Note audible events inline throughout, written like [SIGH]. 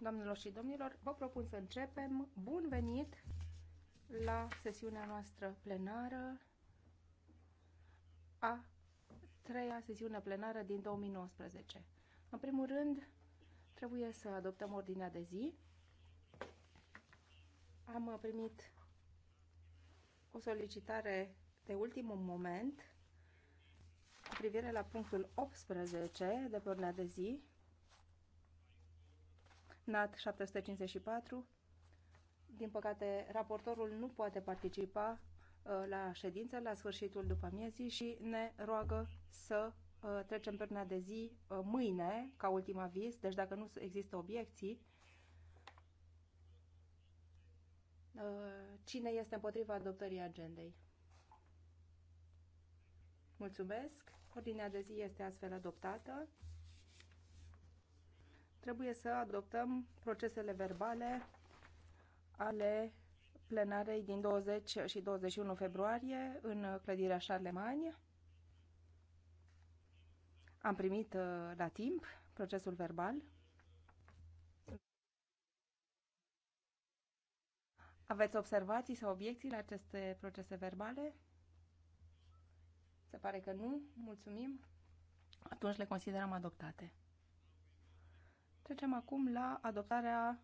Doamnelor și domnilor, vă propun să începem. Bun venit la sesiunea noastră plenară a treia sesiune plenară din 2019. În primul rând, trebuie să adoptăm ordinea de zi. Am primit o solicitare de ultimul moment cu privire la punctul 18 de pornea de zi, NAT 754. Din păcate, raportorul nu poate participa uh, la ședință la sfârșitul după amiezii și ne roagă să uh, trecem pernea de zi uh, mâine, ca ultim aviz, deci dacă nu există obiecții, cine este împotriva adoptării agendei? Mulțumesc. Ordinea de zi este astfel adoptată. Trebuie să adoptăm procesele verbale ale plenarei din 20 și 21 februarie în clădirea Charlemagne. Am primit uh, la timp procesul verbal. Aveți observații sau obiecții la aceste procese verbale? Se pare că nu. Mulțumim. Atunci le considerăm adoptate. Trecem acum la adoptarea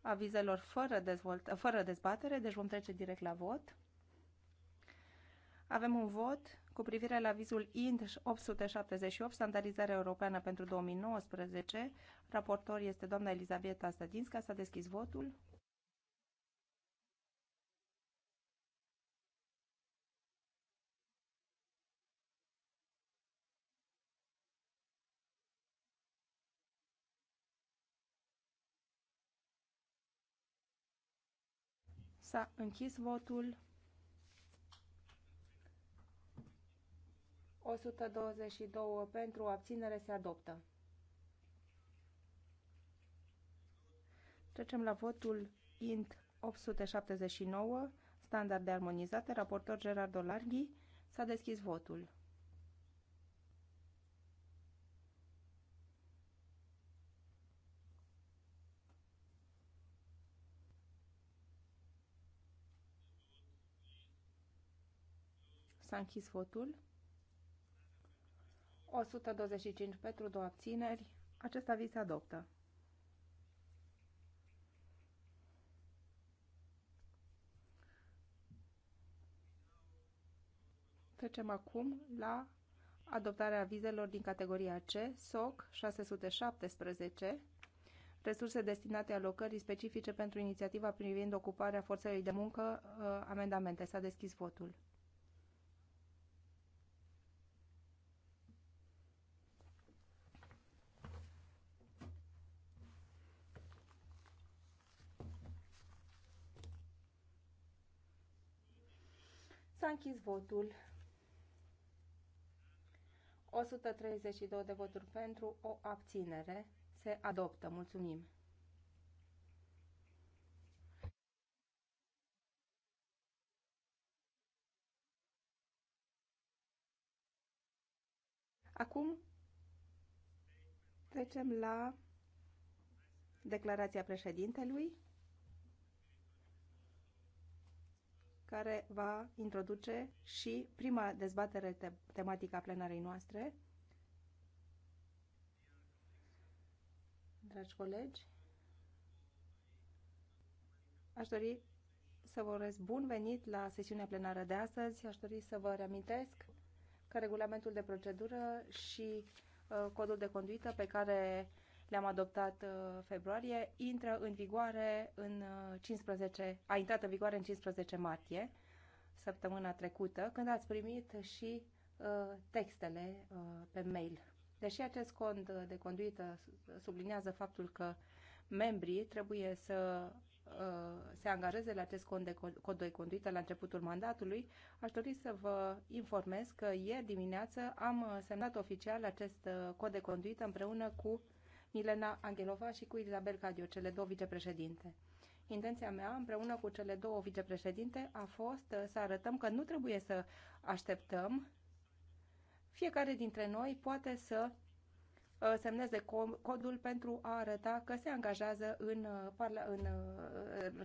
avizelor fără, dezvolt, fără dezbatere, deci vom trece direct la vot. Avem un vot cu privire la avizul IND 878, standardizarea europeană pentru 2019. Raportor este doamna Elizabeta Stădinska. S-a deschis votul. S-a închis votul. 122 pentru abținere se adoptă. Trecem la votul INT 879, standarde armonizate, raportor Gerardo Larghi. S-a deschis votul. S-a închis votul. 125 pentru două abțineri. Acest aviz se adoptă. Trecem acum la adoptarea avizelor din categoria C, SOC 617, resurse destinate alocării specifice pentru inițiativa privind ocuparea forței de muncă, uh, amendamente. S-a deschis votul. închis votul. 132 de voturi pentru, o abținere. Se adoptă. Mulțumim! Acum trecem la declarația președintelui. care va introduce și prima dezbatere te tematică a plenarei noastre. Dragi colegi, aș dori să vă urez bun venit la sesiunea plenară de astăzi. Aș dori să vă reamintesc că regulamentul de procedură și uh, codul de conduită pe care le-am adoptat uh, februarie, intră în vigoare în 15, uh, a intrat în vigoare în 15 martie, săptămâna trecută, când ați primit și uh, textele pe mail. Deși acest cont de conduită sublinează faptul că membrii trebuie să se angajeze la acest cont de, cod de conduită la începutul mandatului, aș dori să vă informez că ieri dimineață am semnat oficial acest cod de conduită împreună cu Milena Angelova și cu Isabel Cadio, cele două vicepreședinte. Intenția mea, împreună cu cele două vicepreședinte, a fost uh, să arătăm că nu trebuie să așteptăm. Fiecare dintre noi poate să uh, semneze codul pentru a arăta că se angajează în, uh, în,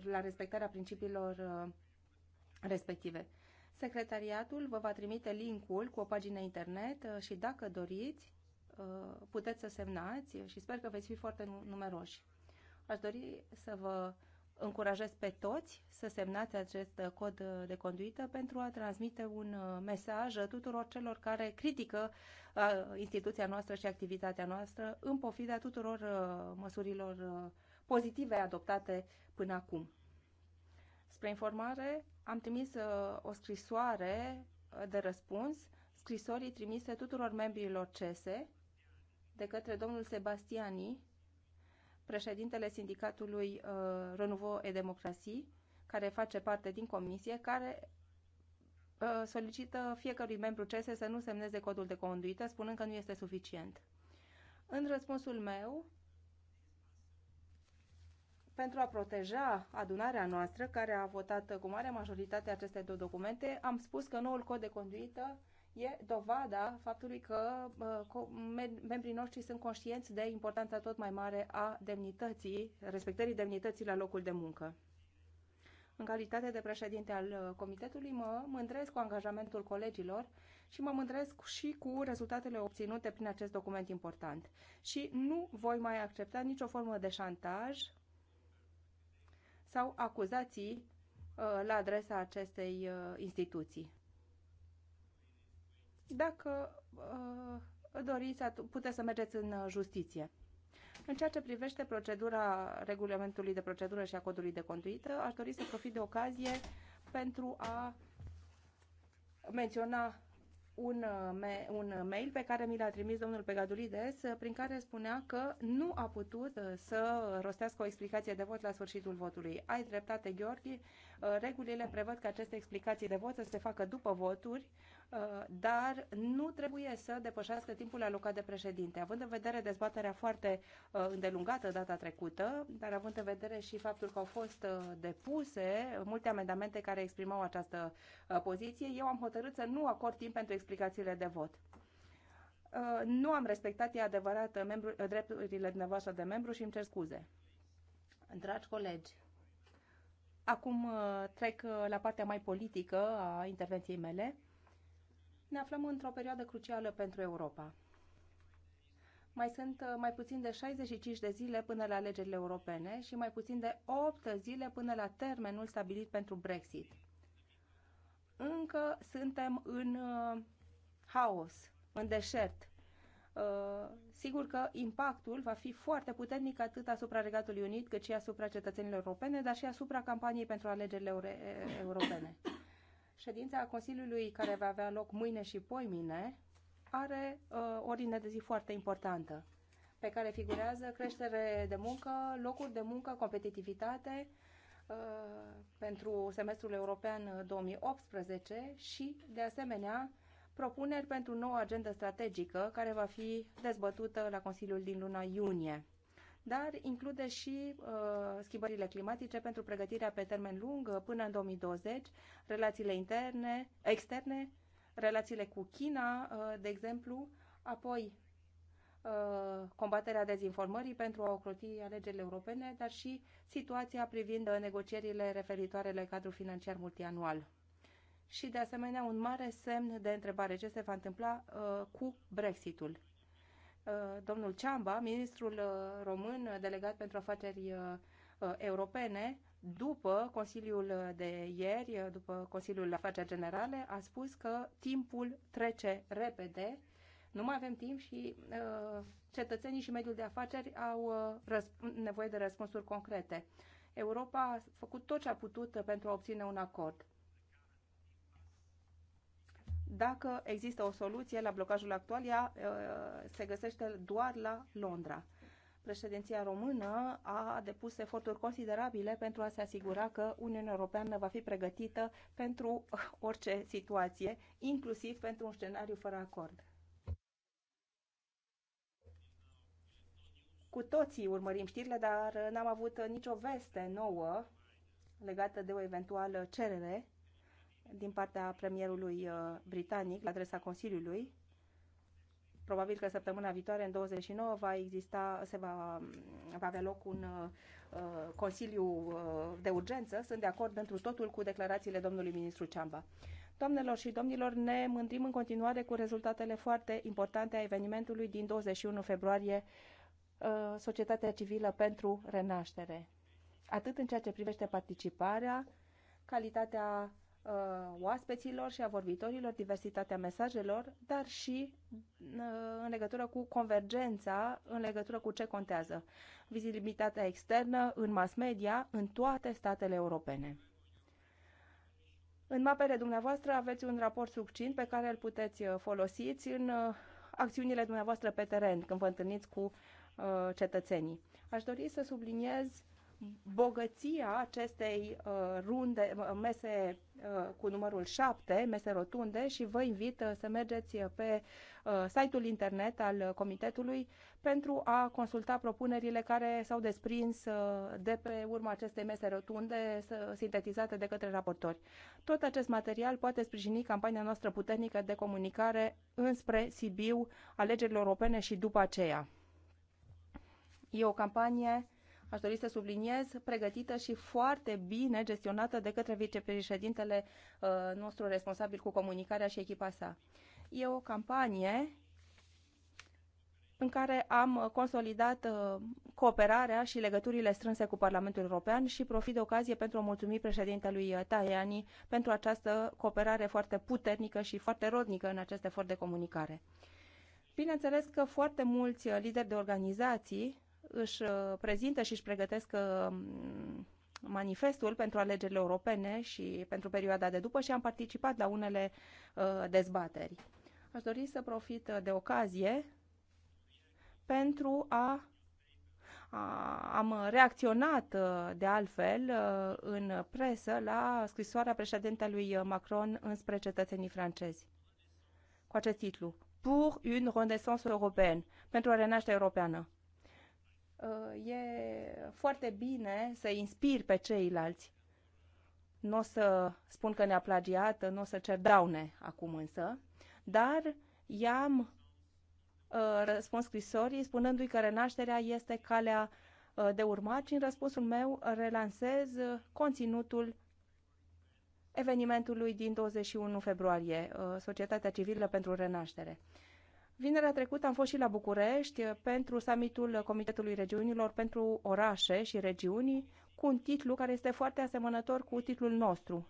la respectarea principiilor respective. Secretariatul vă va trimite linkul cu o pagină internet și dacă doriți, Uh, puteți să semnați și sper că veți fi foarte numeroși. Aș dori să vă încurajez pe toți să semnați acest uh, cod uh, de conduită pentru a transmite un mesaj tuturor celor care critică instituția noastră și activitatea noastră în pofida tuturor măsurilor pozitive adoptate până acum. Spre informare, am trimis o scrisoare de răspuns scrisorii trimise tuturor membrilor CESE de către domnul Sebastiani, președintele sindicatului uh, Renouveau et Democratie, care face parte din comisie, care uh, solicită fiecărui membru CESE să nu semneze codul de conduită, spunând că nu este suficient. În răspunsul meu, pentru a proteja adunarea noastră, care a votat cu mare majoritate aceste două documente, am spus că noul cod de conduită e dovada faptului că uh, membrii noștri sunt conștienți de importanța tot mai mare a demnității, respectării demnității la locul de muncă. În calitate de președinte al uh, comitetului, mă mândresc cu angajamentul colegilor și mă mândresc și cu rezultatele obținute prin acest document important. Și nu voi mai accepta nicio formă de șantaj sau acuzații uh, la adresa acestei instituții dacă uh, doriți, puteți să mergeți în uh, justiție. În ceea ce privește procedura regulamentului de procedură și a codului de conduită, aș dori să profit de ocazie pentru a menționa un, uh, un mail pe care mi l-a trimis domnul Pegadulides, uh, prin care spunea că nu a putut să rostească o explicație de vot la sfârșitul votului. Ai dreptate, Gheorghe, regulile prevăd că aceste explicații de vot să se facă după voturi, Uh, dar nu trebuie să depășească timpul alocat de președinte. Având în vedere dezbaterea foarte uh, îndelungată data trecută, dar având în vedere și faptul că au fost uh, depuse multe amendamente care exprimau această poziție, eu am hotărât să nu acord timp pentru explicațiile de vot nu am respectat, e adevărat, membru, drepturile dumneavoastră de membru și îmi cer scuze. Dragi colegi, acum trec la partea mai politică a intervenției mele. Ne aflăm într-o perioadă crucială pentru Europa. Mai sunt uh, mai puțin de 65 de zile până la alegerile europene și mai puțin de 8 zile până la termenul stabilit pentru Brexit. Încă suntem în uh, haos, în deșert, uh, sigur că impactul va fi foarte puternic atât asupra Regatului Unit, cât și asupra cetățenilor europene, dar și asupra campaniei pentru alegerile europene. Ședința Consiliului care va avea loc mâine și poimine are uh, ordine de zi foarte importantă pe care figurează creștere de muncă, locuri de muncă, competitivitate uh, pentru semestrul european 2018 uh, și, de asemenea, propuneri pentru noua agendă strategică care va fi dezbătută la Consiliul din luna iunie dar include și uh, schimbările climatice pentru pregătirea pe termen lung uh, până în 2020, relațiile interne, externe, relațiile cu China, uh, de exemplu, apoi uh, combaterea dezinformării pentru a ocroti alegerile europene, dar și situația privind uh, negocierile referitoare la cadrul financiar multianual. Și, de asemenea, un mare semn de întrebare ce se va întâmpla uh, cu Brexitul Uh, domnul Ciamba, ministrul uh, român uh, delegat pentru afaceri europene, după Consiliul de ieri, după Consiliul Afaceri Generale, a spus că timpul trece repede, nu mai avem timp și cetățenii și mediul de afaceri au nevoie de răspunsuri concrete. Europa a făcut tot ce a putut pentru a obține un acord dacă există o soluție la blocajul actual, ea uh, se găsește doar la Londra. Președinția română a depus eforturi considerabile pentru a se asigura că Uniunea Europeană va fi pregătită pentru uh, orice situație, inclusiv pentru un scenariu fără acord. Cu toții urmărim știrile, dar n-am avut nicio veste nouă legată de o eventuală cerere din partea premierului uh, britanic la adresa Consiliului. Probabil că săptămâna viitoare, în 29, va exista, se va, va avea loc un uh, consiliu uh, de urgență. Sunt de acord pentru totul cu declarațiile domnului ministru Ceamba. Doamnelor și domnilor, ne mândrim în continuare cu rezultatele foarte importante a evenimentului din 21 februarie uh, Societatea Civilă pentru Renaștere, atât în ceea ce privește participarea, calitatea uh, oaspeților și a vorbitorilor, diversitatea mesajelor, dar și uh, în legătură cu convergența, în legătură cu ce contează. Vizibilitatea externă în mass media în toate statele europene. În mapele dumneavoastră aveți un raport succint pe care îl puteți uh, folosiți în uh, acțiunile dumneavoastră pe teren când vă întâlniți cu uh, cetățenii. Aș dori să subliniez bogăția acestei uh, runde, uh, mese uh, cu numărul 7, mese rotunde și vă invit să mergeți pe site-ul internet al comitetului pentru a consulta propunerile care s-au desprins de pe urma acestei mese rotunde sintetizate de către raportori. Tot acest material poate sprijini campania noastră puternică de comunicare înspre Sibiu, alegerile europene și după aceea. E o campanie aș dori să subliniez, pregătită și foarte bine gestionată de către vicepreședintele uh, nostru responsabil cu comunicarea și echipa sa. E o campanie în care am consolidat uh, cooperarea și legăturile strânse cu Parlamentul European și profit de ocazie pentru a mulțumi președintelui Tajani pentru această cooperare foarte puternică și foarte rodnică în acest efort de comunicare. Bineînțeles că foarte mulți uh, lideri de organizații își uh, prezintă și își pregătesc uh, manifestul pentru alegerile europene și pentru perioada de după și am participat la unele uh, dezbateri. Aș dori să profit de ocazie pentru a, a am reacționat de altfel în presă la scrisoarea președintelui Macron înspre cetățenii francezi. Cu acest titlu, Pour une renaissance européenne, pentru o renaștere europeană e foarte bine să inspiri pe ceilalți. Nu o să spun că ne-a plagiat, nu o să cer daune acum însă, dar i-am uh, răspuns scrisorii spunându-i că renașterea este calea uh, de urmat și în răspunsul meu relansez uh, conținutul evenimentului din 21 februarie, Societatea Civilă pentru Renaștere. Vinerea trecută am fost și la București pentru summitul Comitetului Regiunilor pentru orașe și regiuni cu un titlu care este foarte asemănător cu titlul nostru.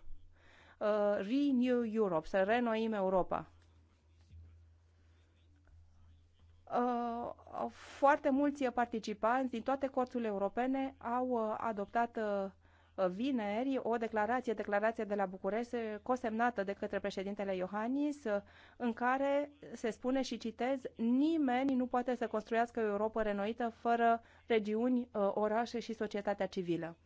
Uh, Renew Europe, să renoim Europa. Uh, foarte mulți participanți din toate corțurile europene au uh, adoptat uh, vineri o declarație, declarație de la București, cosemnată de către președintele Iohannis, în care se spune și citez, nimeni nu poate să construiască o Europa renoită fără regiuni, uh, orașe și societatea civilă.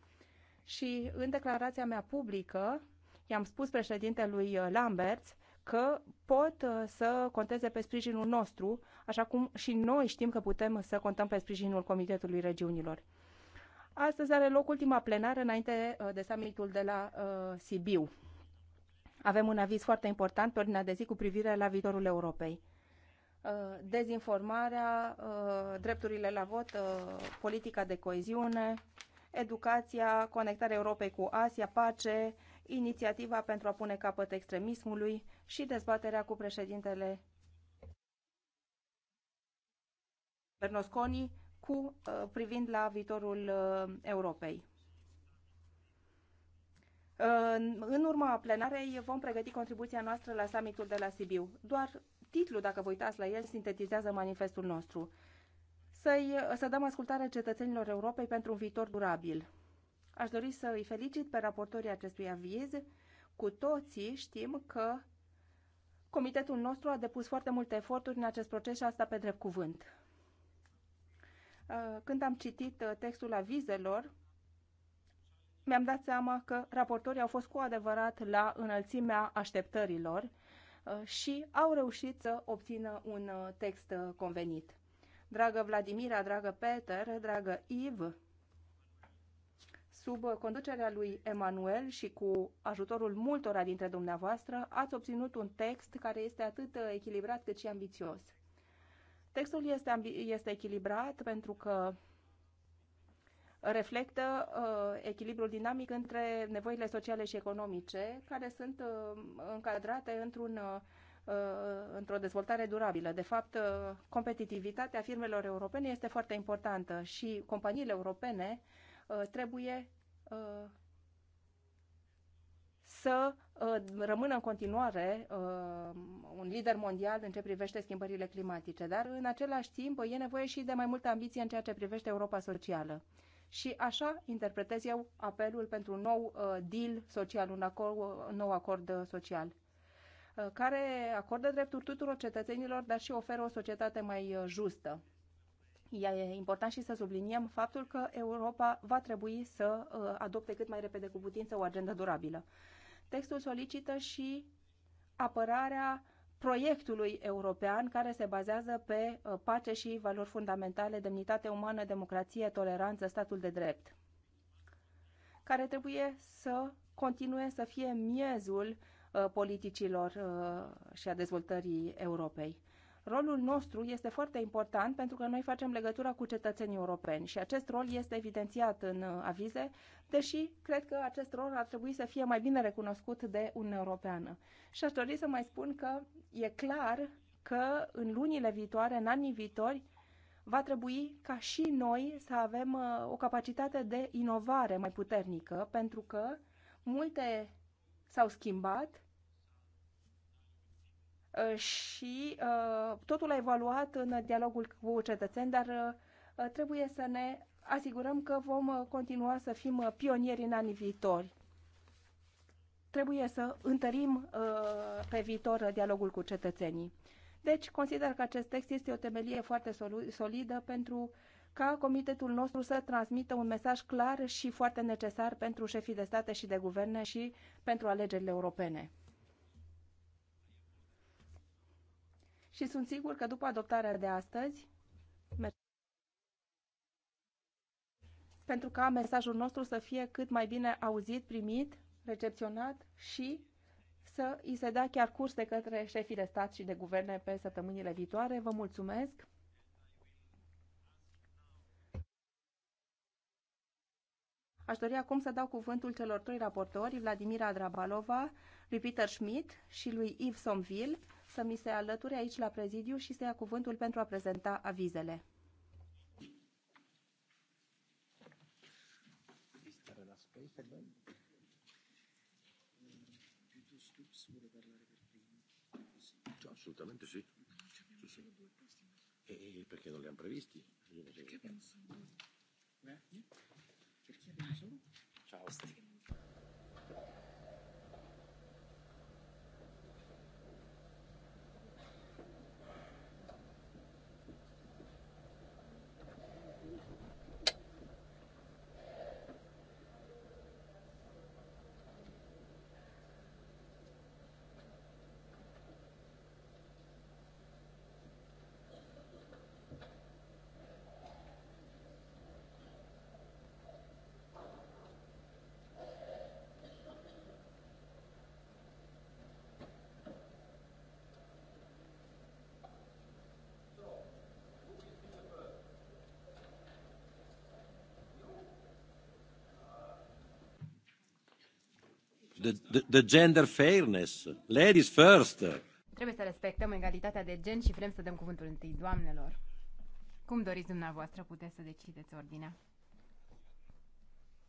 Și în declarația mea publică, i-am spus președintelui uh, Lamberts că pot uh, să conteze pe sprijinul nostru, așa cum și noi știm că putem să contăm pe sprijinul Comitetului Regiunilor. Astăzi are loc ultima plenară înainte uh, de summitul de la uh, Sibiu. Avem un aviz foarte important pe ordinea de zi cu privire la viitorul Europei. Uh, dezinformarea, uh, drepturile la vot, uh, politica de coeziune, educația, conectarea Europei cu Asia, pace, inițiativa pentru a pune capăt extremismului și dezbaterea cu președintele Bernosconi cu uh, privind la viitorul uh, Europei. În urma plenarei vom pregăti contribuția noastră la summitul de la Sibiu. Doar titlul, dacă vă uitați la el, sintetizează manifestul nostru. Să-i, să dăm ascultare cetățenilor Europei pentru un viitor durabil. Aș dori să îi felicit pe raportorii acestui aviz. Cu toții știm că comitetul nostru a depus foarte multe eforturi în acest proces și asta pe drept cuvânt. Uh, când am citit uh, textul avizelor, mi-am dat seama că raportorii au fost cu adevărat la înălțimea așteptărilor uh, și au reușit să obțină un text convenit. Dragă Vladimira, dragă Peter, dragă Iv, sub conducerea lui Emanuel și cu ajutorul multora dintre dumneavoastră, ați obținut un text care este atât echilibrat cât și ambițios. Textul este, este echilibrat pentru că reflectă uh, echilibrul dinamic între nevoile sociale și economice, care sunt uh, încadrate într-un, uh, uh într-o dezvoltare durabilă. De fapt, uh, competitivitatea firmelor europene este foarte importantă și companiile europene uh, trebuie uh, să uh, rămână în continuare uh, un lider mondial în ce privește schimbările climatice, dar în același timp e nevoie și de mai multă ambiție în ceea ce privește Europa socială. Și așa interpretez eu apelul pentru un nou uh, deal social, un, acord, un nou acord social care acordă drepturi tuturor cetățenilor, dar și oferă o societate mai justă. E important și să subliniem faptul că Europa va trebui să adopte cât mai repede cu putință o agendă durabilă. Textul solicită și apărarea proiectului european care se bazează pe uh, pace și valori fundamentale, demnitate umană, democrație, toleranță, statul de drept, care trebuie să continue să fie miezul uh, politicilor uh, și a dezvoltării Europei. Rolul nostru este foarte important pentru că noi facem legătura cu cetățenii europeni și acest rol este evidențiat în uh, avize, deși cred că acest rol ar trebui să fie mai bine recunoscut de Uniunea Europeană. Și aș dori să mai spun că e clar că în lunile viitoare, în anii viitori, va trebui ca și noi să avem uh, o capacitate de inovare mai puternică, pentru că multe s-au schimbat Uh, și uh, totul a evaluat în dialogul cu cetățeni, dar uh, trebuie să ne asigurăm că vom continua să fim pionieri în anii viitori. Trebuie să întărim pe viitor dialogul cu cetățenii. Deci, consider că acest text este o temelie foarte solidă pentru ca comitetul nostru să transmită un mesaj clar și foarte necesar pentru șefii de state și de guverne și pentru alegerile europene. și sunt sigur că după adoptarea de astăzi, pentru ca mesajul nostru să fie cât mai bine auzit, primit, recepționat și să îi se dea chiar curs de către șefii de stat și de guverne pe săptămânile viitoare. Vă mulțumesc! Aș dori acum să dau cuvântul celor trei raportori, Vladimira Drabalova, lui Peter Schmidt și lui Yves Somville, să mi se alăture aici la prezidiu și să ia cuvântul pentru a prezenta avizele. Assolutamente sì. sì, sì. E perché non li hanno previsti? Eh? Perché abbiamo solo due? Perché abbiamo solo? Ciao. the, the, the gender fairness. Ladies first. Trebuie să respectăm egalitatea de gen și vrem să dăm cuvântul întâi doamnelor. Cum doriți dumneavoastră, puteți să decideți ordinea.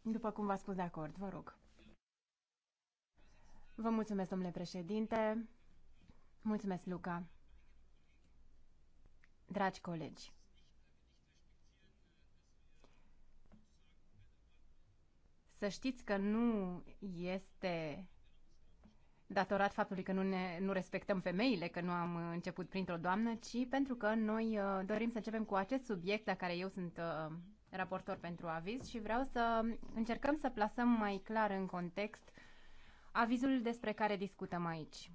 După cum v-a spus de acord, vă rog. Vă mulțumesc, domnule președinte. Mulțumesc, Luca. Dragi colegi, Să știți că nu este datorat faptului că nu, ne, nu respectăm femeile, că nu am început printr-o doamnă, ci pentru că noi uh, dorim să începem cu acest subiect la care eu sunt uh, raportor pentru aviz și vreau să încercăm să plasăm mai clar în context avizul despre care discutăm aici.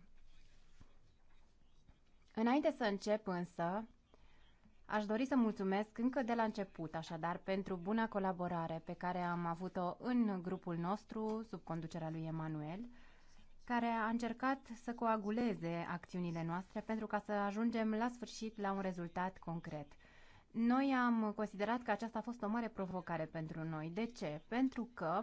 Înainte să încep însă, Aș dori să mulțumesc încă de la început, așadar, pentru buna colaborare pe care am avut-o în grupul nostru, sub conducerea lui Emanuel, care a încercat să coaguleze acțiunile noastre pentru ca să ajungem la sfârșit la un rezultat concret. Noi am considerat că aceasta a fost o mare provocare pentru noi. De ce? Pentru că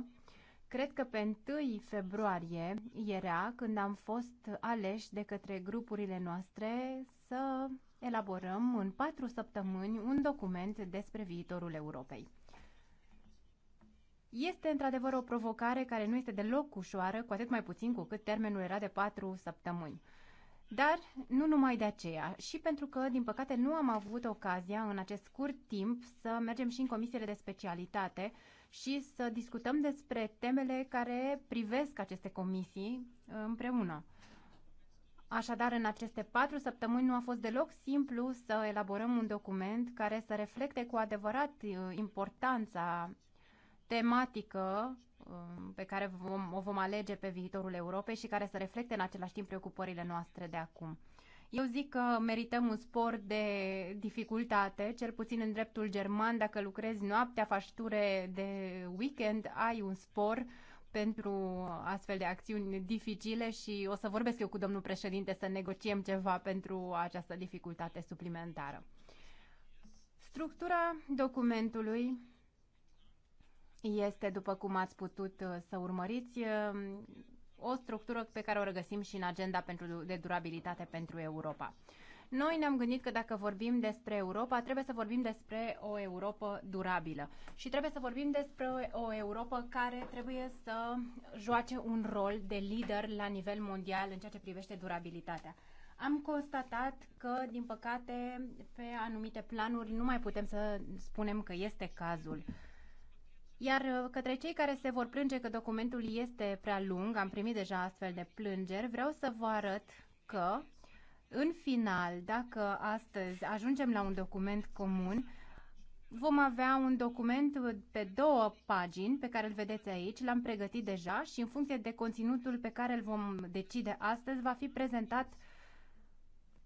cred că pe 1 februarie era când am fost aleși de către grupurile noastre să elaborăm în patru săptămâni un document despre viitorul Europei. Este într-adevăr o provocare care nu este deloc ușoară, cu atât mai puțin cu cât termenul era de patru săptămâni. Dar nu numai de aceea, și pentru că, din păcate, nu am avut ocazia în acest scurt timp să mergem și în comisiile de specialitate și să discutăm despre temele care privesc aceste comisii împreună. Așadar, în aceste patru săptămâni nu a fost deloc simplu să elaborăm un document care să reflecte cu adevărat uh, importanța tematică um, pe care vom, o vom alege pe viitorul Europei și care să reflecte în același timp preocupările noastre de acum. Eu zic că merităm un spor de dificultate, cel puțin în dreptul german, dacă lucrezi noaptea, faci ture de weekend, ai un spor uh, pentru astfel de acțiuni dificile și o să vorbesc eu cu domnul președinte să negociem ceva pentru această dificultate suplimentară. Structura documentului este, după cum ați putut uh, să urmăriți, uh, o structură pe care o regăsim și în agenda pentru, de durabilitate pentru Europa. Noi ne-am gândit că dacă vorbim despre Europa, trebuie să vorbim despre o Europa durabilă și trebuie să vorbim despre o Europa care trebuie să joace un rol de lider la nivel mondial în ceea ce privește durabilitatea. Am constatat că, din păcate, pe anumite planuri nu mai putem să spunem că este cazul. Iar uh, către cei care se vor plânge că documentul este prea lung, am primit deja astfel de plângeri, vreau să vă arăt că în final, dacă astăzi ajungem la un document comun, vom avea un document pe două pagini pe care îl vedeți aici, l-am pregătit deja și în funcție de conținutul pe care îl vom decide astăzi, va fi prezentat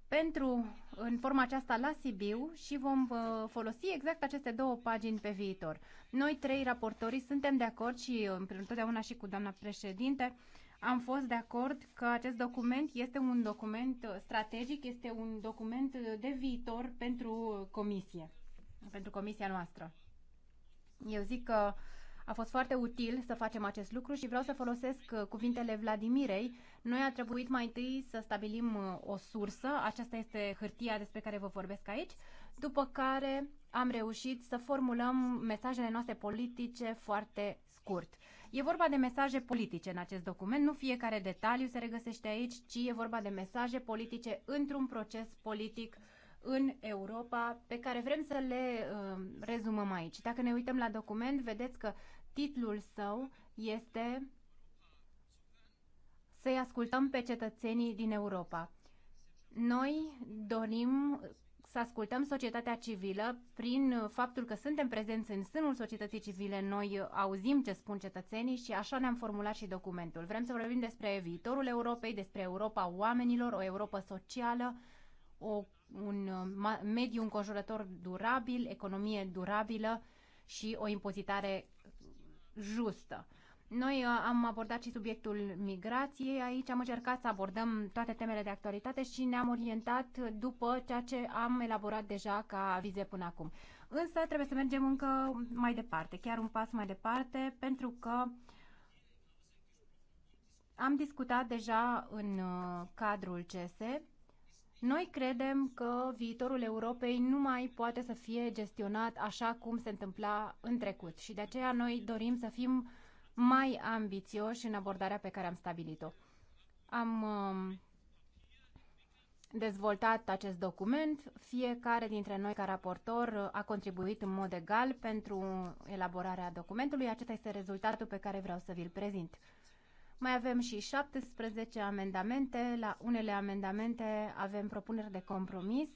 pentru în forma aceasta la Sibiu și vom uh, folosi exact aceste două pagini pe viitor. Noi trei raportorii suntem de acord și uh, întotdeauna și cu doamna președinte am fost de acord că acest document este un document uh, strategic, este un document uh, de viitor pentru comisie, pentru comisia noastră. Eu zic că a fost foarte util să facem acest lucru și vreau să folosesc uh, cuvintele Vladimirei. Noi a trebuit mai întâi să stabilim o sursă, aceasta este hârtia despre care vă vorbesc aici, după care am reușit să formulăm mesajele noastre politice foarte scurt. E vorba de mesaje politice în acest document, nu fiecare detaliu se regăsește aici, ci e vorba de mesaje politice într-un proces politic în Europa pe care vrem să le uh, rezumăm aici. Dacă ne uităm la document, vedeți că titlul său este să-i ascultăm pe cetățenii din Europa. Noi dorim să ascultăm societatea civilă prin faptul că suntem prezenți în sânul societății civile, noi auzim ce spun cetățenii și așa ne-am formulat și documentul. Vrem să vorbim despre viitorul Europei, despre Europa oamenilor, o Europa socială, o, un mediu înconjurător durabil, economie durabilă și o impozitare justă. Noi uh, am abordat și subiectul migrației aici, am încercat să abordăm toate temele de actualitate și ne-am orientat după ceea ce am elaborat deja ca vize până acum. Însă trebuie să mergem încă mai departe, chiar un pas mai departe, pentru că am discutat deja în uh, cadrul CESE. Noi credem că viitorul Europei nu mai poate să fie gestionat așa cum se întâmpla în trecut și de aceea noi dorim să fim mai ambițioși în abordarea pe care am stabilit-o. Am um, dezvoltat acest document. Fiecare dintre noi ca raportor a contribuit în mod egal pentru elaborarea documentului. Acesta este rezultatul pe care vreau să vi-l prezint. Mai avem și 17 amendamente. La unele amendamente avem propuneri de compromis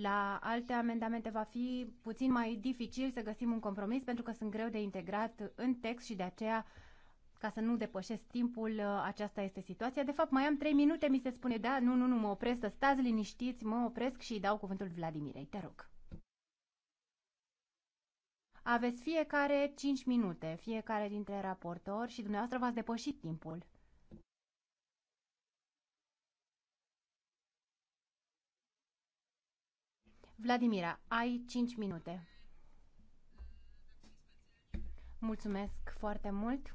la alte amendamente va fi puțin mai dificil să găsim un compromis pentru că sunt greu de integrat în text și de aceea ca să nu depășesc timpul, aceasta este situația. De fapt, mai am trei minute, mi se spune, da, nu, nu, nu, mă opresc, să stați liniștiți, mă opresc și îi dau cuvântul Vladimirei, te rog. Aveți fiecare 5 minute, fiecare dintre raportori și dumneavoastră v-ați depășit timpul. Vladimira, ai 5 minute. Mulțumesc foarte mult.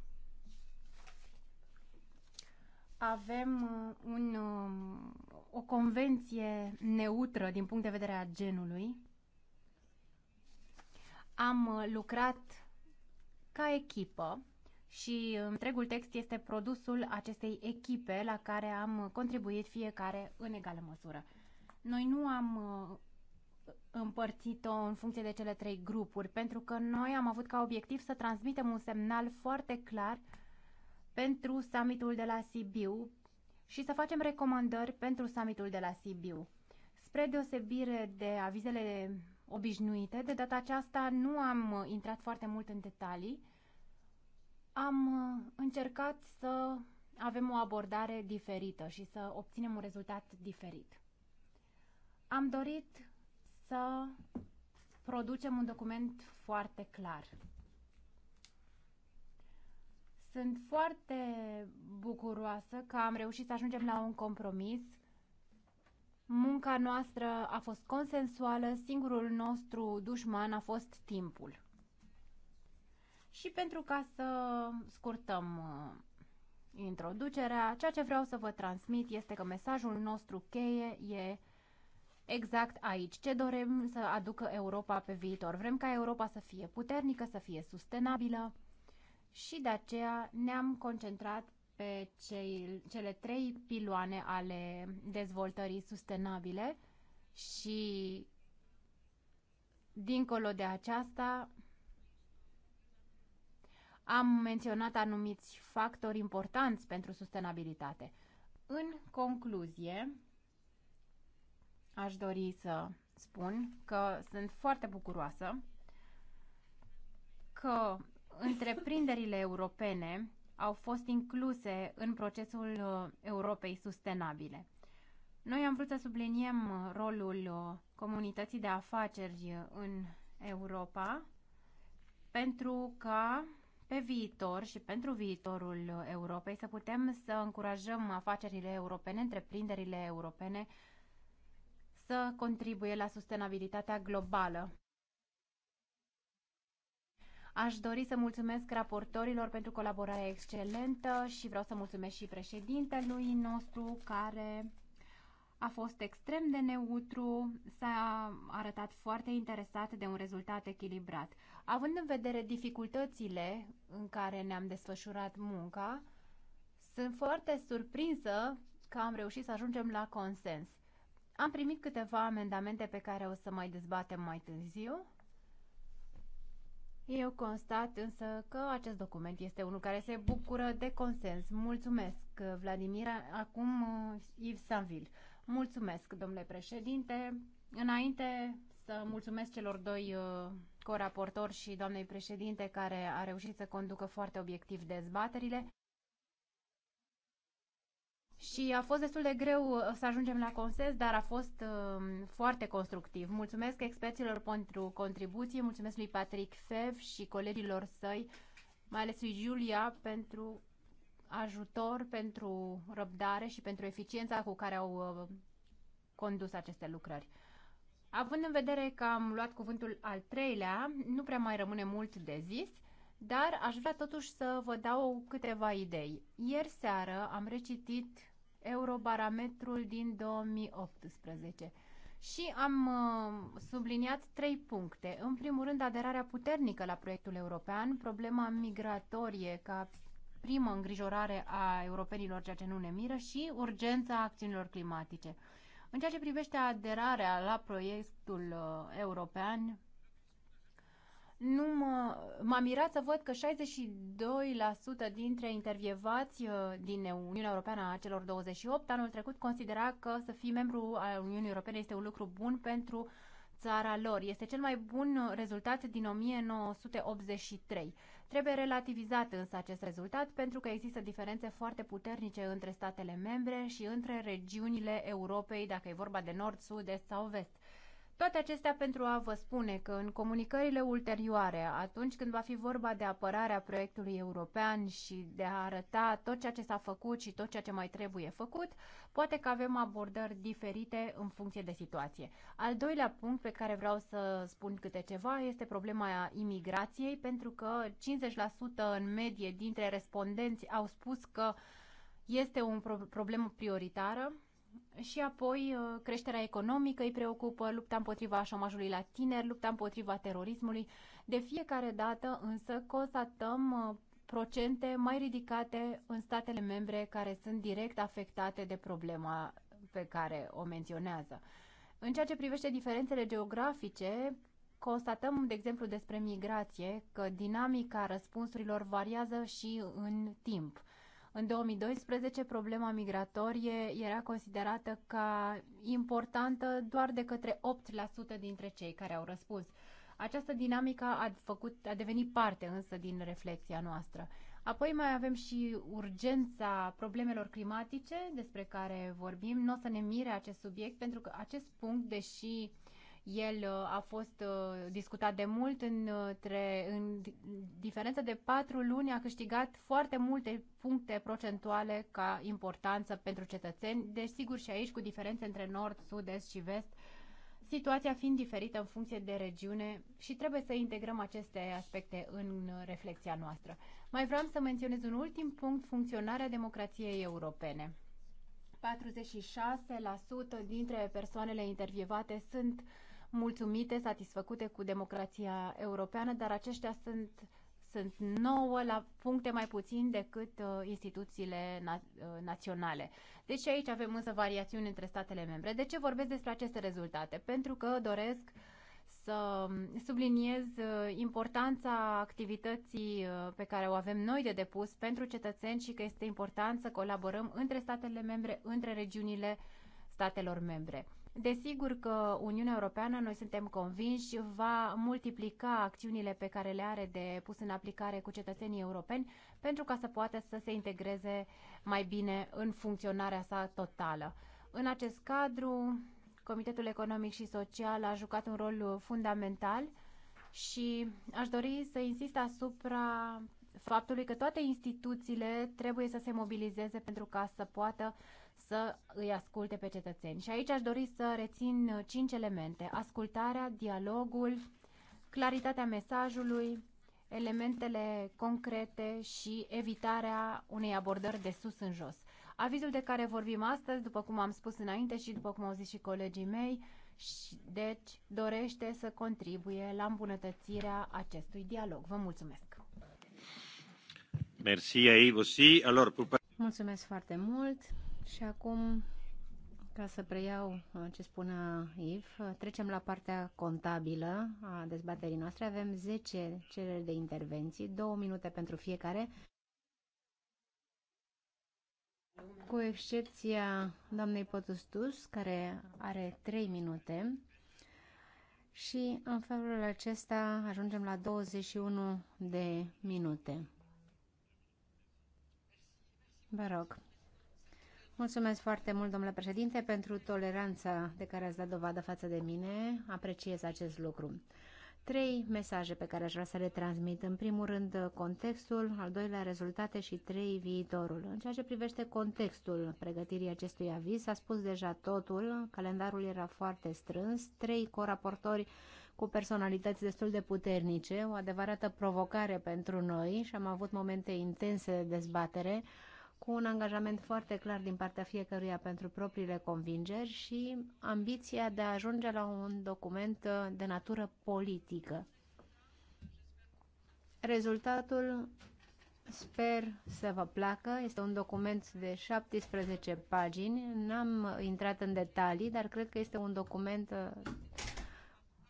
Avem uh, un, uh, o convenție neutră din punct de vedere a genului. Am uh, lucrat ca echipă și întregul text este produsul acestei echipe la care am contribuit fiecare în egală măsură. Noi nu am împărțit-o în funcție de cele trei grupuri, pentru că noi am avut ca obiectiv să transmitem un semnal foarte clar pentru summitul de la Sibiu și să facem recomandări pentru summitul de la Sibiu. Spre deosebire de avizele obișnuite, de data aceasta nu am intrat foarte mult în detalii. Am încercat să avem o abordare diferită și să obținem un rezultat diferit. Am dorit să producem un document foarte clar. Sunt foarte bucuroasă că am reușit să ajungem la un compromis. Munca noastră a fost consensuală, singurul nostru dușman a fost timpul. Și pentru ca să scurtăm uh, introducerea, ceea ce vreau să vă transmit este că mesajul nostru cheie e exact aici. Ce dorim să aducă Europa pe viitor? Vrem ca Europa să fie puternică, să fie sustenabilă și de aceea ne-am concentrat pe cei, cele trei piloane ale dezvoltării sustenabile și dincolo de aceasta am menționat anumiți factori importanți pentru sustenabilitate. În concluzie, aș dori să spun că sunt foarte bucuroasă că întreprinderile europene au fost incluse în procesul uh, Europei sustenabile. Noi am vrut să subliniem uh, rolul uh, comunității de afaceri în Europa pentru ca pe viitor și pentru viitorul Europei să putem să încurajăm afacerile europene, întreprinderile europene să contribuie la sustenabilitatea globală. Aș dori să mulțumesc raportorilor pentru colaborarea excelentă și vreau să mulțumesc și președintelui nostru care a fost extrem de neutru, s-a arătat foarte interesat de un rezultat echilibrat. Având în vedere dificultățile în care ne-am desfășurat munca, sunt foarte surprinsă că am reușit să ajungem la consens. Am primit câteva amendamente pe care o să mai dezbatem mai târziu. Eu constat însă că acest document este unul care se bucură de consens. Mulțumesc, Vladimir. Acum, uh, Yves Sanville. Mulțumesc, domnule președinte. Înainte să mulțumesc celor doi uh, coraportori și doamnei președinte care a reușit să conducă foarte obiectiv dezbaterile și a fost destul de greu uh, să ajungem la consens, dar a fost uh, foarte constructiv. Mulțumesc experților pentru contribuție, mulțumesc lui Patrick Fev și colegilor săi, mai ales lui Julia, pentru ajutor, pentru răbdare și pentru eficiența cu care au uh, condus aceste lucrări. Având în vedere că am luat cuvântul al treilea, nu prea mai rămâne mult de zis, dar aș vrea totuși să vă dau câteva idei. Ieri seară am recitit Eurobarametrul din 2018. Și am uh, subliniat trei puncte. În primul rând, aderarea puternică la proiectul european, problema migratorie ca primă îngrijorare a europenilor, ceea ce nu ne miră, și urgența acțiunilor climatice. În ceea ce privește aderarea la proiectul uh, european, nu mă, m-am mirat să văd că 62% dintre intervievați uh, din Uniunea Europeană a celor 28 anul trecut considera că să fii membru al Uniunii Europene este un lucru bun pentru țara lor. Este cel mai bun rezultat din 1983. Trebuie relativizat însă acest rezultat pentru că există diferențe foarte puternice între statele membre și între regiunile Europei, dacă e vorba de nord, sud, est sau vest. Toate acestea pentru a vă spune că în comunicările ulterioare, atunci când va fi vorba de apărarea proiectului european și de a arăta tot ceea ce s-a făcut și tot ceea ce mai trebuie făcut, poate că avem abordări diferite în funcție de situație. Al doilea punct pe care vreau să spun câte ceva este problema imigrației, pentru că 50% în medie dintre respondenți au spus că este o problemă prioritară și apoi uh, creșterea economică îi preocupă, lupta împotriva șomajului la tineri, lupta împotriva terorismului. De fiecare dată însă constatăm uh, procente mai ridicate în statele membre care sunt direct afectate de problema pe care o menționează. În ceea ce privește diferențele geografice, constatăm, de exemplu, despre migrație, că dinamica răspunsurilor variază și în timp. În 2012, problema migratorie era considerată ca importantă doar de către 8% dintre cei care au răspuns. Această dinamică a, făcut, a devenit parte însă din reflexia noastră. Apoi mai avem și urgența problemelor climatice despre care vorbim. Nu o să ne mire acest subiect pentru că acest punct, deși el uh, a fost uh, discutat de mult între, în diferență de patru luni a câștigat foarte multe puncte procentuale ca importanță pentru cetățeni, deci sigur și aici cu diferențe între nord, sud, est și vest, situația fiind diferită în funcție de regiune și trebuie să integrăm aceste aspecte în uh, reflexia noastră. Mai vreau să menționez un ultim punct, funcționarea democrației europene. 46% dintre persoanele intervievate sunt mulțumite, satisfăcute cu democrația europeană, dar aceștia sunt, sunt nouă la puncte mai puțin decât uh, instituțiile na- uh, naționale. Deci aici avem însă variațiuni între statele membre. De ce vorbesc despre aceste rezultate? Pentru că doresc să um, subliniez uh, importanța activității uh, pe care o avem noi de depus pentru cetățeni și că este important să colaborăm între statele membre, între regiunile statelor membre. Desigur că Uniunea Europeană, noi suntem convinși, va multiplica acțiunile pe care le are de pus în aplicare cu cetățenii europeni pentru ca să poată să se integreze mai bine în funcționarea sa totală. În acest cadru, Comitetul Economic și Social a jucat un rol fundamental și aș dori să insist asupra faptului că toate instituțiile trebuie să se mobilizeze pentru ca să poată uh, să îi asculte pe cetățeni. Și aici aș dori să rețin uh, cinci elemente. Ascultarea, dialogul, claritatea mesajului, elementele concrete și evitarea unei abordări de sus în jos. Avizul de care vorbim astăzi, după cum am spus înainte și după cum au zis și colegii mei, și deci dorește să contribuie la îmbunătățirea acestui dialog. Vă mulțumesc! Merci Mulțumesc foarte mult! Și acum, ca să preiau uh, ce spunea Iv, uh, trecem la partea contabilă a dezbaterii noastre. Avem 10 cereri de intervenții, 2 minute pentru fiecare. Cu excepția doamnei Potustus, care are 3 minute, și în felul acesta ajungem la 21 de minute. Vă rog. Mulțumesc foarte mult, domnule președinte, pentru toleranța de care ați dat dovadă față de mine. Apreciez acest lucru. Trei mesaje pe care aș vrea să le transmit. În primul rând, contextul, al doilea, rezultate și trei, viitorul. În ceea ce privește contextul pregătirii acestui aviz, s-a spus deja totul, calendarul era foarte strâns, trei coraportori cu personalități destul de puternice, o adevărată provocare pentru noi și am avut momente intense de dezbatere, cu un angajament foarte clar din partea fiecăruia pentru propriile convingeri și ambiția de a ajunge la un document uh, de natură politică. Rezultatul Sper să vă placă. Este un document de 17 pagini. N-am intrat în detalii, dar cred că este un document uh,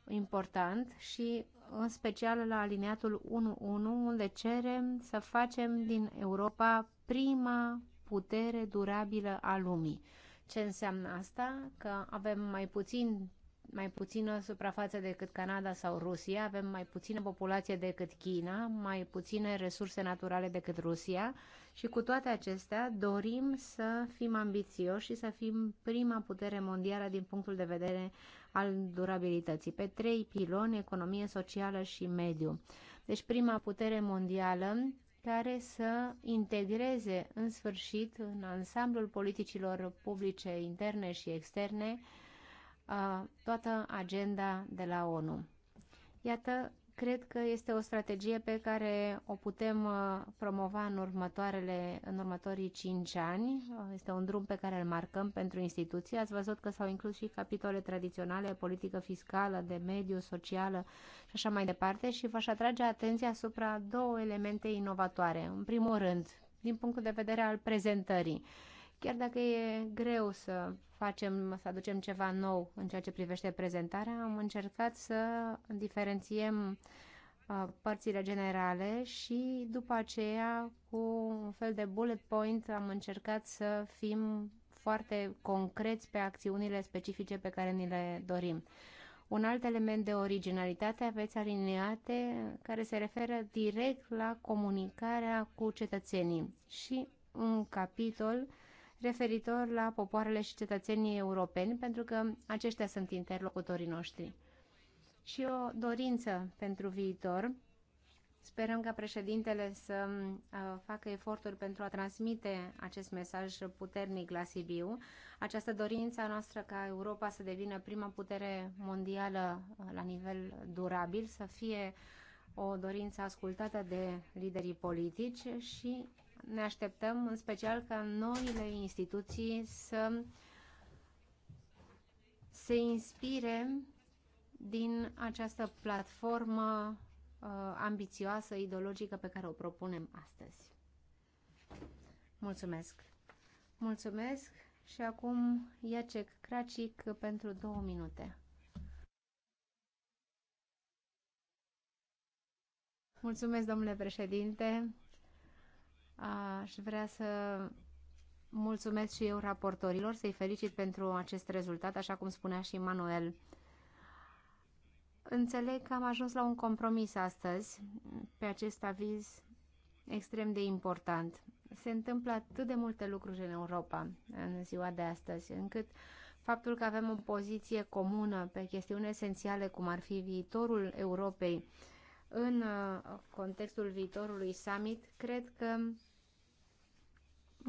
important și în special la aliniatul 1.1, unde cerem să facem din Europa prima putere durabilă a lumii. Ce înseamnă asta? Că avem mai puțin mai puțină suprafață decât Canada sau Rusia, avem mai puțină populație decât China, mai puține resurse naturale decât Rusia și cu toate acestea dorim să fim ambițioși și să fim prima putere mondială din punctul de vedere al durabilității, pe trei piloni, economie socială și mediu. Deci prima putere mondială care să integreze în sfârșit în ansamblul politicilor publice interne și externe uh, toată agenda de la ONU. Iată Cred că este o strategie pe care o putem uh, promova în, următoarele, în următorii cinci ani. Uh, este un drum pe care îl marcăm pentru instituții. Ați văzut că s-au inclus și capitole tradiționale, politică fiscală, de mediu, socială și așa mai departe și v-aș atrage atenția asupra două elemente inovatoare. În primul rând, din punctul de vedere al prezentării. Uh, Chiar dacă e greu să facem, să aducem ceva nou în ceea ce privește prezentarea, am încercat să diferențiem uh, părțile generale și după aceea cu un fel de bullet point am încercat să fim foarte concreți pe acțiunile specifice pe care ni le dorim. Un alt element de originalitate aveți alineate care se referă direct la comunicarea cu cetățenii și un capitol referitor la popoarele și cetățenii europeni, pentru că aceștia sunt interlocutorii noștri. Și o dorință pentru viitor. Sperăm ca președintele să uh, facă eforturi pentru a transmite acest mesaj puternic la Sibiu, această dorință a noastră ca Europa să devină prima putere mondială uh, la nivel durabil, să fie o dorință ascultată de liderii politici și ne așteptăm în special ca noile instituții să se inspire din această platformă uh, ambițioasă, ideologică pe care o propunem astăzi. Mulțumesc! Mulțumesc și acum Iacek Cracic pentru două minute. Mulțumesc, domnule președinte. Aș vrea să mulțumesc și eu raportorilor, să-i felicit pentru acest rezultat, așa cum spunea și Manuel. Înțeleg că am ajuns la un compromis astăzi pe acest aviz extrem de important. Se întâmplă atât de multe lucruri în Europa în ziua de astăzi, încât faptul că avem o poziție comună pe chestiuni esențiale, cum ar fi viitorul Europei, în uh, contextul viitorului summit, cred că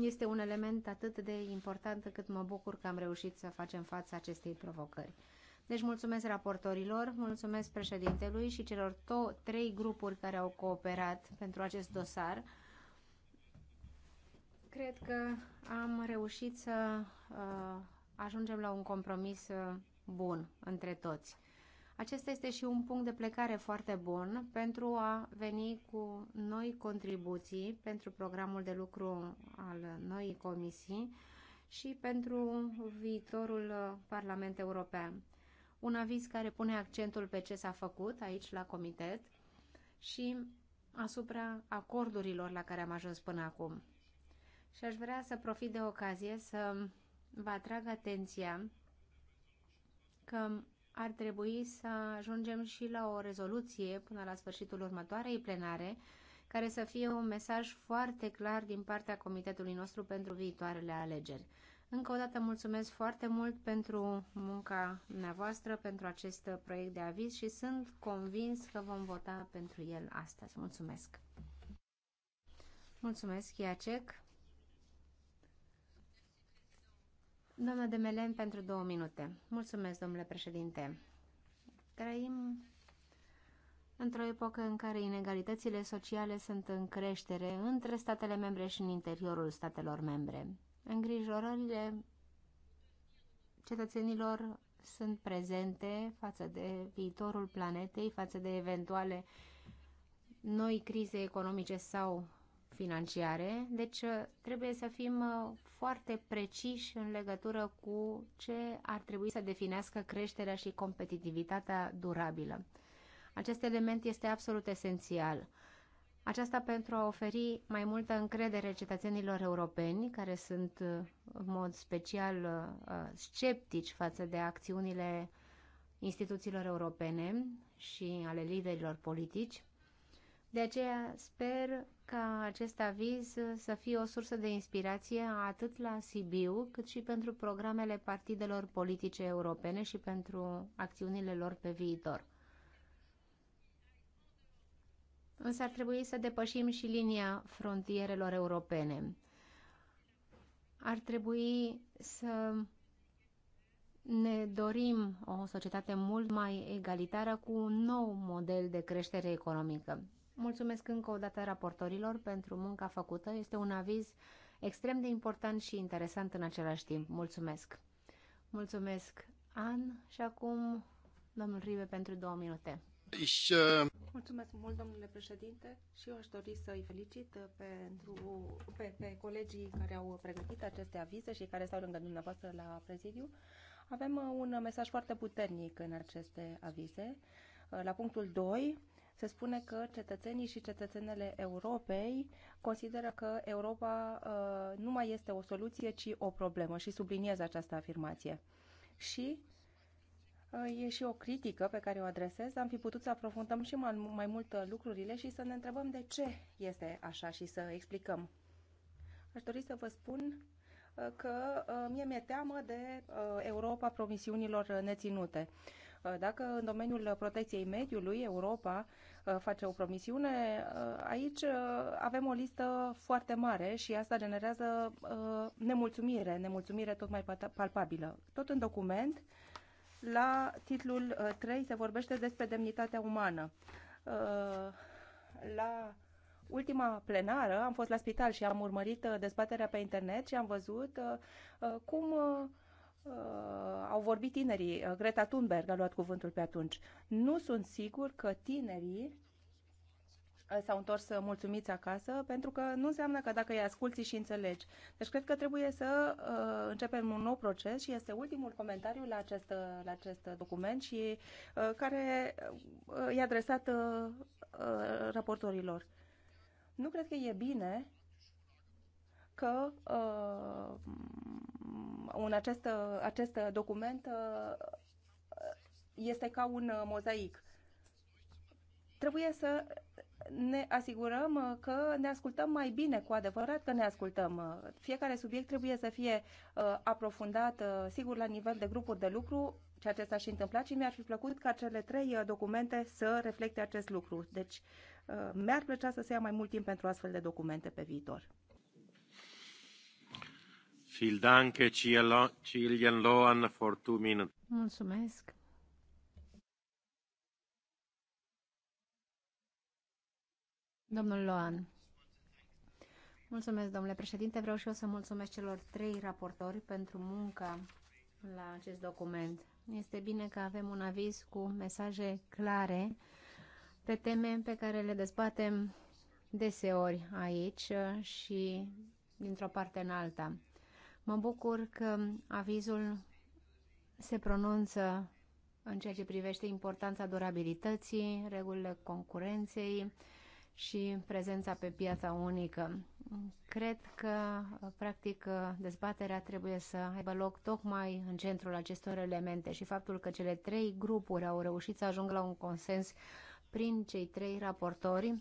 este un element atât de important cât mă bucur că am reușit să facem față acestei provocări. Deci mulțumesc raportorilor, mulțumesc președintelui și celor to- trei grupuri care au cooperat pentru acest dosar. Cred că am reușit să uh, ajungem la un compromis uh, bun între toți. Acesta este și un punct de plecare foarte bun pentru a veni cu noi contribuții pentru programul de lucru al noii comisii și pentru viitorul Parlament European. Un aviz care pune accentul pe ce s-a făcut aici la comitet și asupra acordurilor la care am ajuns până acum. Și aș vrea să profit de ocazie să vă atrag atenția că ar trebui să ajungem și la o rezoluție până la sfârșitul următoarei plenare, care să fie un mesaj foarte clar din partea comitetului nostru pentru viitoarele alegeri. Încă o dată mulțumesc foarte mult pentru munca dumneavoastră, pentru acest proiect de aviz și sunt convins că vom vota pentru el astăzi. Mulțumesc! Mulțumesc, Iacek! Doamna de Melen, pentru două minute. Mulțumesc, domnule președinte. Trăim într-o epocă în care inegalitățile sociale sunt în creștere între statele membre și în interiorul statelor membre. Îngrijorările cetățenilor sunt prezente față de viitorul planetei, față de eventuale noi crize economice sau financiare, deci uh, trebuie să fim uh, foarte preciși în legătură cu ce ar trebui să definească creșterea și competitivitatea durabilă. Acest element este absolut esențial. Aceasta pentru a oferi mai multă încredere cetățenilor europeni, care sunt uh, în mod special sceptici față de acțiunile instituțiilor europene și ale liderilor politici, de aceea sper ca acest aviz să fie o sursă de inspirație atât la Sibiu, cât și pentru programele partidelor politice europene și pentru acțiunile lor pe viitor. Însă ar trebui să depășim și linia frontierelor europene. Ar trebui să ne dorim o societate mult mai egalitară cu un nou model de creștere economică. Mulțumesc încă o dată raportorilor pentru munca făcută. Este un aviz extrem de important și interesant în același timp. Mulțumesc! Mulțumesc, An, și acum domnul Rive pentru două minute. Uh, Mulțumesc mult, domnule președinte, și eu aș dori să-i felicit pentru, pe, pe colegii care au pregătit aceste avize și care stau lângă dumneavoastră la prezidiu. Avem uh, un mesaj foarte puternic în aceste avize. Uh, la punctul 2, se spune că cetățenii și cetățenele Europei consideră că Europa uh, nu mai este o soluție, ci o problemă și subliniez această afirmație. Și uh, e și o critică pe care o adresez. Am fi putut să aprofundăm și mai, mai mult uh, lucrurile și să ne întrebăm de ce este așa și să explicăm. Aș dori să vă spun uh, că uh, mie mi-e teamă de Europa promisiunilor neținute. Uh, dacă în domeniul protecției mediului Europa uh, face o promisiune, uh, aici avem o listă foarte mare și asta generează nemulțumire, nemulțumire tot mai palpabilă. Tot în document, la titlul 3 se vorbește despre demnitatea umană. La ultima plenară am fost la spital și am urmărit dezbaterea pe internet și am văzut cum Uh, au vorbit tinerii, uh, Greta Thunberg a luat cuvântul pe atunci. Nu sunt sigur că tinerii uh, s-au întors mulțumiți acasă, pentru că nu înseamnă că dacă îi asculti și înțelegi. Deci cred că trebuie să uh, începem un nou proces și este ultimul comentariu la acest, la acest document și uh, care uh, e adresat uh, uh, raportorilor. Nu cred că e bine că uh, un acest, acest document este ca un mozaic. Trebuie să ne asigurăm că ne ascultăm mai bine, cu adevărat că ne ascultăm. Fiecare subiect trebuie să fie uh, aprofundat, uh, sigur, la nivel de grupuri de lucru, ceea ce s-a și întâmplat și mi-ar fi plăcut ca cele trei uh, documente să reflecte acest lucru. Deci, mi-ar plăcea să se ia mai mult timp pentru astfel de documente pe viitor. Mulțumesc. Domnul Loan. Mulțumesc, domnule președinte. Vreau și eu să mulțumesc celor trei raportori pentru munca la acest document. Este bine că avem un aviz cu mesaje clare pe teme pe care le dezbatem deseori aici și dintr-o parte în alta. Mă bucur că avizul se pronunță în ceea ce privește importanța durabilității, regulile concurenței și prezența pe piața unică. Cred că, practic, dezbaterea trebuie să aibă loc tocmai în centrul acestor elemente și faptul că cele trei grupuri au reușit să ajungă la un consens prin cei trei raportori,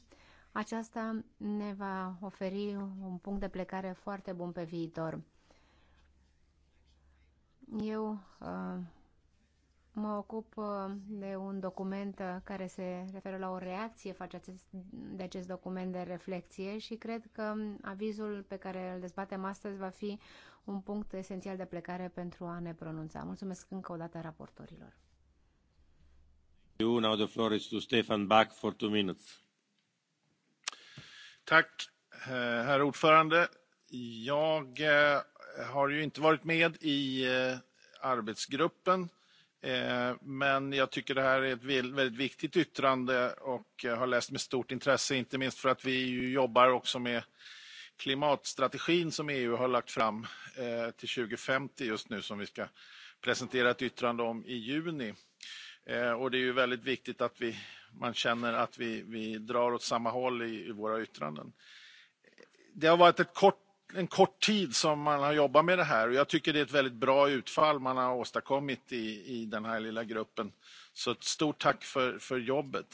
aceasta ne va oferi un punct de plecare foarte bun pe viitor. Eu uh, mă ocup uh, de un document uh, care se referă la o reacție face acest, de acest document de reflexie și cred că avizul pe care îl dezbatem astăzi va fi un punct esențial de plecare pentru a ne pronunța. Mulțumesc încă o dată raportorilor. now the floor is to Stefan Bach for two minutes. Tack, eh, herr ordförande. Jag eh, har ju inte varit med i eh, arbetsgruppen, eh, men jag tycker det här är ett väldigt viktigt yttrande och eh, har läst med stort intresse, inte minst för att vi jobbar också med klimatstrategin som EU har lagt fram till 2050 just nu som vi ska presentera ett yttrande om i juni. Och det är ju väldigt viktigt att vi, man känner att vi, vi drar åt samma håll i, i våra yttranden. Det har varit ett kort en kort tid som man har jobbat med det här och jag tycker det är ett väldigt bra utfall man har åstadkommit i, i den här lilla gruppen. Så ett stort tack för, för jobbet.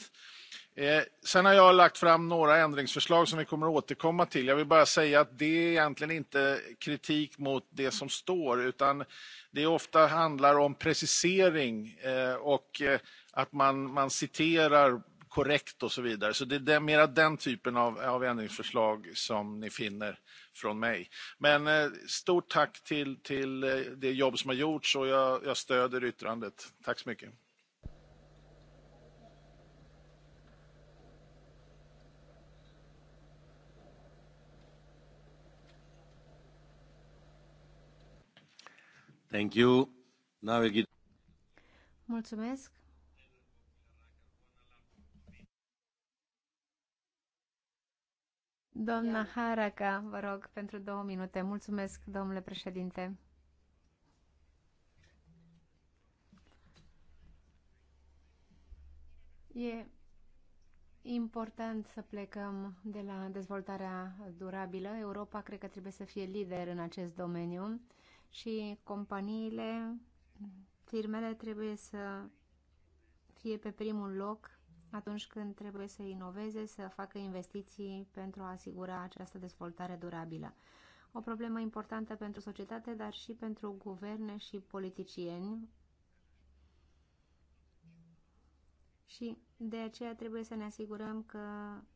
Eh, sen har jag lagt fram några ändringsförslag som vi kommer att återkomma till. Jag vill bara säga att det är egentligen inte kritik mot det som står utan det ofta handlar om precisering eh, och eh, att man, man citerar korrekt och så vidare. Så det är den, mera den typen av, av ändringsförslag som ni finner från mig. Men eh, stort tack till, till eh, det jobb som har gjorts och jag, jag stöder yttrandet. Tack så mycket. Thank you. Now we get... Mulțumesc. Doamna Haraca, vă rog, pentru două minute. Mulțumesc, domnule președinte. E important să plecăm de la dezvoltarea durabilă. Europa cred că trebuie să fie lider în acest domeniu și companiile, firmele trebuie să fie pe primul loc atunci când trebuie să inoveze, să facă investiții pentru a asigura această dezvoltare durabilă. O problemă importantă pentru societate, dar și pentru guverne și politicieni. Și de aceea trebuie să ne asigurăm că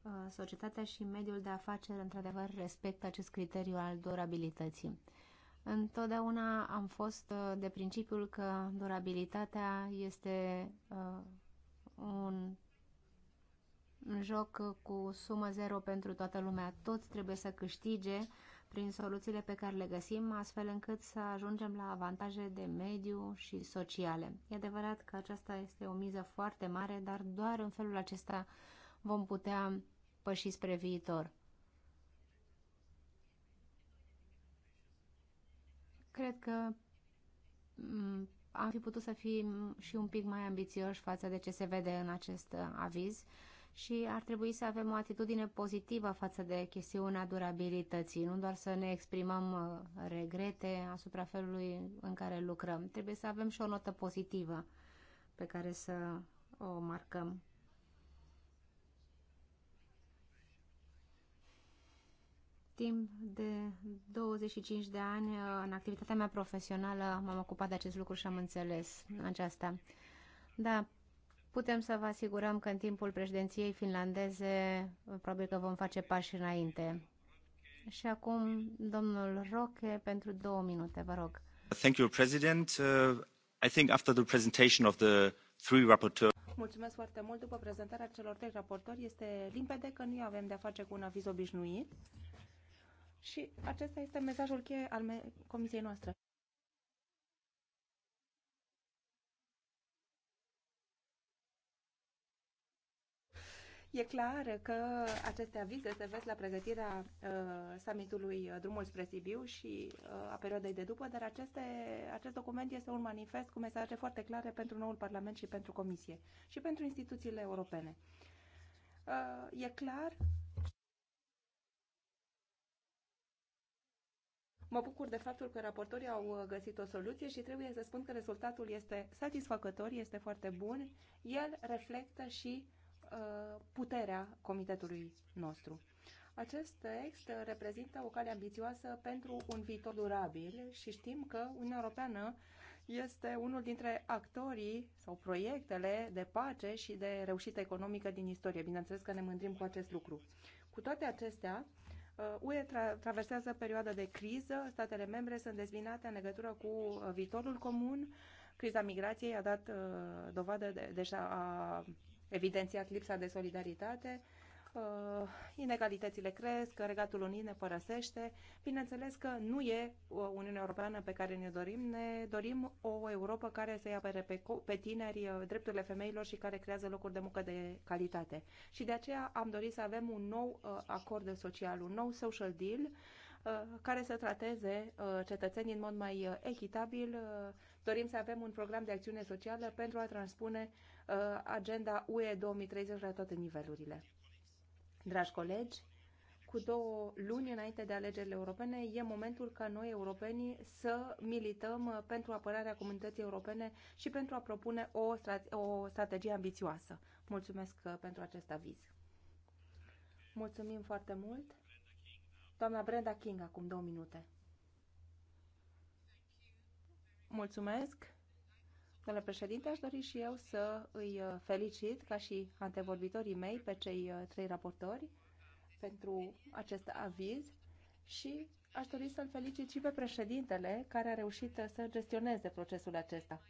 uh, societatea și mediul de afaceri într-adevăr respectă acest criteriu al durabilității. Întotdeauna am fost uh, de principiul că durabilitatea este uh, un un joc cu sumă zero pentru toată lumea. Toți trebuie să câștige prin soluțiile pe care le găsim, astfel încât să ajungem la avantaje de mediu și sociale. E adevărat că aceasta este o miză foarte mare, dar doar în felul acesta vom putea păși spre viitor. Cred că mm, am fi putut să fim și un pic mai ambițioși față de ce se vede în acest uh, aviz și ar trebui să avem o atitudine pozitivă față de chestiunea durabilității, nu doar să ne exprimăm uh, regrete asupra felului în care lucrăm. Trebuie să avem și o notă pozitivă pe care să o marcăm. timp de 25 de ani, uh, în activitatea mea profesională, m-am ocupat de acest lucru și am înțeles aceasta. Da, putem să vă asigurăm că în timpul președinției finlandeze probabil că vom face pași înainte. Și acum, domnul Roche, pentru două minute, vă rog. Thank you, President. Uh, I think after the presentation of the three rapporteurs... Mulțumesc foarte mult. După prezentarea celor trei raportori, este limpede că nu avem de-a face cu un aviz obișnuit. Și acesta este mesajul cheie al Comisiei noastre. E clar că aceste avize se vezi la pregătirea uh, summitului uh, Drumul spre Sibiu și uh, a perioadei de după, dar aceste, acest document este un manifest cu mesaje foarte clare pentru noul Parlament și pentru Comisie și pentru instituțiile europene. Uh, e clar Mă bucur de faptul că raportorii au uh, găsit o soluție și trebuie să spun că rezultatul este satisfăcător, este foarte bun. El reflectă și uh, Uh, puterea comitetului nostru. Acest text reprezintă o cale ambițioasă pentru un viitor durabil și știm că Uniunea Europeană este unul dintre actorii sau proiectele de pace și de reușită economică din istorie. Bineînțeles că ne mândrim cu acest lucru. Cu toate acestea, uh, UE tra- traversează perioada de criză, statele membre sunt dezbinate în legătură cu uh, viitorul comun, criza migrației a dat uh, dovadă de, deja a evidențiat lipsa de solidaritate, uh, inegalitățile cresc, Regatul Unit ne părăsește. Bineînțeles că nu e uh, Uniunea Europeană pe care ne dorim. Ne dorim o Europa care să-i apere pe, pe tineri uh, drepturile femeilor și care creează locuri de muncă de calitate. Și de aceea am dorit să avem un nou acord social, un nou social deal care să trateze cetățenii în mod mai echitabil. Dorim să avem un program de acțiune socială pentru a transpune Uh, agenda UE 2030 la toate nivelurile. Dragi colegi, cu două luni înainte de alegerile europene, e momentul ca noi europenii să milităm uh, pentru apărarea comunității europene și pentru a propune o, strate o strategie ambițioasă. Mulțumesc uh, pentru acest aviz. Mulțumim foarte mult. Doamna Brenda King, acum două minute. Mulțumesc. Domnule președinte, aș dori și eu să îi uh, felicit, ca și antevorbitorii mei, pe cei uh, trei raportori pentru acest aviz și aș dori să-l felicit și pe președintele care a reușit uh, să gestioneze procesul acesta.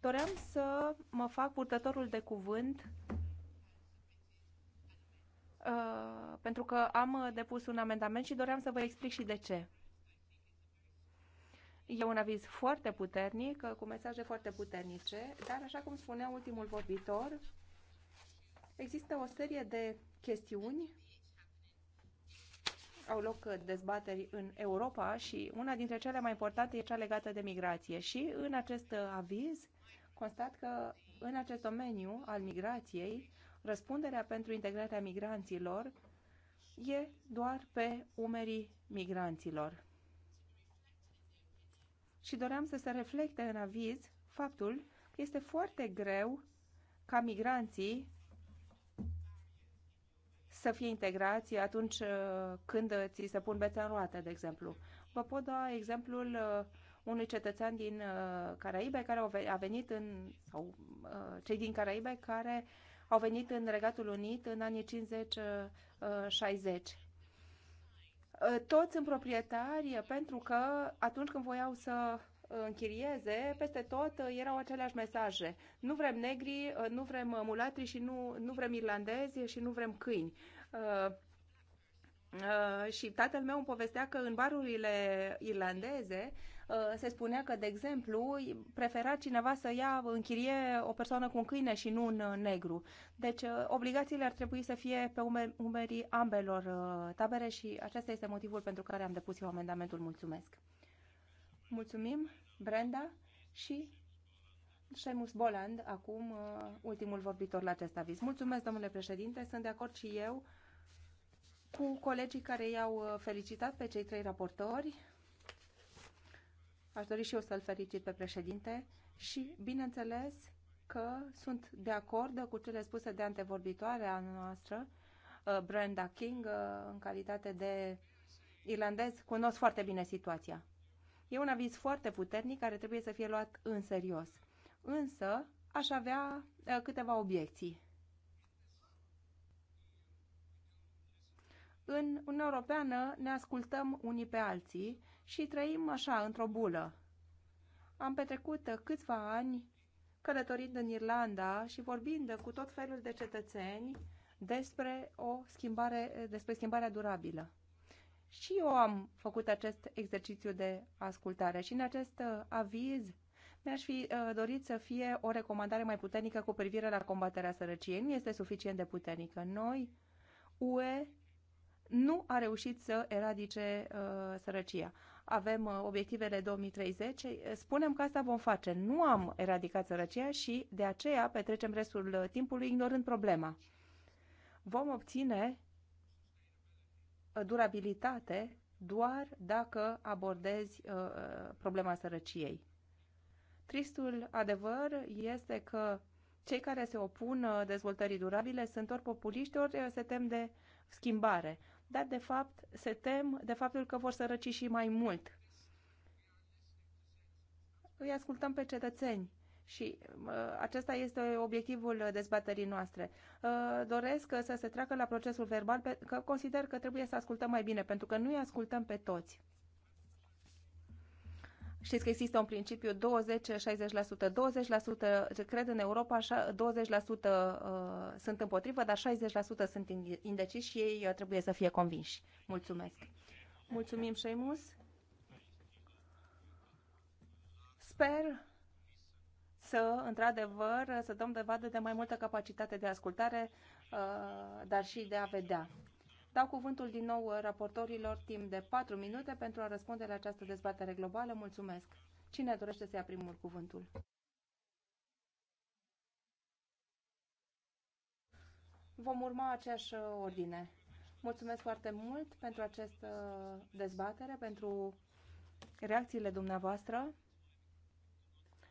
Doream să mă fac purtătorul de cuvânt pentru că am depus un amendament și doream să vă explic și de ce. E un aviz foarte puternic, cu mesaje foarte puternice, dar, așa cum spunea ultimul vorbitor, există o serie de chestiuni au loc dezbateri în Europa și una dintre cele mai importante e cea legată de migrație. Și în acest aviz constat că în acest domeniu al migrației, răspunderea pentru integrarea migranților e doar pe umerii migranților și doream să se reflecte în aviz faptul că este foarte greu ca migranții să fie integrați atunci uh, când ți se pun bețe în roate, de exemplu. Vă pot da exemplul uh, unui cetățean din uh, Caraibe care a venit în, sau cei din Caraibe care au venit în Regatul Unit în anii 50-60 Ă, toți sunt proprietari pentru că atunci când voiau să închirieze, peste tot erau aceleași mesaje. Nu vrem negri, ă, nu vrem mulatri și nu, nu vrem irlandezi și nu vrem câini. Uh, și tatăl meu îmi povestea că în barurile irlandeze Uh, se spunea că, de exemplu, prefera cineva să ia în chirie o persoană cu un câine și nu un uh, negru. Deci, uh, obligațiile ar trebui să fie pe umerii ambelor tabere și acesta este motivul pentru care am depus eu amendamentul. Mulțumesc! Mulțumim, Brenda și Seamus Boland, acum ultimul vorbitor la acest aviz. Mulțumesc, domnule președinte, sunt de acord și eu cu colegii care i-au felicitat pe cei trei raportori Aș dori și eu să-l fericit pe președinte și, bineînțeles, că sunt de acord cu cele spuse de antevorbitoarea noastră, uh, Brenda King, uh, în calitate de irlandez, cunosc foarte bine situația. E un aviz foarte puternic care trebuie să fie luat în serios. Însă, aș avea uh, câteva obiecții. În Uniunea Europeană ne ascultăm unii pe alții și trăim așa, într-o bulă. Am petrecut câțiva ani călătorind în Irlanda și vorbind cu tot felul de cetățeni despre o schimbare, despre schimbarea durabilă. Și eu am făcut acest exercițiu de ascultare și în acest uh, aviz mi-aș fi uh, dorit să fie o recomandare mai puternică cu privire la combaterea sărăciei. Nu este suficient de puternică. Noi, UE, nu a reușit să eradice uh, sărăcia avem uh, obiectivele 2030, spunem că asta vom face. Nu am eradicat sărăcia și de aceea petrecem restul uh, timpului ignorând problema. Vom obține uh, durabilitate doar dacă abordezi problema sărăciei. Tristul adevăr este că cei care se opun dezvoltării durabile sunt ori populiști, ori se tem de schimbare dar de fapt se tem de faptul că vor să sărăci și mai mult. Îi ascultăm pe cetățeni și uh, acesta este obiectivul dezbaterii noastre. Uh, doresc să se treacă la procesul verbal, pe, că consider că trebuie să ascultăm mai bine, pentru că nu îi ascultăm pe toți. Știți că există un principiu 20-60%. 20%, cred în Europa, 20% uh, sunt împotrivă, dar 60% sunt indeciși și ei uh, trebuie să fie convinși. Mulțumesc. Mulțumim, Seamus. Sper să, într-adevăr, să dăm dovadă de mai multă capacitate de ascultare, uh, dar și de a vedea. Dau cuvântul din nou uh, raportorilor timp de 4 minute pentru a răspunde la această dezbatere globală. Mulțumesc! Cine dorește să ia primul cuvântul? Vom urma aceeași uh, ordine. Mulțumesc foarte mult pentru această dezbatere, pentru reacțiile dumneavoastră.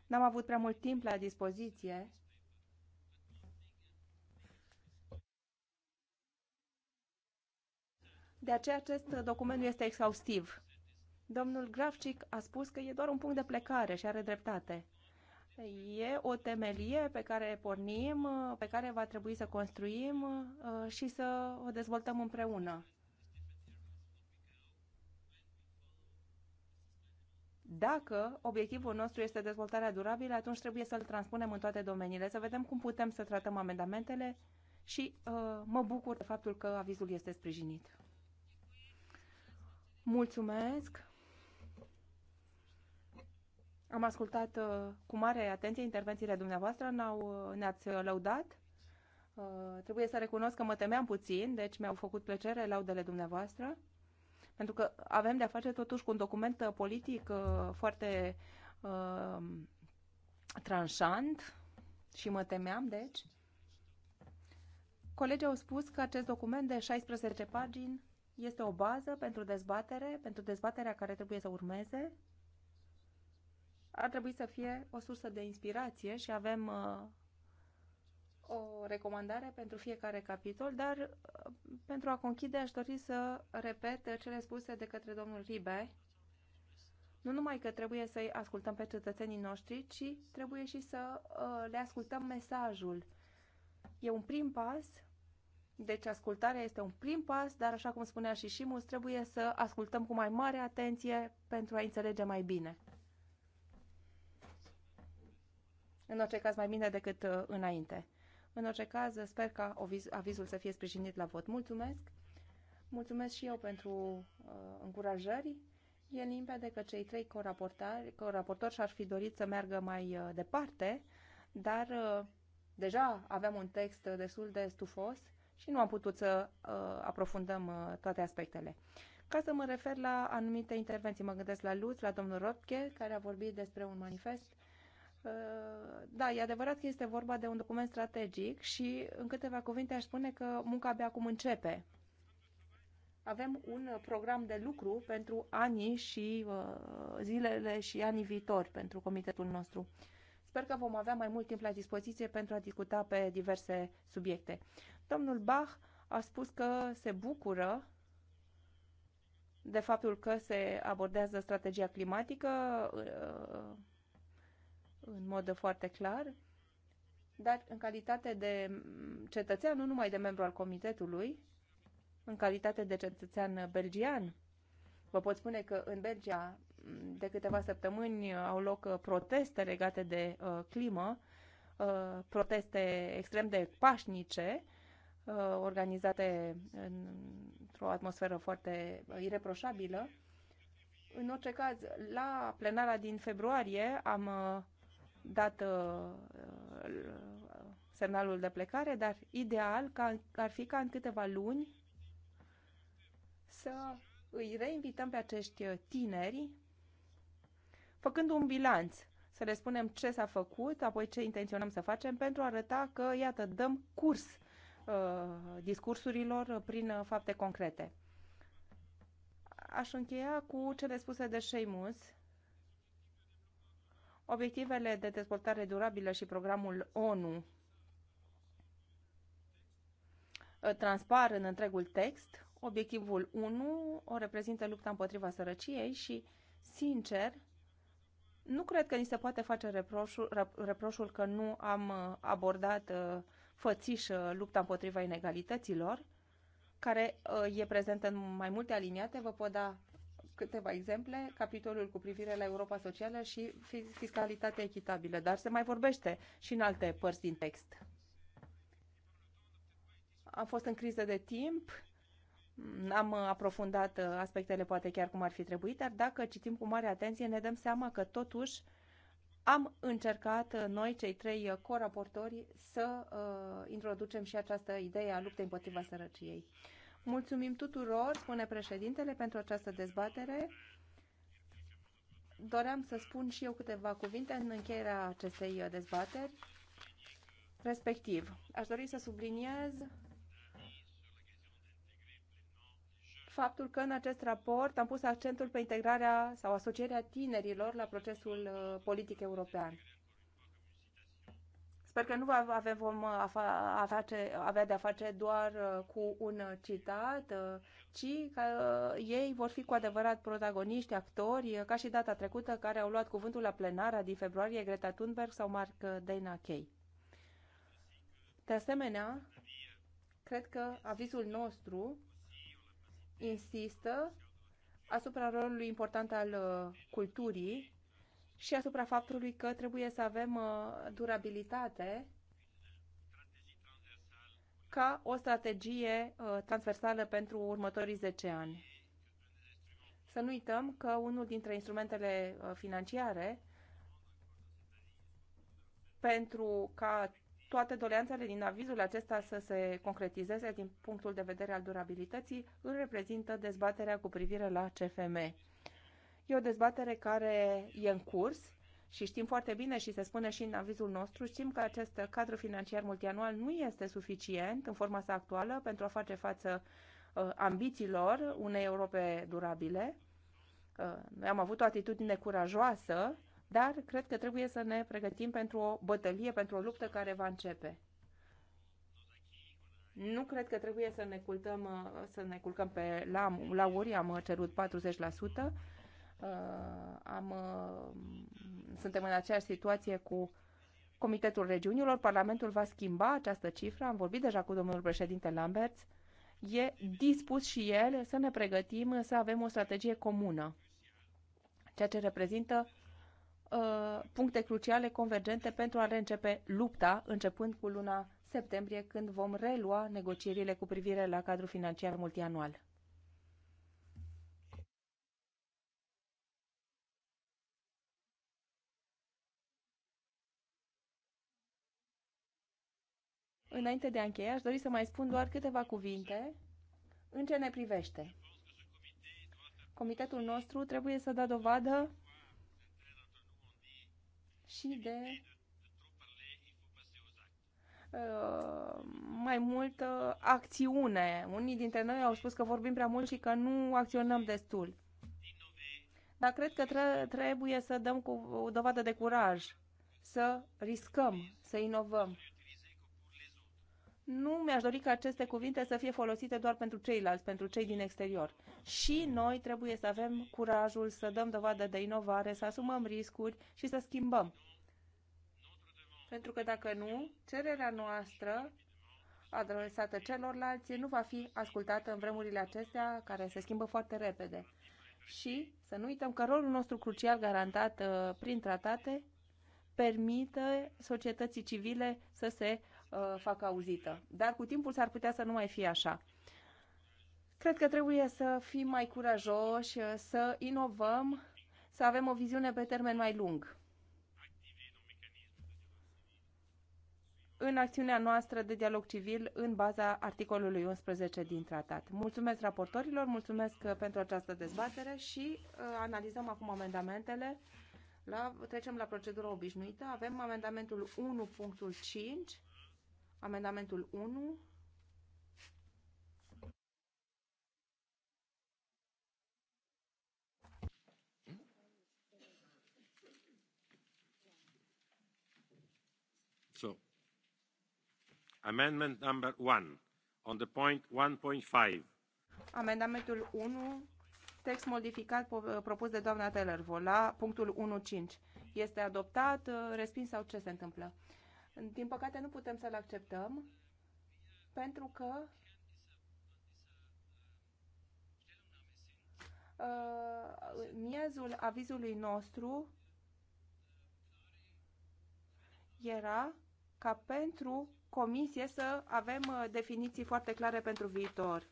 N-am avut prea mult timp la dispoziție De aceea acest document nu este exhaustiv. Domnul Grafcic a spus că e doar un punct de plecare și are dreptate. E o temelie pe care pornim, pe care va trebui să construim uh, și să o dezvoltăm împreună. Dacă obiectivul nostru este dezvoltarea durabilă, atunci trebuie să-l transpunem în toate domeniile, să vedem cum putem să tratăm amendamentele și uh, mă bucur de faptul că avizul este sprijinit. Mulțumesc! Am ascultat uh, cu mare atenție intervențiile dumneavoastră, ne-au, uh, ne-ați uh, lăudat. Trebuie să recunosc că mă temeam puțin, deci mi-au făcut plăcere laudele dumneavoastră, pentru că avem de-a face totuși cu un document politic foarte uh, tranșant și mă temeam, deci. Colegii au spus că acest document de 16 pagini este o bază pentru dezbatere, pentru dezbaterea care trebuie să urmeze. Ar trebui să fie o sursă de inspirație și avem uh, o recomandare pentru fiecare capitol, dar uh, pentru a conchide aș dori să repet cele spuse de către domnul Ribe. Nu numai că trebuie să-i ascultăm pe cetățenii noștri, ci trebuie și să uh, le ascultăm mesajul. E un prim pas deci ascultarea este un prim pas, dar așa cum spunea și Shimus, trebuie să ascultăm cu mai mare atenție pentru a înțelege mai bine. În orice caz, mai bine decât uh, înainte. În orice caz, sper ca avizul să fie sprijinit la vot. Mulțumesc! Mulțumesc și eu pentru uh, încurajări. E limpede că cei trei coraportori și-ar fi dorit să meargă mai uh, departe, dar uh, deja avem un text uh, destul de stufos și nu am putut să uh, aprofundăm uh, toate aspectele. Ca să mă refer la anumite intervenții, mă gândesc la Lutz, la domnul Rotke, care a vorbit despre un manifest. Uh, da, e adevărat că este vorba de un document strategic și în câteva cuvinte aș spune că munca abia acum începe. Avem un program de lucru pentru anii și uh, zilele și anii viitori pentru comitetul nostru. Uh, Sper că vom avea mai mult timp la dispoziție pentru a discuta pe diverse subiecte. Domnul Bach a spus că se bucură de faptul că se abordează strategia climatică uh, în mod foarte clar, dar în calitate de cetățean, nu numai de membru al comitetului, în calitate de cetățean belgian, vă pot spune că în Belgia de câteva săptămâni au loc uh, proteste legate de uh, climă, uh, proteste extrem de pașnice, uh, organizate în, într-o atmosferă foarte uh, ireproșabilă. În orice caz, la plenara din februarie am uh, dat uh, uh, semnalul de plecare, dar ideal ca, ar fi ca în câteva luni să îi reinvităm pe acești tineri făcând un bilanț, să le spunem ce s-a făcut, apoi ce intenționăm să facem pentru a arăta că, iată, dăm curs uh, discursurilor prin uh, fapte concrete. Aș încheia cu cele spuse de Sheamus, obiectivele de dezvoltare durabilă și programul ONU uh, transpar în întregul text. Obiectivul 1 o reprezintă lupta împotriva sărăciei și, sincer, nu cred că ni se poate face reproșul, reproșul că nu am uh, abordat uh, fățiș uh, lupta împotriva inegalităților, care e prezentă în mai multe aliniate. Vă pot da câteva exemple, capitolul cu privire la Europa Socială și fiscalitatea echitabilă, dar se mai vorbește și în alte părți din text. Am fost în criză de timp, N-am uh, aprofundat uh, aspectele poate chiar cum ar fi trebuit, dar dacă citim cu mare atenție ne dăm seama că totuși am încercat uh, noi, cei trei coraportori, să uh, introducem și această idee a luptei împotriva sărăciei. Mulțumim tuturor, spune președintele, pentru această dezbatere. Doream să spun și eu câteva cuvinte în încheierea acestei dezbateri. Respectiv, aș dori să subliniez faptul că în acest raport am pus accentul pe integrarea sau asocierea tinerilor la procesul uh, politic european. Sper că nu avem, vom uh, avea, avea de-a face doar uh, cu un citat, ci că ei vor fi cu adevărat protagoniști, actori, ca și data trecută, care au luat cuvântul la plenara din februarie, Greta Thunberg sau Mark Dana Kay. De asemenea, cred că avizul nostru insistă asupra rolului important al uh, culturii și asupra faptului că trebuie să avem uh, durabilitate ca o strategie uh, transversală pentru următorii 10 ani. Să nu uităm că unul dintre instrumentele financiare pentru ca toate doleanțele din avizul acesta să se concretizeze din punctul de vedere al durabilității îl reprezintă dezbaterea cu privire la CFM. E o dezbatere care e în curs și știm foarte bine și se spune și în avizul nostru, știm că acest cadru financiar multianual nu este suficient în forma sa actuală pentru a face față uh, ambițiilor unei Europe durabile. Uh, noi am avut o atitudine curajoasă dar cred că trebuie să ne pregătim pentru o bătălie, pentru o luptă care va începe. Nu cred că trebuie să ne, cultăm, uh, să ne culcăm pe la, la ori am uh, cerut 40%. Uh, am, suntem în aceeași situație cu Comitetul Regiunilor. Parlamentul va schimba această cifră. Am vorbit deja cu domnul președinte Lamberts. E dispus și el să ne pregătim să avem o strategie comună, ceea ce reprezintă Uh, puncte cruciale convergente pentru a reîncepe lupta, începând cu luna septembrie, când vom relua negocierile cu privire la cadrul financiar multianual. Înainte de a încheia, aș dori să mai spun doar câteva cuvinte în ce ne privește. Comitetul nostru trebuie să dea dovadă și de uh, mai multă acțiune. Unii dintre noi au spus că vorbim prea mult și că nu acționăm destul. Dar cred că trebuie să dăm cu o dovadă de curaj, să riscăm, să inovăm nu mi-aș dori ca aceste cuvinte să fie folosite doar pentru ceilalți, pentru cei din exterior. Și noi trebuie să avem curajul să dăm dovadă de inovare, să asumăm riscuri și să schimbăm. Pentru că dacă nu, cererea noastră adresată celorlalți nu va fi ascultată în vremurile acestea care se schimbă foarte repede. Și să nu uităm că rolul nostru crucial garantat uh, prin tratate permite societății civile să se Uh, fac auzită. Dar cu timpul s-ar putea să nu mai fie așa. Cred că trebuie să fim mai curajoși, uh, să inovăm, să avem o viziune pe termen mai lung. în acțiunea noastră de dialog civil în baza articolului 11 din tratat. Mulțumesc raportorilor, mulțumesc uh, pentru această dezbatere și uh, analizăm acum amendamentele. La, trecem la procedura obișnuită. Avem amendamentul 1.5 Amendamentul 1. So, amendment number 1 on the point 1.5. Amendamentul 1, text modificat propus de doamna Tellervo la punctul 1.5. Este adoptat, respins sau ce se întâmplă? Din păcate nu putem să-l acceptăm pentru că uh, miezul avizului nostru era ca pentru comisie să avem uh, definiții foarte clare pentru viitor.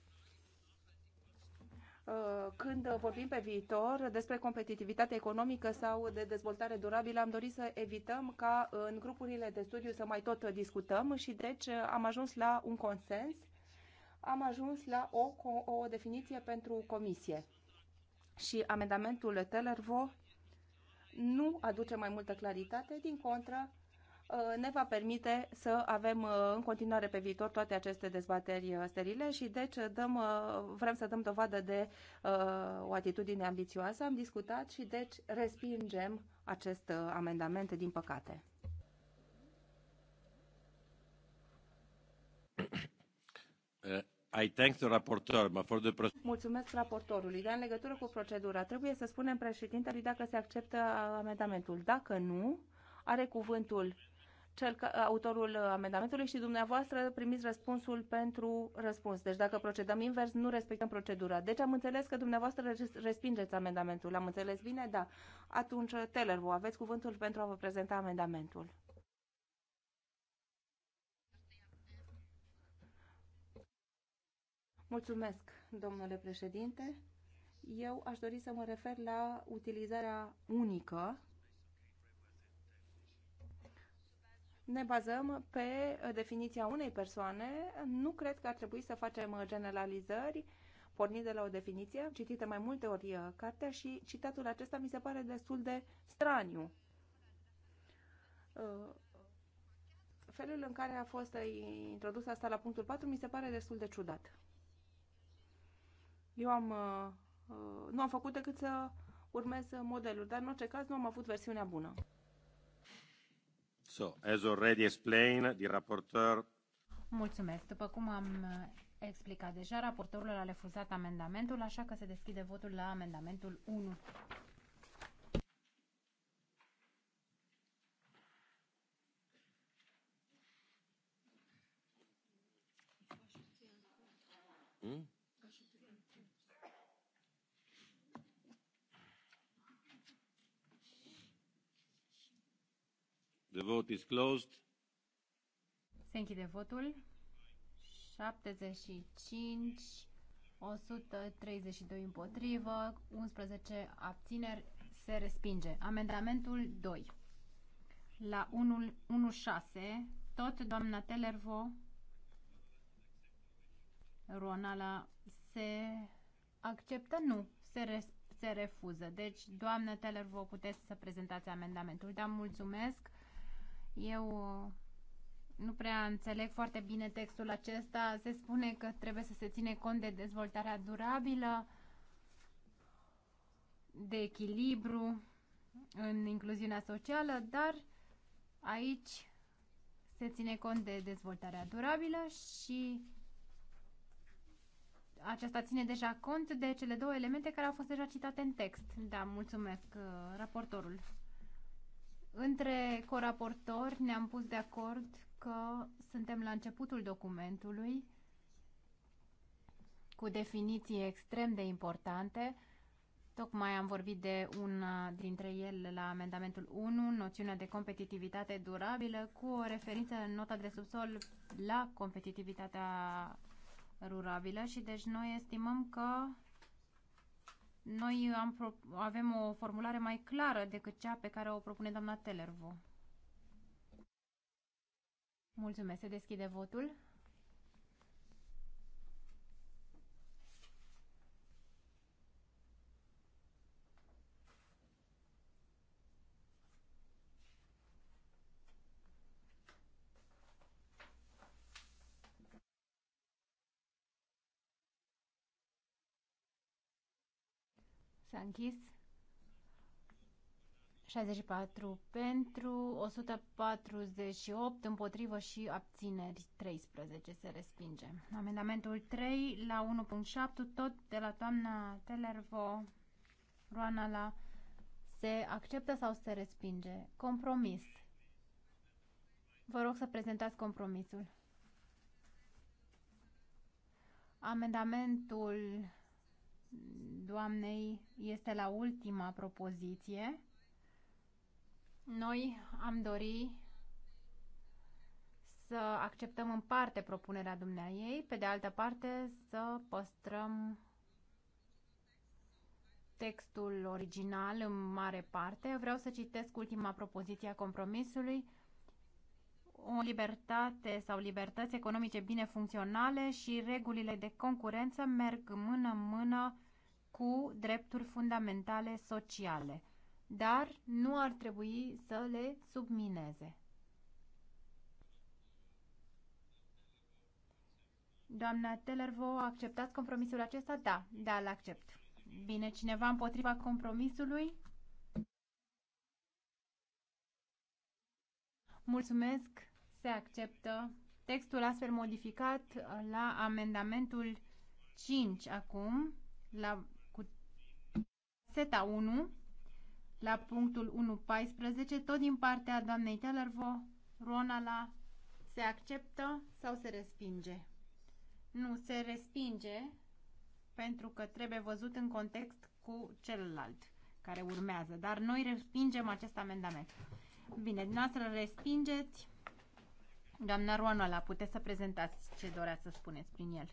Uh, când vorbim pe viitor despre competitivitate economică sau de dezvoltare durabilă, am dorit să evităm ca în grupurile de studiu să mai tot discutăm și deci am ajuns la un consens, am ajuns la o, o definiție pentru comisie. Și amendamentul Tellervo nu aduce mai multă claritate, din contră, Uh, ne va permite să avem uh, în continuare pe viitor toate aceste dezbateri uh, sterile și deci dăm, vrem să dăm dovadă de o atitudine ambițioasă. Am discutat și deci respingem acest amendament, din păcate. I thank the rapporteur, but for the Mulțumesc raportorului, dar în legătură cu procedura, trebuie să spunem președintelui dacă se acceptă amendamentul. Dacă nu, are cuvântul cel ca, autorul amendamentului și dumneavoastră primiți răspunsul pentru răspuns. Deci dacă procedăm invers, nu respectăm procedura. Deci am înțeles că dumneavoastră respingeți amendamentul. Am înțeles bine? Da. Atunci, Teller, vă aveți cuvântul pentru a vă prezenta amendamentul. Mulțumesc, domnule președinte. Eu aș dori să mă refer la utilizarea unică ne bazăm pe uh, definiția unei persoane. Nu cred că ar trebui să facem uh, generalizări pornind de la o definiție. Am citit mai multe ori uh, cartea și citatul acesta mi se pare destul de straniu. Felul în care a fost introdus asta la punctul 4 mi se pare destul de ciudat. Eu am, nu am făcut decât să urmez modelul, dar în orice caz nu am avut versiunea bună. So, as already explained, the rapporteur... Mulțumesc. După cum am eh, explicat deja, raportorul a refuzat amendamentul, așa că se deschide votul la amendamentul 1. mm Hmm? The vote is closed. Se închide votul. 75, 132 împotrivă, 11 abțineri, se respinge. Amendamentul 2. La 1.6, tot doamna Telervo, Ronala, se acceptă? Nu, se, re, se refuză. Deci, doamna Telervo, puteți să prezentați amendamentul. Da, mulțumesc. Eu uh, nu prea înțeleg foarte bine textul acesta. Se spune că trebuie să se ține cont de dezvoltarea durabilă, de echilibru în incluziunea socială, dar aici se ține cont de dezvoltarea durabilă și aceasta ține deja cont de cele două elemente care au fost deja citate în text. Da, mulțumesc, uh, raportorul. Între coraportori ne-am pus de acord că suntem la începutul documentului cu definiții extrem de importante. Tocmai am vorbit de una dintre ele la amendamentul 1, noțiunea de competitivitate durabilă, cu o referință în nota de subsol la competitivitatea rurabilă și deci noi estimăm că noi am avem o formulare mai clară decât cea pe care o propune doamna Tellervo. Mulțumesc. Se deschide votul. închis. 64 pentru, 148 împotrivă și abțineri 13 se respinge. Amendamentul 3 la 1.7 tot de la doamna Telervo Roana la se acceptă sau se respinge? Compromis. Vă rog să prezentați compromisul. Amendamentul doamnei este la ultima propoziție. Noi am dori să acceptăm în parte propunerea ei, pe de altă parte să păstrăm textul original în mare parte. Vreau să citesc ultima propoziție a compromisului o libertate sau libertăți economice bine funcționale și regulile de concurență merg mână-mână cu drepturi fundamentale sociale, dar nu ar trebui să le submineze. Doamna Tellervo, acceptați compromisul acesta? Da, da, îl accept. Bine, cineva împotriva compromisului? Mulțumesc! se acceptă textul astfel modificat uh, la amendamentul 5 acum, la cu seta 1, la punctul 1.14, tot din partea doamnei Tellervo, Ronala, se acceptă sau se respinge? Nu, se respinge pentru că trebuie văzut în context cu celălalt care urmează, dar noi respingem acest amendament. Bine, dumneavoastră respingeți Doamna Ruanola, puteți să prezentați ce doreați să spuneți prin el.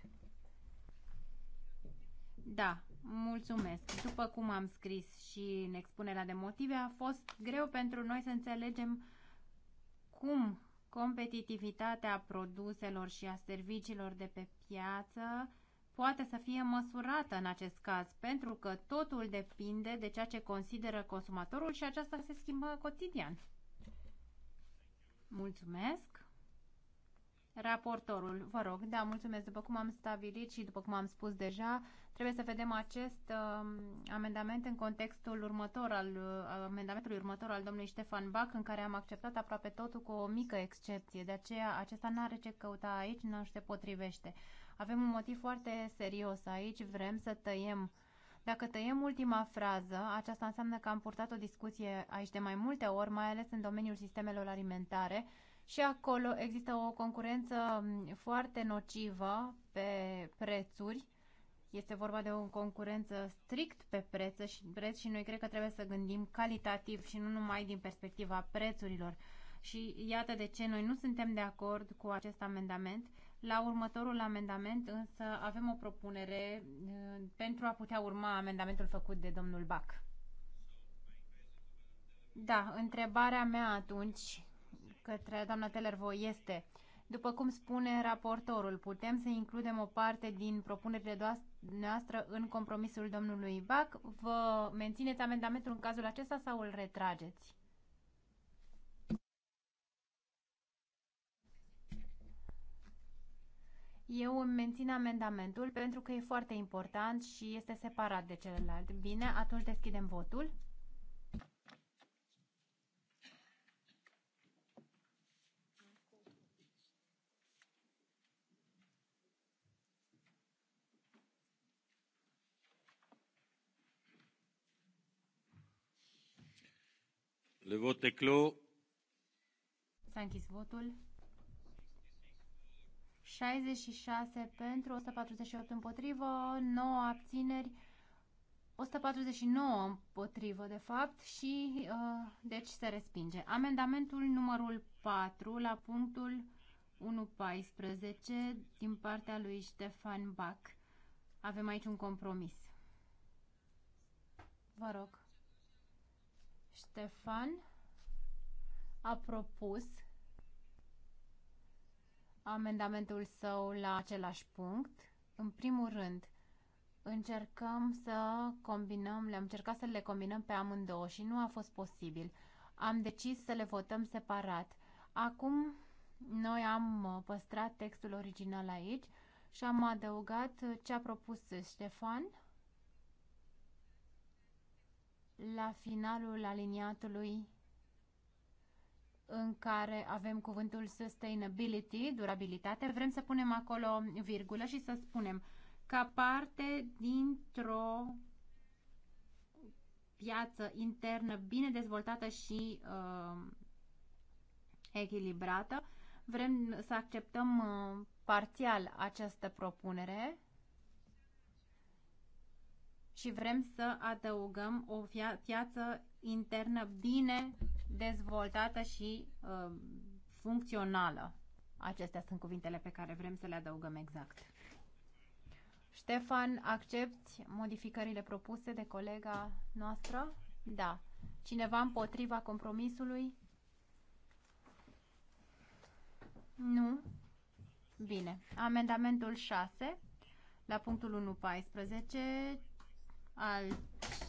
Da, mulțumesc. După cum am scris și în expunerea de motive, a fost greu pentru noi să înțelegem cum competitivitatea produselor și a serviciilor de pe piață poate să fie măsurată în acest caz, pentru că totul depinde de ceea ce consideră consumatorul și aceasta se schimbă cotidian. Mulțumesc! Raportorul, vă rog, da, mulțumesc. După cum am stabilit și după cum am spus deja, trebuie să vedem acest uh, amendament în contextul următor al uh, amendamentului următor al domnului Ștefan Bac, în care am acceptat aproape totul cu o mică excepție. De aceea, acesta nu are ce căuta aici, nu se potrivește. Avem un motiv foarte serios aici, vrem să tăiem dacă tăiem ultima frază, aceasta înseamnă că am purtat o discuție aici de mai multe ori, mai ales în domeniul sistemelor alimentare, și acolo există o concurență mm, foarte nocivă pe prețuri. Este vorba de o concurență strict pe preț și, preț și noi cred că trebuie să gândim calitativ și nu numai din perspectiva prețurilor. Și iată de ce noi nu suntem de acord cu acest amendament. La următorul amendament însă avem o propunere mm, pentru a putea urma amendamentul făcut de domnul Bac. Da, întrebarea mea atunci către doamna Telervo este după cum spune raportorul, putem să includem o parte din propunerile noastre în compromisul domnului Bac. Vă mențineți amendamentul în cazul acesta sau îl retrageți? Eu îmi mențin amendamentul pentru că e foarte important și este separat de celălalt. Bine, atunci deschidem votul. Le vote est clos. S-a închis votul. 66 pentru, 148 împotrivă, 9 abțineri, 149 împotrivă, de fapt, și uh, deci se respinge. Amendamentul numărul 4 la punctul 1.14 din partea lui Ștefan Bach. Avem aici un compromis. Vă rog. Ștefan a propus amendamentul său la același punct. În primul rând, încercăm să combinăm, le-am încercat să le combinăm pe amândouă și nu a fost posibil. Am decis să le votăm separat. Acum noi am uh, păstrat textul original aici și am adăugat ce a propus Ștefan la finalul aliniatului în care avem cuvântul sustainability, durabilitate, vrem să punem acolo virgulă și să spunem ca parte dintr-o piață internă bine dezvoltată și uh, echilibrată, vrem să acceptăm uh, parțial această propunere și vrem să adăugăm o piață internă bine dezvoltată și uh, funcțională. Acestea sunt cuvintele pe care vrem să le adăugăm exact. Ștefan, accepti modificările propuse de colega noastră? Da. Cineva împotriva compromisului? Nu. Bine. Amendamentul 6, la punctul 1.14, al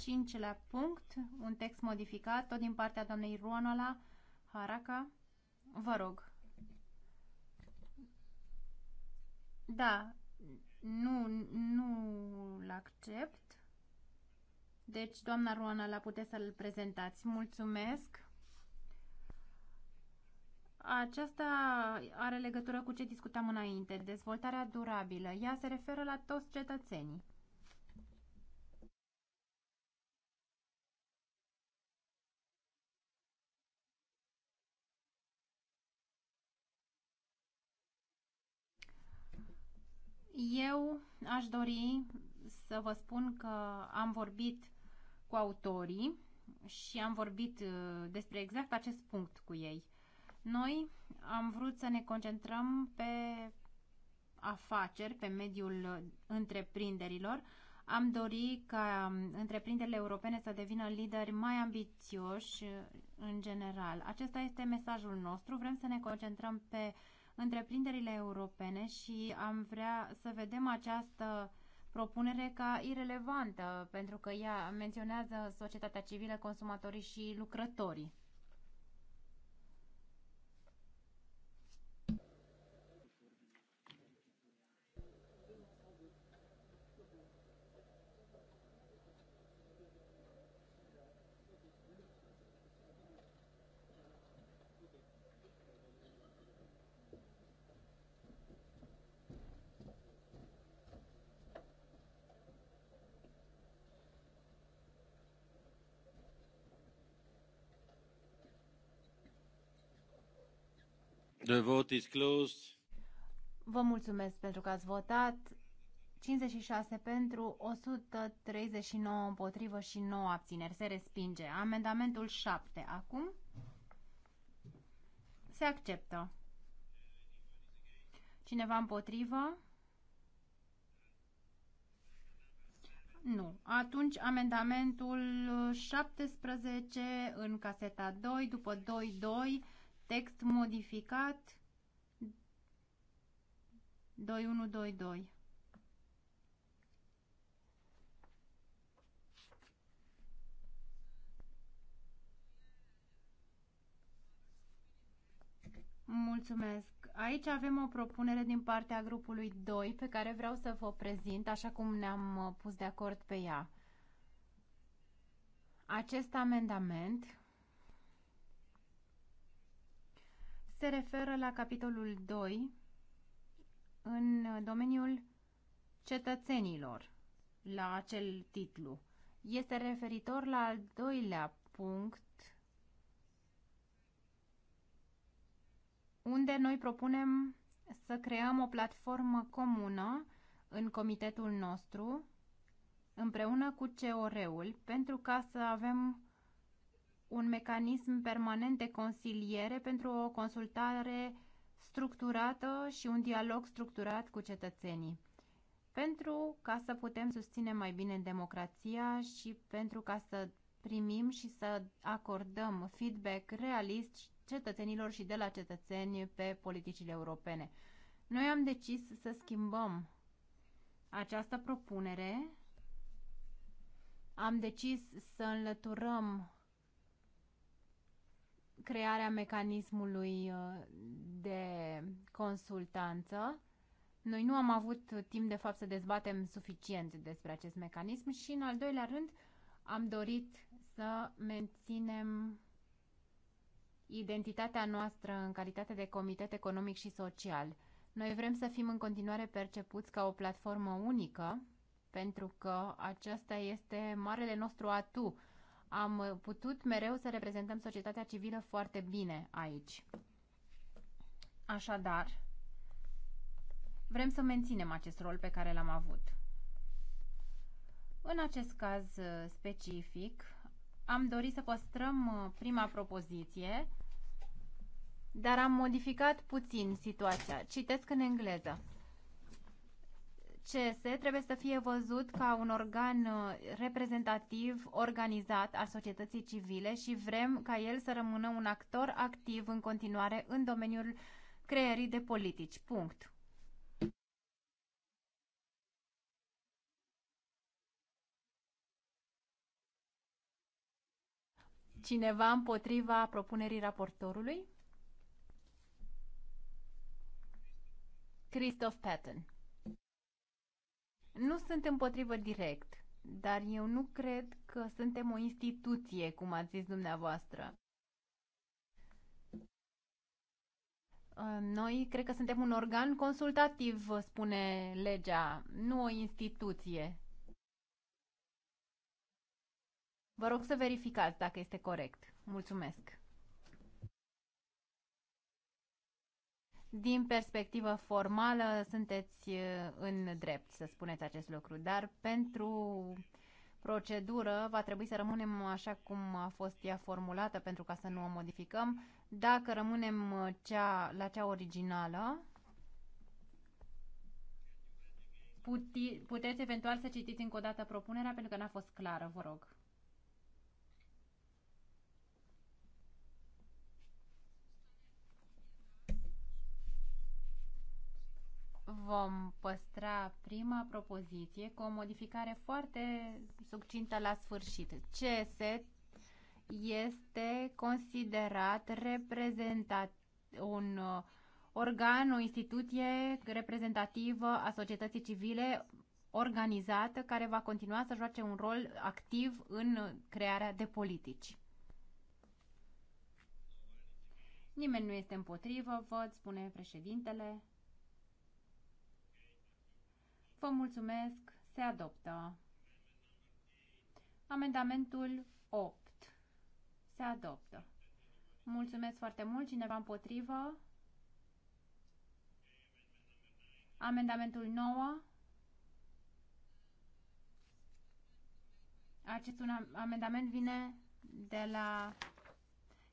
cincilea punct, un text modificat, tot din partea doamnei Ruanola Haraca. Vă rog. Da, nu, nu-l accept. Deci, doamna la puteți să-l prezentați. Mulțumesc. Aceasta are legătură cu ce discutam înainte, dezvoltarea durabilă. Ea se referă la toți cetățenii. Eu aș dori să vă spun că am vorbit cu autorii și am vorbit uh, despre exact acest punct cu ei. Noi am vrut să ne concentrăm pe afaceri, pe mediul uh, întreprinderilor. Am dorit ca um, întreprinderile europene să devină lideri mai ambițioși uh, în general. Acesta este mesajul nostru. Vrem să ne concentrăm pe uh, întreprinderile europene și am vrea să vedem această propunere ca irelevantă, pentru că ea menționează societatea civilă, consumatorii și lucrătorii. The vote is closed. Vă mulțumesc pentru că ați votat. 56 pentru, 139 împotrivă și 9 abțineri. Se respinge. Amendamentul 7. Acum se acceptă. Cineva împotrivă? Nu. Atunci amendamentul 17 în caseta 2, după 2.2, Text modificat 2122. Mulțumesc. Aici avem o propunere din partea grupului 2 pe care vreau să vă prezint așa cum ne-am uh, pus de acord pe ea. Acest amendament se referă la capitolul 2 în domeniul cetățenilor, la acel titlu. Este referitor la al doilea punct unde noi propunem să creăm o platformă comună în comitetul nostru împreună cu COR-ul pentru ca să avem un mecanism permanent de consiliere pentru o consultare structurată și un dialog structurat cu cetățenii. Pentru ca să putem susține mai bine democrația și pentru ca să primim și să acordăm feedback realist cetățenilor și de la cetățeni pe politicile europene. Noi am decis să schimbăm această propunere, am decis să înlăturăm crearea mecanismului uh, de consultanță. Noi nu am avut timp, de fapt, să dezbatem suficient despre acest mecanism și, în al doilea rând, am dorit să menținem identitatea noastră în calitate de comitet economic și social. Noi vrem să fim în continuare percepuți ca o platformă unică, pentru că aceasta este marele nostru atu am uh, putut mereu să reprezentăm societatea civilă foarte bine aici. Așadar, vrem să menținem acest rol pe care l-am avut. În acest caz uh, specific, am dorit să păstrăm uh, prima propoziție, dar am modificat puțin situația. Citesc în engleză. CS trebuie să fie văzut ca un organ uh, reprezentativ, organizat al societății civile și vrem ca el să rămână un actor activ în continuare în domeniul creierii de politici. Punct. Cineva împotriva propunerii raportorului? Christoph Patton nu sunt împotrivă direct, dar eu nu cred că suntem o instituție, cum ați zis dumneavoastră. Uh, noi cred că suntem un organ consultativ, spune legea, nu o instituție. Vă rog să verificați dacă este corect. Mulțumesc. din perspectivă formală sunteți uh, în drept să spuneți acest lucru, dar pentru procedură va trebui să rămânem așa cum a fost ea formulată pentru ca să nu o modificăm. Dacă rămânem uh, cea, la cea originală, puti, puteți eventual să citiți încă o dată propunerea pentru că n-a fost clară, vă rog. vom păstra prima propoziție cu o modificare foarte succintă la sfârșit. CS este considerat reprezentat un uh, organ, o instituție reprezentativă a societății civile organizată care va continua să joace un rol activ în crearea de politici. Nimeni nu este împotrivă, văd, spune președintele. Vă mulțumesc. Se adoptă. Amendamentul 8. Se adoptă. Mulțumesc foarte mult. Cineva împotrivă? Amendamentul 9. Acest un amendament vine de la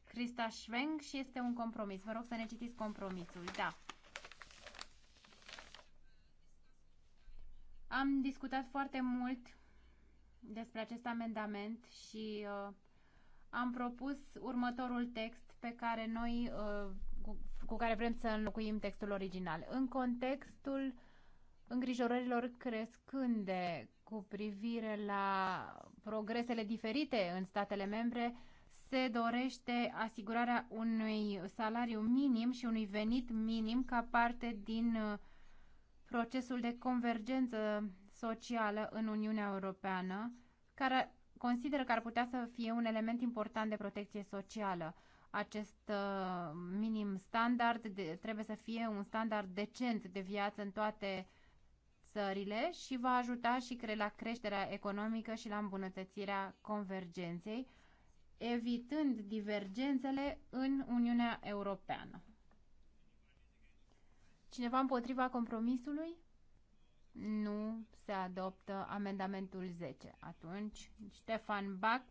Crista Schwenk și este un compromis. Vă rog să ne citiți compromisul. Da. Am discutat foarte mult despre acest amendament și uh, am propus următorul text pe care noi, uh, cu, cu care vrem să înlocuim textul original. În contextul îngrijorărilor crescânde cu privire la progresele diferite în statele membre, se dorește asigurarea unui salariu minim și unui venit minim ca parte din uh, procesul de convergență socială în Uniunea Europeană, care consideră că ar putea să fie un element important de protecție socială. Acest uh, minim standard de, trebuie să fie un standard decent de viață în toate țările și va ajuta și cre la creșterea economică și la îmbunătățirea convergenței, evitând divergențele în Uniunea Europeană. Cineva împotriva compromisului? Nu se adoptă amendamentul 10. Atunci, Ștefan Bac,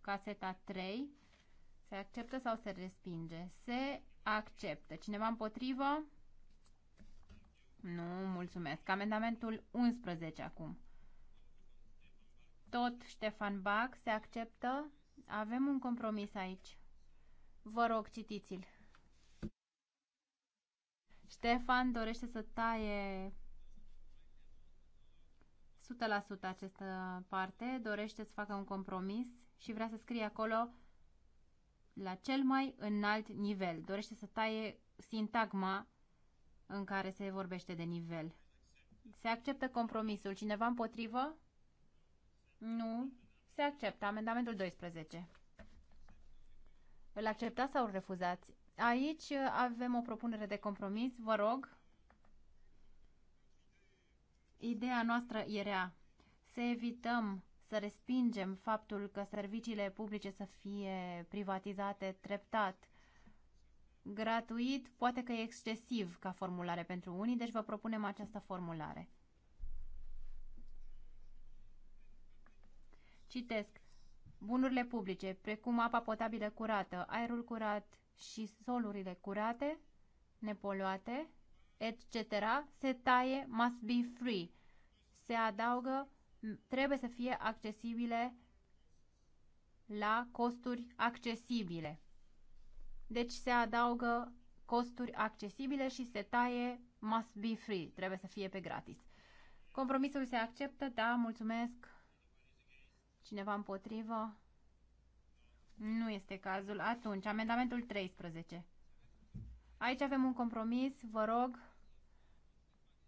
caseta 3, se acceptă sau se respinge? Se acceptă. Cineva împotrivă? Nu, mulțumesc. Amendamentul 11 acum. Tot Ștefan Bac se acceptă. Avem un compromis aici. Vă rog, citiți-l. Ștefan dorește să taie 100% această parte, dorește să facă un compromis și vrea să scrie acolo la cel mai înalt nivel. Dorește să taie sintagma în care se vorbește de nivel. Se acceptă compromisul. Cineva împotrivă? Nu. Se acceptă. Amendamentul 12. Îl acceptați sau îl refuzați? Aici uh, avem o propunere de compromis, vă rog. Ideea noastră era să evităm să respingem faptul că serviciile publice să fie privatizate treptat. Gratuit, poate că e excesiv ca formulare pentru unii, deci vă propunem această formulare. Citesc. Bunurile publice, precum apa potabilă curată, aerul curat, și solurile curate, nepoluate, etc., se taie must be free. Se adaugă trebuie să fie accesibile la costuri accesibile. Deci se adaugă costuri accesibile și se taie must be free, trebuie să fie pe gratis. Compromisul se acceptă, da, mulțumesc. Cineva împotrivă? Nu este cazul. Atunci, amendamentul 13. Aici avem un compromis, vă rog.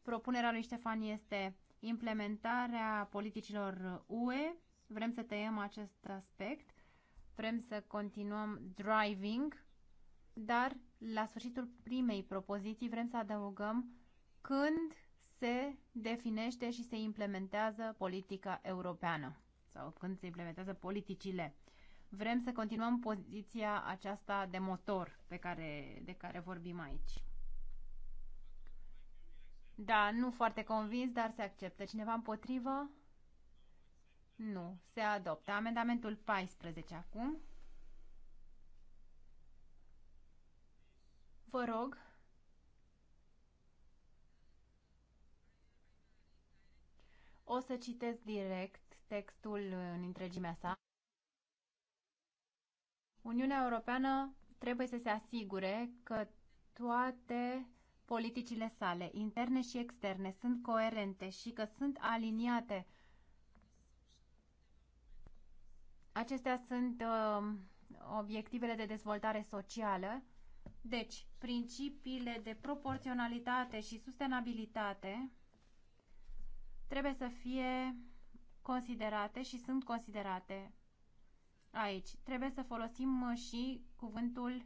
Propunerea lui Ștefan este implementarea politicilor UE. Vrem să tăiem acest aspect. Vrem să continuăm driving, dar la sfârșitul primei propoziții vrem să adăugăm când se definește și se implementează politica europeană sau când se implementează politicile. Vrem să continuăm poziția aceasta de motor pe care, de care vorbim aici. Da, nu foarte convins, dar se acceptă. Cineva împotrivă? Nu, se adoptă. Amendamentul 14 acum. Vă rog. O să citesc direct textul în întregimea sa. Uniunea Europeană trebuie să se asigure că toate politicile sale, interne și externe, sunt coerente și că sunt aliniate. Acestea sunt uh, obiectivele de dezvoltare socială. Deci, principiile de proporționalitate și sustenabilitate trebuie să fie considerate și sunt considerate aici. Trebuie să folosim uh, și cuvântul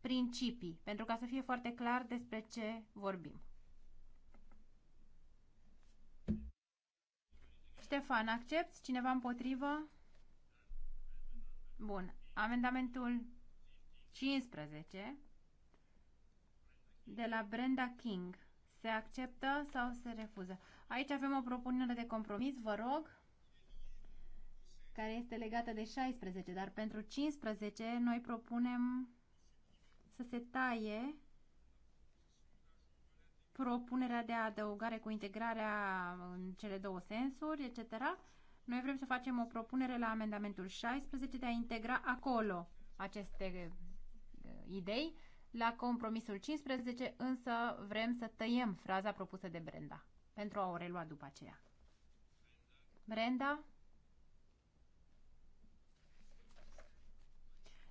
principii, pentru ca să fie foarte clar despre ce vorbim. Ștefan, accepti? Cineva împotrivă? Bun. Amendamentul 15 de la Brenda King. Se acceptă sau se refuză? Aici avem o propunere de compromis, vă rog care este legată de 16, dar pentru 15 noi propunem să se taie propunerea de adăugare cu integrarea în cele două sensuri, etc. Noi vrem să facem o propunere la amendamentul 16 de a integra acolo aceste uh, idei. La compromisul 15 însă vrem să tăiem fraza propusă de Brenda pentru a o relua după aceea. Brenda?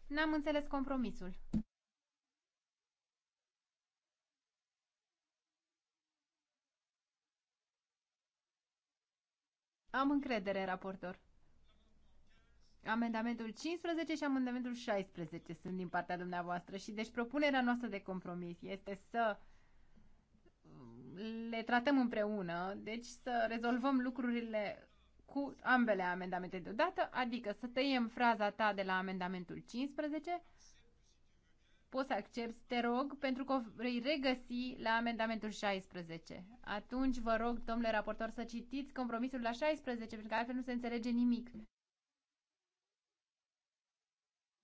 N-am înțeles compromisul. Am încredere, raportor. Amendamentul 15 și amendamentul 16 sunt din partea dumneavoastră și deci propunerea noastră de compromis este să le tratăm împreună, deci să rezolvăm lucrurile cu ambele amendamente deodată, adică să tăiem fraza ta de la amendamentul 15, poți să accepti, te rog, pentru că o vei regăsi la amendamentul 16. Atunci vă rog, domnule raportor, să citiți compromisul la 16, pentru că altfel nu se înțelege nimic.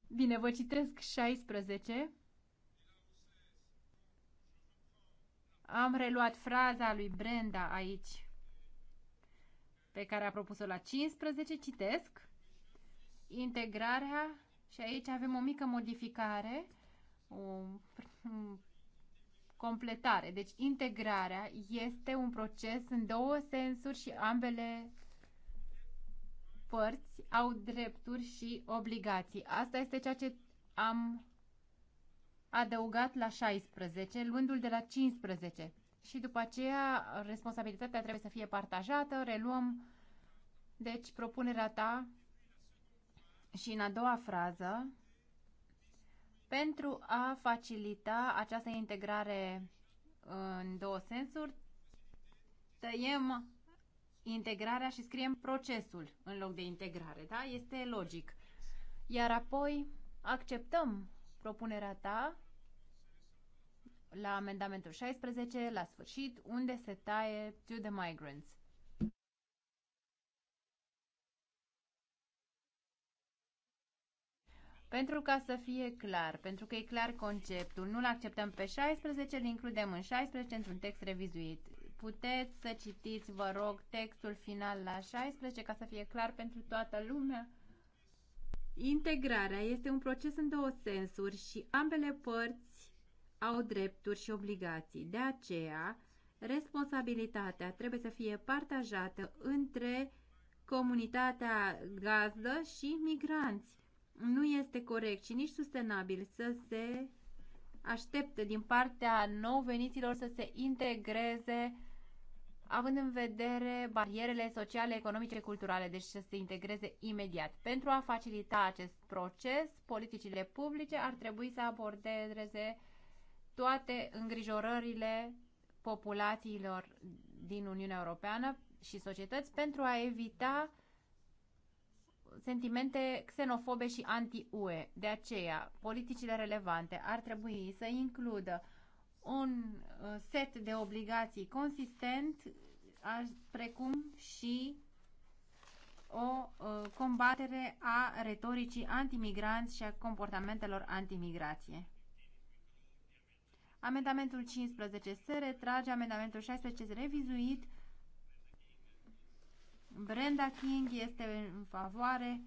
Bine, vă citesc 16. Am reluat fraza lui Brenda aici pe care a propus-o la 15, citesc, integrarea, și aici avem o mică modificare, o completare. Deci integrarea este un proces în două sensuri și ambele părți au drepturi și obligații. Asta este ceea ce am adăugat la 16, luându-l de la 15 și după aceea responsabilitatea trebuie să fie partajată, reluăm deci propunerea ta și în a doua frază pentru a facilita această integrare în două sensuri tăiem integrarea și scriem procesul în loc de integrare, da? Este logic. Iar apoi acceptăm propunerea ta la amendamentul 16, la sfârșit, unde se taie to the migrants. Pentru ca să fie clar, pentru că e clar conceptul, nu-l acceptăm pe 16, îl includem în 16 într-un text revizuit. Puteți să citiți, vă rog, textul final la 16 ca să fie clar pentru toată lumea. Integrarea este un proces în două sensuri și ambele părți au drepturi și obligații. De aceea, responsabilitatea trebuie să fie partajată între comunitatea gazdă și migranți. Nu este corect și nici sustenabil să se aștepte din partea nou veniților să se integreze având în vedere barierele sociale, economice, culturale, deci să se integreze imediat. Pentru a facilita acest proces, politicile publice ar trebui să abordeze toate îngrijorările populațiilor din Uniunea Europeană și societăți pentru a evita sentimente xenofobe și anti-UE. De aceea, politicile relevante ar trebui să includă un uh, set de obligații consistent, precum și o uh, combatere a retoricii antimigranți și a comportamentelor antimigrație. Amendamentul 15 se retrage, amendamentul 16 revizuit. Brenda King este în favoare,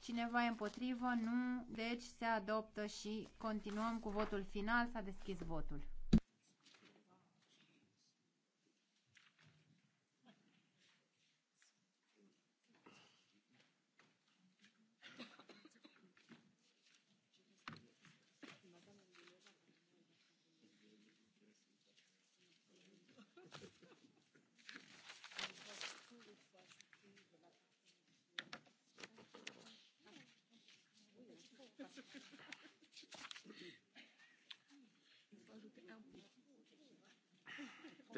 cineva e împotrivă, nu, deci se adoptă și continuăm cu votul final, s-a deschis votul.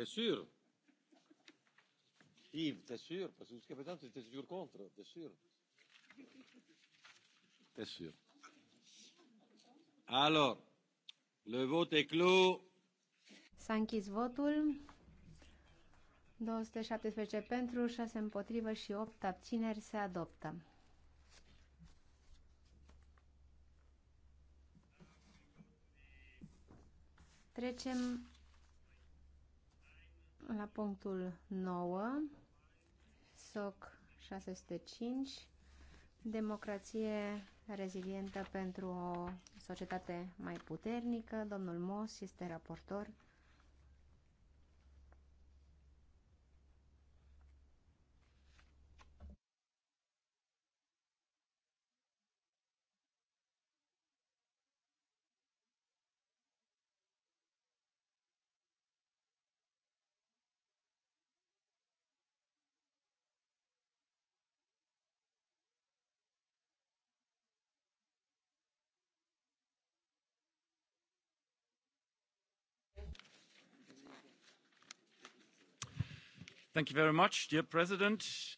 sûr. Yves, t'es sûr Parce que jusqu'à maintenant, tu étais toujours contre. T'es sûr T'es sûr. Alors, le vote est clos. S-a închis votul. 217 pentru, 6 împotrivă și 8 abțineri se adoptă. Trecem la punctul 9, SOC 605, Democrație rezilientă pentru o societate mai puternică. Domnul Mos este raportor.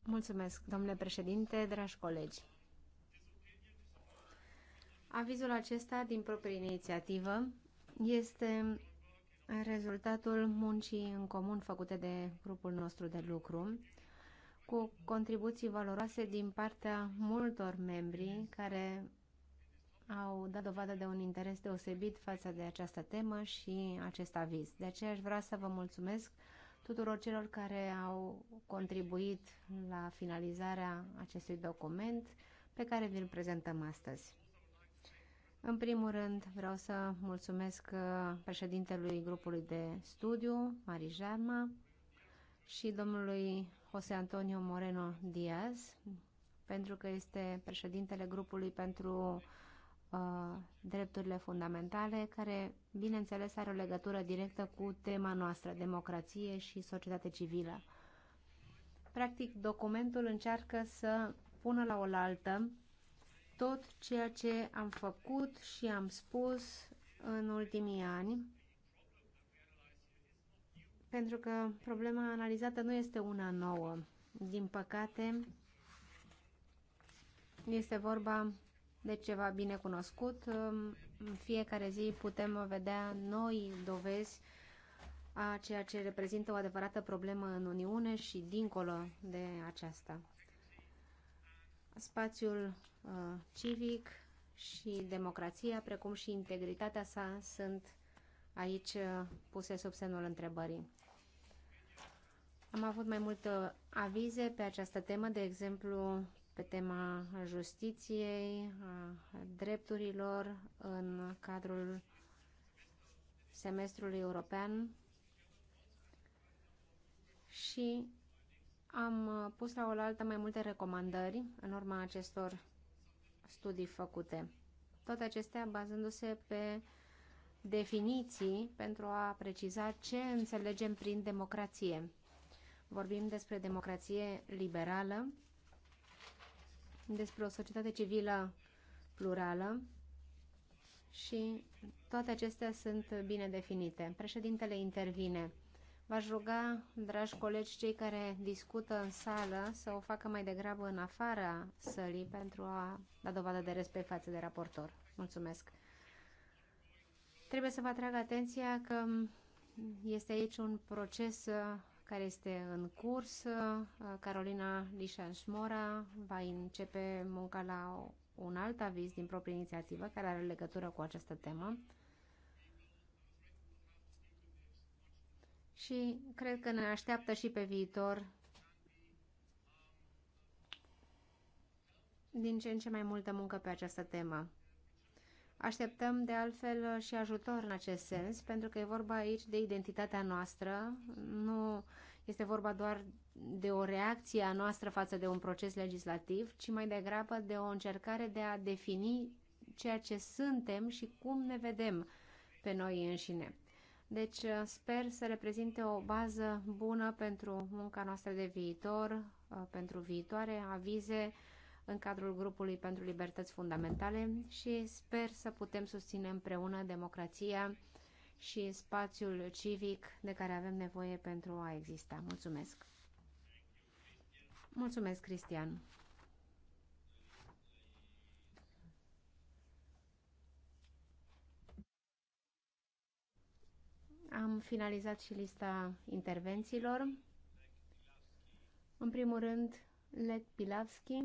Mulțumesc, domnule președinte, dragi colegi. Avizul acesta din proprie inițiativă este rezultatul muncii în comun făcute de grupul nostru de lucru, cu contribuții valoroase din partea multor membri care au dat dovadă de un interes deosebit față de această temă și acest aviz. De aceea aș vrea să vă mulțumesc tuturor celor care au contribuit la finalizarea acestui document pe care vi-l prezentăm astăzi. În primul rând, vreau să mulțumesc uh, președintelui grupului de studiu, Mari Jarma, și domnului José Antonio Moreno Diaz, pentru că este președintele grupului pentru uh, Uh, drepturile fundamentale, care, bineînțeles, are o legătură directă cu tema noastră, democrație și societate civilă. Practic, documentul încearcă să pună la oaltă tot ceea ce am făcut și am spus în ultimii ani, pentru că problema analizată nu este una nouă. Din păcate, este vorba de ceva bine cunoscut. În fiecare zi putem vedea noi dovezi a ceea ce reprezintă o adevărată problemă în Uniune și dincolo de aceasta. Spațiul uh, civic și democrația, precum și integritatea sa, sunt aici uh, puse sub semnul întrebării. Am avut mai multe avize pe această temă, de exemplu, pe tema justiției, a drepturilor în cadrul semestrului european și am pus la oaltă mai multe recomandări în urma acestor studii făcute. Toate acestea bazându-se pe definiții pentru a preciza ce înțelegem prin democrație. Vorbim despre democrație liberală, despre o societate civilă plurală și toate acestea sunt bine definite. Președintele intervine. V-aș ruga, dragi colegi, cei care discută în sală, să o facă mai degrabă în afara sălii pentru a da dovadă de respect față de raportor. Mulțumesc. Trebuie să vă atrag atenția că este aici un proces care este în curs. Uh, Carolina Lișan-Șmora va începe munca la un alt aviz din proprie inițiativă care are legătură cu această temă. Și cred că ne așteaptă și pe viitor din ce în ce mai multă muncă pe această temă. Așteptăm de altfel și ajutor în acest sens, pentru că e vorba aici de identitatea noastră, nu este vorba doar de o reacție a noastră față de un proces legislativ, ci mai degrabă de o încercare de a defini ceea ce suntem și cum ne vedem pe noi înșine. Deci uh, sper să reprezinte o bază bună pentru munca noastră de viitor, uh, pentru viitoare avize, în cadrul grupului pentru libertăți fundamentale și sper să putem susține împreună democrația și spațiul civic de care avem nevoie pentru a exista. Mulțumesc! Mulțumesc, Cristian! Am finalizat și lista intervențiilor. În primul rând, Led Pilavski.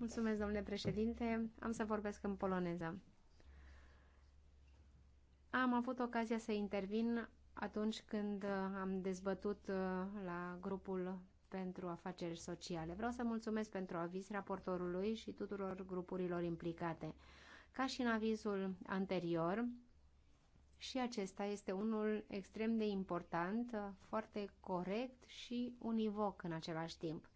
Mulțumesc, domnule președinte. Am să vorbesc în poloneză. Am avut ocazia să intervin atunci când am dezbătut uh, la grupul pentru afaceri sociale. Vreau să mulțumesc pentru aviz raportorului și tuturor grupurilor implicate. Ca și în avizul anterior, și acesta este unul extrem de important, uh, foarte corect și univoc în același timp.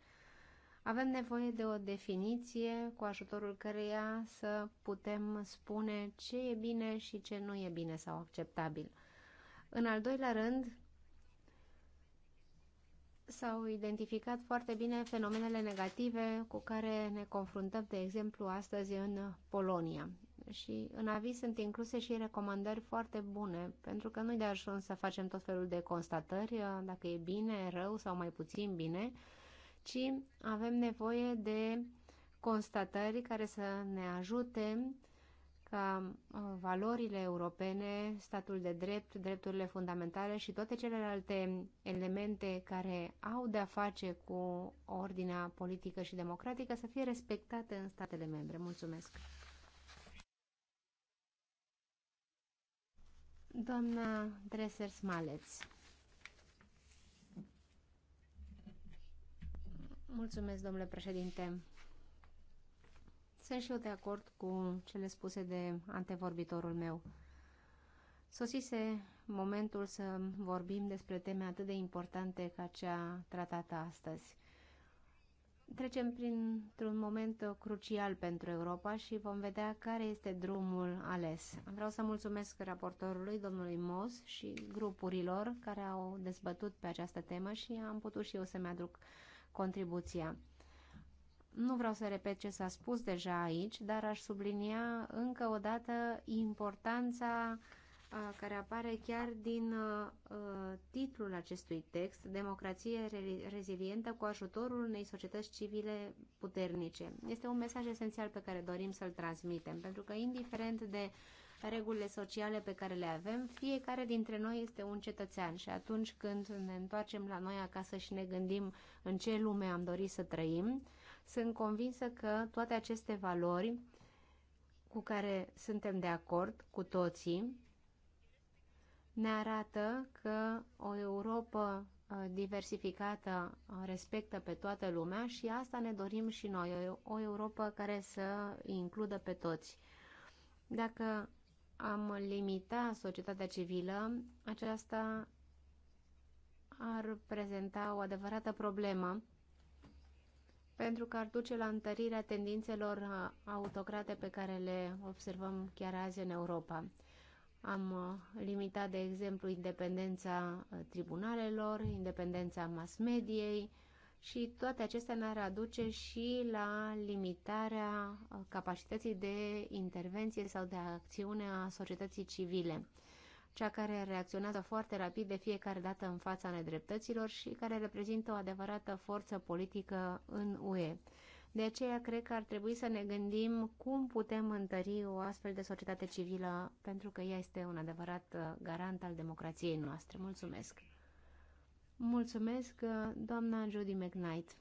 Avem nevoie de o definiție cu ajutorul căreia să putem spune ce e bine și ce nu e bine sau acceptabil. În al doilea rând, s-au identificat foarte bine fenomenele negative cu care ne confruntăm, de exemplu, astăzi în Polonia. Și în aviz sunt incluse și recomandări foarte bune, pentru că nu-i de ajuns să facem tot felul de constatări, dacă e bine, rău sau mai puțin bine, ci avem nevoie de constatări care să ne ajute ca uh, valorile europene, statul de drept, drepturile fundamentale și toate celelalte elemente care au de-a face cu ordinea politică și democratică să fie respectate în statele membre. Mulțumesc! Doamna Dresers Maleț Mulțumesc, domnule președinte. Sunt și eu de acord cu cele spuse de antevorbitorul meu. Sosise momentul să vorbim despre teme atât de importante ca cea tratată astăzi. Trecem printr-un moment crucial pentru Europa și vom vedea care este drumul ales. Vreau să mulțumesc raportorului, domnului Mos și grupurilor care au dezbătut pe această temă și am putut și eu să-mi aduc uh, contribuția. Nu vreau să repet ce s-a spus deja aici, dar aș sublinia încă o dată importanța care apare chiar din uh, titlul acestui text, Democrație rezilientă cu ajutorul unei societăți civile puternice. Este un mesaj esențial pe care dorim să-l transmitem, pentru că indiferent de uh, regulile sociale pe care le avem, fiecare dintre noi este un cetățean și atunci când ne întoarcem la noi acasă și ne gândim în ce lume am dorit să trăim, sunt convinsă că toate aceste valori cu care suntem de acord cu toții ne arată că o Europa uh, diversificată uh, respectă pe toată lumea și asta ne dorim și noi, o Europa care să includă pe toți. Dacă am limita societatea civilă, aceasta ar prezenta o adevărată problemă pentru că ar duce la întărirea tendințelor autocrate pe care le observăm chiar azi în Europa. Am limitat, de exemplu, independența tribunalelor, independența mass-mediei, și toate acestea ne-ar aduce și la limitarea uh, capacității de intervenție sau de acțiune a societății civile, cea care reacționează foarte rapid de fiecare dată în fața nedreptăților și care reprezintă o adevărată forță politică în UE. De aceea cred că ar trebui să ne gândim cum putem întări o astfel de societate civilă, pentru că ea este un adevărat uh, garant al democrației noastre. Mulțumesc! Mulțumesc, uh, doamna Judy McKnight.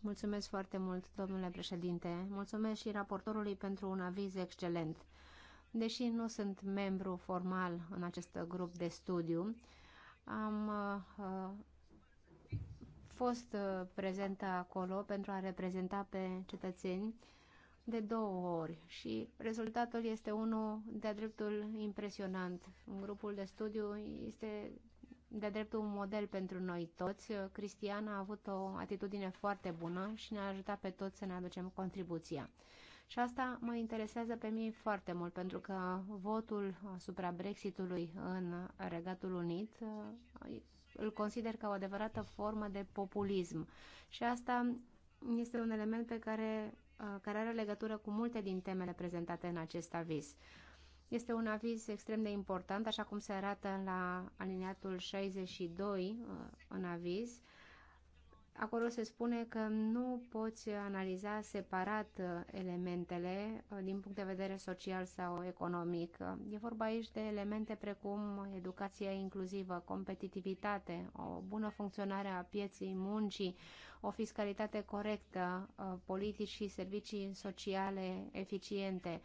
Mulțumesc foarte mult, domnule președinte. Mulțumesc și raportorului pentru un aviz excelent. Deși nu sunt membru formal în acest grup de studiu, am uh, fost uh, prezentă acolo pentru a reprezenta pe cetățeni de două ori și rezultatul este unul de-a dreptul impresionant. grupul de studiu este de dreptul un model pentru noi toți. Cristian a avut o atitudine foarte bună și ne-a ajutat pe toți să ne aducem contribuția. Și asta mă interesează pe mine foarte mult, pentru că votul asupra Brexitului în Regatul Unit uh, îl consider ca o adevărată formă de populism. Și asta este un element pe care, uh, care are legătură cu multe din temele prezentate în acest aviz. Este un aviz extrem de important, așa cum se arată la aliniatul 62 uh, în aviz. Acolo se spune că nu poți analiza separat uh, elementele uh, din punct de vedere social sau economic. E vorba aici de elemente precum educația inclusivă, competitivitate, o bună funcționare a pieței muncii, o fiscalitate corectă, politici și servicii sociale eficiente,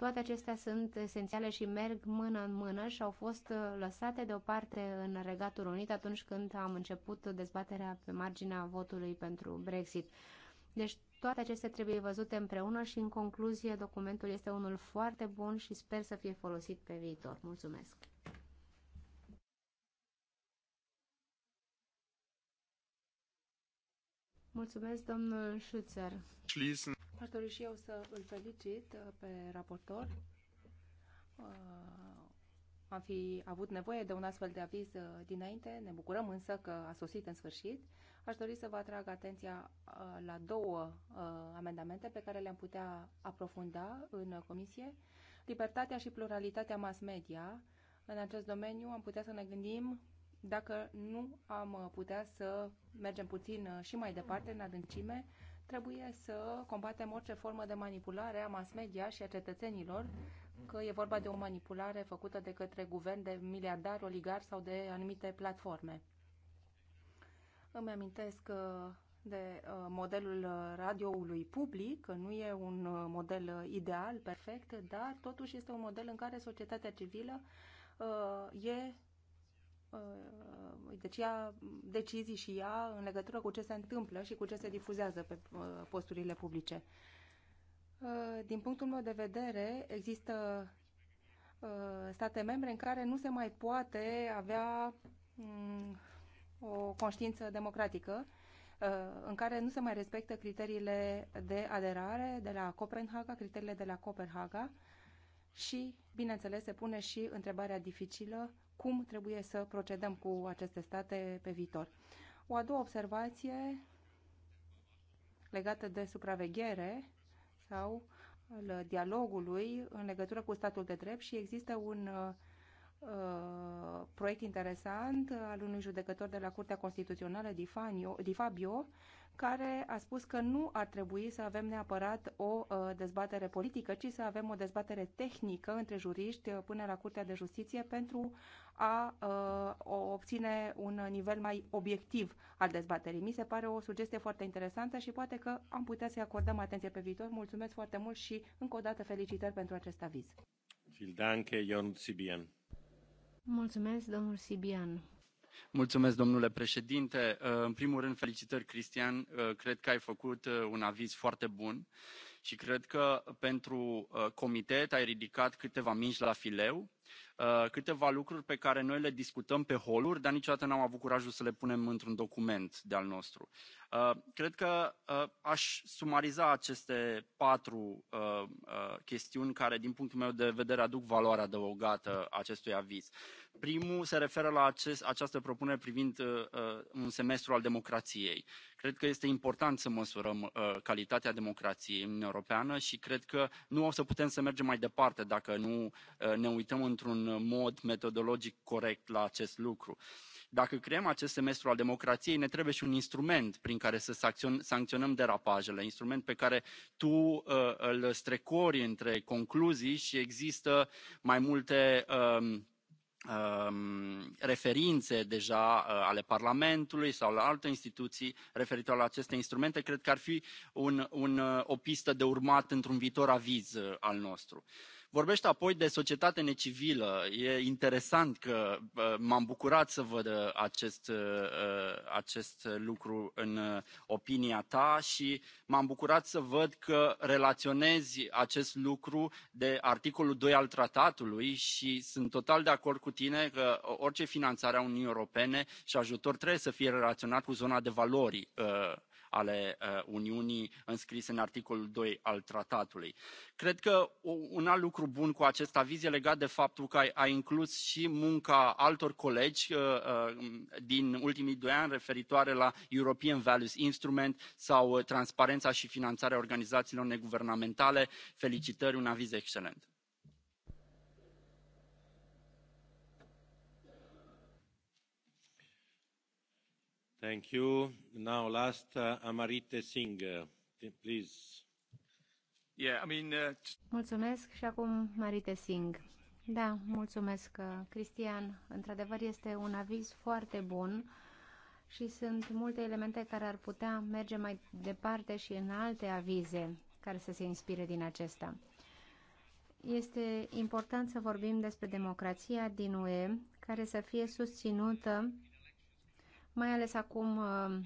toate acestea sunt esențiale și merg mână în mână și au fost uh, lăsate deoparte în Regatul Unit atunci când am început dezbaterea pe marginea votului pentru Brexit. Deci toate acestea trebuie văzute împreună și în concluzie documentul este unul foarte bun și sper să fie folosit pe viitor. Mulțumesc! Mulțumesc, domnul Schützer. Schließen. Aș dori și eu să îl felicit uh, pe raportor. Uh, am fi avut nevoie de un astfel de aviz uh, dinainte, ne bucurăm însă că a sosit în sfârșit. Aș dori să vă atrag atenția la două amendamente pe care le-am putea aprofunda în comisie. Libertatea și pluralitatea mass media. În acest domeniu am putea să ne gândim dacă nu am putea să mergem puțin și mai departe în adâncime Trebuie să combatem orice formă de manipulare a mass media și a cetățenilor, că e vorba de o manipulare făcută de către guvern, de miliardari, oligari sau de anumite platforme. Îmi amintesc uh, de uh, modelul uh, radioului public, că nu e un model ideal, perfect, dar totuși este un model în care societatea civilă e Uh, deci ia decizii și ea în legătură cu ce se întâmplă și cu ce se difuzează pe uh, posturile publice. Uh, din punctul meu de vedere, există state membre în care nu se mai poate avea mm, o conștiință democratică, în care nu se mai respectă criteriile de aderare de la Copenhaga, criteriile de la Copenhaga și, bineînțeles, se pune și întrebarea dificilă cum trebuie să procedăm cu aceste state pe viitor. O a doua observație legată de supraveghere sau al dialogului în legătură cu statul de drept și există un uh, uh proiect interesant al unui judecător de la Curtea Constituțională, Di Fabio, care a spus că nu ar trebui să avem neapărat o uh, dezbatere politică, ci să avem o dezbatere tehnică între juriști uh, până la Curtea de Justiție pentru a uh, obține un nivel mai obiectiv al dezbaterii. Mi se pare o sugestie foarte interesantă și poate că am putea să-i acordăm atenție pe viitor. Mulțumesc foarte mult și încă o dată felicitări pentru acest aviz. Mulțumesc, domnul Sibian. Mulțumesc, domnule președinte. Uh, în primul rând, felicitări, Cristian. Uh, cred că ai făcut uh, un aviz foarte bun și cred că pentru comitet ai ridicat câteva mingi la fileu Uh, câteva lucruri pe care noi le discutăm pe holuri, dar niciodată n-am avut curajul să le punem într-un document de-al nostru. Uh, cred că uh, aș sumariza aceste patru chestiuni care, din punctul meu de vedere, aduc valoarea adăugată acestui aviz. Primul se referă la acest, această propunere privind un semestru al democrației. Cred că este important să măsurăm calitatea democrației în Europeană și cred că nu o să putem să mergem mai departe dacă nu ne uităm în într-un uh, mod metodologic corect la acest lucru. Dacă creăm acest semestru al democrației, ne trebuie și un instrument prin care să sancționăm derapajele, instrument pe care tu uh, îl strecori între concluzii și există mai multe um, um, referințe deja uh, ale Parlamentului sau la alte instituții referitoare la aceste instrumente, cred că ar fi un, un, o pistă de urmat într-un viitor aviz al nostru. Uh, vorbește apoi de societate necivilă e interesant că m am bucurat să văd ă, acest, ă, ă, acest lucru în opinia ta și m am bucurat să văd că relaționezi acest lucru de articolul doi al tratatului și sunt total de acord cu tine că orice finanțare a uniunii europene și ajutor trebuie să fie relaționat cu zona de valori ale uh, Uniunii înscrise în articolul 2 al tratatului. Cred că un alt lucru bun cu acest aviz e legat de faptul că a inclus și munca altor colegi uh, uh, din ultimii doi ani referitoare la European Values Instrument sau transparența și finanțarea organizațiilor neguvernamentale. Felicitări, un aviz excelent. Thank you. Now last, uh, Amarite Singh, uh, please. Yeah, I mean, uh... Mulțumesc și acum Marite Singh. Da, mulțumesc, uh, Cristian. Într-adevăr, este un aviz foarte bun și sunt multe elemente care ar putea merge mai departe și în alte avize care să se inspire din acesta. Este important să vorbim despre democrația din UE, care să fie susținută mai ales acum uh,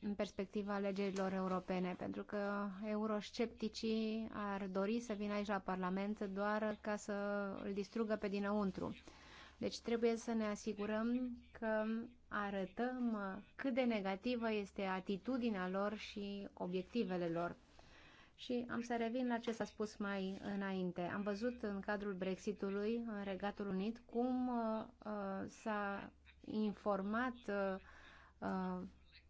în perspectiva alegerilor europene, pentru că euroscepticii ar dori să vină aici la Parlament doar ca să îl distrugă pe dinăuntru. Deci trebuie să ne asigurăm că arătăm cât de negativă este atitudinea lor și obiectivele lor. Și am să revin la ce s-a spus mai înainte. Am văzut în cadrul Brexitului, în Regatul Unit, cum uh, uh s-a informat uh, uh,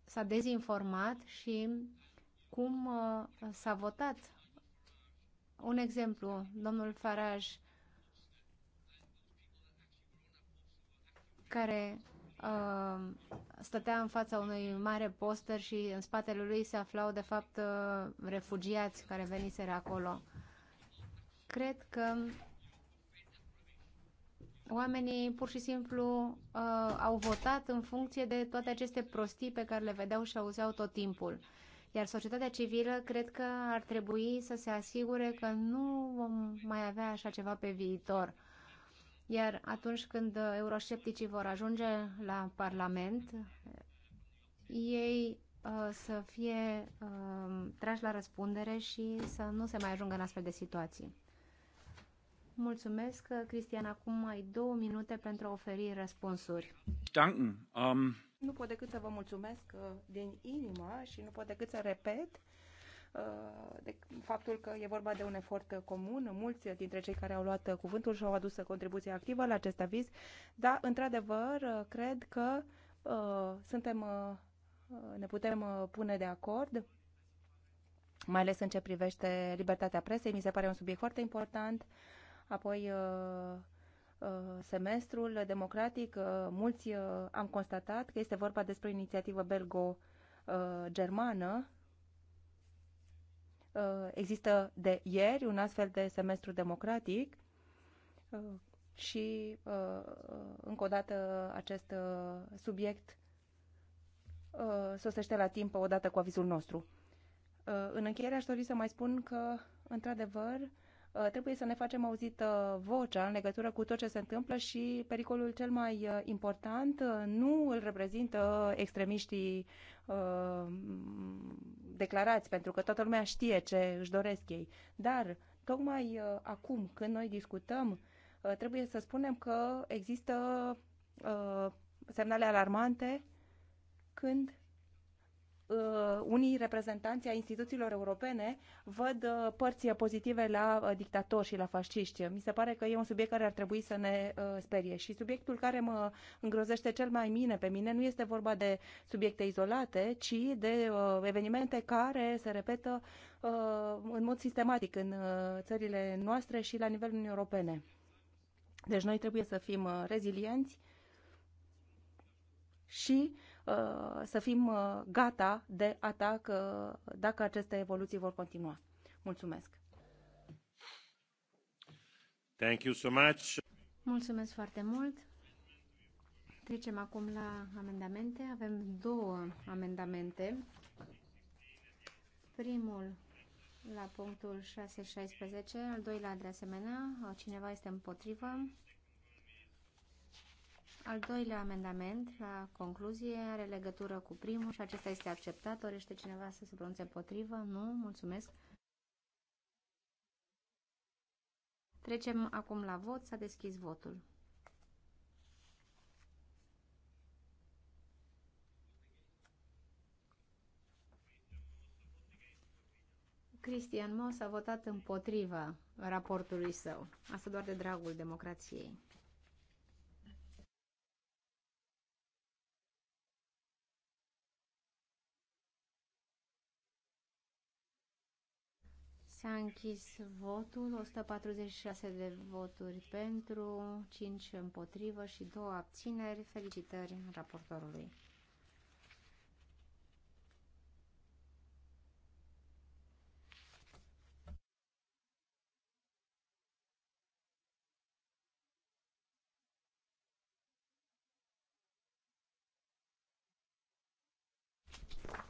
s-a dezinformat și cum uh, s-a votat. Un exemplu, domnul Farage, care uh, stătea în fața unui mare poster și în spatele lui se aflau, de fapt, uh, refugiați care veniseră acolo. Cred că Oamenii pur și simplu uh, au votat în funcție de toate aceste prostii pe care le vedeau și auzeau tot timpul. Iar societatea civilă cred că ar trebui să se asigure că nu vom mai avea așa ceva pe viitor. Iar atunci când uh, euroscepticii vor ajunge la Parlament, ei uh, să fie uh, trași la răspundere și să nu se mai ajungă în astfel de situații. Mulțumesc, Cristian. Acum ai două minute pentru a oferi răspunsuri. Danken. Um... Nu pot decât să vă mulțumesc uh, din inimă și nu pot decât să repet uh, de faptul că e vorba de un efort comun. Mulți dintre cei care au luat cuvântul și-au adus contribuție activă la acest aviz, dar, într-adevăr, uh, cred că suntem, ne putem pune de acord, mai ales în ce privește libertatea presei. Mi se pare un subiect foarte important apoi uh, uh, semestrul democratic, uh, mulți am constatat că este vorba despre o inițiativă belgo-germană. Există de ieri un astfel de semestru democratic și, încă o dată, acest subiect sosește la timp odată cu avizul nostru. În încheiere aș dori să mai spun că, într-adevăr, Uh, trebuie să ne facem auzită uh, vocea în legătură cu tot ce se întâmplă și pericolul cel mai uh, important nu îl reprezintă extremiștii declarați, pentru că toată lumea știe ce își doresc ei. Dar tocmai acum, când noi discutăm, trebuie să spunem că există semnale alarmante când Uh, unii reprezentanți ai instituțiilor europene văd uh, părți pozitive la uh, dictatori și la fasciști. Mi se pare că e un subiect care ar trebui să ne sperie și subiectul care mă îngrozește cel mai mine pe mine nu este vorba de subiecte izolate, ci de evenimente care se repetă în mod sistematic în țările noastre și la nivelul Uniunii Europene. Deci noi trebuie să fim rezilienți și Uh, să fim uh, gata de atac uh, dacă aceste evoluții vor continua. Mulțumesc! Thank you so much. Mulțumesc foarte mult! Trecem acum la amendamente. Avem două amendamente. Primul la punctul 6.16, al doilea de asemenea, cineva este împotrivă, al doilea amendament, la concluzie, are legătură cu primul și acesta este acceptat. Orește cineva să se pronunțe împotrivă? Nu? Mulțumesc. Trecem acum la vot. S-a deschis votul. Cristian Moss a votat împotriva raportului său, asta doar de dragul democrației. S-a închis votul, 146 de voturi pentru, 5 împotrivă și 2 abțineri. Felicitări raportorului.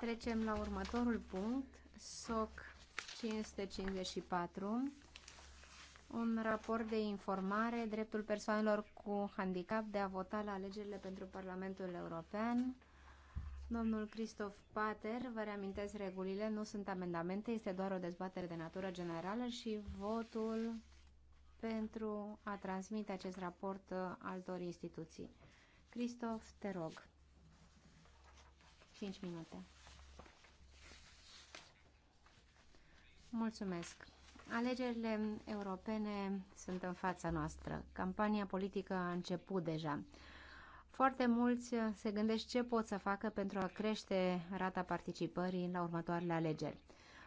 Trecem la următorul punct, SOC 554, un raport de informare, dreptul persoanelor cu handicap de a vota la alegerile pentru Parlamentul European. Domnul Cristof Pater, vă reamintesc regulile, nu sunt amendamente, este doar o dezbatere de natură generală și votul pentru a transmite acest raport uh, altor instituții. Christoph, te rog. 5 minute. Mulțumesc. Alegerile europene sunt în fața noastră. Campania politică a început deja. Foarte mulți se gândesc ce pot să facă pentru a crește rata participării la următoarele alegeri.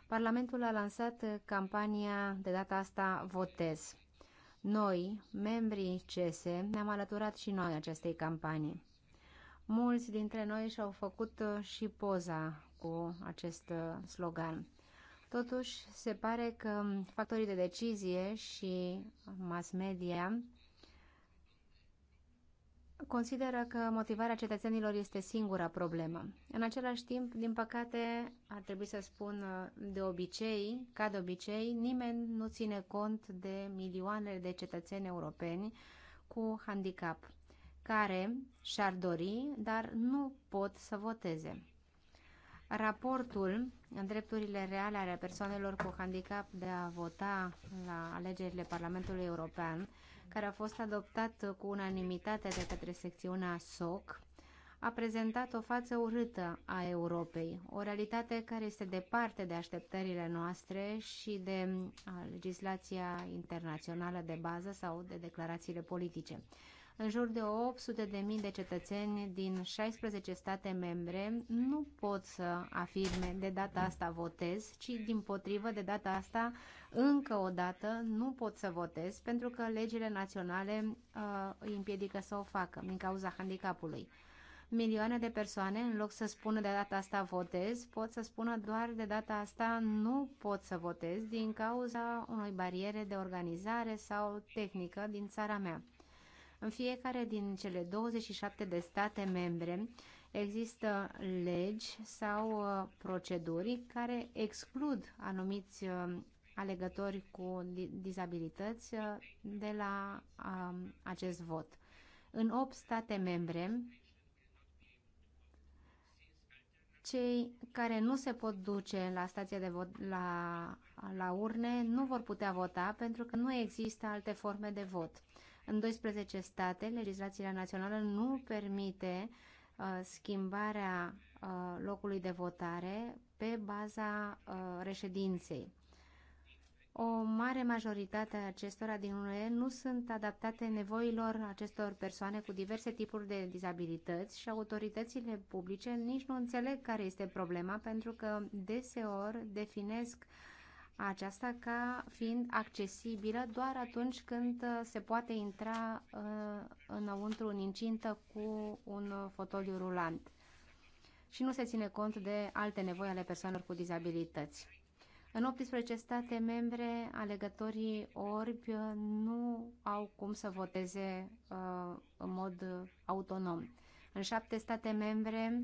Parlamentul a lansat campania de data asta Votez. Noi, membrii CESE, ne-am alăturat și noi acestei campanii. Mulți dintre noi și-au făcut și poza cu acest slogan. Totuși, se pare că factorii de decizie și mass media consideră că motivarea cetățenilor este singura problemă. În același timp, din păcate, ar trebui să spun de obicei, ca de obicei, nimeni nu ține cont de milioane de cetățeni europeni cu handicap care și-ar dori, dar nu pot să voteze. Raportul în drepturile reale ale persoanelor cu handicap de a vota la alegerile Parlamentului European, care a fost adoptat cu unanimitate de către secțiunea SOC, a prezentat o față urâtă a Europei, o realitate care este departe de așteptările noastre și de legislația internațională de bază sau de declarațiile politice. În jur de 800.000 de, de cetățeni din 16 state membre nu pot să afirme de data asta votez, ci din potrivă de data asta încă o dată nu pot să votez pentru că legile naționale uh, îi împiedică să o facă din cauza handicapului. Milioane de persoane, în loc să spună de data asta votez, pot să spună doar de data asta nu pot să votez din cauza unei bariere de organizare sau tehnică din țara mea. În fiecare din cele 27 de state membre există legi sau uh, proceduri care exclud anumiți uh, alegători cu dizabilități uh, de la um, acest vot. În 8 state membre, cei care nu se pot duce la stația de vot, la, la urne nu vor putea vota pentru că nu există alte forme de vot. În 12 state, legislația națională nu permite uh, schimbarea uh, locului de votare pe baza uh, reședinței. O mare majoritate a acestora din UE nu sunt adaptate nevoilor acestor persoane cu diverse tipuri de dizabilități și autoritățile publice nici nu înțeleg care este problema pentru că deseori definesc uh, aceasta ca fiind accesibilă doar atunci când uh, se poate intra uh, înăuntru în incintă cu un fotoliu rulant și nu se ține cont de alte nevoi ale persoanelor cu dizabilități. În 18 state membre, alegătorii orbi nu au cum să voteze uh, în mod autonom. În 7 state membre,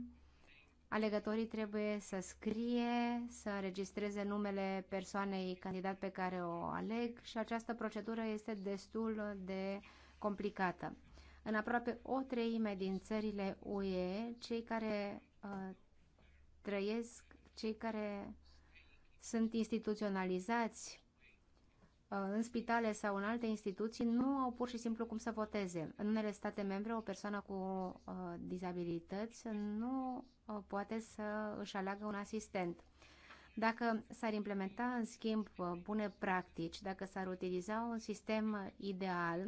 Alegătorii trebuie să scrie, să registreze numele persoanei candidat pe care o aleg și această procedură este destul de complicată. În aproape o treime din țările UE, cei care uh, trăiesc, cei care sunt instituționalizați Uh, în spitale sau în alte instituții nu au pur și simplu cum să voteze. În unele state membre, o persoană cu uh, dizabilități nu uh, poate să își aleagă un asistent. Dacă s-ar implementa, în schimb, uh, bune practici, dacă s-ar utiliza un sistem ideal,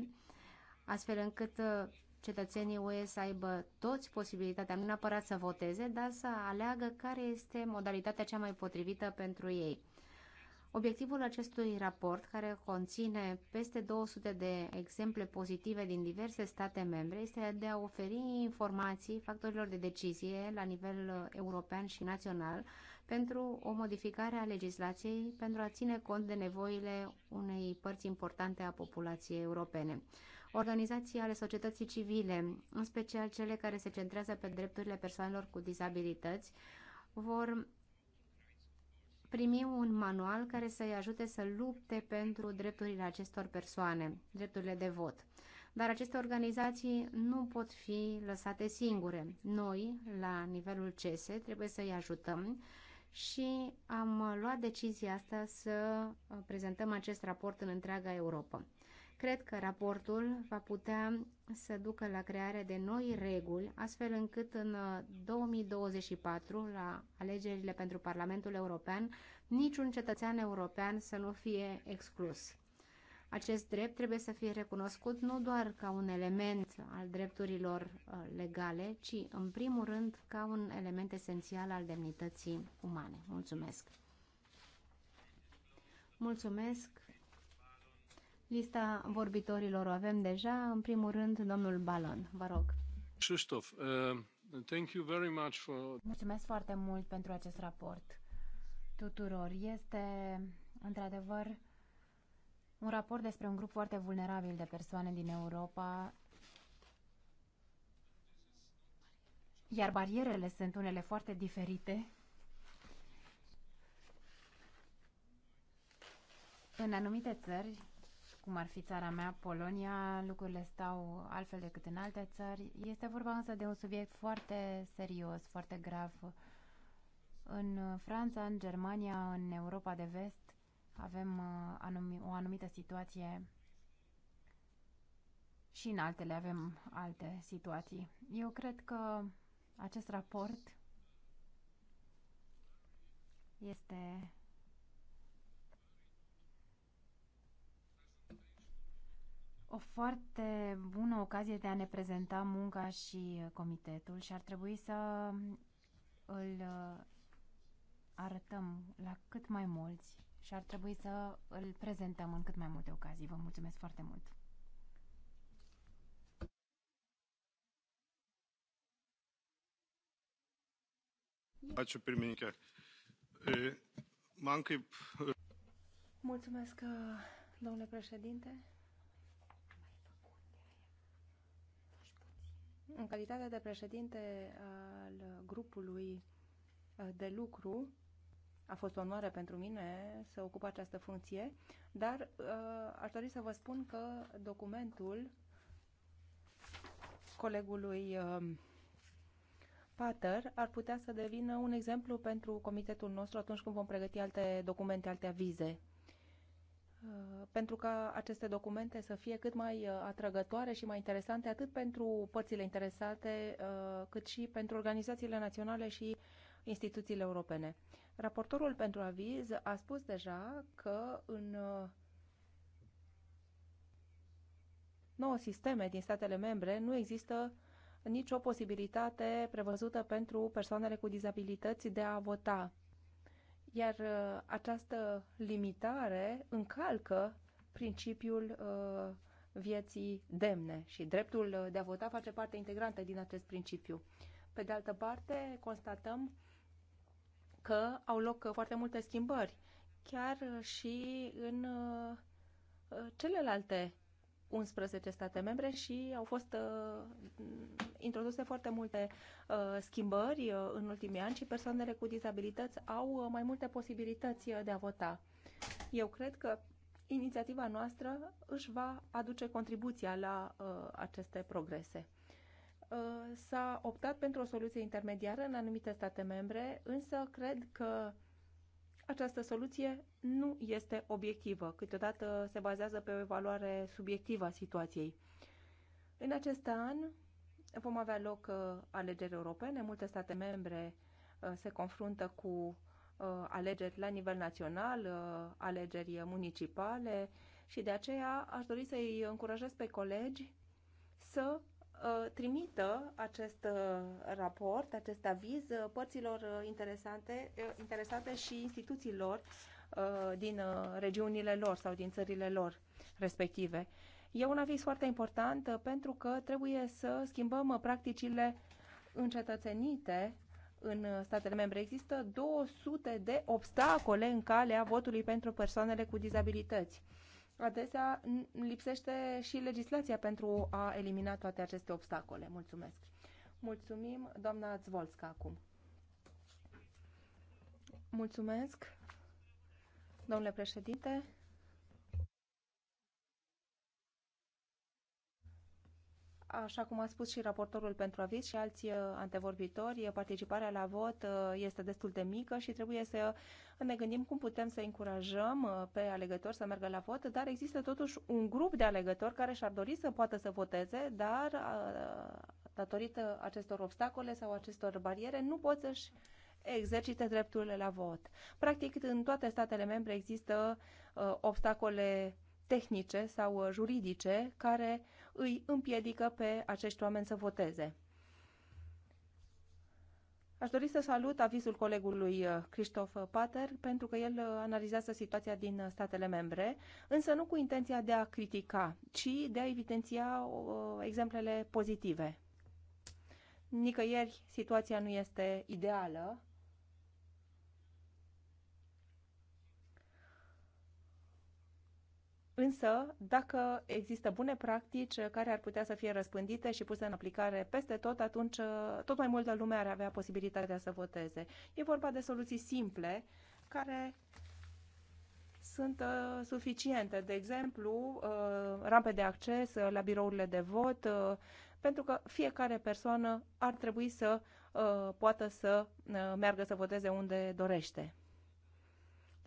astfel încât uh, cetățenii UE să aibă toți posibilitatea, nu neapărat să voteze, dar să aleagă care este modalitatea cea mai potrivită pentru ei. Obiectivul acestui raport, care conține peste 200 de exemple pozitive din diverse state membre, este de a oferi informații factorilor de decizie la nivel uh, european și național pentru o modificare a legislației pentru a ține cont de nevoile unei părți importante a populației europene. Organizații ale societății civile, în special cele care se centrează pe drepturile persoanelor cu dizabilități, vor primi un manual care să-i ajute să lupte pentru drepturile acestor persoane, drepturile de vot. Dar aceste organizații nu pot fi lăsate singure. Noi, la nivelul CESE, trebuie să-i ajutăm și am luat decizia asta să prezentăm acest raport în întreaga Europa. Cred că raportul va putea să ducă la crearea de noi reguli, astfel încât în 2024, uh, la alegerile pentru Parlamentul European, niciun cetățean european să nu fie exclus. Acest drept trebuie să fie recunoscut nu doar ca un element al drepturilor uh, legale, ci, în primul rând, ca un element esențial al demnității umane. Mulțumesc! Mulțumesc! Lista vorbitorilor o avem deja. În primul rând, domnul Balon, vă rog. Krzysztof, uh, thank you very much for... Mulțumesc foarte mult pentru acest raport tuturor. Este, într-adevăr, un raport despre un grup foarte vulnerabil de persoane din Europa, iar barierele sunt unele foarte diferite. În anumite țări, cum ar fi țara mea, Polonia, lucrurile stau altfel decât în alte țări. Este vorba însă de un subiect foarte serios, foarte grav. În Franța, în Germania, în Europa de vest avem uh, o anumită situație și în altele avem alte situații. Eu cred că acest raport este o foarte bună ocazie de a ne prezenta munca și comitetul și ar trebui să îl uh, arătăm la cât mai mulți și ar trebui să îl prezentăm în cât mai multe ocazii. Vă mulțumesc foarte mult! Mulțumesc, uh, domnule președinte. în calitate de președinte al grupului uh, de lucru, a fost o onoare pentru mine să ocup această funcție, dar uh, aș dori să vă spun că documentul colegului uh, Pater ar putea să devină un exemplu pentru comitetul nostru atunci când vom pregăti alte documente, alte avize. Uh, pentru ca aceste documente să fie cât mai uh, atrăgătoare și mai interesante atât pentru părțile interesate, uh, cât și pentru organizațiile naționale și instituțiile europene. Raportorul pentru aviz a spus deja că în nouă sisteme din statele membre nu există nicio posibilitate prevăzută pentru persoanele cu dizabilități de a vota iar uh, această limitare încalcă principiul uh, vieții demne și dreptul uh, de a vota face parte integrantă din acest principiu. Pe de altă parte, constatăm că au loc foarte multe schimbări, chiar și în celelalte 11 state membre și au fost introduse foarte multe uh, schimbări uh, în ultimii ani și persoanele cu dizabilități au uh, mai multe posibilități de a vota. Eu cred că inițiativa noastră își va aduce contribuția la aceste progrese s-a optat pentru o soluție intermediară în anumite state membre, însă cred că această soluție nu este obiectivă. Câteodată se bazează pe o evaluare subiectivă a situației. În acest an, vom avea loc uh, alegeri europene. Multe state membre uh, se confruntă cu uh, alegeri la nivel național, alegeri municipale și de aceea aș dori să îi încurajez pe colegi să trimită acest raport, acest aviz părților interesante, interesate și instituțiilor din regiunile lor sau din țările lor respective. E un aviz foarte important uh, pentru că trebuie să schimbăm uh, practicile încetățenite în uh, statele membre. Există 200 de obstacole în calea votului pentru persoanele cu dizabilități. Adesea lipsește și legislația pentru a elimina toate aceste obstacole. Mulțumesc! Mulțumim, doamna Zvolska, acum. Mulțumesc, domnule președinte. așa cum a spus și raportorul pentru avis și alți uh, antevorbitori, uh, participarea la vot uh, este destul de mică și trebuie să ne gândim cum putem să încurajăm pe alegători să meargă la vot, dar există totuși un grup de alegători care și-ar dori să poată să voteze, dar datorită acestor obstacole sau acestor bariere nu pot să-și exercite drepturile la vot. Practic, în toate statele membre există obstacole tehnice sau juridice care uh, îi împiedică pe acești oameni să voteze. Aș dori să salut avizul colegului uh, Christoph Pater, pentru că el uh, analizează situația din uh, statele membre, însă nu cu intenția de a critica, ci de a evidenția exemplele pozitive. Nicăieri situația nu este ideală, Însă, dacă există bune practici care ar putea să fie răspândite și puse în aplicare peste tot, atunci uh, tot mai multă lume ar avea posibilitatea să voteze. E vorba de soluții simple care sunt uh, suficiente. De exemplu, uh, rampe de acces uh, la birourile de vot, uh, pentru că fiecare persoană ar trebui să uh, poată să uh, meargă să voteze unde dorește.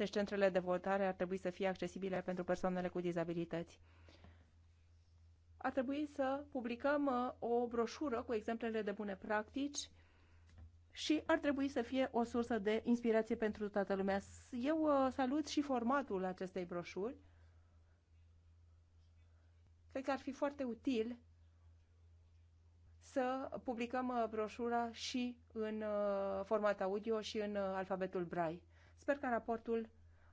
Deci centrele de votare ar trebui să fie accesibile pentru persoanele cu dizabilități. Ar trebui să publicăm uh, o broșură cu exemplele de bune practici și ar trebui să fie o sursă de inspirație pentru toată lumea. Eu uh, salut și formatul acestei broșuri. Cred că ar fi foarte util să publicăm uh, broșura și în format audio și în alfabetul Braille. Sper ca raportul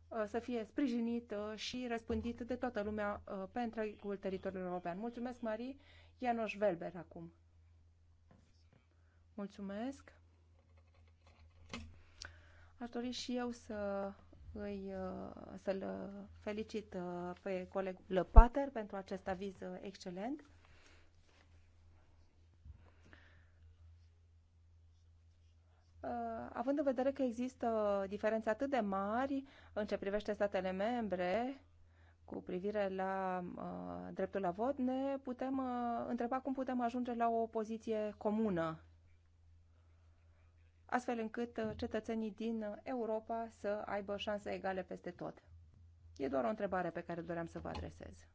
uh, să fie sprijinit uh, și răspândit de toată lumea uh, pe întregul teritoriul european. Mulțumesc, Marie. Ianoș Velber acum. Mulțumesc. Aș dori și eu să îi, să-l felicit pe colegul Pater pentru acest aviz excelent. Uh, având în vedere că există diferențe atât de mari în ce privește statele membre cu privire la uh, dreptul la vot, ne putem uh, întreba cum putem ajunge la o poziție comună, astfel încât uh, cetățenii din Europa să aibă șanse egale peste tot. E doar o întrebare pe care doream să vă adresez.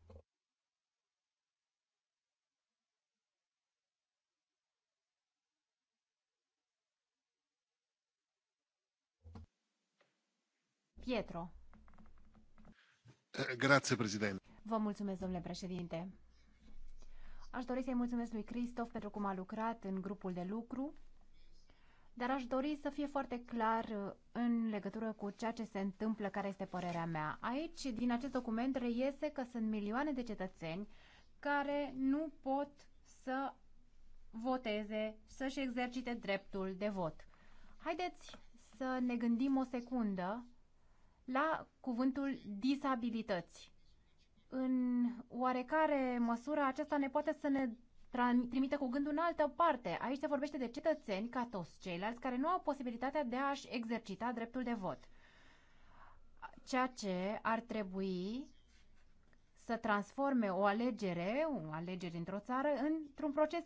Pietro. Grazie, președinte. Vă mulțumesc, domnule președinte. Aș dori să-i mulțumesc lui Cristof pentru cum a lucrat în grupul de lucru, dar aș dori să fie foarte clar uh, în legătură cu ceea ce se întâmplă, care este părerea mea. Aici, din acest document, reiese că sunt milioane de cetățeni care nu pot să voteze, să-și exercite dreptul de vot. Haideți să ne gândim o secundă la cuvântul disabilități. În oarecare măsură aceasta ne poate să ne trimite cu gândul în altă parte. Aici se vorbește de cetățeni ca toți ceilalți care nu au posibilitatea de a-și exercita dreptul de vot. Ceea ce ar trebui să transforme o alegere, o alegere într-o țară, într-un proces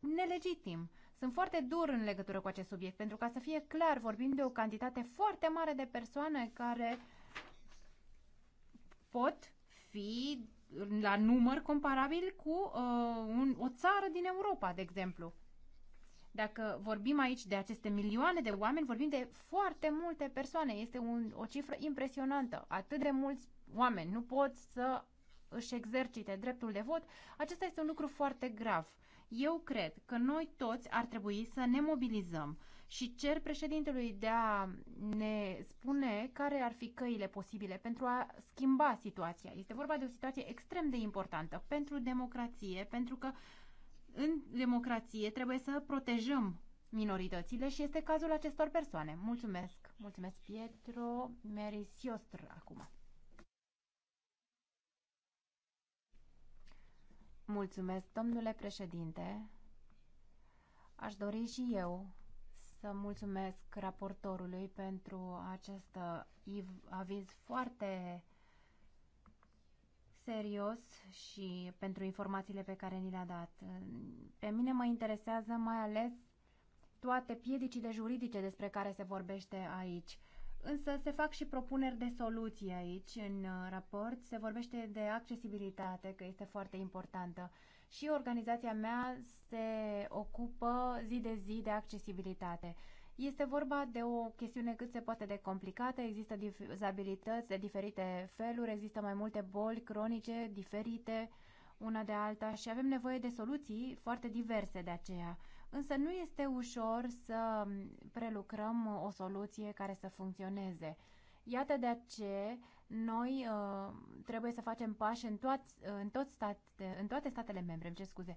nelegitim. Sunt foarte dur în legătură cu acest subiect, pentru ca să fie clar, vorbim de o cantitate foarte mare de persoane care pot fi la număr comparabil cu uh, un, o țară din Europa, de exemplu. Dacă vorbim aici de aceste milioane de oameni, vorbim de foarte multe persoane. Este un, o cifră impresionantă. Atât de mulți oameni nu pot să își exercite dreptul de vot. Acesta este un lucru foarte grav. Eu cred că noi toți ar trebui să ne mobilizăm și cer președintelui de a ne spune care ar fi căile posibile pentru a schimba situația. Este vorba de o situație extrem de importantă pentru democrație, pentru că în democrație trebuie să protejăm minoritățile și este cazul acestor persoane. Mulțumesc! Mulțumesc, Pietro Merisiostră, acum. Mulțumesc, domnule președinte. Aș dori și eu să mulțumesc raportorului pentru acest aviz foarte serios și pentru informațiile pe care ni le-a dat. Pe mine mă interesează mai ales toate piedicile juridice despre care se vorbește aici. Însă se fac și propuneri de soluții aici în uh, raport. Se vorbește de accesibilitate, că este foarte importantă. Și organizația mea se ocupă zi de zi de accesibilitate. Este vorba de o chestiune cât se poate de complicată, există dizabilități de diferite feluri, există mai multe boli cronice diferite una de alta și avem nevoie de soluții foarte diverse de aceea. Însă nu este ușor să prelucrăm o soluție care să funcționeze. Iată de ce noi uh, trebuie să facem pași în, toat, uh, în, tot state, în toate statele membre, îmi cer scuze.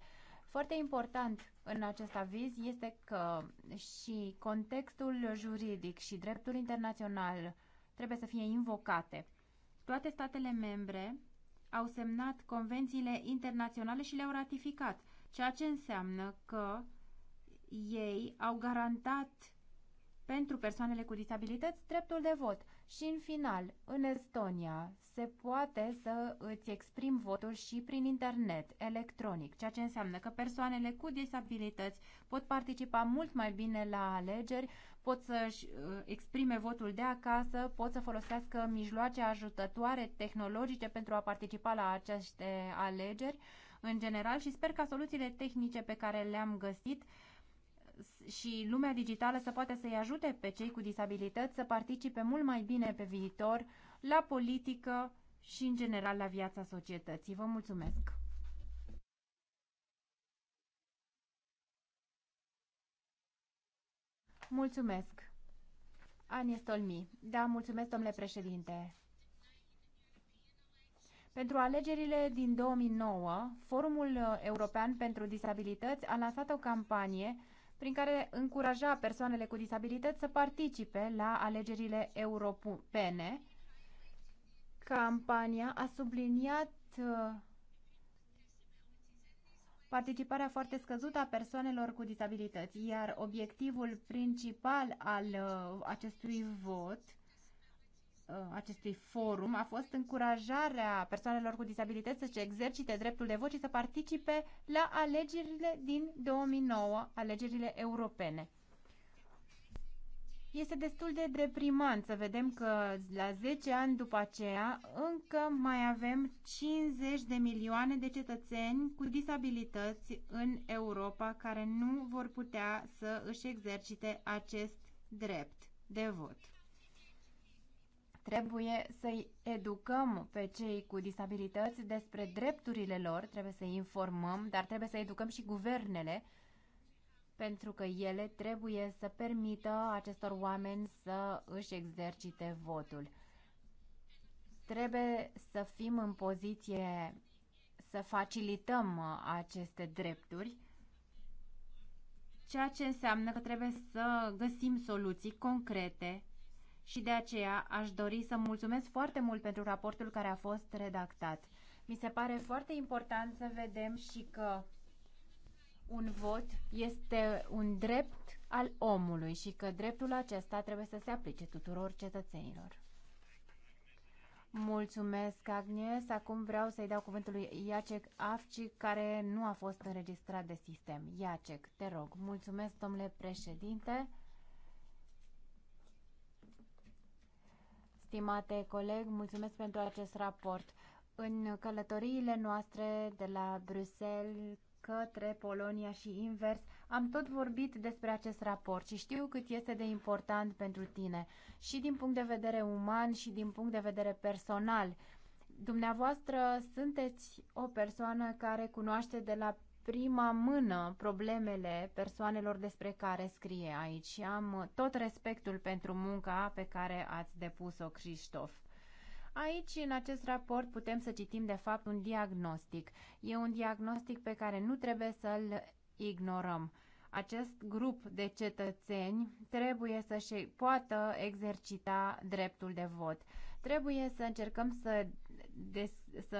Foarte important în acest aviz este că și contextul juridic și dreptul internațional trebuie să fie invocate. Toate statele membre au semnat convențiile internaționale și le-au ratificat, ceea ce înseamnă că ei au garantat pentru persoanele cu disabilități dreptul de vot. Și în final, în Estonia se poate să îți exprim votul și prin internet, electronic, ceea ce înseamnă că persoanele cu disabilități pot participa mult mai bine la alegeri, pot să-și uh, exprime votul de acasă, pot să folosească mijloace ajutătoare tehnologice pentru a participa la aceste alegeri în general și sper ca soluțiile tehnice pe care le-am găsit și lumea digitală să poată să-i ajute pe cei cu disabilități să participe mult mai bine pe viitor la politică și, în general, la viața societății. Vă mulțumesc! Mulțumesc! Anie Stolmi. Da, mulțumesc, domnule președinte. Pentru alegerile din 2009, Forumul European pentru Disabilități a lansat o campanie prin care încuraja persoanele cu disabilități să participe la alegerile europene. Campania a subliniat uh, participarea foarte scăzută a persoanelor cu disabilități, iar obiectivul principal al uh, acestui vot Uh, acestui forum a fost încurajarea persoanelor cu dizabilități să-și exercite dreptul de vot și să participe la alegerile din 2009, alegerile europene. Este destul de deprimant să vedem că la 10 ani după aceea încă mai avem 50 de milioane de cetățeni cu disabilități în Europa care nu vor putea să își exercite acest drept de vot. Trebuie să-i educăm pe cei cu disabilități despre drepturile lor, trebuie să-i informăm, dar trebuie să educăm și guvernele, pentru că ele trebuie să permită acestor oameni să își exercite votul. Trebuie să fim în poziție să facilităm aceste drepturi, ceea ce înseamnă că trebuie să găsim soluții concrete și de aceea aș dori să mulțumesc foarte mult pentru raportul care a fost redactat. Mi se pare foarte important să vedem și că un vot este un drept al omului și că dreptul acesta trebuie să se aplice tuturor cetățenilor. Mulțumesc, Agnes. Acum vreau să-i dau cuvântul lui Iacek Afci, care nu a fost înregistrat de sistem. Iacek, te rog. Mulțumesc, domnule președinte. Stimate coleg, mulțumesc pentru acest raport. În călătoriile noastre de la Bruxelles către Polonia și invers, am tot vorbit despre acest raport și știu cât este de important pentru tine, și din punct de vedere uman și din punct de vedere personal. Dumneavoastră sunteți o persoană care cunoaște de la prima mână problemele persoanelor despre care scrie aici și am tot respectul pentru munca pe care ați depus-o, Cristof. Aici, în acest raport, putem să citim, de fapt, un diagnostic. E un diagnostic pe care nu trebuie să-l ignorăm. Acest grup de cetățeni trebuie să-și poată exercita dreptul de vot. Trebuie să încercăm să des, să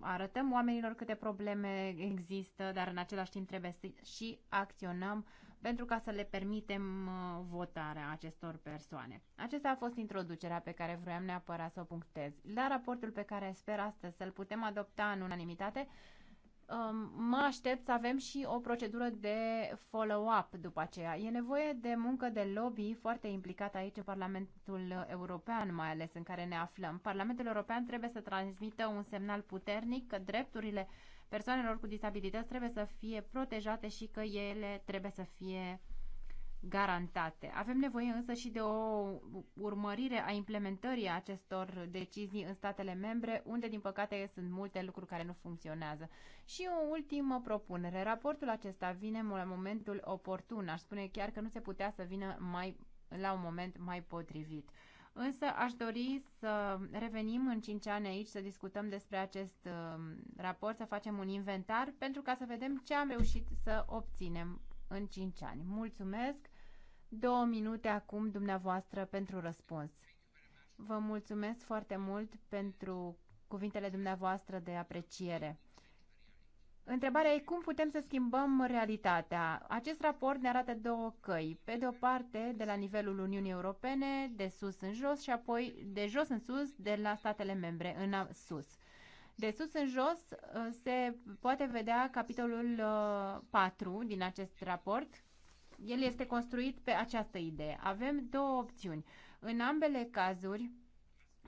arătăm oamenilor câte probleme există, dar în același timp trebuie să și acționăm pentru ca să le permitem uh, votarea acestor persoane. Acesta a fost introducerea pe care vroiam neapărat să o punctez. La raportul pe care sper astăzi să-l putem adopta în unanimitate, Um, mă aștept să avem și o procedură de follow-up după aceea. E nevoie de muncă de lobby foarte implicată aici în Parlamentul European, mai ales în care ne aflăm. Parlamentul European trebuie să transmită un semnal puternic că drepturile persoanelor cu disabilități trebuie să fie protejate și că ele trebuie să fie garantate. Avem nevoie însă și de o urmărire a implementării acestor decizii în statele membre, unde din păcate sunt multe lucruri care nu funcționează. Și o ultimă propunere. Raportul acesta vine la momentul oportun. Aș spune chiar că nu se putea să vină mai la un moment mai potrivit. Însă aș dori să revenim în 5 ani aici, să discutăm despre acest um, raport, să facem un inventar pentru ca să vedem ce am reușit să obținem în 5 ani. Mulțumesc! Două minute acum dumneavoastră pentru răspuns. Vă mulțumesc foarte mult pentru cuvintele dumneavoastră de apreciere. Întrebarea e cum putem să schimbăm realitatea. Acest raport ne arată două căi. Pe de o parte, de la nivelul Uniunii Europene, de sus în jos și apoi de jos în sus, de la statele membre în sus. De sus în jos uh, se poate vedea capitolul 4 uh, din acest raport, el este construit pe această idee. Avem două opțiuni. În ambele cazuri,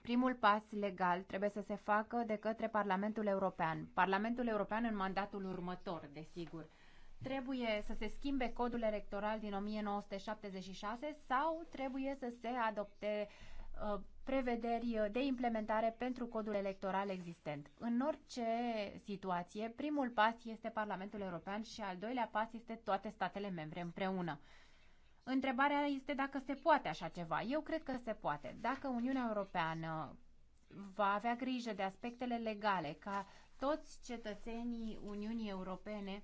primul pas legal trebuie să se facă de către Parlamentul European. Parlamentul European în mandatul următor, desigur. Trebuie să se schimbe codul electoral din 1976 sau trebuie să se adopte uh, prevederi uh, de implementare pentru codul electoral existent. În orice situație, primul pas este Parlamentul European și al doilea pas este toate statele membre împreună. Întrebarea este dacă se poate așa ceva. Eu cred că se poate. Dacă Uniunea Europeană va avea grijă de aspectele legale ca toți cetățenii Uniunii Europene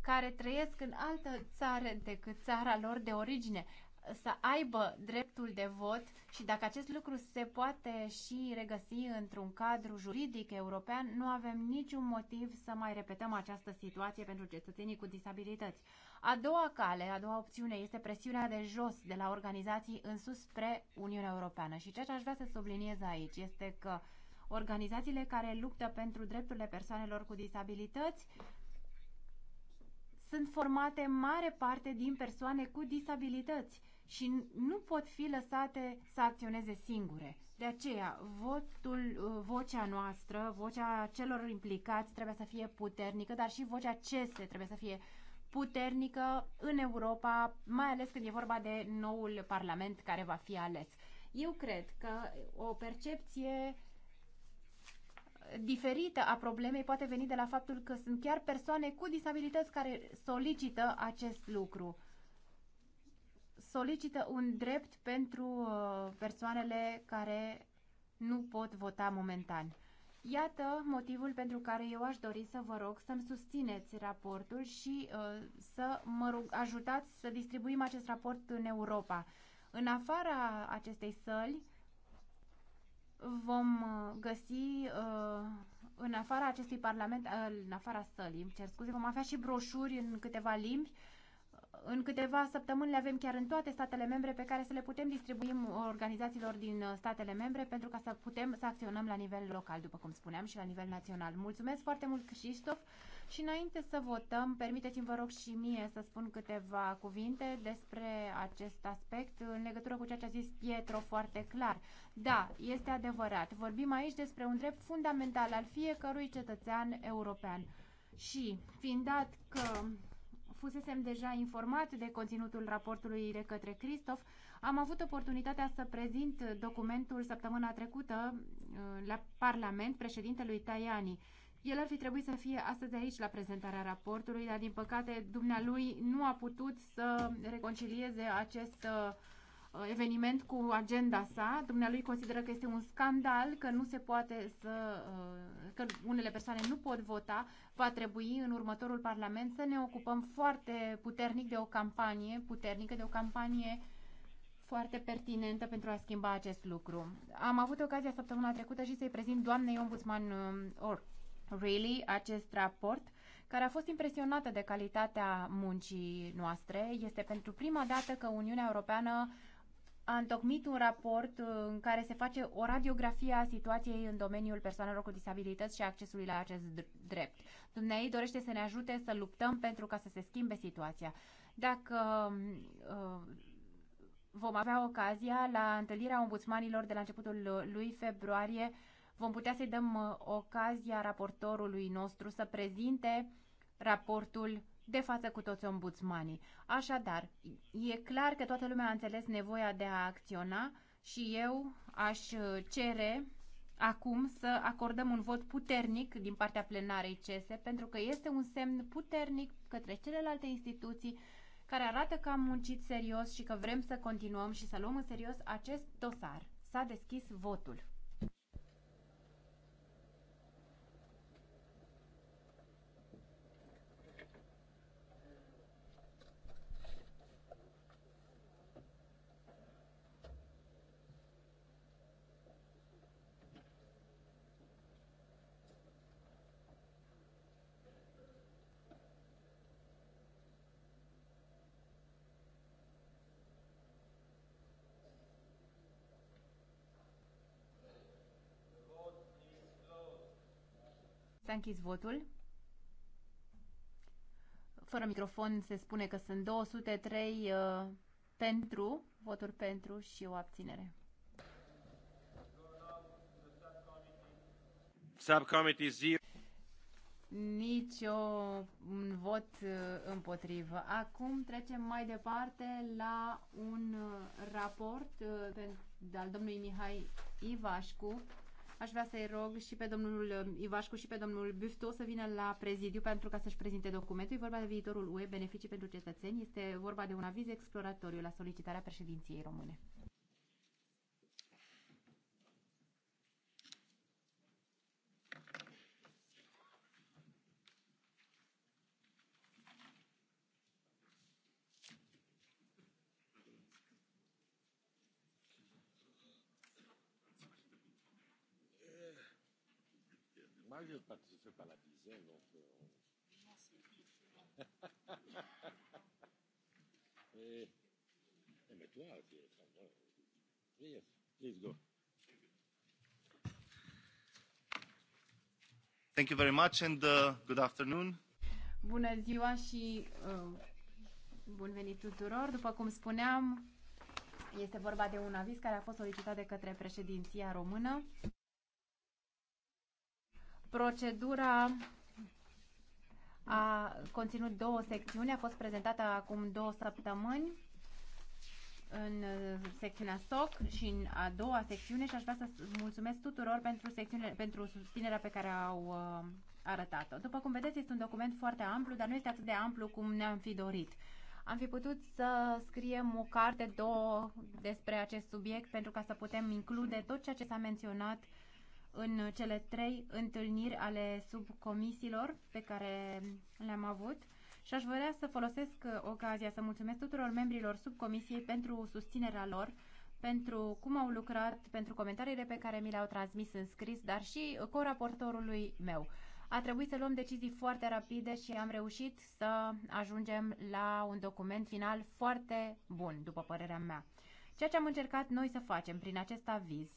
care trăiesc în altă țară decât țara lor de origine să aibă dreptul de vot și dacă acest lucru se poate și regăsi într-un cadru juridic european, nu avem niciun motiv să mai repetăm această situație pentru cetățenii cu disabilități. A doua cale, a doua opțiune este presiunea de jos de la organizații în sus spre Uniunea Europeană și ceea ce aș vrea să subliniez aici este că organizațiile care luptă pentru drepturile persoanelor cu disabilități sunt formate în mare parte din persoane cu disabilități și nu pot fi lăsate să acționeze singure. De aceea, votul, uh, vocea noastră, vocea celor implicați trebuie să fie puternică, dar și vocea CESE trebuie să fie puternică în Europa, mai ales când e vorba de noul parlament care va fi ales. Eu cred că o percepție diferită a problemei poate veni de la faptul că sunt chiar persoane cu disabilități care solicită acest lucru solicită un drept pentru uh, persoanele care nu pot vota momentan. Iată motivul pentru care eu aș dori să vă rog să-mi susțineți raportul și uh, să mă rog, ajutați să distribuim acest raport în Europa. În afara acestei săli vom uh, găsi, uh, în afara acestui parlament, uh, în afara sălii, îmi cer scuze, vom avea și broșuri în câteva limbi în câteva săptămâni le avem chiar în toate statele membre pe care să le putem distribui organizațiilor din statele membre pentru ca să putem să acționăm la nivel local, după cum spuneam, și la nivel național. Mulțumesc foarte mult, Cristof, și înainte să votăm, permiteți-mi, vă rog, și mie să spun câteva cuvinte despre acest aspect în legătură cu ceea ce a zis Pietro foarte clar. Da, este adevărat. Vorbim aici despre un drept fundamental al fiecărui cetățean european. Și, fiind dat că fusesem deja informat de conținutul raportului de către Cristof. Am avut oportunitatea să prezint documentul săptămâna trecută uh, la Parlament președintelui Tajani. El ar fi trebuit să fie astăzi aici la prezentarea raportului, dar din păcate dumnealui nu a putut să reconcilieze acest uh, Uh, eveniment cu agenda sa. Dumnealui consideră că este un scandal că nu se poate să uh, că unele persoane nu pot vota. Va trebui în următorul parlament să ne ocupăm foarte puternic de o campanie puternică, de o campanie foarte pertinentă pentru a schimba acest lucru. Am avut ocazia săptămâna trecută și să-i prezint doamnei ombudsman um, Or Really acest raport care a fost impresionată de calitatea muncii noastre. Este pentru prima dată că Uniunea Europeană a întocmit un raport uh, în care se face o radiografie a situației în domeniul persoanelor cu disabilități și a accesului la acest drept. Dumnezeu dorește să ne ajute să luptăm pentru ca să se schimbe situația. Dacă um, uh, vom avea ocazia la întâlnirea ombudsmanilor de la începutul lui februarie, vom putea să-i dăm uh, ocazia raportorului nostru să prezinte raportul de față cu toți ombudsmanii. Așadar, e clar că toată lumea a înțeles nevoia de a acționa și eu aș uh, cere acum să acordăm un vot puternic din partea plenarei CESE, pentru că este un semn puternic către celelalte instituții care arată că am muncit serios și că vrem să continuăm și să luăm în serios acest dosar. S-a deschis votul. S-a închis votul. Fără microfon se spune că sunt 203 uh, pentru, voturi pentru și o abținere. Subcommittee Nici o, un vot uh, împotrivă. Acum trecem mai departe la un uh, raport uh, de al domnului Mihai Ivașcu Aș vrea să-i rog și pe domnul um, Ivașcu și pe domnul Bufto să vină la prezidiu pentru ca să-și prezinte documentul. E vorba de viitorul UE, beneficii pentru cetățeni. Este vorba de un aviz exploratoriu la solicitarea președinției române. Eh, mais toi, tu es très bon. Please, please go. Thank you very much and uh, good afternoon. Bună ziua și uh, bun venit tuturor. După cum spuneam, este vorba de un aviz care a fost solicitat de către președinția română. Procedura a conținut două secțiuni, a fost prezentată acum două săptămâni în uh, secțiunea SOC și în a doua secțiune și aș vrea să mulțumesc tuturor pentru, secțiune, pentru susținerea pe care au uh, arătat-o. După cum vedeți, este un document foarte amplu, dar nu este atât de amplu cum ne-am fi dorit. Am fi putut să scriem o carte, două despre acest subiect pentru ca să putem include tot ceea ce s-a menționat uh, în cele trei întâlniri ale subcomisiilor pe care le-am avut și aș vrea să folosesc uh, ocazia să mulțumesc tuturor membrilor subcomisiei pentru susținerea lor, pentru cum au lucrat, pentru comentariile pe care mi le-au transmis în scris, dar și co-raportorului meu. A trebuit să luăm decizii foarte rapide și am reușit să ajungem la un document final foarte bun, după părerea mea. Ceea ce am încercat noi să facem prin acest aviz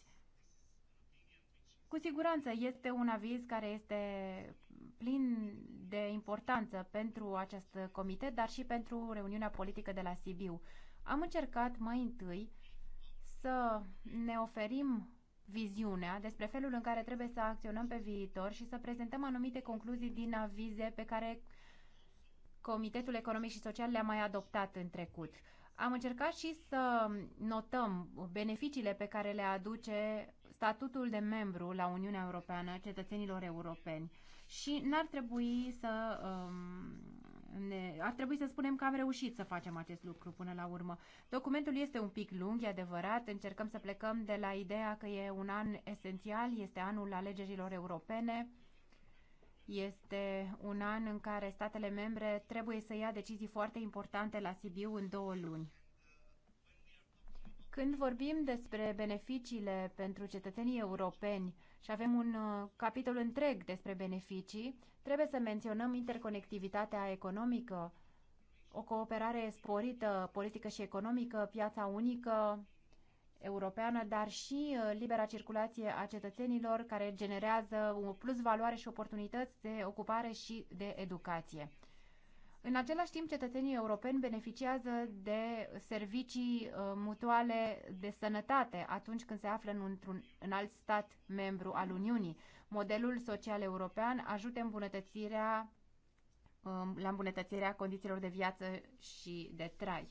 cu siguranță este un aviz care este plin de importanță pentru acest comitet, dar și pentru reuniunea politică de la Sibiu. Am încercat mai întâi să ne oferim viziunea despre felul în care trebuie să acționăm pe viitor și să prezentăm anumite concluzii din avize pe care Comitetul Economic și Social le-a mai adoptat în trecut. Am încercat și să notăm beneficiile pe care le aduce statutul de membru la Uniunea Europeană cetățenilor europeni și n-ar trebui să um, ne, ar trebui să spunem că am reușit să facem acest lucru până la urmă. Documentul este un pic lung, e adevărat, încercăm să plecăm de la ideea că e un an esențial, este anul alegerilor europene, este un an în care statele membre trebuie să ia decizii foarte importante la Sibiu în două luni. Când vorbim despre beneficiile pentru cetățenii europeni și avem un uh, capitol întreg despre beneficii, trebuie să menționăm interconectivitatea economică, o cooperare sporită politică și economică, piața unică europeană, dar și uh, libera circulație a cetățenilor care generează o plus valoare și oportunități de ocupare și de educație. În același timp, cetățenii europeni beneficiază de servicii uh, mutuale de sănătate atunci când se află într-un în alt stat membru al Uniunii. Modelul social european ajută îmbunătățirea, um, la îmbunătățirea condițiilor de viață și de trai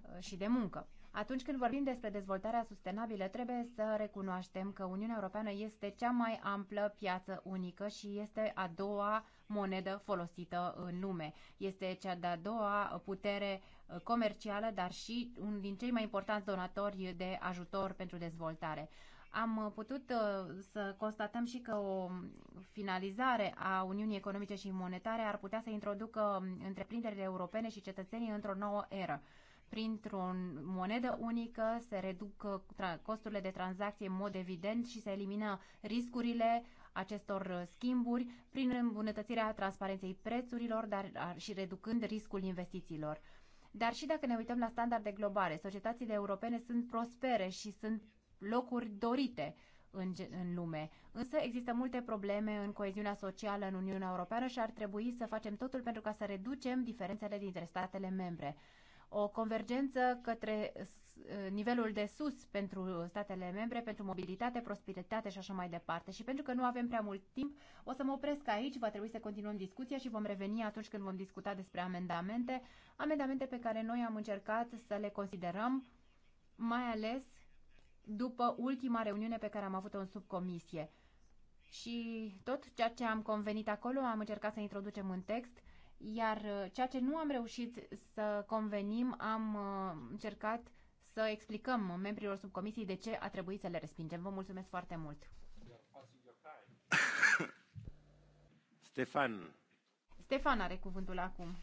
uh, și de muncă. Atunci când vorbim despre dezvoltarea sustenabilă, trebuie să recunoaștem că Uniunea Europeană este cea mai amplă piață unică și este a doua monedă folosită în lume. Este cea de-a doua putere comercială, dar și unul din cei mai importanți donatori de ajutor pentru dezvoltare. Am putut uh, să constatăm și că o finalizare a Uniunii Economice și Monetare ar putea să introducă întreprinderile europene și cetățenii într-o nouă eră printr-o monedă unică se reduc uh, costurile de tranzacție în mod evident și se elimină riscurile acestor uh, schimburi prin îmbunătățirea transparenței prețurilor dar și reducând riscul investițiilor. Dar și dacă ne uităm la standarde globale, societățile europene sunt prospere și sunt locuri dorite în, în lume. Însă există multe probleme în coeziunea socială în Uniunea Europeană și ar trebui să facem totul pentru ca să reducem diferențele dintre statele membre. O convergență către Eh, nivelul de sus pentru statele membre, pentru mobilitate, prosperitate și așa mai departe. Și pentru că nu avem prea mult timp, o să mă opresc aici, va trebui să continuăm discuția și vom reveni atunci când vom discuta despre amendamente, amendamente pe care noi am încercat să le considerăm, mai ales după ultima reuniune pe care am avut-o în subcomisie. Și tot ceea ce am convenit acolo am încercat să introducem în text, iar eh, ceea ce nu am reușit să convenim am eh, încercat să explicăm membrilor subcomisiei de ce a trebuit să le respingem. Vă mulțumesc foarte mult! [COUGHS] Stefan. Stefan are cuvântul acum.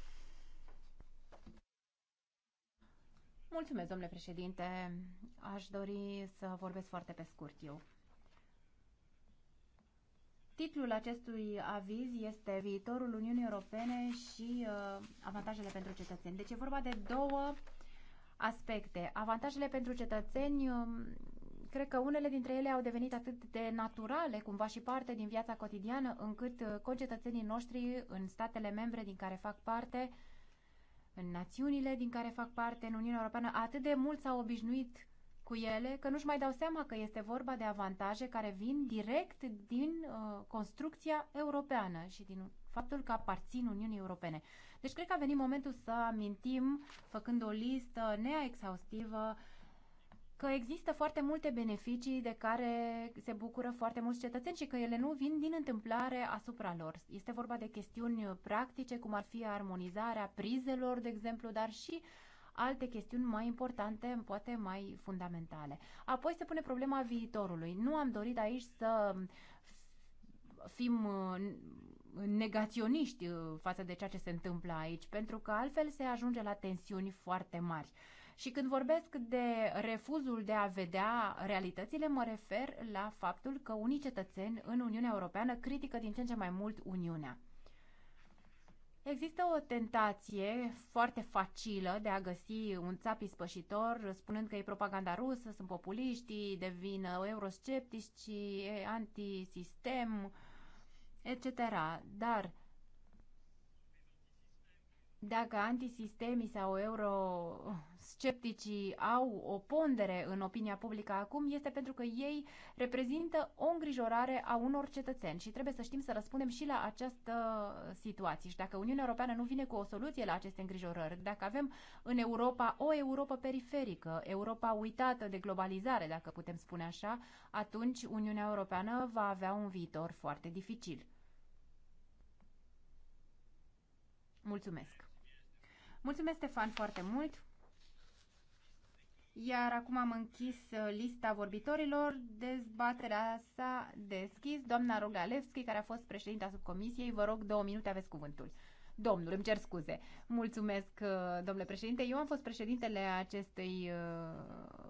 Mulțumesc, domnule președinte. Aș dori să vorbesc foarte pe scurt eu. Titlul acestui aviz este Viitorul Uniunii Europene și uh, avantajele pentru cetățeni. Deci e vorba de două aspecte. Avantajele pentru cetățeni, um, cred că unele dintre ele au devenit atât de naturale, cumva și parte din viața cotidiană, încât uh, concetățenii noștri în statele membre din care fac parte, în națiunile din care fac parte, în Uniunea Europeană, atât de mult s-au obișnuit cu ele, că nu-și mai dau seama că este vorba de avantaje care vin direct din uh, construcția europeană și din faptul că aparțin Uniunii Europene. Deci cred că a venit momentul să amintim, făcând o listă neexhaustivă, că există foarte multe beneficii de care se bucură foarte mulți cetățeni și că ele nu vin din întâmplare asupra lor. Este vorba de chestiuni practice, cum ar fi armonizarea prizelor, de exemplu, dar și alte chestiuni mai importante, poate mai fundamentale. Apoi se pune problema viitorului. Nu am dorit aici să fim negaționiști uh, față de ceea ce se întâmplă aici, pentru că altfel se ajunge la tensiuni foarte mari. Și când vorbesc de refuzul de a vedea realitățile, mă refer la faptul că unii cetățeni în Uniunea Europeană critică din ce în ce mai mult Uniunea. Există o tentație foarte facilă de a găsi un țap ispășitor spunând că e propaganda rusă, sunt populiștii, devin eurosceptici, antisistem, etc. Dar dacă antisistemii sau euroscepticii au o pondere în opinia publică acum, este pentru că ei reprezintă o îngrijorare a unor cetățeni și trebuie să știm să răspundem și la această situație. Și dacă Uniunea Europeană nu vine cu o soluție la aceste îngrijorări, dacă avem în Europa o Europa periferică, Europa uitată de globalizare, dacă putem spune așa, atunci Uniunea Europeană va avea un viitor foarte dificil. Mulțumesc! Mulțumesc, Stefan, foarte mult! Iar acum am închis uh, lista vorbitorilor. Dezbaterea s-a deschis. Doamna Rogalevski, care a fost președinta subcomisiei, vă rog două minute, aveți cuvântul. Domnul, îmi cer scuze. Mulțumesc, uh, domnule președinte. Eu am fost președintele acestei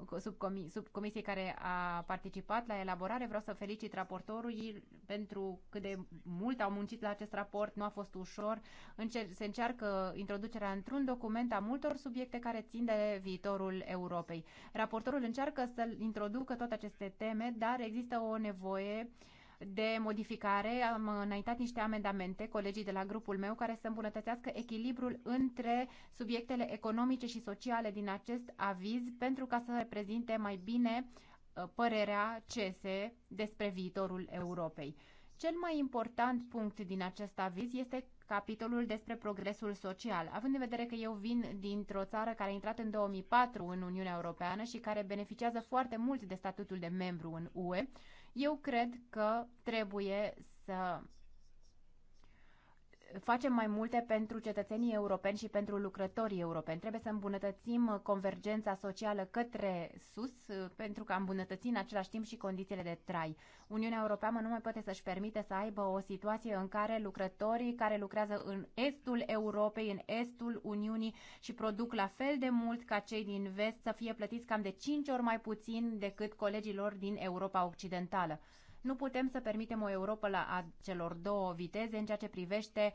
uh, subcomisii subcomisie care a participat la elaborare. Vreau să felicit raportorul pentru cât de mult au muncit la acest raport. Nu a fost ușor. Încer- se încearcă introducerea într-un document a multor subiecte care țin de viitorul Europei. Raportorul încearcă să introducă toate aceste teme, dar există o nevoie uh, de modificare. Am înaintat niște amendamente, colegii de la grupul meu, care să îmbunătățească echilibrul între subiectele economice și sociale din acest aviz pentru ca să reprezinte mai bine uh, părerea CESE despre viitorul Europei. Cel mai important punct din acest aviz este capitolul despre progresul social. Având în vedere că eu vin dintr-o țară care a intrat în 2004 în Uniunea Europeană și care beneficiază foarte mult de statutul de membru în UE, eu cred că trebuie să facem mai multe pentru cetățenii europeni și pentru lucrătorii europeni. Trebuie să îmbunătățim uh, convergența socială către sus uh, pentru că îmbunătăți în același timp și condițiile de trai. Uniunea Europeană nu mai poate să-și permite să aibă o situație în care lucrătorii care lucrează în estul Europei, în estul Uniunii și produc la fel de mult ca cei din vest să fie plătiți cam de 5 ori mai puțin decât colegilor din Europa Occidentală. Nu putem să permitem o Europa la celor două viteze în ceea ce privește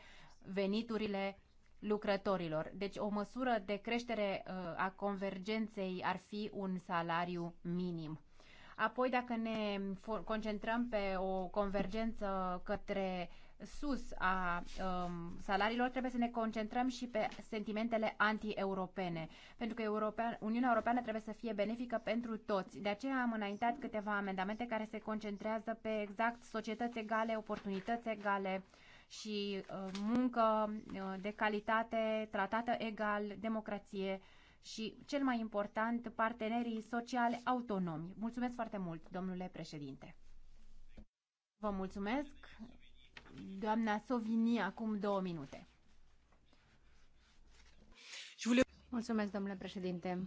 veniturile lucrătorilor. Deci o măsură de creștere uh, a convergenței ar fi un salariu minim. Apoi, dacă ne concentrăm pe o convergență către uh, sus a um, salariilor, trebuie să ne concentrăm și pe sentimentele anti-europene, pentru că European, Uniunea Europeană trebuie să fie benefică pentru toți. De aceea am înaintat câteva amendamente care se concentrează pe exact societăți egale, oportunități egale și uh, muncă uh, de calitate, tratată egal, democrație și, cel mai important, partenerii sociale autonomi. Mulțumesc foarte mult, domnule președinte! Vă mulțumesc! doamna Sovini acum două minute. Mulțumesc, domnule președinte.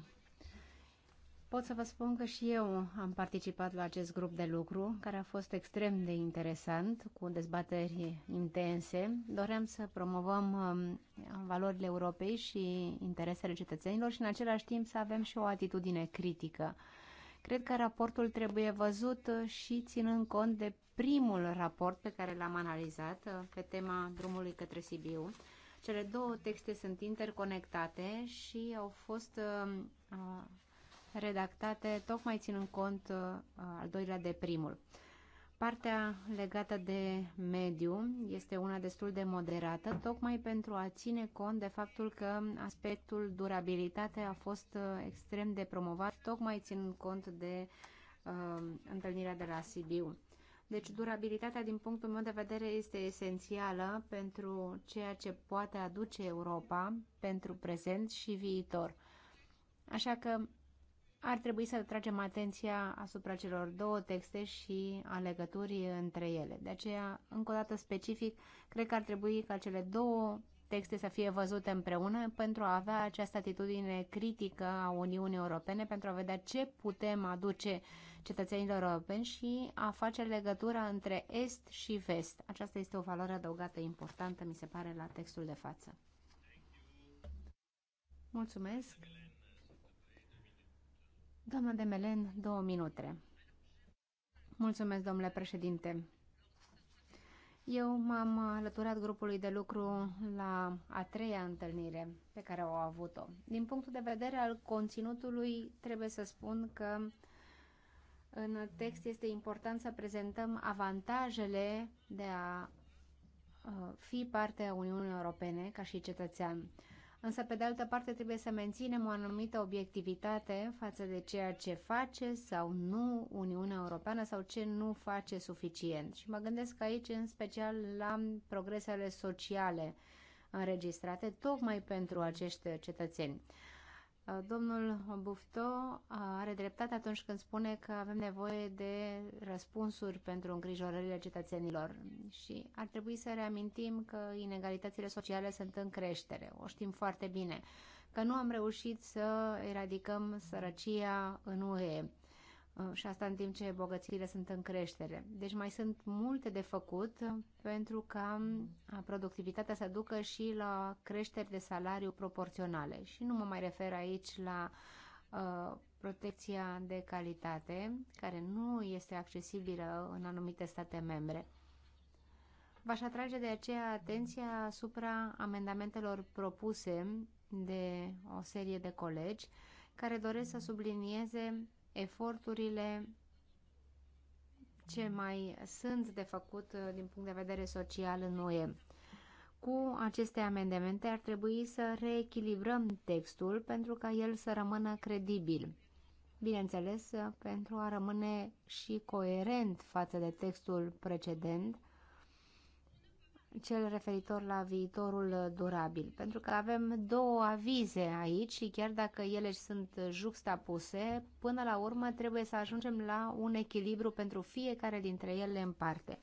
Pot să vă spun că și eu am participat la acest grup de lucru, care a fost extrem de interesant, cu dezbateri intense. Dorem să promovăm um, valorile Europei și interesele cetățenilor și în același timp să avem și o atitudine critică. Cred că raportul trebuie văzut uh, și ținând cont de primul raport pe care l-am analizat uh, pe tema drumului către Sibiu. Cele două texte sunt interconectate și au fost uh, redactate tocmai ținând cont al doilea de primul. Partea legată de mediu este una destul de moderată, tocmai pentru a ține cont de faptul că aspectul durabilitate a fost uh, extrem de promovat, tocmai ținând cont de uh, întâlnirea de la Sibiu. Deci durabilitatea, din punctul meu de vedere, este esențială pentru ceea ce poate aduce Europa pentru prezent și viitor. Așa că ar trebui să tragem atenția asupra celor două texte și a legăturii între ele. De aceea, încă o dată specific, cred că ar trebui ca cele două texte să fie văzute împreună pentru a avea această atitudine critică a Uniunii Europene, pentru a vedea ce putem aduce cetățenilor europeni și a face legătura între Est și Vest. Aceasta este o valoare adăugată importantă, mi se pare, la textul de față. Mulțumesc! Doamna de Melen, două minute. Mulțumesc, domnule președinte. Eu m-am alăturat grupului de lucru la a treia întâlnire pe care au avut-o. Din punctul de vedere al conținutului, trebuie să spun că în text este important să prezentăm avantajele de a uh, fi parte a Uniunii Europene ca și cetățean însă pe de altă parte trebuie să menținem o anumită obiectivitate față de ceea ce face sau nu Uniunea Europeană sau ce nu face suficient. Și mă gândesc aici în special la progresele sociale înregistrate tocmai pentru acești cetățeni. Uh, domnul Bufto uh, are dreptate atunci când spune că avem nevoie de răspunsuri pentru îngrijorările cetățenilor și ar trebui să reamintim că inegalitățile sociale sunt în creștere, o știm foarte bine, că nu am reușit să eradicăm sărăcia în UE Uh, și asta în timp ce bogățiile sunt în creștere. Deci mai sunt multe de făcut pentru ca um, productivitatea să ducă și la creșteri de salariu proporționale. Și nu mă mai refer aici la uh, protecția de calitate, care nu este accesibilă în anumite state membre. V-aș atrage de aceea atenția asupra amendamentelor propuse de o serie de colegi care doresc să sublinieze eforturile ce mai sunt de făcut uh, din punct de vedere social în UE. Cu aceste amendamente ar trebui să reechilibrăm textul pentru ca el să rămână credibil. Bineînțeles, uh, pentru a rămâne și coerent față de textul precedent, cel referitor la viitorul durabil. Pentru că avem două avize aici și chiar dacă ele sunt juxtapuse, până la urmă trebuie să ajungem la un echilibru pentru fiecare dintre ele în parte.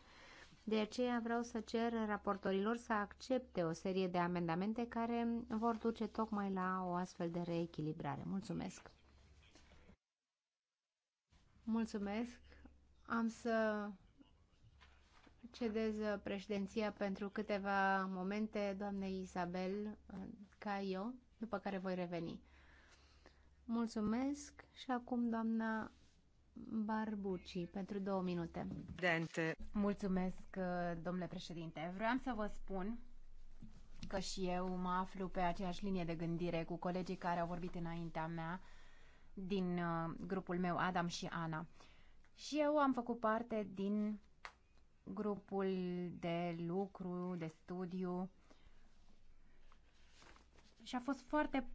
De aceea vreau să cer raportorilor să accepte o serie de amendamente care vor duce tocmai la o astfel de reechilibrare. Mulțumesc! Mulțumesc! Am să cedez președinția pentru câteva momente doamnei Isabel uh, eu, după care voi reveni. Mulțumesc și acum doamna Barbuci pentru două minute. Dente. Mulțumesc, uh, domnule președinte. Vreau să vă spun că și eu mă aflu pe aceeași linie de gândire cu colegii care au vorbit înaintea mea din uh, grupul meu Adam și Ana. Și eu am făcut parte din grupul de lucru, de studiu și a fost foarte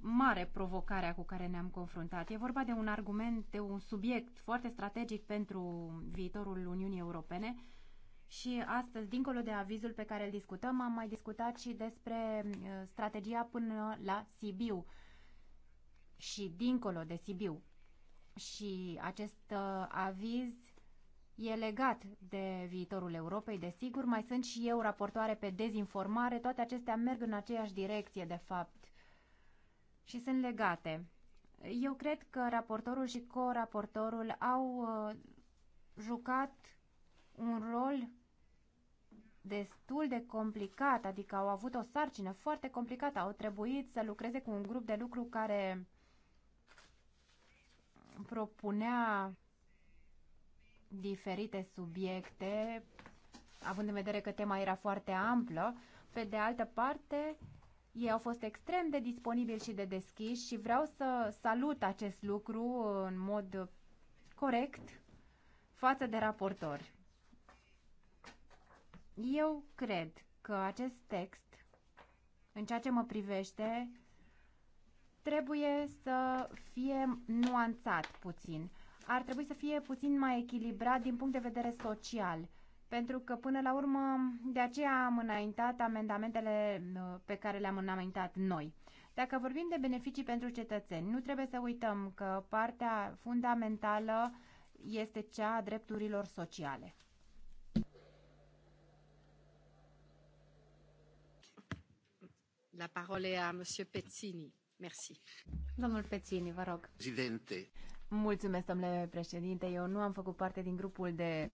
mare provocarea cu care ne-am confruntat. E vorba de un argument, de un subiect foarte strategic pentru viitorul Uniunii Europene și astăzi, dincolo de avizul pe care îl discutăm, am mai discutat și despre uh, strategia până la Sibiu și dincolo de Sibiu. Și acest uh, aviz e legat de viitorul Europei, desigur. Mai sunt și eu raportoare pe dezinformare. Toate acestea merg în aceeași direcție, de fapt, și sunt legate. Eu cred că raportorul și co-raportorul au uh, jucat un rol destul de complicat, adică au avut o sarcină foarte complicată, au trebuit să lucreze cu un grup de lucru care propunea diferite subiecte, având în vedere că tema era foarte amplă. Pe de altă parte, ei au fost extrem de disponibili și de deschiși și vreau să salut acest lucru în mod corect față de raportori. Eu cred că acest text, în ceea ce mă privește, trebuie să fie nuanțat puțin ar trebui să fie puțin mai echilibrat din punct de vedere social. Pentru că, până la urmă, de aceea am înaintat amendamentele uh, pe care le-am înaintat noi. Dacă vorbim de beneficii pentru cetățeni, nu trebuie să uităm că partea fundamentală este cea a drepturilor sociale. La parole a Monsieur Pezzini. Merci. Domnul Pezzini, vă rog. Presidente. Mulțumesc, domnule președinte. Eu nu am făcut parte din grupul de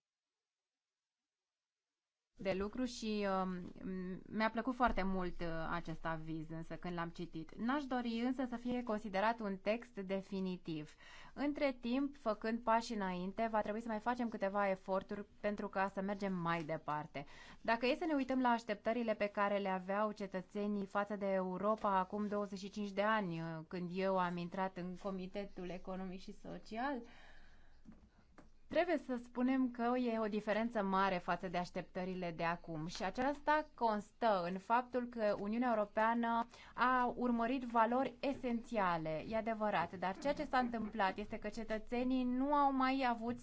de lucru și uh, mi-a plăcut foarte mult uh, acest aviz însă când l-am citit. N-aș dori însă să fie considerat un text definitiv. Între timp, făcând pași înainte, va trebui să mai facem câteva eforturi pentru ca să mergem mai departe. Dacă e să ne uităm la așteptările pe care le aveau cetățenii față de Europa acum 25 de ani, uh, când eu am intrat în Comitetul Economic și Social, uh, Trebuie să spunem că e o diferență mare față de așteptările de acum și aceasta constă în faptul că Uniunea Europeană a urmărit valori esențiale, e adevărat, dar ceea ce s-a întâmplat este că cetățenii nu au mai avut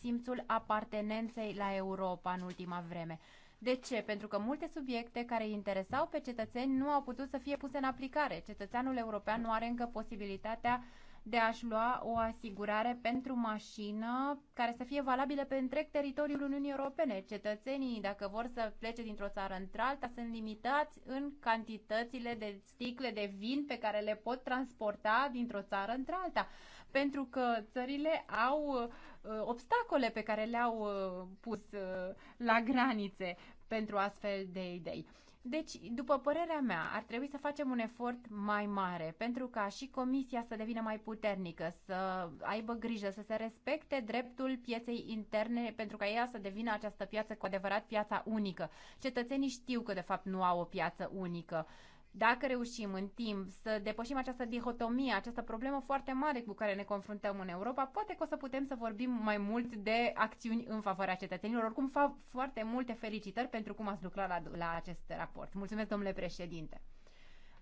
simțul apartenenței la Europa în ultima vreme. De ce? Pentru că multe subiecte care îi interesau pe cetățeni nu au putut să fie puse în aplicare. Cetățeanul european nu are încă posibilitatea de a-și lua o asigurare pentru mașină care să fie valabilă pe întreg teritoriul Uniunii Europene. Cetățenii, dacă vor să plece dintr-o țară într-alta, sunt limitați în cantitățile de sticle de vin pe care le pot transporta dintr-o țară într-alta pentru că țările au uh, obstacole pe care le-au uh, pus uh, la granițe pentru astfel de idei. Deci, după părerea mea, ar trebui să facem un efort mai mare pentru ca și comisia să devină mai puternică, să aibă grijă, să se respecte dreptul pieței interne pentru ca ea să devină această piață cu adevărat piața unică. Cetățenii știu că de fapt nu au o piață unică dacă reușim în timp să depășim această dihotomie, această problemă foarte mare cu care ne confruntăm în Europa, poate că o să putem să vorbim mai mult de acțiuni în favoarea cetățenilor. Oricum, fa- foarte multe felicitări pentru cum ați lucrat la, la acest raport. Mulțumesc, domnule președinte.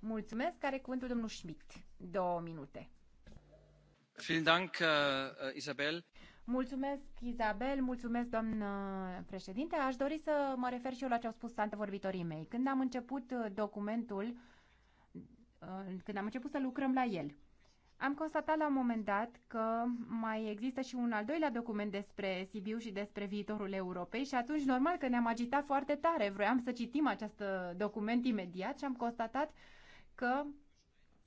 Mulțumesc. Care cuvântul domnul Schmidt? Două minute. Vielen Dank, uh, uh, Isabel. Mulțumesc, Izabel, mulțumesc, doamnă președinte. Aș dori să mă refer și eu la ce au spus antevorbitorii mei. Când am început uh, documentul, uh, când am început să lucrăm la el, am constatat la un moment dat că mai există și un al doilea document despre Sibiu și despre viitorul Europei și atunci normal că ne-am agitat foarte tare. Vroiam să citim acest uh, document imediat și am constatat că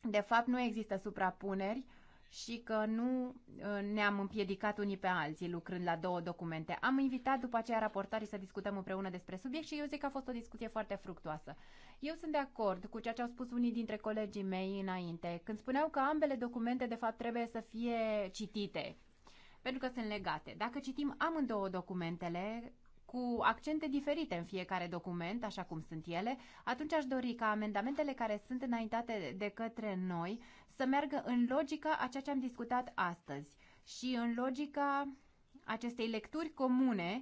de fapt nu există suprapuneri și că nu ă, ne-am împiedicat unii pe alții lucrând la două documente. Am invitat după aceea raportarii să discutăm împreună despre subiect și eu zic că a fost o discuție foarte fructuoasă. Eu sunt de acord cu ceea ce au spus unii dintre colegii mei înainte, când spuneau că ambele documente de fapt trebuie să fie citite, pentru că sunt legate. Dacă citim amândouă documentele, cu accente diferite în fiecare document, așa cum sunt ele, atunci aș dori ca amendamentele care sunt înaintate de către noi să meargă în logica a ceea ce am discutat astăzi și în logica acestei lecturi comune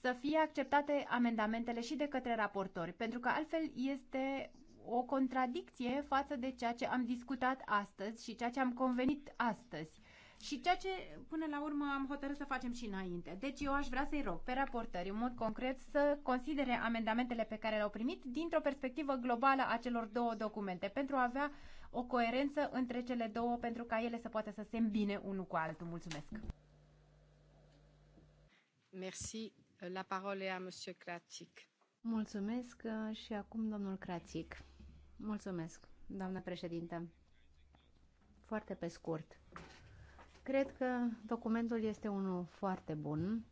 să fie acceptate amendamentele și de către raportori, pentru că altfel este o contradicție față de ceea ce am discutat astăzi și ceea ce am convenit astăzi. Și ceea ce până la urmă am hotărât să facem și înainte. Deci eu aș vrea să-i rog pe raportări, în mod concret, să considere amendamentele pe care le-au primit dintr-o perspectivă globală a celor două documente, pentru a avea o coerență între cele două pentru ca ele să poată să se îmbine unul cu altul. Mulțumesc! Merci. La parole a Monsieur Kratic. Mulțumesc uh, și acum domnul Kratic. Mulțumesc, doamnă președintă. Foarte pe scurt. Cred că documentul este unul foarte bun,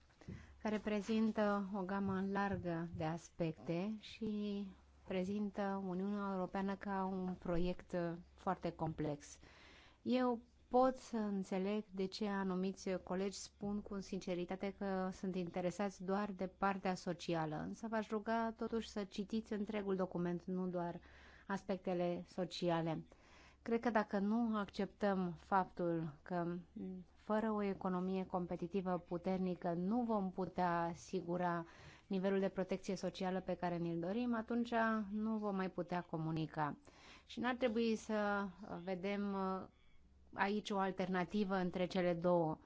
care prezintă o gamă largă de aspecte și prezintă Uniunea Europeană ca un proiect uh, foarte complex. Eu pot să înțeleg de ce anumiți colegi spun cu sinceritate că sunt interesați doar de partea socială, însă v-aș ruga totuși să citiți întregul document, nu doar aspectele sociale. Cred că dacă nu acceptăm faptul că fără o economie competitivă puternică nu vom putea asigura nivelul de protecție socială pe care ne-l dorim, atunci nu vom mai putea comunica. Și n-ar trebui să vedem uh, aici o alternativă între cele două.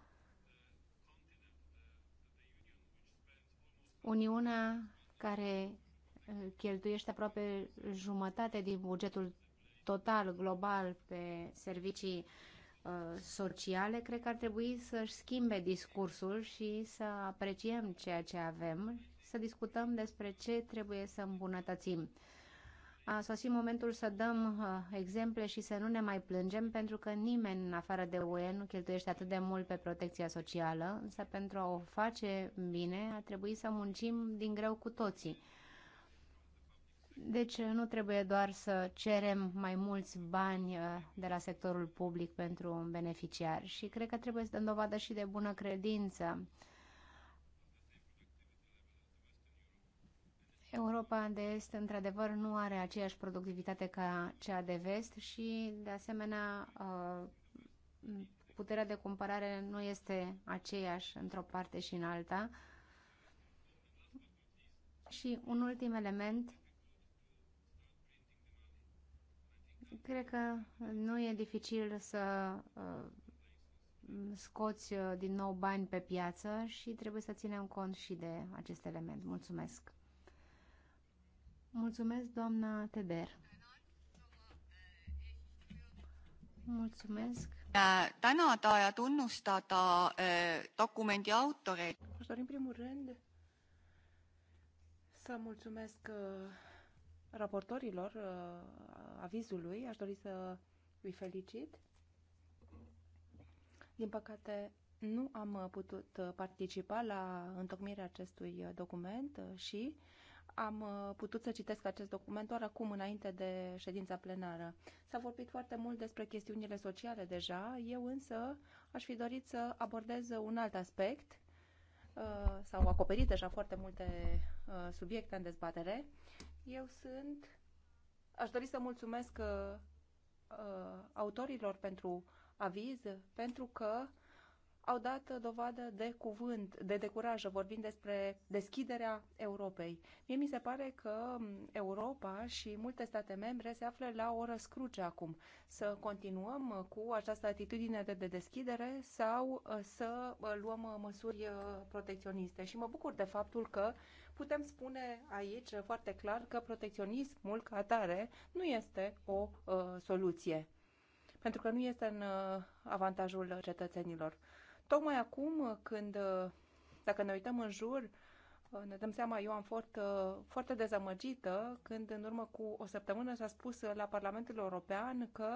Uniunea care uh, cheltuiește aproape jumătate din bugetul total global pe servicii uh, sociale, cred că ar trebui să-și schimbe discursul și să apreciem ceea ce avem să discutăm despre ce trebuie să îmbunătățim. A sosit momentul să dăm uh, exemple și să nu ne mai plângem, pentru că nimeni în afară de UE nu cheltuiește atât de mult pe protecția socială, însă pentru a o face bine a trebuit să muncim din greu cu toții. Deci uh, nu trebuie doar să cerem mai mulți bani uh, de la sectorul public pentru un beneficiar și cred că trebuie să dăm dovadă și de bună credință Europa de Est, într-adevăr, nu are aceeași productivitate ca cea de Vest și, de asemenea, uh, puterea de comparare nu este aceeași într-o parte și în alta. Și un ultim element, cred că nu e dificil să uh, scoți uh, din nou bani pe piață și trebuie să ținem cont și de acest element. Mulțumesc! Mulțumesc, doamna Teber. Mulțumesc. ta ja tunnustada eh, dokumenti autoreid. Aș dori în primul rând să mulțumesc eh, raportorilor eh, avizului. Aș dori să îi felicit. Din păcate, nu am putut participa la întocmirea acestui document și uh, am uh, putut să citesc acest document doar acum, înainte de ședința plenară. S-a vorbit foarte mult despre chestiunile sociale deja, eu însă aș fi dorit să abordez un alt aspect. Uh, s-au acoperit deja foarte multe uh, subiecte în dezbatere. Eu sunt... Aș dori să mulțumesc autorilor pentru aviz, pentru că au dat dovadă de cuvânt, de decurajă, vorbind despre deschiderea Europei. Mie mi se pare că Europa și multe state membre se află la o răscruce acum. Să continuăm cu această atitudine de, deschidere sau uh, să uh, luăm uh, măsuri protecționiste. Și mă bucur de faptul că putem spune aici foarte clar că protecționismul ca atare nu este o soluție pentru că nu este în avantajul cetățenilor. Tocmai acum, când, uh, dacă ne uităm în jur, uh, ne dăm seama, eu am fost uh, foarte dezamăgită când în urmă cu o săptămână s-a spus la Parlamentul European că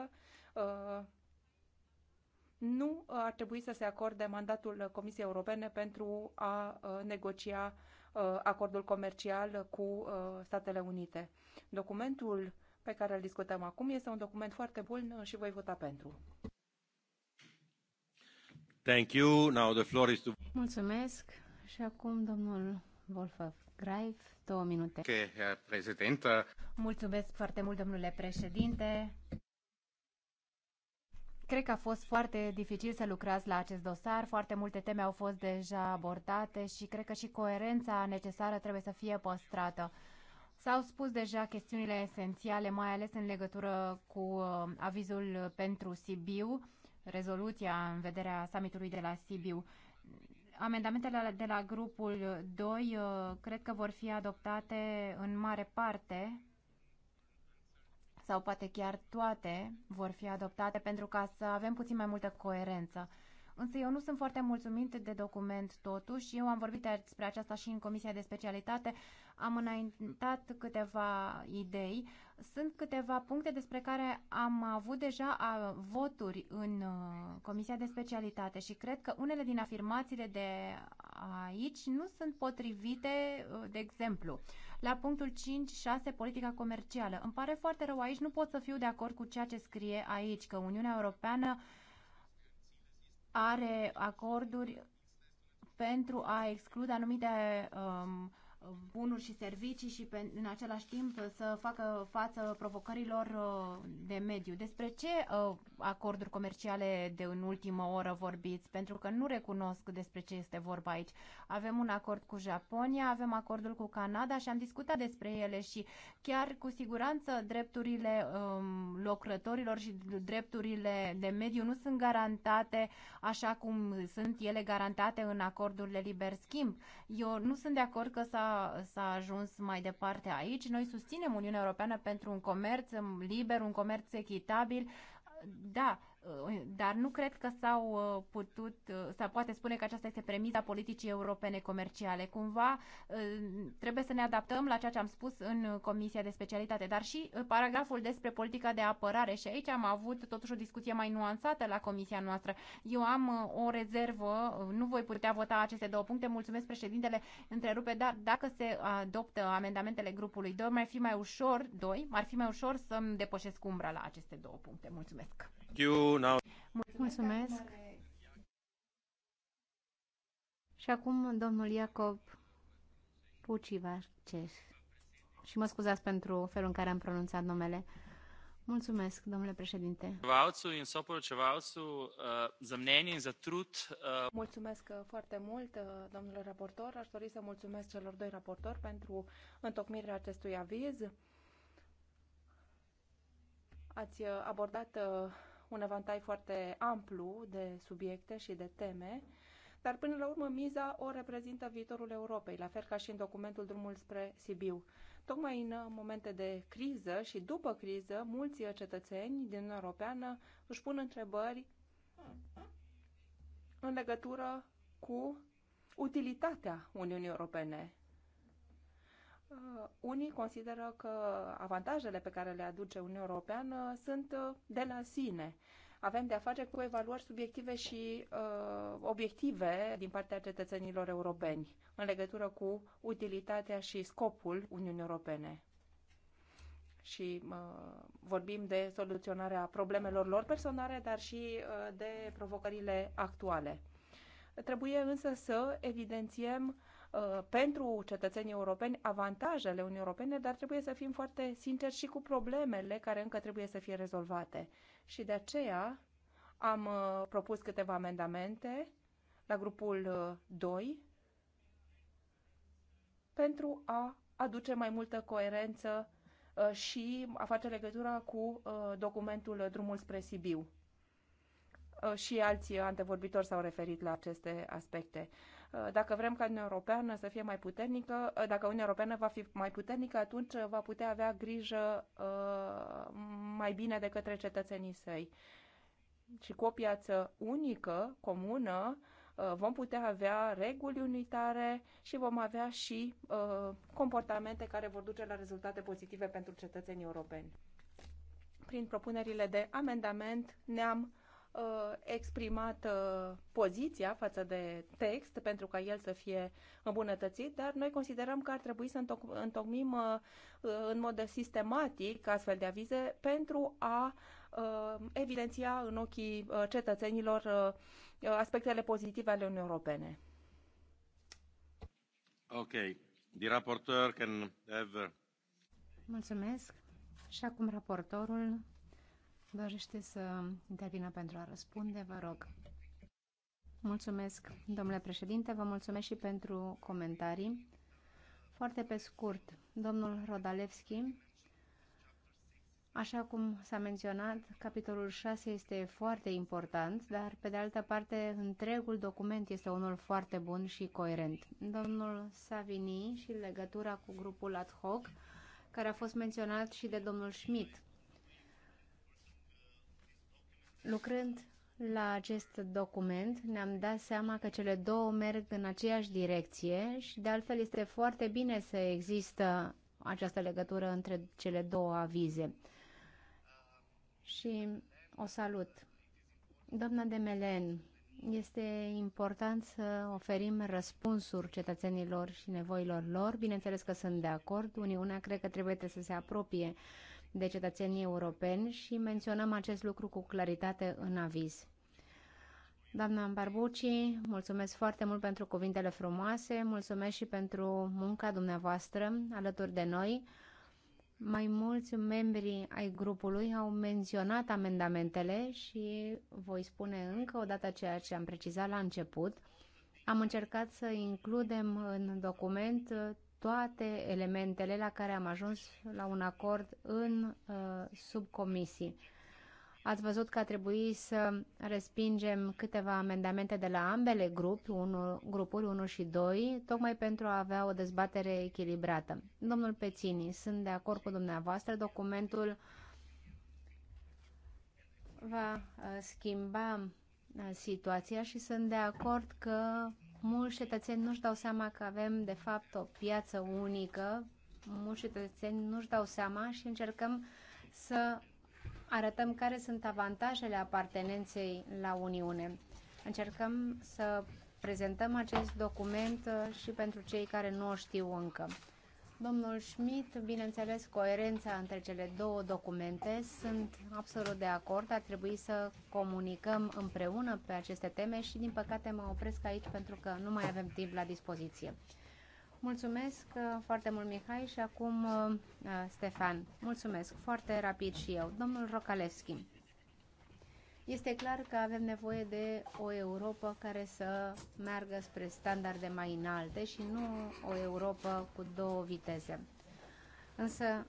nu ar trebui să se acorde mandatul Comisiei Europene pentru a negocia acordul comercial cu Statele Unite. Documentul pe care îl discutăm acum este un document foarte bun și voi vota pentru. Thank you. Now the floor is to... Mulțumesc. Și acum domnul Wolfgang Greif, două minute. Okay, Herr Mulțumesc foarte mult, domnule președinte. Cred că a fost foarte dificil să lucrați la acest dosar, foarte multe teme au fost deja abordate și cred că și coerența necesară trebuie să fie păstrată. S-au spus deja chestiunile esențiale, mai ales în legătură cu uh, avizul pentru Sibiu rezoluția în vederea summitului de la Sibiu. Amendamentele de la grupul 2 uh, cred că vor fi adoptate în mare parte sau poate chiar toate vor fi adoptate pentru ca să avem puțin mai multă coerență. Însă eu nu sunt foarte mulțumit de document totuși. Eu am vorbit despre aceasta și în Comisia de Specialitate. Am înaintat câteva idei. Sunt câteva puncte despre care am avut deja voturi în uh, Comisia de Specialitate și cred că unele din afirmațiile de aici nu sunt potrivite, uh, de exemplu. La punctul 5.6, politica comercială. Îmi pare foarte rău aici, nu pot să fiu de acord cu ceea ce scrie aici, că Uniunea Europeană uh, are acorduri pentru a exclude anumite um, bunuri și servicii și pe, în același timp să facă față provocărilor uh, de mediu. Despre ce uh, acorduri comerciale de în ultimă oră vorbiți? Pentru că nu recunosc despre ce este vorba aici. Avem un acord cu Japonia, avem acordul cu Canada și am discutat despre ele și chiar cu siguranță drepturile um, lucrătorilor și drepturile de mediu nu sunt garantate așa cum sunt ele garantate în acordurile liber schimb. Eu nu sunt de acord că s-a s-a ajuns mai departe aici. Noi susținem Uniunea Europeană pentru un comerț liber, un comerț echitabil. Da, Uh, dar nu cred că s-au uh, putut, uh, să poate spune că aceasta este premisa politicii europene comerciale. Cumva trebuie să ne adaptăm la ceea ce am spus în Comisia de Specialitate, dar și paragraful despre politica de apărare și aici am avut totuși o discuție mai nuanțată la Comisia noastră. Eu am o rezervă, nu voi putea vota aceste două puncte, mulțumesc președintele întrerupe, dar dacă se adoptă amendamentele grupului 2, mai fi mai ușor, 2, ar fi mai ușor să-mi depășesc umbra la aceste două puncte. Mulțumesc! Mulțumesc. Și acum domnul Iacob Pucivaces. Și mă scuzați pentru felul în care am pronunțat numele. Mulțumesc, domnule președinte. Mulțumesc foarte mult, uh, domnule raportor. Aș dori să mulțumesc celor doi raportori pentru întocmirea acestui aviz. Ați uh, abordat uh, un evantai foarte amplu de subiecte și de teme, dar până la urmă miza o reprezintă viitorul Europei, la fel ca și în documentul Drumul spre Sibiu. Tocmai în momente de criză și după criză, mulți cetățeni din Uniunea Europeană își pun întrebări în legătură cu utilitatea Uniunii Europene Uh, unii consideră că avantajele pe care le aduce Uniunea Europeană sunt uh, de la sine. Avem de a face cu evaluări subiective și uh, obiective din partea cetățenilor europeni în legătură cu utilitatea și scopul Uniunii Europene. Și uh, vorbim de soluționarea problemelor lor personale, dar și uh, de provocările actuale. Trebuie însă să evidențiem uh, Uh, pentru cetățenii europeni avantajele Uniunii Europene, dar trebuie să fim foarte sinceri și cu problemele care încă trebuie să fie rezolvate. Și de aceea am uh, propus câteva amendamente la grupul 2 uh, pentru a aduce mai multă coerență și a face legătura cu documentul Drumul spre Sibiu. Și alții antevorbitori s-au referit la aceste aspecte. Uh, dacă vrem ca Uniunea Europeană să fie mai puternică, uh, dacă Uniunea Europeană va fi mai puternică, atunci uh, va putea avea grijă mai bine de către cetățenii săi. Și cu o piață unică, comună, vom putea avea reguli unitare și vom avea și uh, comportamente care vor duce la rezultate pozitive pentru cetățenii europeni. Prin propunerile de amendament ne-am Uh, exprimat uh, poziția față de text pentru ca el să fie îmbunătățit, dar noi considerăm că ar trebui să întocmim uh, în mod sistematic astfel de avize pentru a evidenția în ochii cetățenilor aspectele pozitive ale Uniunii Europene. Ok. The raporteur can have... Mulțumesc. Și acum raportorul dorește să intervină pentru a răspunde, vă rog. Mulțumesc, domnule președinte, vă mulțumesc și pentru comentarii. Foarte pe scurt, domnul Rodalevski, așa cum s-a menționat, capitolul 6 este foarte important, dar pe de altă parte întregul document este unul foarte bun și coerent. Domnul Savini și legătura cu grupul ad hoc, care a fost menționat și de domnul Schmidt. Lucrând la acest document ne-am dat seama că cele două merg în aceeași direcție și de altfel este foarte bine să există această legătură între cele două avize. Și o salut. Doamna de Melen, este important să oferim răspunsuri cetățenilor și nevoilor lor. Bineînțeles că sunt de acord. Uniunea cred că trebuie să se apropie de cetățenii europeni și menționăm acest lucru cu claritate în aviz. Doamna Barbuci, mulțumesc foarte mult pentru cuvintele frumoase, mulțumesc și pentru munca dumneavoastră alături de noi. Mai mulți membri ai grupului au menționat amendamentele și voi spune încă o dată ceea ce am precizat la început. Am încercat să includem în document toate elementele la care am ajuns la un acord în uh, subcomisii. Ați văzut că a trebuit să respingem câteva amendamente de la ambele grupi, unu, grupuri 1 și 2, tocmai pentru a avea o dezbatere echilibrată. Domnul Pețini, sunt de acord cu dumneavoastră, documentul va uh, schimba uh, situația și sunt de acord că Mulți cetățeni nu-și dau seama că avem, de fapt, o piață unică. Mulți cetățeni nu-și dau seama și încercăm să arătăm care sunt avantajele apartenenței la Uniune. Încercăm să prezentăm acest document uh, și pentru cei care nu o știu încă. Domnul Schmidt, bineînțeles, coerența între cele două documente, sunt absolut de acord, ar trebui să comunicăm împreună pe aceste teme și, din păcate, mă opresc aici pentru că nu mai avem timp la dispoziție. Mulțumesc uh, foarte mult, Mihai, și acum uh, uh, Stefan. Mulțumesc foarte rapid și eu. Domnul Rocaleschi. Este clar că avem nevoie de o Europa care să meargă spre standarde mai înalte și nu o Europa cu două viteze. Însă,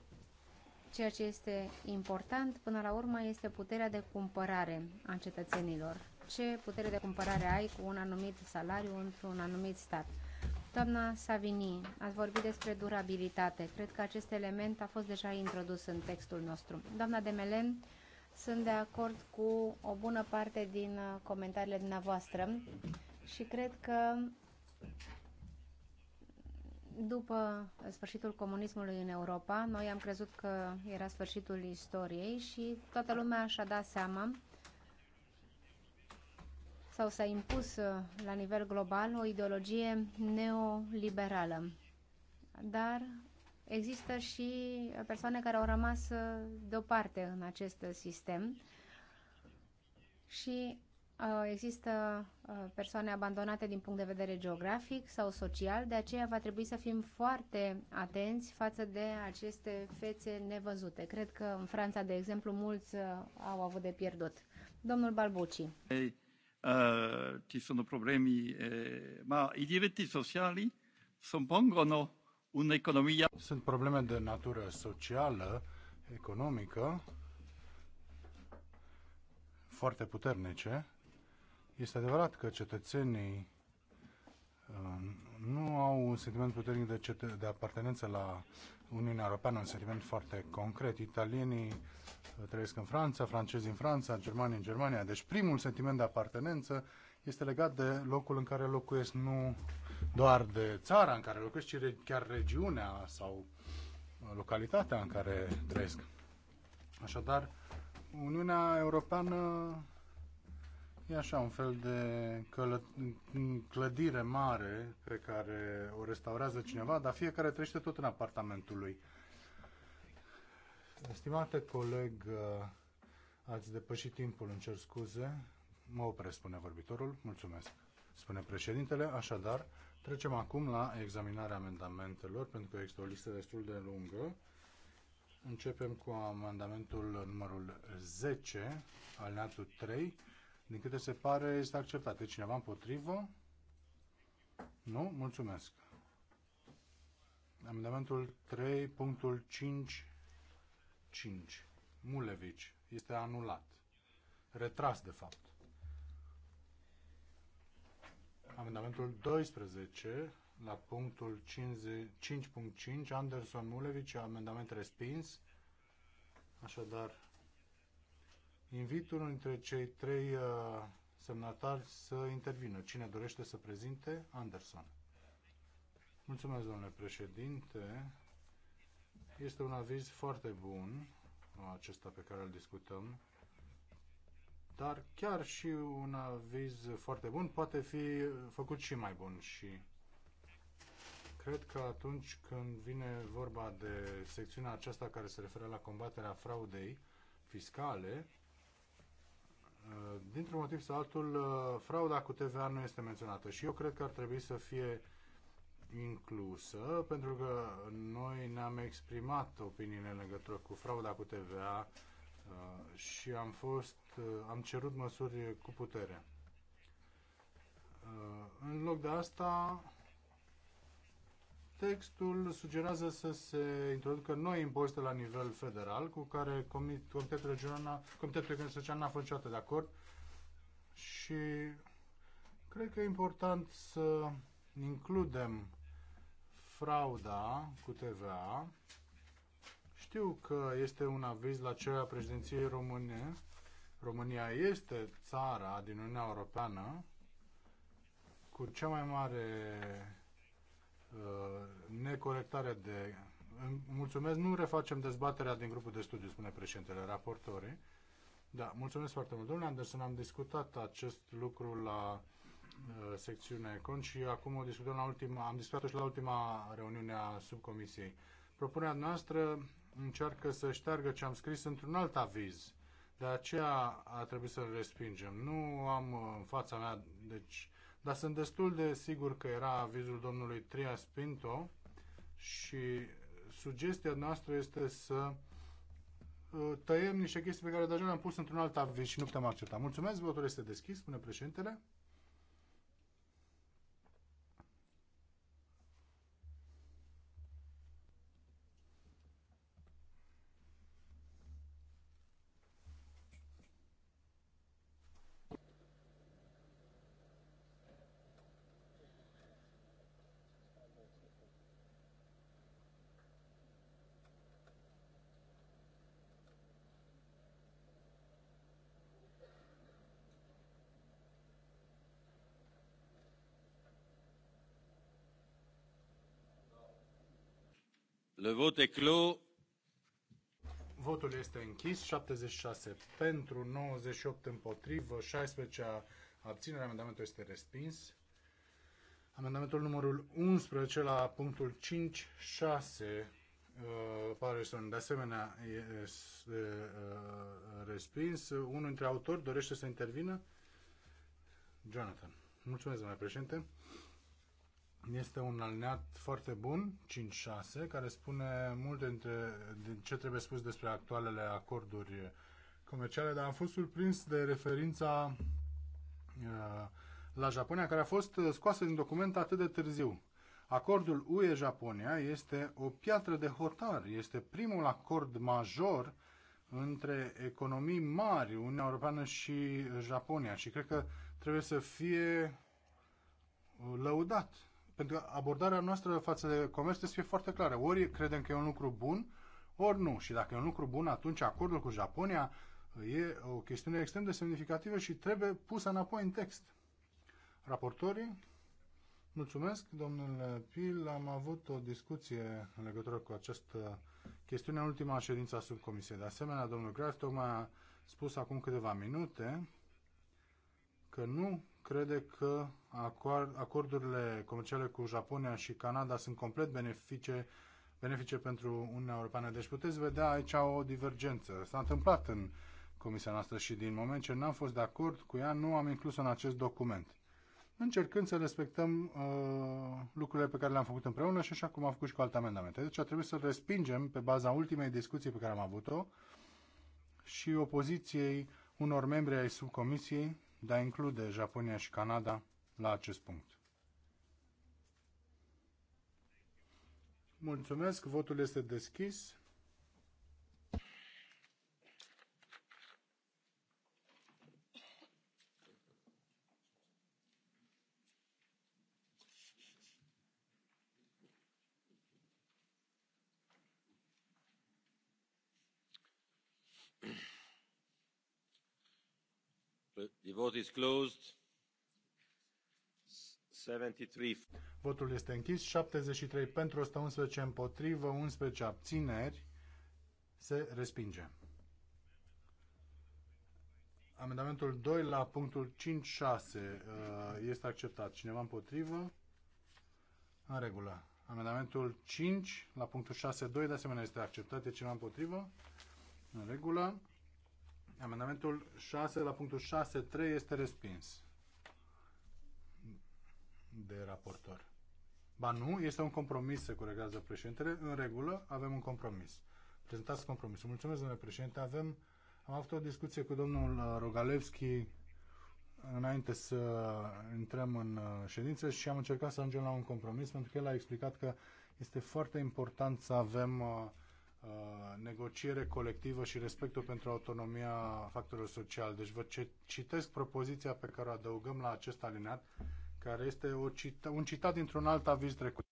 ceea ce este important până la urmă este puterea de cumpărare a cetățenilor. Ce putere de cumpărare ai cu un anumit salariu într-un anumit stat? Doamna Savini, ați vorbit despre durabilitate. Cred că acest element a fost deja introdus în textul nostru. Doamna Demelen sunt de acord cu o bună parte din uh, comentariile dumneavoastră și cred că după sfârșitul comunismului în Europa, noi am crezut că era sfârșitul istoriei și toată lumea și-a dat seama sau s-a impus uh, la nivel global o ideologie neoliberală. Dar există și persoane care au rămas uh, deoparte în acest sistem și uh, există uh, persoane abandonate din punct de vedere geografic sau social, de aceea va trebui să fim foarte atenți față de aceste fețe nevăzute. Cred că în Franța, de exemplu, mulți au avut de pierdut. Domnul Balbuci. Ci sono problemi, eh, ma i diritti sociali suppongono una economia... Sunt probleme de natură socială, economică, foarte puternice. Este adevărat că cetățenii uh, nu au un sentiment puternic de, cet- de apartenență la Uniunea Europeană, un sentiment foarte concret. Italienii uh, trăiesc în Franța, francezii în Franța, germanii în Germania. Deci primul sentiment de apartenență este legat de locul în care locuiesc, nu doar de țara în care locuiesc, ci chiar regiunea sau localitatea în care trăiesc. Așadar, Uniunea Europeană e așa un fel de călă- clădire mare pe care o restaurează cineva, dar fiecare trăiește tot în apartamentul lui. Estimate coleg, ați depășit timpul, îmi cer scuze. Mă opresc, spune vorbitorul. Mulțumesc, spune președintele. Așadar, Trecem acum la examinarea amendamentelor, pentru că există o listă destul de lungă. Începem cu amendamentul numărul 10, alineatul 3. Din câte se pare, este acceptat. E cineva împotrivă? Nu? Mulțumesc. Amendamentul 3.5.5. Mulevici. Este anulat. Retras, de fapt. Amendamentul 12 la punctul 5.5, Anderson Mulevici, amendament respins. Așadar, invit unul dintre cei trei uh, semnatari să intervină. Cine dorește să prezinte? Anderson. Mulțumesc, domnule președinte. Este un aviz foarte bun, acesta pe care îl discutăm. Dar chiar și un aviz foarte bun poate fi făcut și mai bun și cred că atunci când vine vorba de secțiunea aceasta care se referă la combaterea fraudei fiscale, eh, dintr-un motiv sau altul, eh, frauda cu TVA nu este menționată și eu cred că ar trebui să fie inclusă, pentru că noi ne-am exprimat opiniile în legătură cu frauda cu TVA Uh, și am fost, uh, am cerut măsuri cu putere. Uh, în loc de asta, textul sugerează să se introducă noi impozite la nivel federal, cu care Comitetul Regional, Comitetul regional Social n-a fost niciodată de acord și cred că e important să includem frauda cu TVA știu că este un aviz la cea președinției române. România este țara din Uniunea Europeană cu cea mai mare uh, necorectare de... Mulțumesc, nu refacem dezbaterea din grupul de studiu, spune președintele raportorii. Da, mulțumesc foarte mult. Domnule Anderson, am discutat acest lucru la uh, secțiunea Econ și acum o discutăm la ultima, am discutat și la ultima reuniune a subcomisiei. Propunerea noastră încearcă să șteargă ce am scris într-un alt aviz. De aceea a trebuit să-l respingem. Nu am uh, în fața mea, deci... Dar sunt destul de sigur că era avizul domnului Trias Pinto și sugestia noastră este să uh, tăiem niște chestii pe care deja le-am pus într-un alt aviz și nu putem accepta. Mulțumesc, votul este deschis, spune președintele. Le vote est clos. Votul este închis, 76 pentru, 98 împotrivă, 16 abținere, amendamentul este respins. Amendamentul numărul 11 la punctul 5, 6, uh, pare să de asemenea este uh, respins. Unul dintre autori dorește să intervină? Jonathan. Mulțumesc, domnule președinte. Este un alineat foarte bun, 5-6, care spune multe dintre din ce trebuie spus despre actualele acorduri comerciale, dar am fost surprins de referința uh, la Japonia, care a fost uh, scoasă din document atât de târziu. Acordul UE-Japonia este o piatră de hotar, este primul acord major între economii mari, Uniunea Europeană și Japonia și cred că trebuie să fie uh, lăudat pentru că abordarea noastră față de comerț trebuie să fie foarte clară. Ori credem că e un lucru bun, ori nu. Și dacă e un lucru bun, atunci acordul cu Japonia e o chestiune extrem de semnificativă și trebuie pusă înapoi în text. Raportorii? Mulțumesc, domnule Pil. Am avut o discuție în legătură cu această chestiune în ultima ședință a subcomisiei. De asemenea, domnul Graf tocmai a spus acum câteva minute că nu crede că acordurile comerciale cu Japonia și Canada sunt complet benefice, benefice pentru Uniunea Europeană. Deci puteți vedea aici o divergență. S-a întâmplat în comisia noastră și din moment ce n-am fost de acord cu ea, nu am inclus în acest document. Încercând să respectăm uh, lucrurile pe care le-am făcut împreună și așa cum am făcut și cu alte amendamente. Deci a trebuit să respingem pe baza ultimei discuții pe care am avut-o și opoziției unor membri ai subcomisiei de a include Japonia și Canada la acest punct. Mulțumesc, votul este deschis. Votul este închis. 73 pentru, 111 împotrivă, 11 abțineri. Se respinge. Amendamentul 2 la punctul 5.6 uh, este acceptat. Cineva împotrivă? În regulă. Amendamentul 5 la punctul 6.2 de asemenea este acceptat. E cineva împotrivă? În regulă. Amendamentul 6 la punctul 6.3 este respins de raportor. Ba nu, este un compromis, se corectează președintele. În regulă, avem un compromis. Prezentați compromisul. Mulțumesc, domnule președinte. Avem, am avut o discuție cu domnul uh, Rogalevski înainte să intrăm în uh, ședință și am încercat să ajungem la un compromis pentru că el a explicat că este foarte important să avem uh, Uh, negociere colectivă și respectul pentru autonomia factorilor sociali. Deci vă citesc propoziția pe care o adăugăm la acest alineat, care este o cita, un citat dintr-un alt aviz trecut.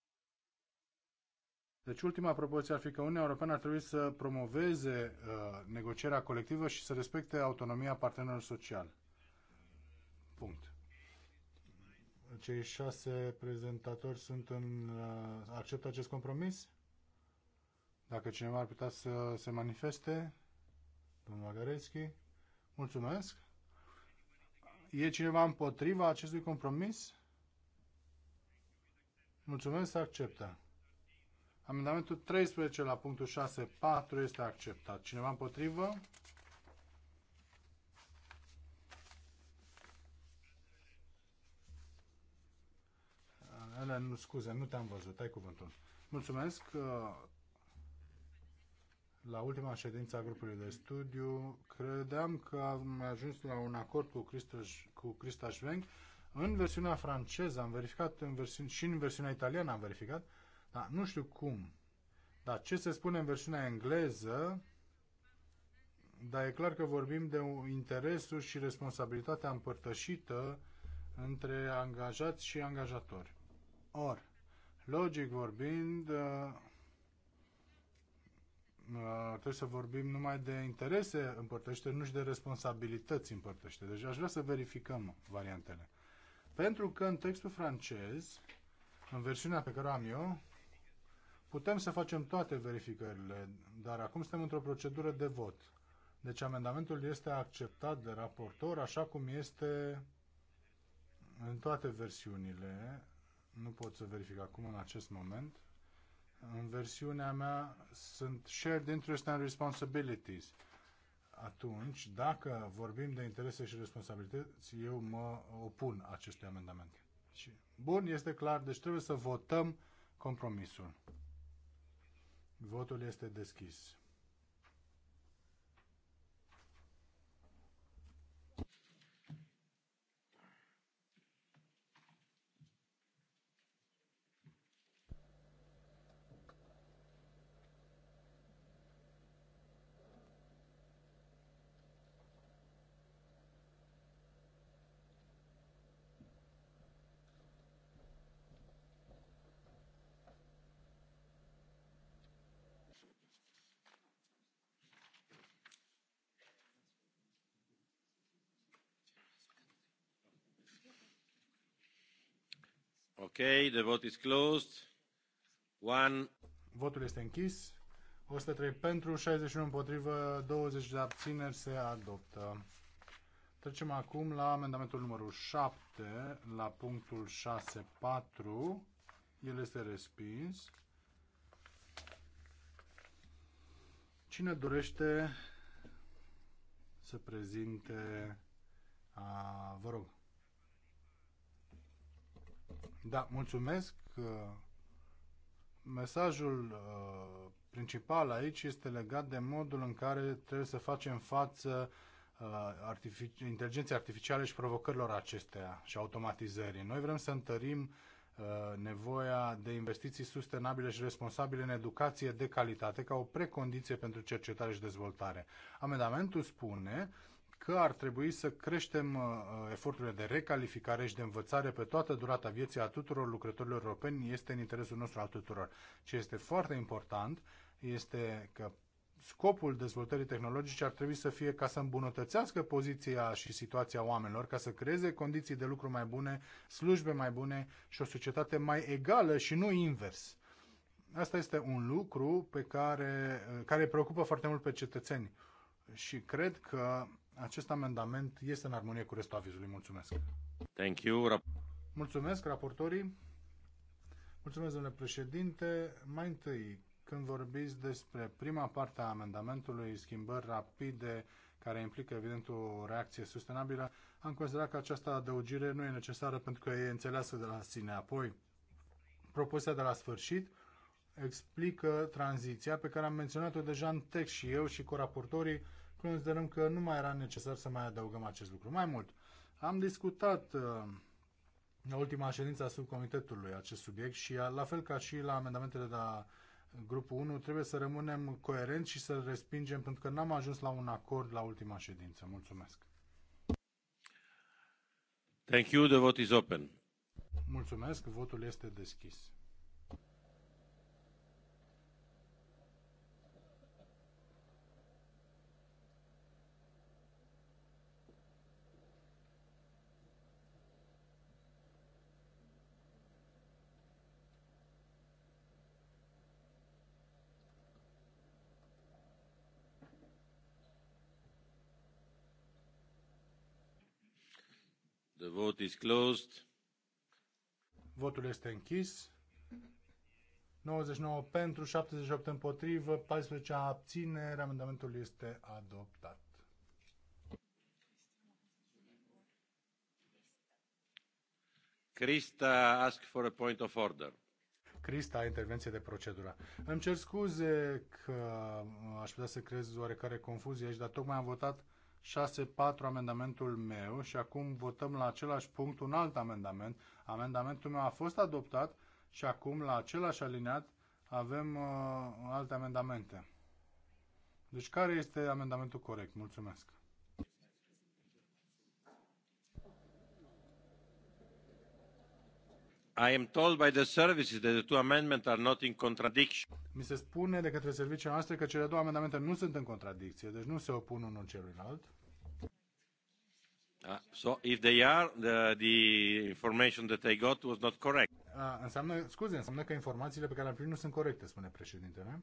Deci ultima propoziție ar fi că Uniunea Europeană ar trebui să promoveze uh, negocierea colectivă și să respecte autonomia partenerilor sociali. Punct. Cei șase prezentatori sunt în, uh, acceptă acest compromis? Dacă cineva ar putea să se manifeste, domnul Agarețchi, mulțumesc. E cineva împotriva acestui compromis? Mulțumesc, acceptă. Amendamentul 13 la punctul 6.4 este acceptat. Cineva împotrivă? Ele, nu, scuze, nu te-am văzut, ai cuvântul. Mulțumesc. Uh, la ultima ședință a grupului de studiu, credeam că am ajuns la un acord cu, Christa, cu Christa Schwenk. În versiunea franceză am verificat, în versiune, și în versiunea italiană am verificat, dar nu știu cum. Dar ce se spune în versiunea engleză, dar e clar că vorbim de interesul și responsabilitatea împărtășită între angajați și angajatori. Or, logic vorbind, Uh, trebuie să vorbim numai de interese împărtășite, nu și de responsabilități împărtășite. Deci aș vrea să verificăm variantele. Pentru că în textul francez, în versiunea pe care o am eu, putem să facem toate verificările, dar acum suntem într-o procedură de vot. Deci amendamentul este acceptat de raportor așa cum este în toate versiunile. Nu pot să verific acum în acest moment. În versiunea mea sunt shared interest and responsibilities. Atunci, dacă vorbim de interese și responsabilități, eu mă opun acestui amendament. Bun, este clar, deci trebuie să votăm compromisul. Votul este deschis. Ok, the vote is closed. One. Votul este închis. 103 pentru, 61 împotrivă, 20 de abțineri se adoptă. Trecem acum la amendamentul numărul 7, la punctul 6.4. El este respins. Cine dorește să prezinte... A, vă rog. Da, mulțumesc. Uh, mesajul uh, principal aici este legat de modul în care trebuie să facem față uh, artific- inteligenței artificiale și provocărilor acestea și automatizării. Noi vrem să întărim nevoia de investiții sustenabile și responsabile în educație de calitate ca o precondiție pentru cercetare și dezvoltare. Amendamentul spune uh, că ar trebui să creștem uh, eforturile de recalificare și de învățare pe toată durata vieții a tuturor lucrătorilor europeni. Este în interesul nostru al tuturor. Ce este foarte important este că scopul dezvoltării tehnologice ar trebui să fie ca să îmbunătățească poziția și situația oamenilor, ca să creeze condiții de lucru mai bune, slujbe mai bune și o societate mai egală și nu invers. Asta este un lucru pe care, care preocupă foarte mult pe cetățeni și cred că acest amendament este în armonie cu restul avizului. Mulțumesc. Thank you. Mulțumesc, raportorii. Mulțumesc, domnule președinte. Mai întâi, când vorbiți despre prima parte a amendamentului, schimbări rapide, care implică, evident, o reacție sustenabilă, am considerat că această adăugire nu e necesară pentru că e înțeleasă de la sine. Apoi, propoziția de la sfârșit explică tranziția pe care am menționat-o deja în text și eu și cu raportorii considerăm că nu mai era necesar să mai adăugăm acest lucru. Mai mult, am discutat uh, la ultima ședință a subcomitetului acest subiect și uh, la fel ca și la amendamentele de la grupul 1, trebuie să rămânem coerenți și să-l respingem pentru că n-am ajuns la un acord la ultima ședință. Mulțumesc. Thank you. The vote is open. Mulțumesc. Votul este deschis. Vote is closed. Votul este închis. 99 pentru, 78 împotrivă, 14 abțineri. Amendamentul este adoptat. Crista ask for a point of order. Crista, intervenție de procedură. Îmi cer scuze că aș putea să creez oarecare confuzie aici, dar tocmai am votat 6.4 amendamentul meu și acum votăm la același punct un alt amendament. Amendamentul meu a fost adoptat și acum la același aliniat avem uh, alte amendamente. Deci care este amendamentul corect? Mulțumesc. I am told by the services that the two amendments are not in contradiction. Mi se spune de către serviciile noastre că cele două amendamente nu sunt în contradicție, deci nu se opun unul celuilalt. Uh, so if they are, the, the information that I got was not correct. Uh, înseamnă, scuze, înseamnă că informațiile pe care le-am primit nu sunt corecte, spune președintele.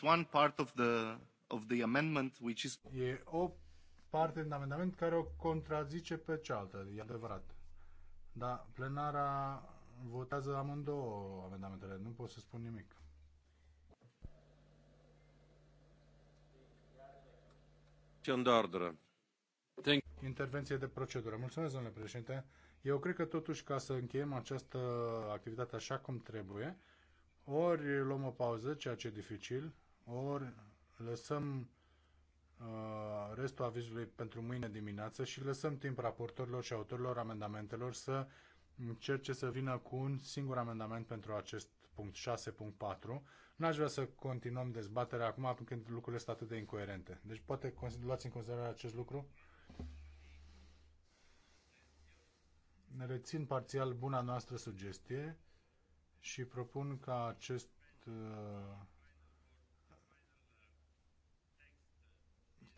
It's one part of the, of the amendment which is... E o parte din amendament care o contrazice pe cealaltă, e adevărat. Dar plenara votează amândouă amendamentele, nu pot să spun nimic. de ordine. Intervenție de procedură. Mulțumesc, domnule președinte. Eu cred că totuși ca să încheiem această activitate așa cum trebuie, ori luăm o pauză, ceea ce e dificil, ori lăsăm uh, restul avizului pentru mâine dimineață și lăsăm timp raportorilor și autorilor amendamentelor să încerce să vină cu un singur amendament pentru acest punct 6.4. N-aș vrea să continuăm dezbaterea acum când lucrurile sunt atât de incoerente. Deci poate luați în considerare acest lucru. Ne rețin parțial buna noastră sugestie și propun ca acest uh,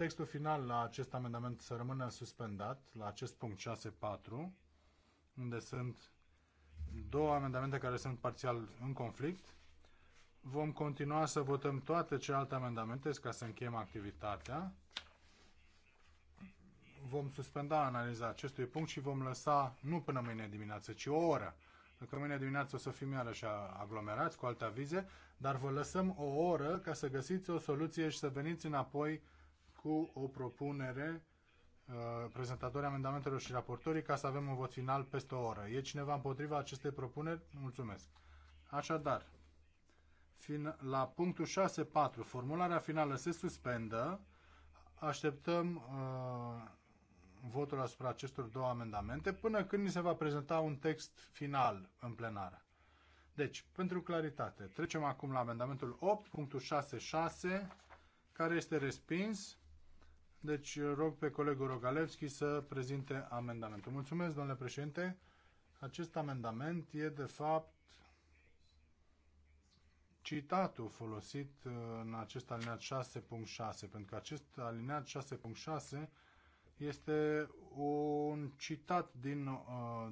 textul final la acest amendament să rămână suspendat, la acest punct 6.4, unde sunt două amendamente care sunt parțial în conflict. Vom continua să votăm toate celelalte amendamente ca să încheiem activitatea. Vom suspenda analiza acestui punct și vom lăsa, nu până mâine dimineață, ci o oră. Că mâine dimineață o să fim iarăși aglomerați cu alte avize, dar vă lăsăm o oră ca să găsiți o soluție și să veniți înapoi cu o propunere uh, prezentatorii amendamentelor și raportorii ca să avem un vot final peste o oră. E cineva împotriva acestei propuneri? Mulțumesc. Așadar, fin, la punctul 6.4, formularea finală se suspendă. Așteptăm uh, votul asupra acestor două amendamente până când ni se va prezenta un text final în plenară. Deci, pentru claritate, trecem acum la amendamentul 8.66, care este respins deci rog pe colegul Rogalevski să prezinte amendamentul. Mulțumesc, domnule președinte. Acest amendament e, de fapt, citatul folosit uh, în acest alineat 6.6, pentru că acest alineat 6.6 este un citat din, uh,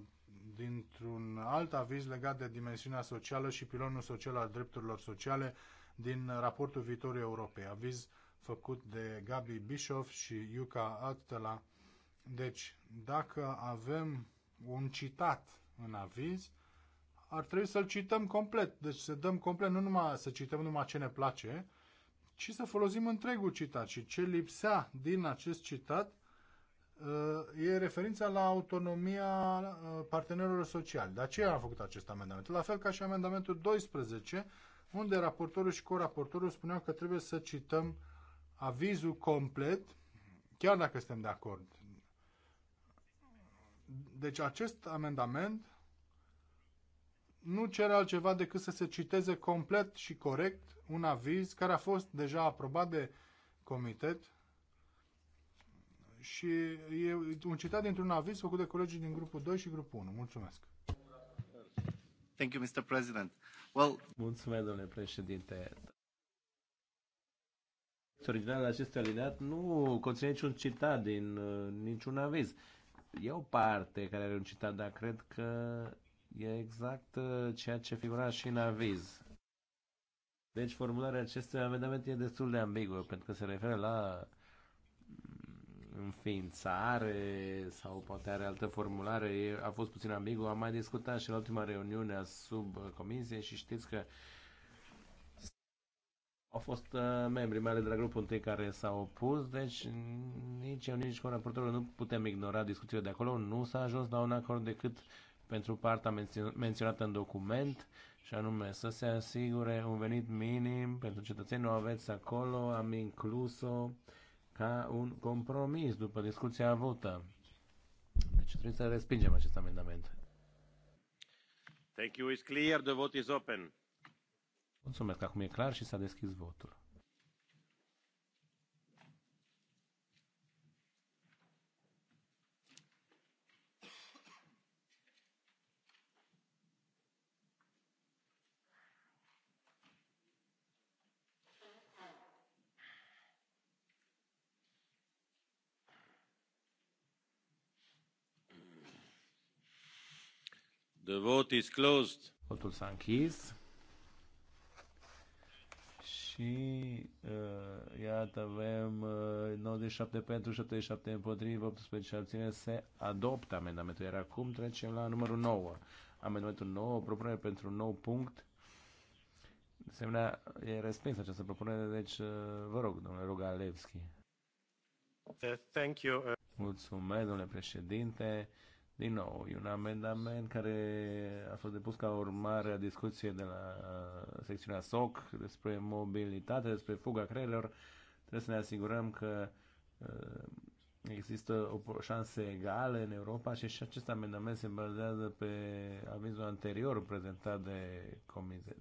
dintr-un alt aviz legat de dimensiunea socială și pilonul social al drepturilor sociale din raportul viitorului Europei. Aviz făcut de Gabi Bischoff și Yuka Aktela. Deci, dacă avem un citat în aviz, ar trebui să-l cităm complet. Deci să dăm complet, nu numai să cităm numai ce ne place, ci să folosim întregul citat. Și ce lipsea din acest citat uh, e referința la autonomia uh, partenerilor sociali. De aceea am făcut acest amendament. La fel ca și amendamentul 12, unde raportorul și coraportorul spuneau că trebuie să cităm avizul complet, chiar dacă suntem de acord. Deci acest amendament nu cere altceva decât să se citeze complet și corect un aviz care a fost deja aprobat de comitet și e un citat dintr-un aviz făcut de colegii din grupul 2 și grupul 1. Mulțumesc. Thank you, Mr. President. Well... Mulțumesc, domnule președinte original acest alineat nu conține niciun citat din uh, niciun aviz. E o parte care are un citat, dar cred că e exact uh, ceea ce figura și în aviz. Deci formularea acestui amendament e destul de ambiguă, pentru că se referă la mm, înființare sau poate are altă formulare, a fost puțin ambiguă. am mai discutat și la ultima reuniune a subcomisiei uh, și știți că uh, au fost uh, membrii mai ales de la grupul întâi, care s-au opus, deci nici eu, nici cu raportorul nu putem ignora discuțiile de acolo. Nu s-a ajuns la un acord decât pentru partea menționată în document, și anume să se asigure un venit minim pentru cetățenii. Nu aveți acolo, am inclus-o ca un compromis după discuția avută. Deci trebuie să respingem acest amendament. Thank you. It's clear. The vote is open. Mulțumesc, acum e clar și s-a deschis votul. The vote is closed. Votul s-a închis și uh, iată avem uh, 97 pentru, 77 împotrivă, 18 abține, se adoptă amendamentul. Iar acum trecem la numărul 9. Amendamentul 9, propunere pentru un nou punct. De asemenea, e respins această propunere, deci uh, vă rog, domnule Rogalevski. Uh, thank you. Uh... Mulțumesc, domnule președinte. Uh, din nou, e un amendament care a fost depus ca urmare a discuției de la secțiunea SOC despre mobilitate, despre fuga creierilor. Trebuie să ne asigurăm că uh, există o șanse egale în Europa și și acest amendament se bazează pe avizul anterior prezentat de comitet.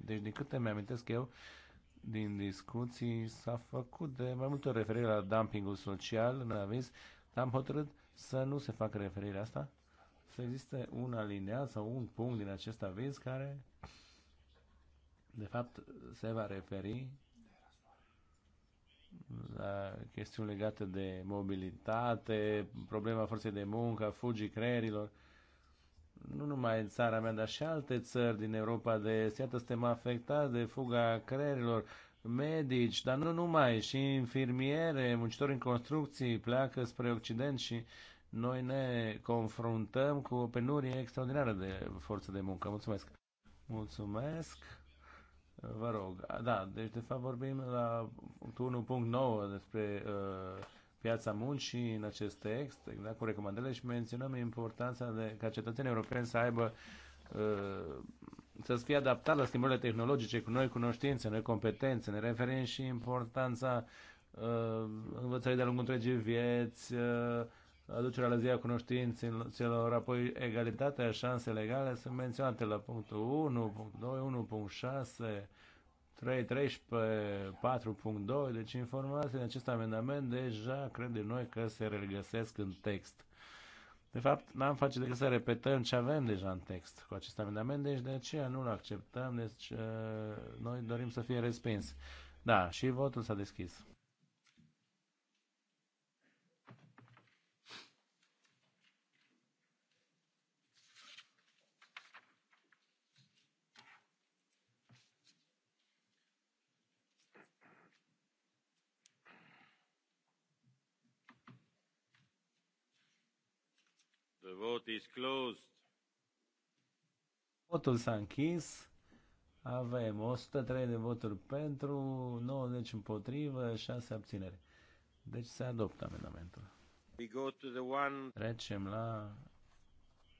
Deci, din câte mi-amintesc eu, din discuții s-a făcut de mai multe referire la dumpingul social în aviz, dar am hotărât să nu se facă referire asta, să existe un alineat sau un punct din acest aviz care, de fapt, se va referi la chestiuni legate de mobilitate, problema forței de muncă, fugii creierilor, nu numai în țara mea, dar și alte țări din Europa de est, iată, suntem afectați de fuga creierilor, medici, dar nu numai, și infirmiere, muncitori în construcții pleacă spre Occident și noi ne confruntăm cu o penurie extraordinară de forță de muncă. Mulțumesc! Mulțumesc! Vă rog, da, deci de fapt vorbim la 1.9 despre uh, piața muncii în acest text, da, cu recomandările și menționăm importanța de ca cetățenii europeni să aibă uh, să fie adaptat la schimbările tehnologice cu noi cunoștințe, noi competențe. Ne referim și importanța uh, învățării de-a lungul întregii vieți, uh, aducerea la zi a cunoștințelor, apoi egalitatea, șanse legale sunt menționate la punctul 1, punctul 2, 1, punctul 6, 3, 13, 4.2, deci informații în acest amendament deja credem noi că se regăsesc în text. De fapt, n-am face decât să repetăm ce avem deja în text cu acest amendament, deci de aceea nu-l acceptăm, deci uh, noi dorim să fie respins. Da, și votul s-a deschis. The vote is closed. Votul s-a închis. Avem 103 de voturi pentru, 90 deci împotrivă, 6 abțineri. Deci se adoptă amendamentul. We go to the one... Trecem la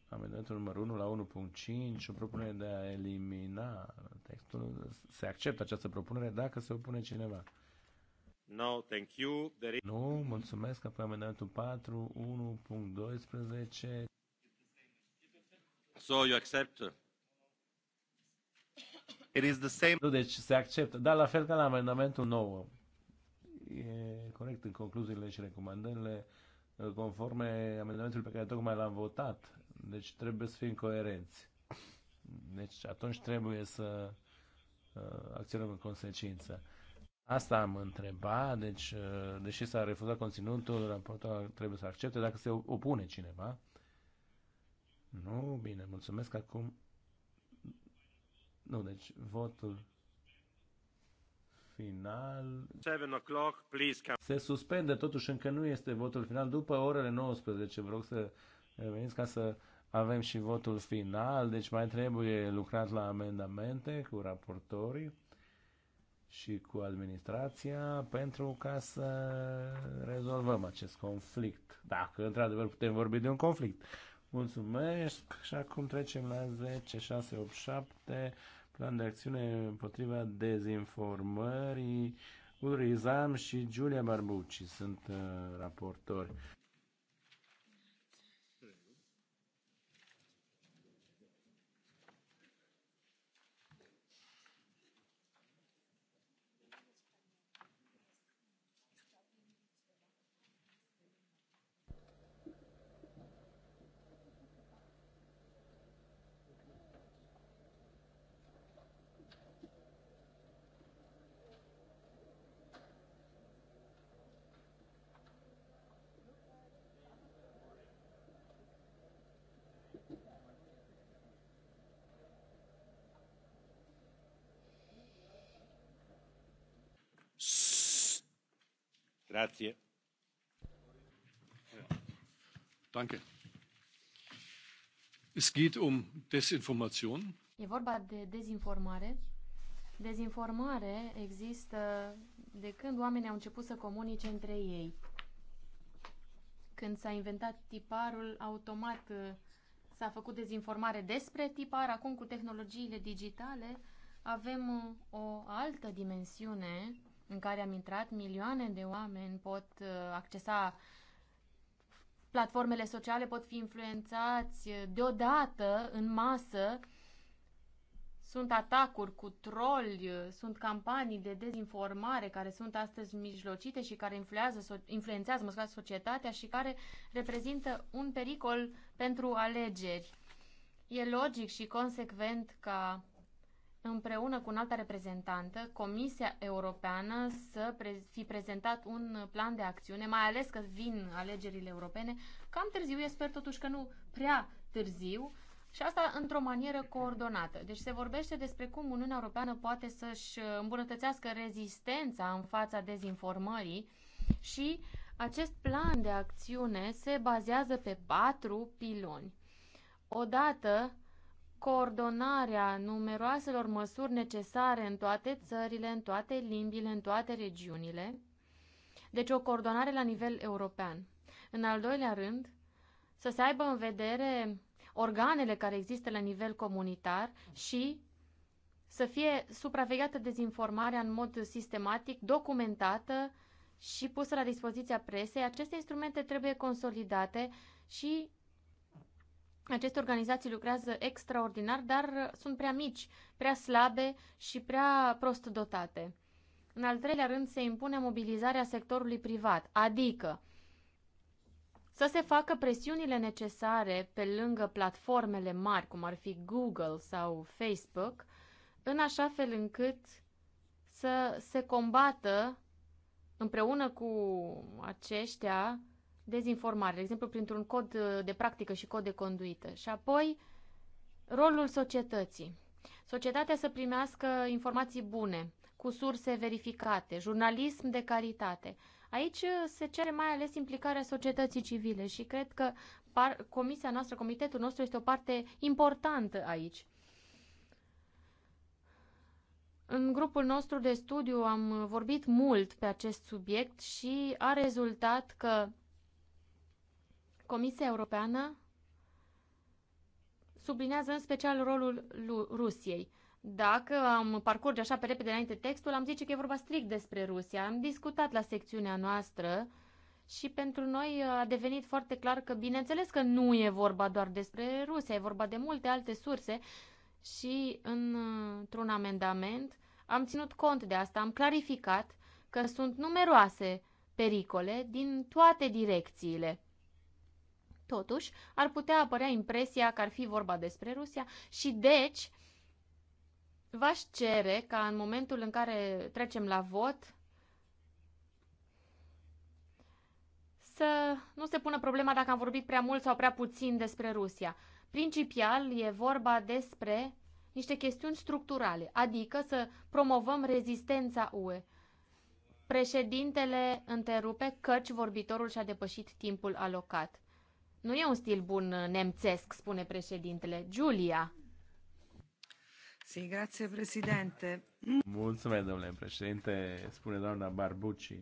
amendamentul numărul 1 la 1.5, o propunere de a elimina textul. Se acceptă această propunere dacă se opune cineva. No, thank you. There... Nu, mulțumesc. pe amendamentul 4, 1.12. So you accept? It is the same. Nu, deci se acceptă. Dar la fel ca la amendamentul 9. E corect în concluziile și recomandările conforme amendamentului pe care tocmai l-am votat. Deci trebuie să fim coerenți. Deci atunci trebuie să uh, acționăm în consecință. Asta am întrebat, deci, uh, deși s-a refuzat conținutul, raportul trebuie să accepte dacă se opune cineva. Nu, bine, mulțumesc acum. Nu, deci votul final. 7 o'clock, please come. Se suspendă, totuși încă nu este votul final. După orele 19, vă rog să veniți ca să avem și votul final, deci mai trebuie lucrat la amendamente cu raportorii și cu administrația pentru ca să rezolvăm acest conflict. Dacă într-adevăr putem vorbi de un conflict. Mulțumesc și acum trecem la 10, 6, 8, 7, plan de acțiune împotriva dezinformării. Ulrizam și Giulia Barbucci sunt uh, raportori. Um e vorba de dezinformare. Dezinformare există de când oamenii au început să comunice între ei. Când s-a inventat tiparul, automat uh, s-a făcut dezinformare despre tipar. Acum, cu tehnologiile digitale, avem uh, o altă dimensiune în care am intrat, milioane de oameni pot uh, accesa platformele sociale, pot fi influențați uh, deodată, în masă. Sunt atacuri cu troli, uh, sunt campanii de dezinformare care sunt astăzi mijlocite și care influează, influențează mă scuze, societatea și care reprezintă un pericol pentru alegeri. E logic și consecvent ca împreună cu un altă reprezentantă, Comisia Europeană să pre- fi prezentat un plan de acțiune, mai ales că vin alegerile europene, cam târziu, eu sper totuși că nu prea târziu, și asta într-o manieră coordonată. Deci se vorbește despre cum Uniunea Europeană poate să-și îmbunătățească rezistența în fața dezinformării și acest plan de acțiune se bazează pe patru piloni. Odată, coordonarea numeroaselor măsuri necesare în toate țările, în toate limbile, în toate regiunile, deci o coordonare la nivel european. În al doilea rând, să se aibă în vedere organele care există la nivel comunitar și să fie supravegheată dezinformarea în mod sistematic, documentată și pusă la dispoziția presei. Aceste instrumente trebuie consolidate și aceste organizații lucrează extraordinar, dar sunt prea mici, prea slabe și prea prost dotate. În al treilea rând, se impune mobilizarea sectorului privat, adică să se facă presiunile necesare pe lângă platformele mari, cum ar fi Google sau Facebook, în așa fel încât să se combată împreună cu aceștia dezinformare, de exemplu printr-un cod uh, de practică și cod de conduită. Și apoi rolul societății. Societatea să primească informații bune, cu surse verificate, jurnalism de calitate. Aici uh, se cere mai ales implicarea societății civile și cred că par, comisia noastră, comitetul nostru este o parte importantă aici. În grupul nostru de studiu am vorbit mult pe acest subiect și a rezultat că Comisia Europeană sublinează în special rolul Rusiei. Dacă am parcurge așa pe repede înainte textul, am zice că e vorba strict despre Rusia. Am discutat la secțiunea noastră și pentru noi a devenit foarte clar că, bineînțeles că nu e vorba doar despre Rusia, e vorba de multe alte surse și într-un amendament am ținut cont de asta, am clarificat că sunt numeroase pericole din toate direcțiile. Totuși, ar putea apărea impresia că ar fi vorba despre Rusia și deci v-aș cere ca în momentul în care trecem la vot să nu se pună problema dacă am vorbit prea mult sau prea puțin despre Rusia. Principial e vorba despre niște chestiuni structurale, adică să promovăm rezistența UE. Președintele întrerupe căci vorbitorul și-a depășit timpul alocat. Nu e un stil bun uh, nemțesc, spune președintele. Giulia. Si, grazie, președinte. Mulțumesc, domnule președinte, spune doamna Barbucci.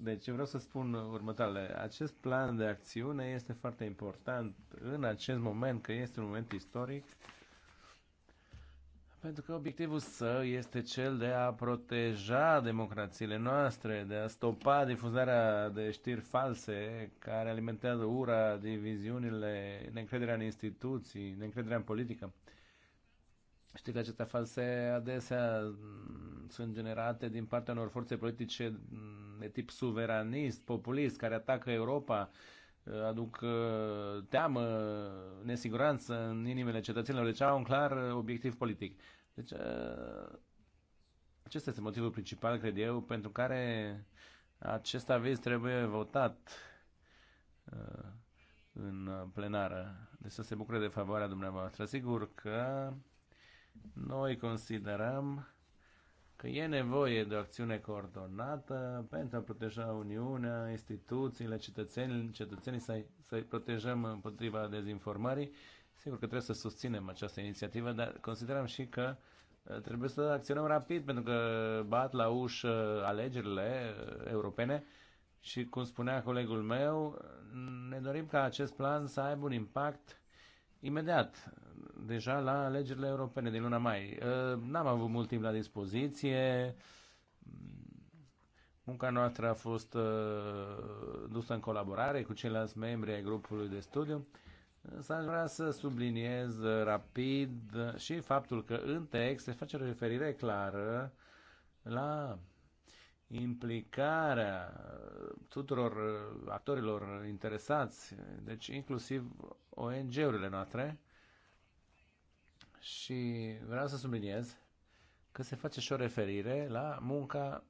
Deci vreau să spun următoarele. Acest plan de acțiune este foarte important în acest moment, că este un moment istoric pentru că obiectivul său este cel de a proteja democrațiile noastre, de a stopa difuzarea de știri false care alimentează ura, diviziunile, neîncrederea în instituții, neîncrederea în politică. Știi că acestea false adesea sunt generate din partea unor forțe politice de tip suveranist, populist, care atacă Europa Uh, aduc uh, teamă, nesiguranță în inimile cetățenilor. Deci au un clar uh, obiectiv politic. Deci acesta este motivul principal, cred eu, pentru care acest aviz trebuie votat în plenară. Deci să se bucure de favoarea dumneavoastră. Sigur că noi considerăm că e nevoie de o acțiune coordonată pentru a proteja Uniunea, instituțiile, cetățenii, cetățenii să-i, să protejăm împotriva dezinformării. Sigur că trebuie să susținem această inițiativă, dar considerăm și că uh, trebuie să acționăm rapid, pentru că bat la ușă alegerile uh, europene și, cum spunea colegul meu, uh, ne dorim ca acest plan să aibă un impact imediat, deja la alegerile europene din luna mai. Ă, n-am avut mult timp la dispoziție. Munca noastră a fost ă, dusă în colaborare cu ceilalți membri ai grupului de studiu. Însă aș vrea să subliniez rapid și faptul că în text se face o referire clară la implicarea uh, tuturor uh, actorilor interesați, deci inclusiv ONG-urile noastre. Și vreau să subliniez că se face și o referire la munca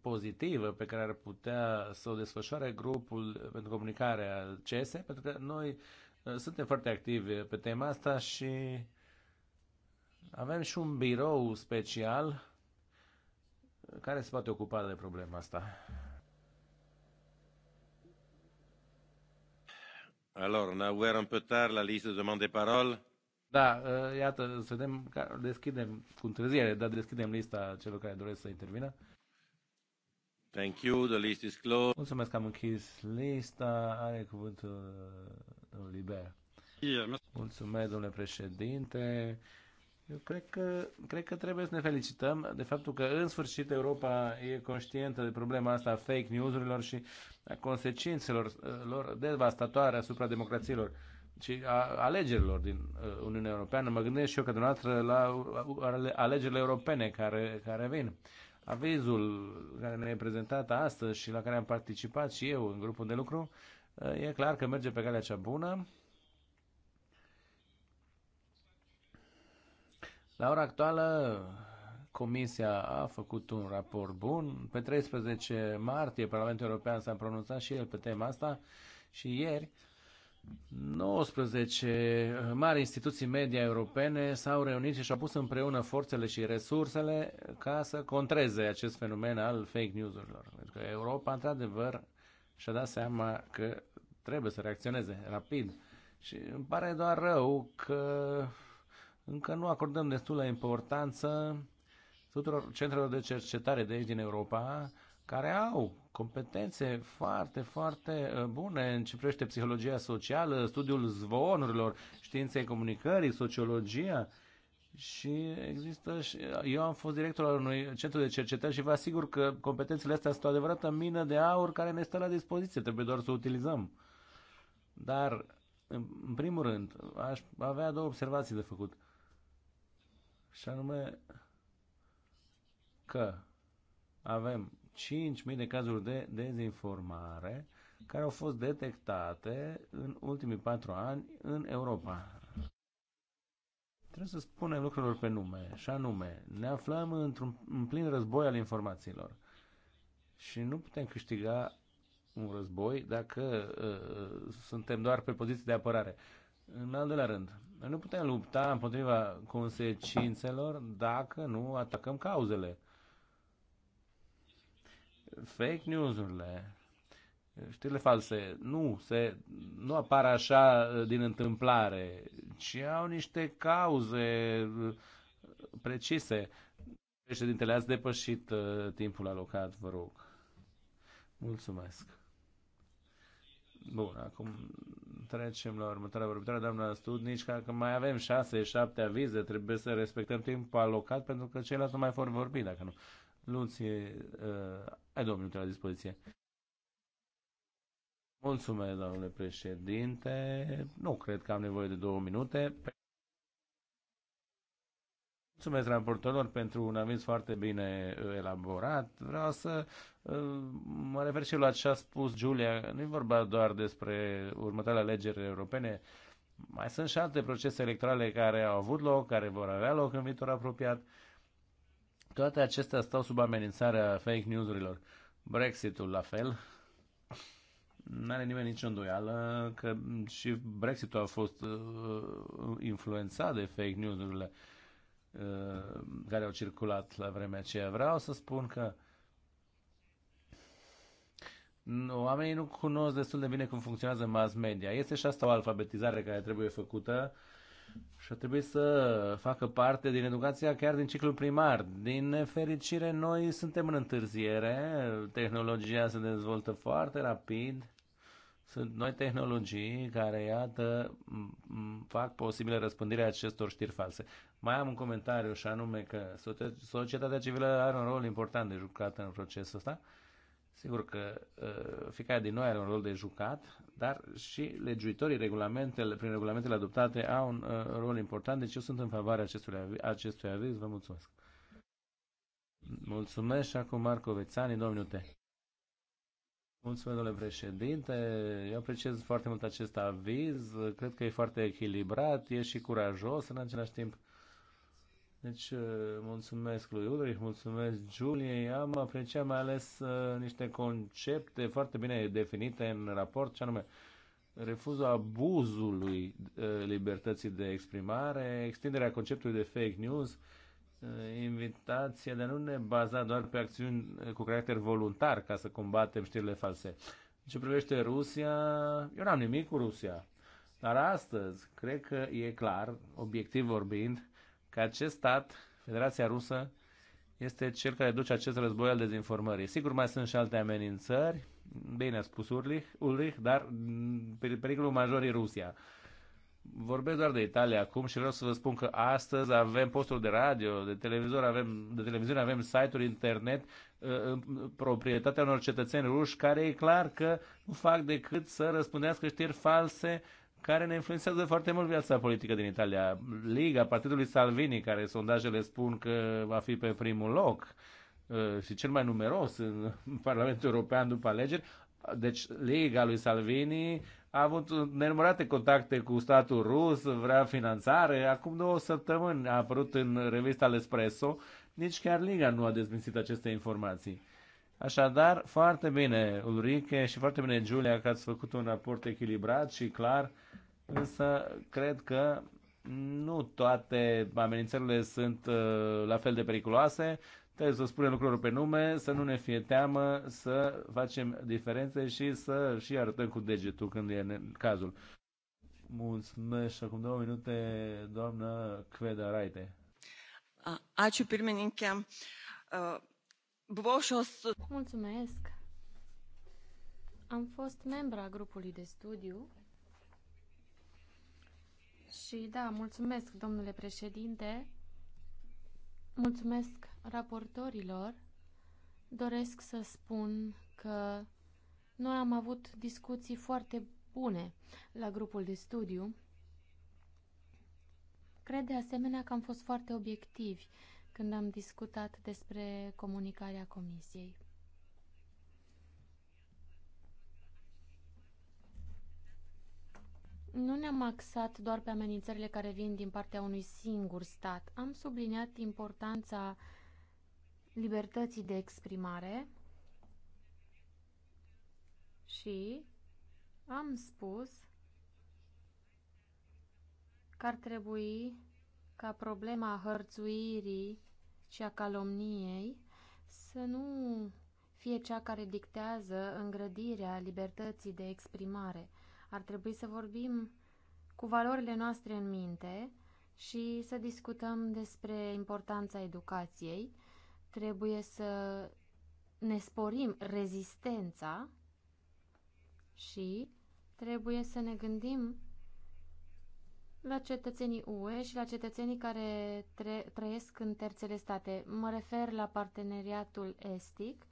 pozitivă pe care ar putea să o desfășoare grupul pentru comunicare al CESE, pentru că noi uh, suntem foarte activi pe tema asta și avem și un birou special care se poate ocupa de problema asta? Alors, on a ouvert un peu tard la liste de demandes de parole. Da, ă, iată, să vedem, deschidem cu întârziere, dar deschidem lista celor care doresc să intervină. Thank you, the list is closed. Mulțumesc că am închis lista, are cuvântul uh, liber. Mulțumesc, domnule președinte. Eu cred că, cred că trebuie să ne felicităm de faptul că în sfârșit Europa e conștientă de problema asta a fake news-urilor și a consecințelor uh, lor devastatoare asupra democrațiilor și a alegerilor din uh, Uniunea Europeană. Mă gândesc și eu că dumneavoastră la uh, alegerile europene care, care vin. Avizul care ne-a prezentat astăzi și la care am participat și eu în grupul de lucru, e clar că merge pe calea cea bună La ora actuală, Comisia a făcut un raport bun. Pe 13 martie, Parlamentul European s-a pronunțat și el pe tema asta și ieri 19 mari instituții media europene s-au reunit și și-au pus împreună forțele și resursele ca să contreze acest fenomen al fake news-urilor. Pentru că Europa, într-adevăr, și-a dat seama că trebuie să reacționeze rapid. Și îmi pare doar rău că încă nu acordăm destulă importanță tuturor centrelor de cercetare de aici din Europa, care au competențe foarte, foarte uh, bune în ce privește psihologia socială, studiul zvonurilor, științei comunicării, sociologia. Și există, și uh, eu am fost director al unui centru de cercetare și vă asigur că competențele astea sunt o adevărată mină de aur care ne stă la dispoziție, trebuie doar să o utilizăm. Dar, în primul rând, aș avea două observații de făcut și anume că avem 5.000 de cazuri de dezinformare care au fost detectate în ultimii patru ani în Europa. Trebuie să spunem lucrurilor pe nume, și anume, ne aflăm într-un în plin război al informațiilor și nu putem câștiga un război dacă uh, uh suntem doar pe poziții de apărare. În al doilea rând, nu putem lupta împotriva consecințelor dacă nu atacăm cauzele. Fake news-urile, știrile false, nu, se, nu apar așa uh, din întâmplare, ci au niște cauze uh, precise. Președintele, ați depășit uh, timpul alocat, vă rog. Mulțumesc. Bun, acum trecem la următoarea vorbitoare, doamna Studnici, că mai avem șase, șapte avize, trebuie să respectăm timpul alocat pentru că ceilalți nu mai vor vorbi, dacă nu. Luție, uh, ai două minute la dispoziție. Mulțumesc, domnule președinte. Nu cred că am nevoie de două minute. Mulțumesc raportorilor pentru un aviz foarte bine uh, elaborat. Vreau să uh, mă refer și la ce a spus Giulia. Nu e vorba doar despre următoarele alegeri europene. Mai sunt și alte procese electorale care au avut loc, care vor avea loc în viitor apropiat. Toate acestea stau sub amenințarea fake news-urilor. Brexitul la fel. N-are nimeni nicio îndoială că și Brexitul a fost uh, influențat de fake news-urile. Uh, care au circulat la vremea aceea. Vreau să spun că nu, oamenii nu cunosc destul de bine cum funcționează mass media. Este și asta o alfabetizare care trebuie făcută și trebuie să facă parte din educația chiar din ciclul primar. Din nefericire, noi suntem în întârziere, tehnologia se dezvoltă foarte rapid, sunt noi tehnologii care, iată, fac posibilă răspândirea acestor știri false. Mai am un comentariu și anume că societatea civilă are un rol important de jucat în procesul ăsta. Sigur că uh, fiecare din noi are un rol de jucat, dar și legiuitorii regulamentele, prin regulamentele adoptate au un uh, rol important, deci eu sunt în favoarea acestui, acestui aviz. Vă mulțumesc. Mulțumesc și acum Marco Vețani, domnul minute. Mulțumesc, domnule președinte. Eu apreciez foarte mult acest aviz. Cred că e foarte echilibrat, e și curajos în același timp. Deci, uh, mulțumesc lui Ulrich, mulțumesc Juliei. Am apreciat mai ales uh, niște concepte foarte bine definite în raport, ce anume refuzul abuzului uh, libertății de exprimare, extinderea conceptului de fake news, invitația de a nu ne baza doar pe acțiuni cu caracter voluntar ca să combatem știrile false. În ce privește Rusia, eu n-am nimic cu Rusia. Dar astăzi, cred că e clar, obiectiv vorbind, că acest stat, Federația Rusă, este cel care duce acest război al dezinformării. Sigur, mai sunt și alte amenințări, bine a spus Ulrich, Ulrich dar mm, pericolul major e Rusia. Vorbesc doar de Italia acum și vreau să vă spun că astăzi avem posturi de radio, de televizor, avem, de televiziune, avem site-uri internet, uh, uh, proprietatea unor cetățeni ruși care e clar că nu fac decât să răspundească știri false care ne influențează foarte mult viața politică din Italia. Liga partidului Salvini, care sondajele spun că va fi pe primul loc uh, și cel mai numeros în [LAUGHS] Parlamentul European după alegeri, deci Liga lui Salvini a avut nenumărate contacte cu statul rus, vrea finanțare. Acum două săptămâni a apărut în revista L'Espresso. Nici chiar Liga nu a dezmințit aceste informații. Așadar, foarte bine, Ulrike, și foarte bine, Giulia, că ați făcut un raport echilibrat și clar, însă cred că nu toate amenințările sunt uh, la fel de periculoase. Trebuie să spunem lucrurile pe nume, să nu ne fie teamă, să facem diferențe și să și arătăm cu degetul când e cazul. Mulțumesc acum două minute, doamnă Kveda Raite. Ačiū pirmininkė. Mulțumesc! Am fost membra grupului de studiu și da, mulțumesc, domnule președinte, mulțumesc raportorilor. Doresc să spun că noi am avut discuții foarte bune la grupul de studiu. Cred de asemenea că am fost foarte obiectivi când am discutat despre comunicarea Comisiei. Nu ne-am axat doar pe amenințările care vin din partea unui singur stat. Am subliniat importanța libertății de exprimare și am spus că ar trebui ca problema hărțuirii și a calomniei să nu fie cea care dictează îngrădirea libertății de exprimare. Ar trebui să vorbim cu valorile noastre în minte și să discutăm despre importanța educației. Trebuie să ne sporim rezistența și trebuie să ne gândim la cetățenii UE și la cetățenii care trăiesc în terțele state. Mă refer la parteneriatul estic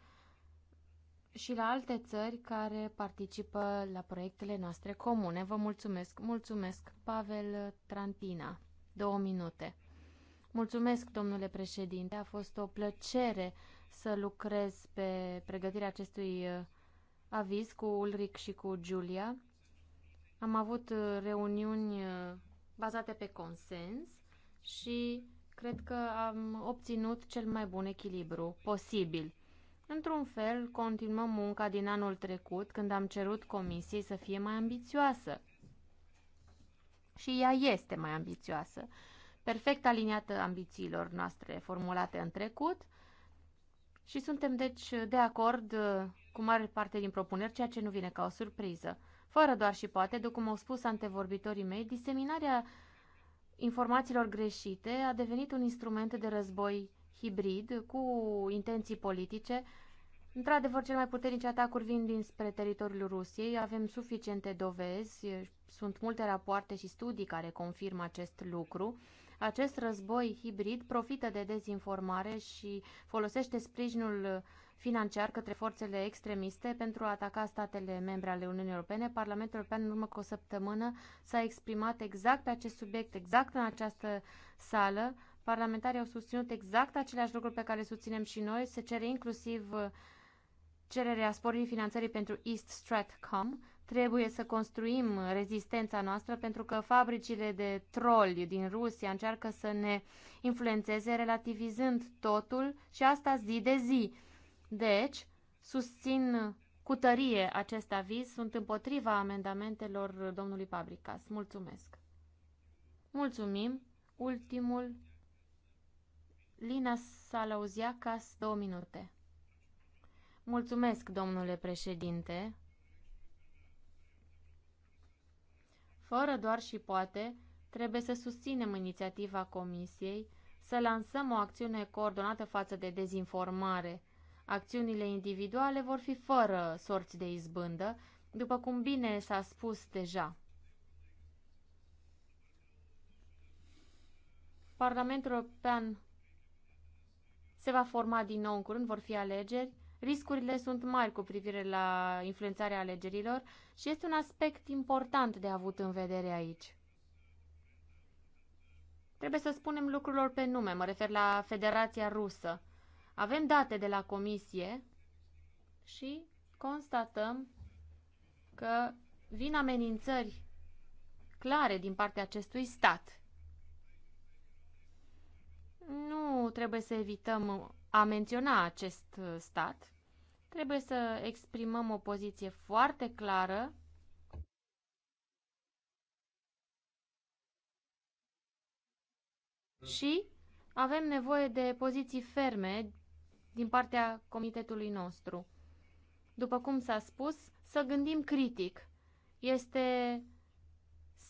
și la alte țări care participă la proiectele noastre comune. Vă mulțumesc! Mulțumesc, Pavel Trantina. Două minute. Mulțumesc, domnule președinte. A fost o plăcere să lucrez pe pregătirea acestui uh, aviz cu Ulric și cu Giulia. Am avut uh, reuniuni uh, bazate pe consens și cred că am obținut cel mai bun echilibru posibil. Într-un fel, continuăm munca din anul trecut, când am cerut comisiei să fie mai ambițioasă. Și ea este mai ambițioasă, perfect aliniată ambițiilor noastre formulate în trecut și suntem deci de acord uh, cu mare parte din propuneri, ceea ce nu vine ca o surpriză fără doar și poate, după cum au spus antevorbitorii mei, diseminarea informațiilor greșite a devenit un instrument de război hibrid cu intenții politice. Într-adevăr, cele mai puternice atacuri vin dinspre teritoriul Rusiei. Avem suficiente dovezi, sunt multe rapoarte și studii care confirmă acest lucru. Acest război hibrid profită de dezinformare și folosește sprijinul financiar către forțele extremiste pentru a ataca statele membre ale Uniunii Europene. Parlamentul European, în urmă cu o săptămână, s-a exprimat exact pe acest subiect, exact în această sală. Parlamentarii au susținut exact aceleași lucruri pe care le susținem și noi. Se cere inclusiv uh, cererea sporirii finanțării pentru East Stratcom, Trebuie să construim rezistența noastră pentru că fabricile de troli din Rusia încearcă să ne influențeze relativizând totul și asta zi de zi. Deci, susțin cu tărie acest aviz, sunt împotriva amendamentelor domnului Pabricas. Mulțumesc! Mulțumim! Ultimul, Lina Salauziacas, două minute. Mulțumesc, domnule președinte! Fără doar și poate, trebuie să susținem inițiativa Comisiei să lansăm o acțiune coordonată față de dezinformare – Acțiunile individuale vor fi fără sorți de izbândă, după cum bine s-a spus deja. Parlamentul European se va forma din nou în curând, vor fi alegeri, riscurile sunt mari cu privire la influențarea alegerilor și este un aspect important de avut în vedere aici. Trebuie să spunem lucrurilor pe nume, mă refer la Federația Rusă. Avem date de la comisie și constatăm că vin amenințări clare din partea acestui stat. Nu trebuie să evităm a menționa acest stat. Trebuie să exprimăm o poziție foarte clară și avem nevoie de poziții ferme din partea comitetului nostru. După cum s-a spus, să gândim critic. Este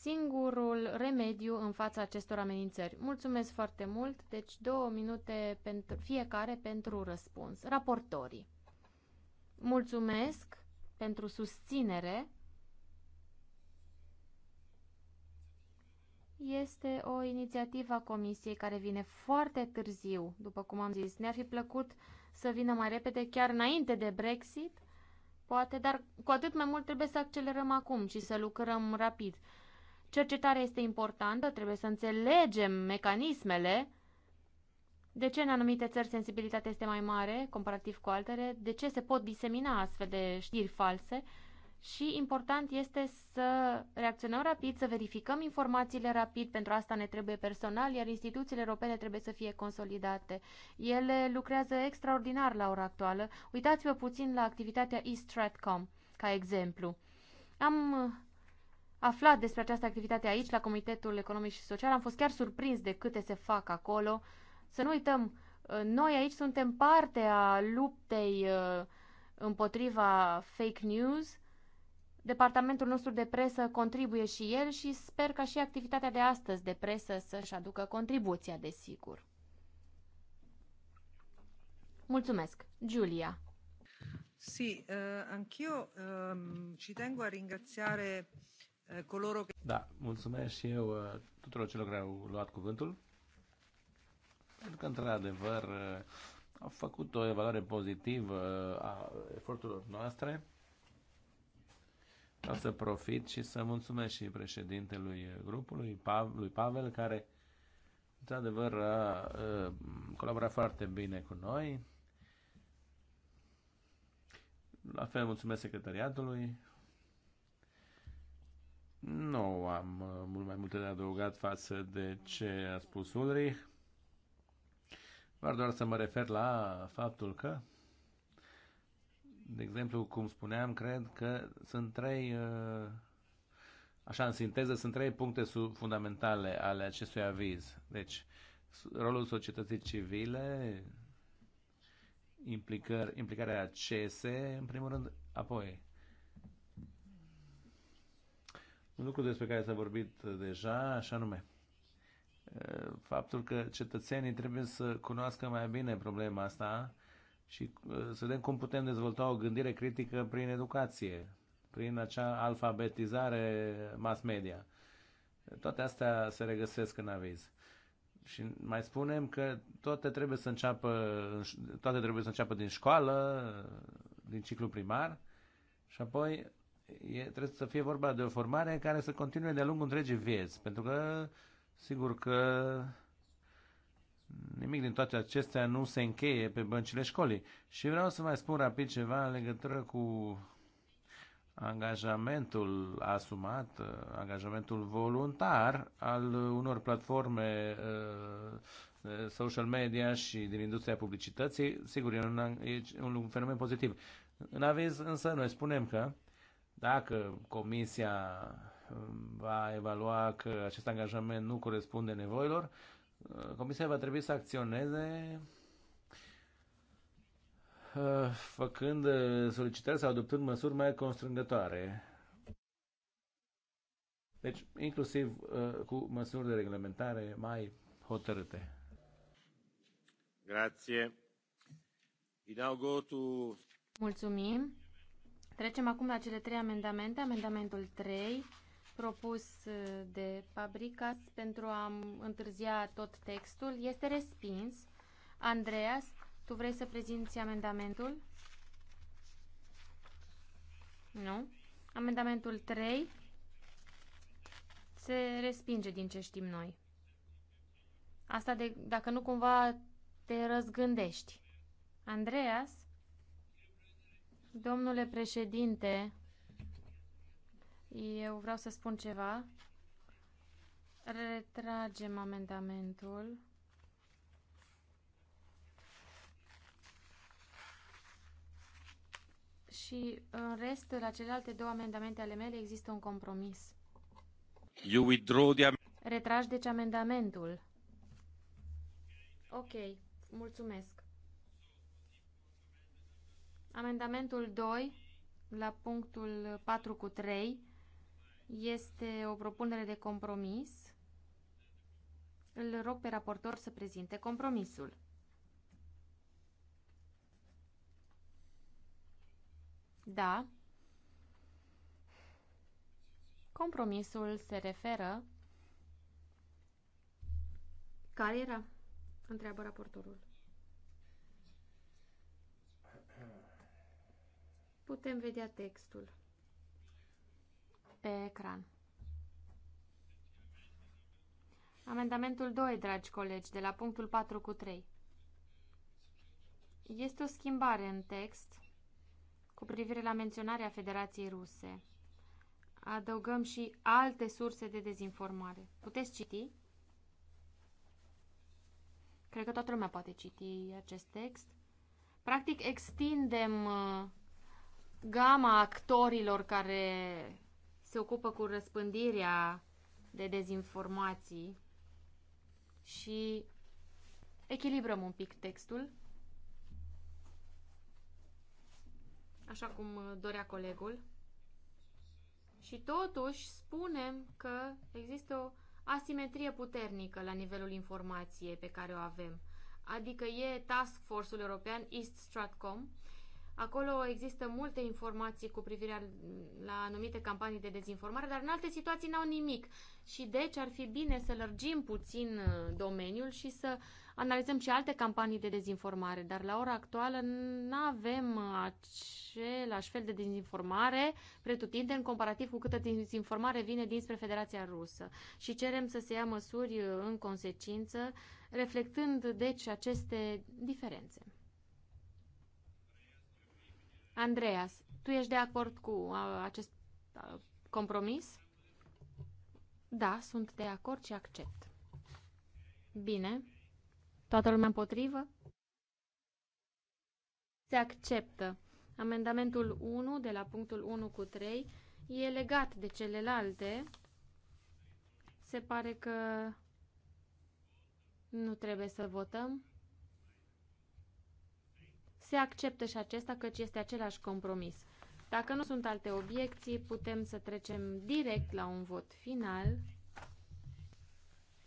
singurul remediu în fața acestor amenințări. Mulțumesc foarte mult, deci două minute pentru fiecare pentru răspuns. Raportorii. Mulțumesc pentru susținere. Este o inițiativă a Comisiei care vine foarte târziu, după cum am zis. Ne-ar fi plăcut uh, să vină mai repede, chiar înainte de Brexit, poate, dar cu atât mai mult trebuie să accelerăm acum și să lucrăm rapid. Cercetarea este importantă, trebuie să înțelegem mecanismele. De ce în anumite țări sensibilitatea este mai mare comparativ cu altele? De ce se pot disemina astfel de știri false? și important este să reacționăm rapid, să verificăm informațiile rapid, pentru asta ne trebuie personal, iar instituțiile europene trebuie să fie consolidate. Ele lucrează extraordinar la ora actuală. Uitați-vă puțin la activitatea eStratcom, ca exemplu. Am uh, aflat despre această activitate aici, la Comitetul Economic și Social, am fost chiar surprins de câte se fac acolo. Să nu uităm, uh, noi aici suntem parte a luptei uh, împotriva fake news, departamentul nostru de presă contribuie și el și sper ca și activitatea de astăzi de presă să-și aducă contribuția, desigur. Mulțumesc. Giulia. Sì, eh, anch'io eh, ci tengo a ringraziare eh, coloro che... Da, mulțumesc și eu eh, tuturor celor care au luat cuvântul. Pentru că, într-adevăr, eh, au făcut o evaluare pozitivă eh, a eforturilor noastre Vreau să profit și să mulțumesc și președintelui grupului, lui Pavel, care într-adevăr a colaborat foarte bine cu noi. La fel mulțumesc secretariatului. Nu am mult mai multe de adăugat față de ce a spus Ulrich. Vreau doar să mă refer la faptul că de exemplu, cum spuneam, cred că sunt trei, uh, așa în sinteză, sunt trei puncte fundamentale ale acestui aviz. Deci, rolul societății civile, implicări, implicarea CSE, în primul rând, apoi un lucru despre care s-a vorbit deja, așa nume, uh, faptul că cetățenii trebuie să cunoască mai bine problema asta și uh, să vedem cum putem dezvolta o gândire critică prin educație, prin acea alfabetizare mass media. Toate astea se regăsesc în aviz. Și mai spunem că toate trebuie să înceapă, toate trebuie să înceapă din școală, din ciclu primar și apoi e, trebuie să fie vorba de o formare care să continue de-a lungul întregii vieți, pentru că sigur că Nimic din toate acestea nu se încheie pe băncile școlii. Și vreau să mai spun rapid ceva în legătură cu angajamentul asumat, uh, angajamentul voluntar al unor platforme uh, uh, social media și din industria publicității. Sigur, e un, e un fenomen pozitiv. În aviz însă noi spunem că dacă comisia um, va evalua că acest angajament nu corespunde nevoilor, uh, Comisia va trebui să acționeze uh, făcând uh, solicitări sau adoptând măsuri mai constrângătoare. Deci, inclusiv uh, cu măsuri de reglementare mai hotărâte. Grazie. Mulțumim. Trecem acum la cele trei amendamente. Amendamentul 3 propus eh, de Pabricas pentru a întârzia tot textul este respins. Andreas, tu vrei să prezinți amendamentul? Nu. Amendamentul 3 se respinge din ce știm noi. Asta de, dacă nu cumva te răzgândești. Andreas, domnule președinte, eu vreau să spun ceva. Retragem amendamentul. Și în rest, la celelalte două amendamente ale mele există un compromis. You withdraw the... Retragi deci amendamentul. Ok, mulțumesc. Amendamentul 2 la punctul 4 cu 3 este o propunere de compromis. Îl rog pe raportor să prezinte compromisul. Da. Compromisul se referă... Care era? Întreabă raportorul. Putem vedea textul pe ecran. Amendamentul 2, dragi colegi, de la punctul 4 cu 3. Este o schimbare în text cu privire la menționarea Federației Ruse. Adăugăm și alte surse de dezinformare. Puteți citi? Cred că toată lumea poate citi acest text. Practic, extindem uh, gama actorilor care se ocupă cu răspândirea de dezinformații și echilibrăm un pic textul, așa cum dorea colegul. Și totuși spunem că există o asimetrie puternică la nivelul informației pe care o avem. Adică e Task Force-ul European, East Stratcom, Acolo există multe informații cu privire la anumite campanii de dezinformare, dar în alte situații n-au nimic. Și deci ar fi bine să lărgim puțin uh, domeniul și să analizăm și alte campanii de dezinformare. Dar la ora actuală nu avem uh, același fel de dezinformare pretutindeni comparativ cu câtă dezinformare vine dinspre Federația Rusă. Și cerem să se ia măsuri uh, în consecință, reflectând deci aceste diferențe. Andreas, tu ești de acord cu acest compromis? Da, sunt de acord și accept. Bine. Toată lumea împotrivă? Se acceptă. Amendamentul 1 de la punctul 1 cu 3 e legat de celelalte. Se pare că nu trebuie să votăm se acceptă și acesta căci este același compromis. Dacă nu sunt alte obiecții, putem să trecem direct la un vot final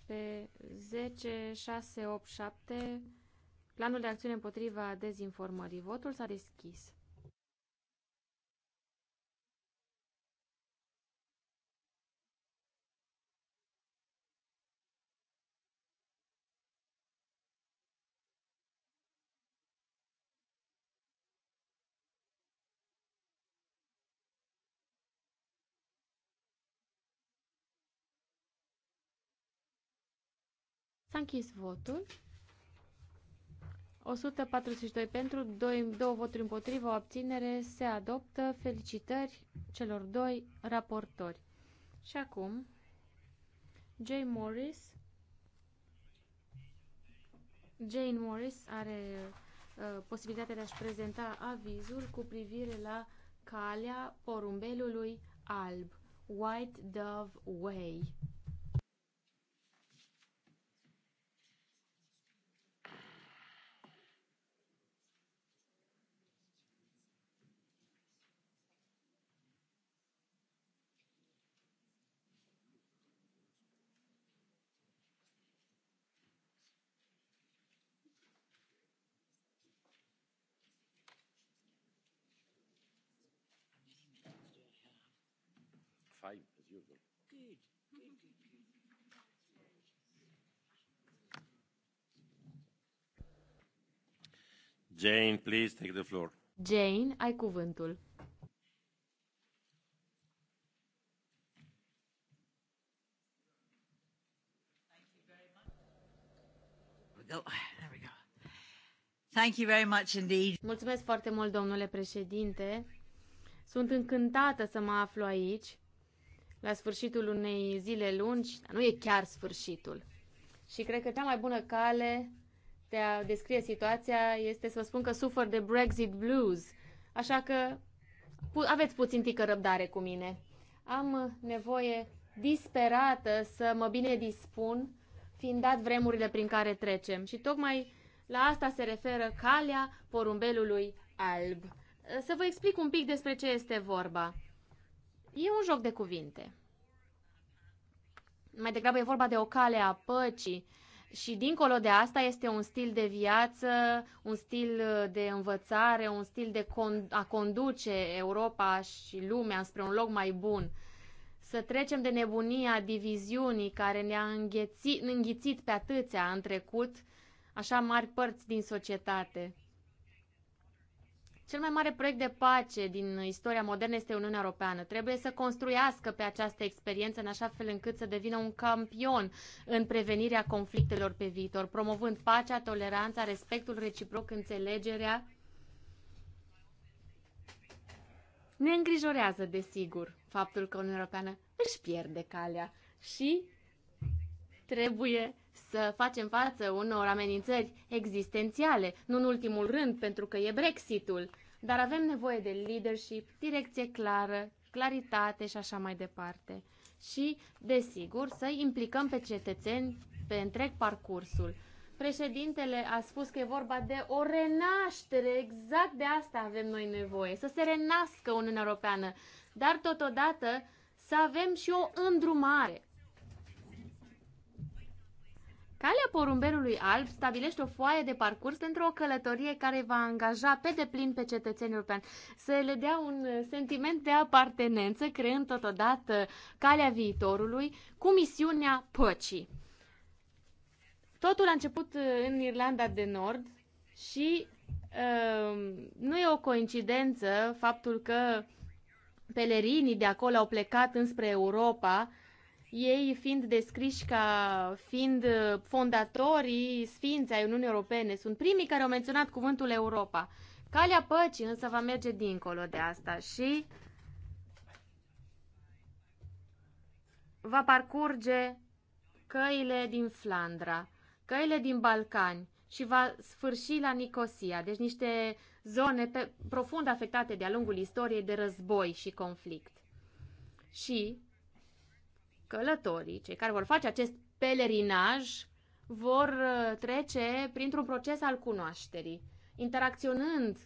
pe 10, 6, 8, 7, planul de acțiune împotriva dezinformării. Votul s-a deschis. închis votul. 142 pentru, 2, 2 voturi împotrivă, o abținere, se adoptă. Felicitări celor doi raportori. Și acum, Jay Morris. Jane Morris are uh, posibilitatea de a-și prezenta avizul cu privire la calea porumbelului alb, White Dove Way. Good. Good. Jane, please take the floor. Jane, ai cuvântul. Thank you very much indeed. Mulțumesc foarte mult, domnule președinte. Sunt încântată să mă aflu aici la sfârșitul unei zile lungi, dar nu e chiar sfârșitul. Și cred că cea mai bună cale de a descrie situația este să vă spun că sufăr de Brexit blues, așa că aveți puțin tică răbdare cu mine. Am nevoie disperată să mă bine dispun, fiind dat vremurile prin care trecem. Și tocmai la asta se referă calea porumbelului alb. Să vă explic un pic despre ce este vorba. E un joc de cuvinte. Mai degrabă e vorba de o cale a păcii și dincolo de asta este un stil de viață, un stil de învățare, un stil de con- a conduce Europa și lumea spre un loc mai bun. Să trecem de nebunia diviziunii care ne-a înghițit, înghițit pe atâția în trecut, așa mari părți din societate. Cel mai mare proiect de pace din istoria modernă este Uniunea Europeană. Trebuie să construiască pe această experiență în așa fel încât să devină un campion în prevenirea conflictelor pe viitor, promovând pacea, toleranța, respectul reciproc, înțelegerea. Ne îngrijorează, desigur, faptul că Uniunea Europeană își pierde calea și trebuie să facem față unor amenințări existențiale, nu în ultimul rând pentru că e Brexitul. Dar avem nevoie de leadership, direcție clară, claritate și așa mai departe. Și, desigur, să implicăm pe cetățeni pe întreg parcursul. Președintele a spus că e vorba de o renaștere, exact de asta avem noi nevoie, să se renască Uniunea Europeană, dar totodată să avem și o îndrumare. Calea porumbelului alb stabilește o foaie de parcurs pentru o călătorie care va angaja pe deplin pe cetățenii europeni, să le dea un uh, sentiment de apartenență, creând totodată calea viitorului cu misiunea păcii. Totul a început uh, în Irlanda de Nord și uh, nu e o coincidență faptul că pelerinii de acolo au plecat înspre Europa uh, ei fiind descriși ca fiind uh, fondatorii sfinți ai Uniunii Europene, sunt primii care au menționat cuvântul Europa. Calea păcii însă va merge dincolo de asta și va parcurge căile din Flandra, căile din Balcani și va sfârși la Nicosia, deci niște zone pe, profund afectate de-a lungul istoriei de război și conflict. Și călătorii, cei care vor face acest pelerinaj, vor uh, trece printr-un proces al cunoașterii, interacționând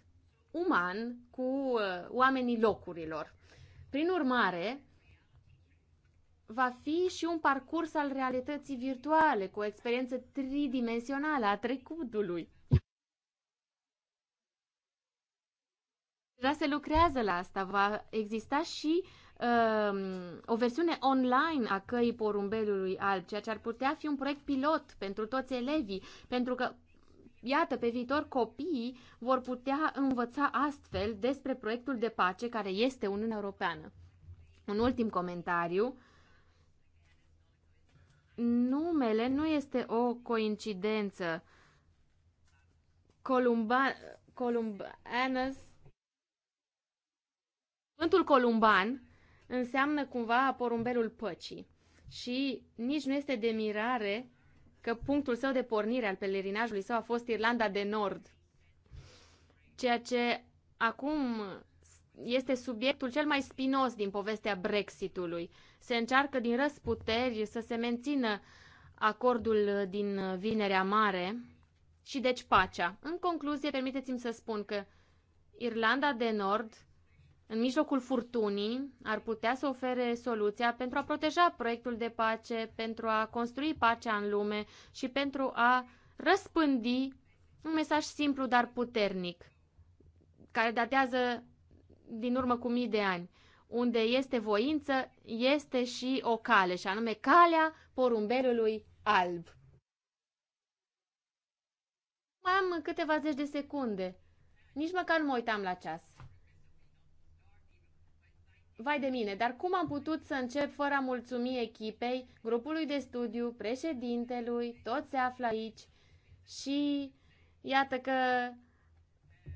uman cu uh, oamenii locurilor. Prin urmare, va fi și un parcurs al realității virtuale, cu o experiență tridimensională a trecutului. Deja se lucrează la asta, va exista și Um, o versiune online a căii porumbelului alb, ceea ce ar putea fi un proiect pilot pentru toți elevii, pentru că Iată, pe viitor copiii vor putea învăța astfel despre proiectul de pace care este Uniunea Europeană. Un ultim comentariu. Numele nu este o coincidență. Columba, Columbanus Cuvântul columban înseamnă cumva porumbelul păcii. Și nici nu este de mirare că punctul său de pornire al pelerinajului său a fost Irlanda de Nord. Ceea ce acum este subiectul cel mai spinos din povestea Brexitului. Se încearcă din răsputeri să se mențină acordul din Vinerea Mare și deci pacea. În concluzie, permiteți-mi să spun că Irlanda de Nord în mijlocul furtunii ar putea să ofere soluția pentru a proteja proiectul de pace, pentru a construi pacea în lume și pentru a răspândi un mesaj simplu, dar puternic, care datează din urmă cu mii de ani. Unde este voință, este și o cale, și anume calea porumbelului alb. Mai am câteva zeci de secunde. Nici măcar nu mă uitam la ceas. Vai de mine, dar cum am putut să încep fără a mulțumi echipei, grupului de studiu, președintelui, toți se află aici și iată că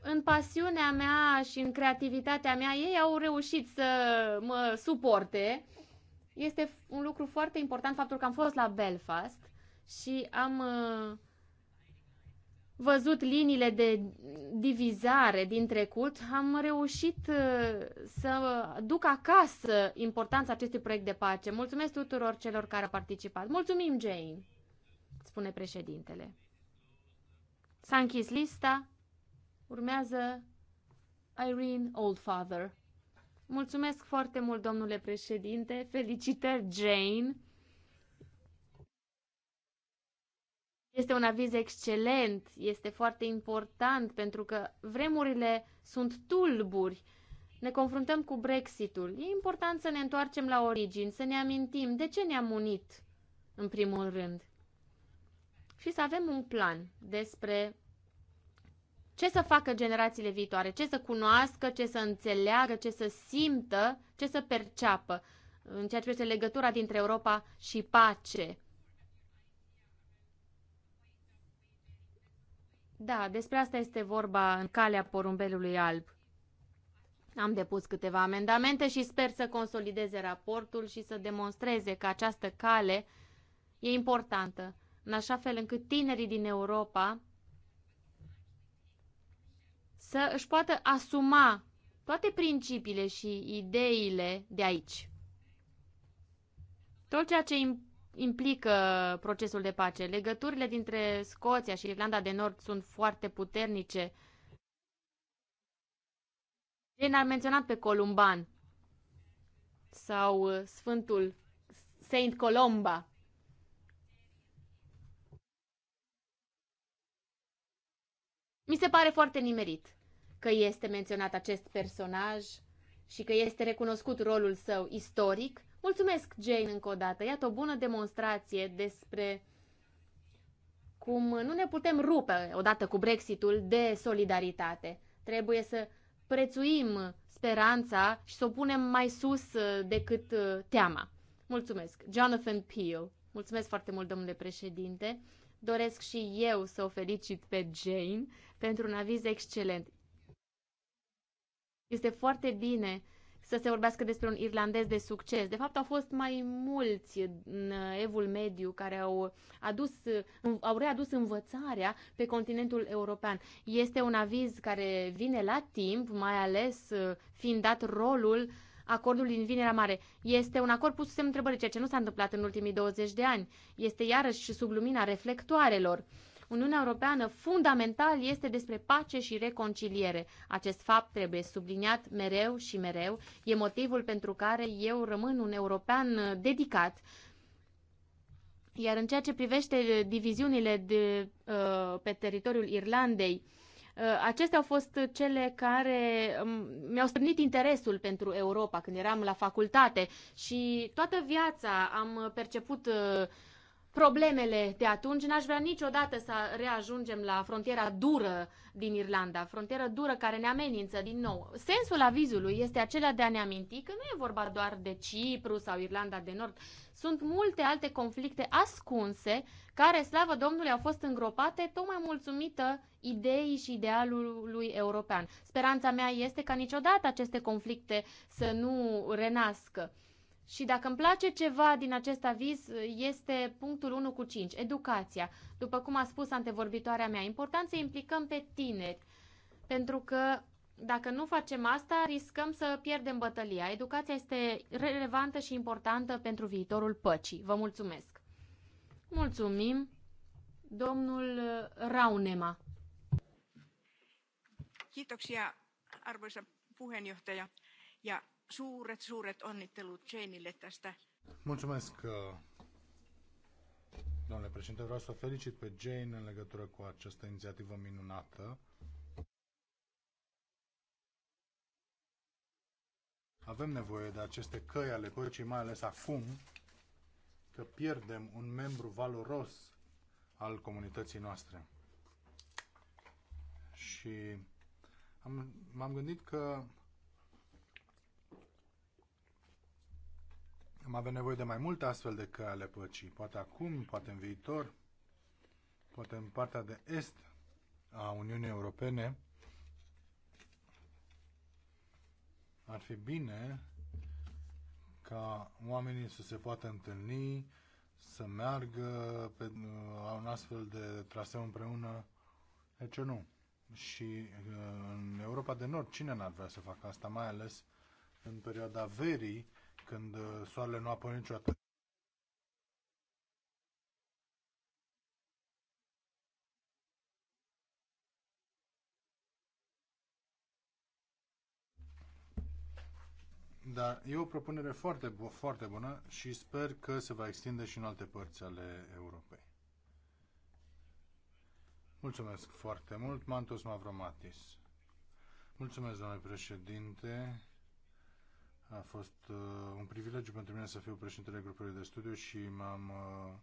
în pasiunea mea și în creativitatea mea ei au reușit să mă suporte. Este un lucru foarte important faptul că am fost la Belfast și am uh, văzut liniile de divizare din trecut, am reușit uh, să duc acasă importanța acestui proiect de pace. Mulțumesc tuturor celor care au participat. Mulțumim, Jane, spune președintele. S-a închis lista. Urmează Irene Oldfather. Mulțumesc foarte mult, domnule președinte. Felicitări, Jane. Este un aviz excelent, este foarte important pentru că vremurile sunt tulburi. Ne confruntăm cu Brexitul. E important să ne întoarcem la origini, să ne amintim de ce ne-am unit, în primul rând. Și să avem un plan despre ce să facă generațiile viitoare, ce să cunoască, ce să înțeleagă, ce să simtă, ce să perceapă în ceea ce este legătura dintre Europa și pace. Da, despre asta este vorba în calea porumbelului alb. Am depus câteva amendamente și sper să consolideze raportul și să demonstreze că această cale e importantă, în așa fel încât tinerii din Europa să își poată asuma toate principiile și ideile de aici. Tot ceea ce implică procesul de pace. Legăturile dintre Scoția și Irlanda de Nord sunt foarte puternice. Jane a menționat pe Columban sau uh, Sfântul Saint Colomba. Mi se pare foarte nimerit că este menționat acest personaj și că este recunoscut rolul său istoric Mulțumesc, Jane, încă o dată. Iată o bună demonstrație despre cum nu ne putem rupe, odată cu Brexitul, de solidaritate. Trebuie să prețuim speranța și să o punem mai sus uh, decât uh, teama. Mulțumesc. Jonathan Peel. Mulțumesc foarte mult, domnule președinte. Doresc și eu să o felicit pe Jane pentru un aviz excelent. Este foarte bine să se vorbească despre un irlandez de succes. De fapt, au fost mai mulți în evul mediu care au, adus, au readus învățarea pe continentul european. Este un aviz care vine la timp, mai ales uh, fiind dat rolul acordul din Vinerea Mare. Este un acord pus semn întrebări, ceea ce nu s-a întâmplat în ultimii 20 de ani. Este iarăși sub lumina reflectoarelor. Uniunea Europeană fundamental este despre pace și reconciliere. Acest fapt trebuie subliniat mereu și mereu. E motivul pentru care eu rămân un european uh, dedicat. Iar în ceea ce privește uh, diviziunile de, uh, pe teritoriul Irlandei, acestea au fost cele care um, mi-au strânit interesul pentru Europa când eram la facultate și toată viața am perceput problemele de atunci. N-aș vrea niciodată să reajungem la frontiera dură din Irlanda, frontiera dură care ne amenință din nou. Sensul avizului este acela de a ne aminti că nu e vorba doar de Cipru sau Irlanda de Nord. Sunt multe alte conflicte ascunse care, slavă Domnului, au fost îngropate tocmai mulțumită ideii și idealului european. Speranța mea este ca niciodată aceste conflicte să nu renască. Și dacă îmi place ceva din acest aviz, este punctul 1 cu 5, educația. După cum a spus antevorbitoarea mea, important să implicăm pe tineri, pentru că dacă nu facem asta, riscăm să pierdem bătălia. Educația este relevantă și importantă pentru viitorul păcii. Vă mulțumesc! Mulțumim, domnul Raunema. Kiitoksia, arvoisa puheenjohtaja. Ja suuret, suuret onnittelut Janeille tästä. Mulțumesc, uh, domnule președinte. Vreau să o felicit pe Jane în legătură cu această inițiativă minunată. Avem nevoie de aceste căi ale păcii, mai ales acum, că pierdem un membru valoros al comunității noastre. Și m-am gândit că Am avea nevoie de mai multe astfel de căi ale păcii. Poate acum, poate în viitor, poate în partea de est a Uniunii Europene. Ar fi bine ca oamenii să se poată întâlni, să meargă pe uh, un astfel de traseu împreună. De ce nu? Și uh, în Europa de Nord, cine n-ar vrea să facă asta, mai ales în perioada verii, când uh, soarele nu apare niciodată. Dar e o propunere foarte, foarte bună și sper că se va extinde și în alte părți ale Europei. Mulțumesc foarte mult, Mantos Mavromatis. Mulțumesc, domnule președinte. A fost uh, un privilegiu pentru mine să fiu președintele grupului de studiu și m-am uh,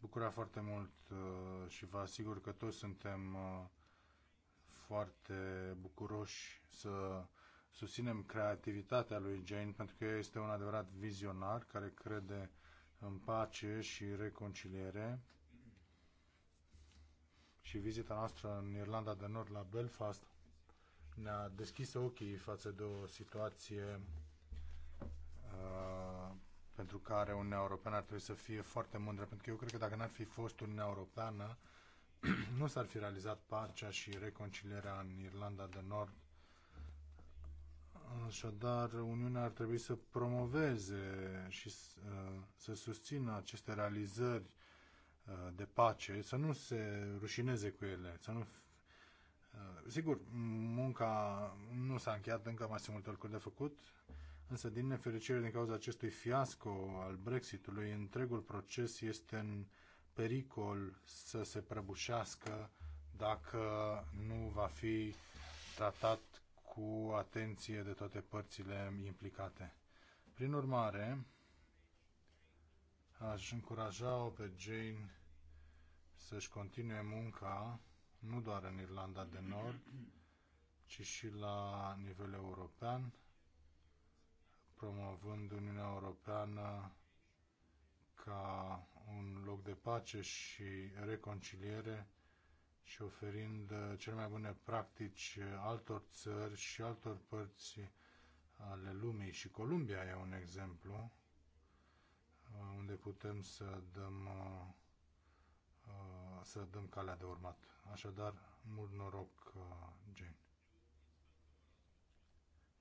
bucurat foarte mult uh, și vă asigur că toți suntem foarte bucuroși să susținem creativitatea lui Jane pentru că este un adevărat vizionar care crede în pace și reconciliere. Și vizita noastră în Irlanda de Nord la Belfast ne-a deschis ochii față de o situație Uh, pentru care Uniunea Europeană ar trebui să fie foarte mândră, pentru că eu cred că dacă n-ar fi fost Uniunea Europeană, [CLEARS THROAT] nu s-ar fi realizat pacea și reconcilierea în Irlanda de Nord. Așadar, Uniunea ar trebui să promoveze și uh, să susțină aceste realizări uh, de pace, să nu se rușineze cu ele, să nu Sigur, munca nu s-a încheiat, încă mai sunt multe lucruri de făcut, Însă, din nefericire, din cauza acestui fiasco al Brexitului, întregul proces este în pericol să se prăbușească dacă nu va fi tratat cu atenție de toate părțile implicate. Prin urmare, aș încuraja-o pe Jane să-și continue munca nu doar în Irlanda de Nord, ci și la nivel european, promovând Uniunea Europeană ca un loc de pace și reconciliere și oferind uh, cele mai bune practici uh, altor țări și altor părți ale lumii. Și Columbia e un exemplu uh, unde putem să dăm, să dăm calea de urmat. Așadar, mult noroc, Jane.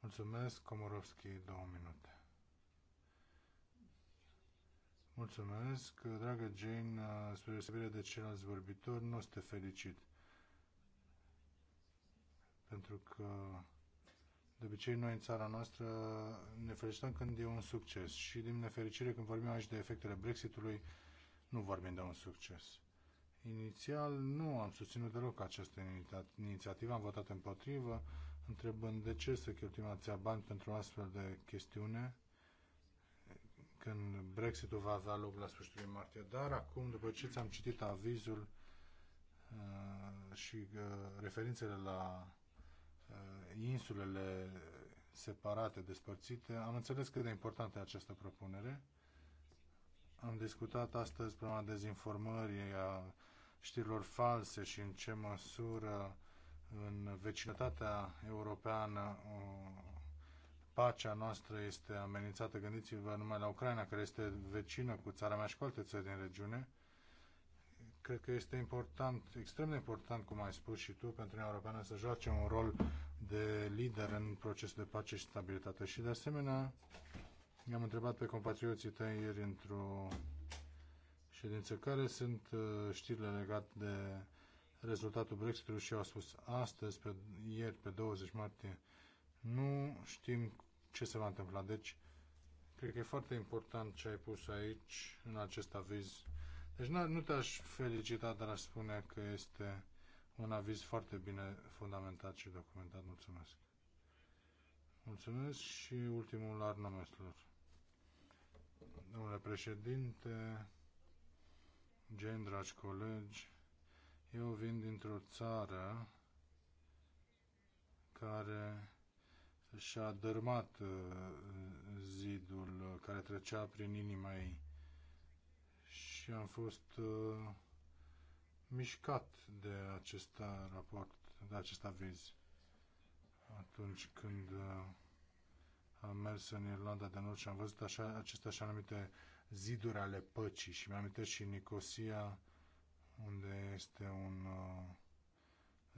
Mulțumesc, Comorovski, două minute. Mulțumesc, dragă Jane, spre deosebire de ceilalți vorbitori, nu o să te felicit. Pentru că de obicei noi în țara noastră ne felicităm când e un succes și din nefericire când vorbim aici de efectele Brexitului, nu vorbim de un succes. Inițial nu am susținut deloc această inițiativă, am votat împotrivă, întrebând de ce să cheltuim atâția bani pentru astfel de chestiune când Brexitul va avea loc la sfârșitul martie. Dar acum, după ce ți-am citit avizul uh, și uh, referințele la uh, insulele separate, despărțite, am înțeles cât de importantă e această propunere. Am discutat astăzi problema dezinformării, a știrilor false și în ce măsură în vecinătatea europeană pacea noastră este amenințată. Gândiți-vă numai la Ucraina, care este vecină cu țara mea și cu alte țări din regiune. Cred că este important, extrem de important, cum ai spus și tu, pentru Uniunea Europeană să joace un rol de lider în procesul de pace și stabilitate. Și de asemenea, i-am întrebat pe compatrioții tăi ieri într-o ședință care sunt uh, știrile legate de rezultatul Brexit-ului și au a spus astăzi, pe, ieri, pe 20 martie, nu știm ce se va întâmpla. Deci, cred că e foarte important ce ai pus aici, în acest aviz. Deci nu te-aș felicita, dar aș spune că este un aviz foarte bine fundamentat și documentat. Mulțumesc! Mulțumesc și ultimul Arno Meslor. Domnule președinte, gen dragi colegi, eu vin dintr-o țară care și-a dărmat uh, zidul uh, care trecea prin inima ei și am fost uh, mișcat de acest raport, de acest aviz atunci când am mers în Irlanda de Nord și am văzut așa, aceste așa numite ziduri ale păcii și mi-am și Nicosia unde este un uh,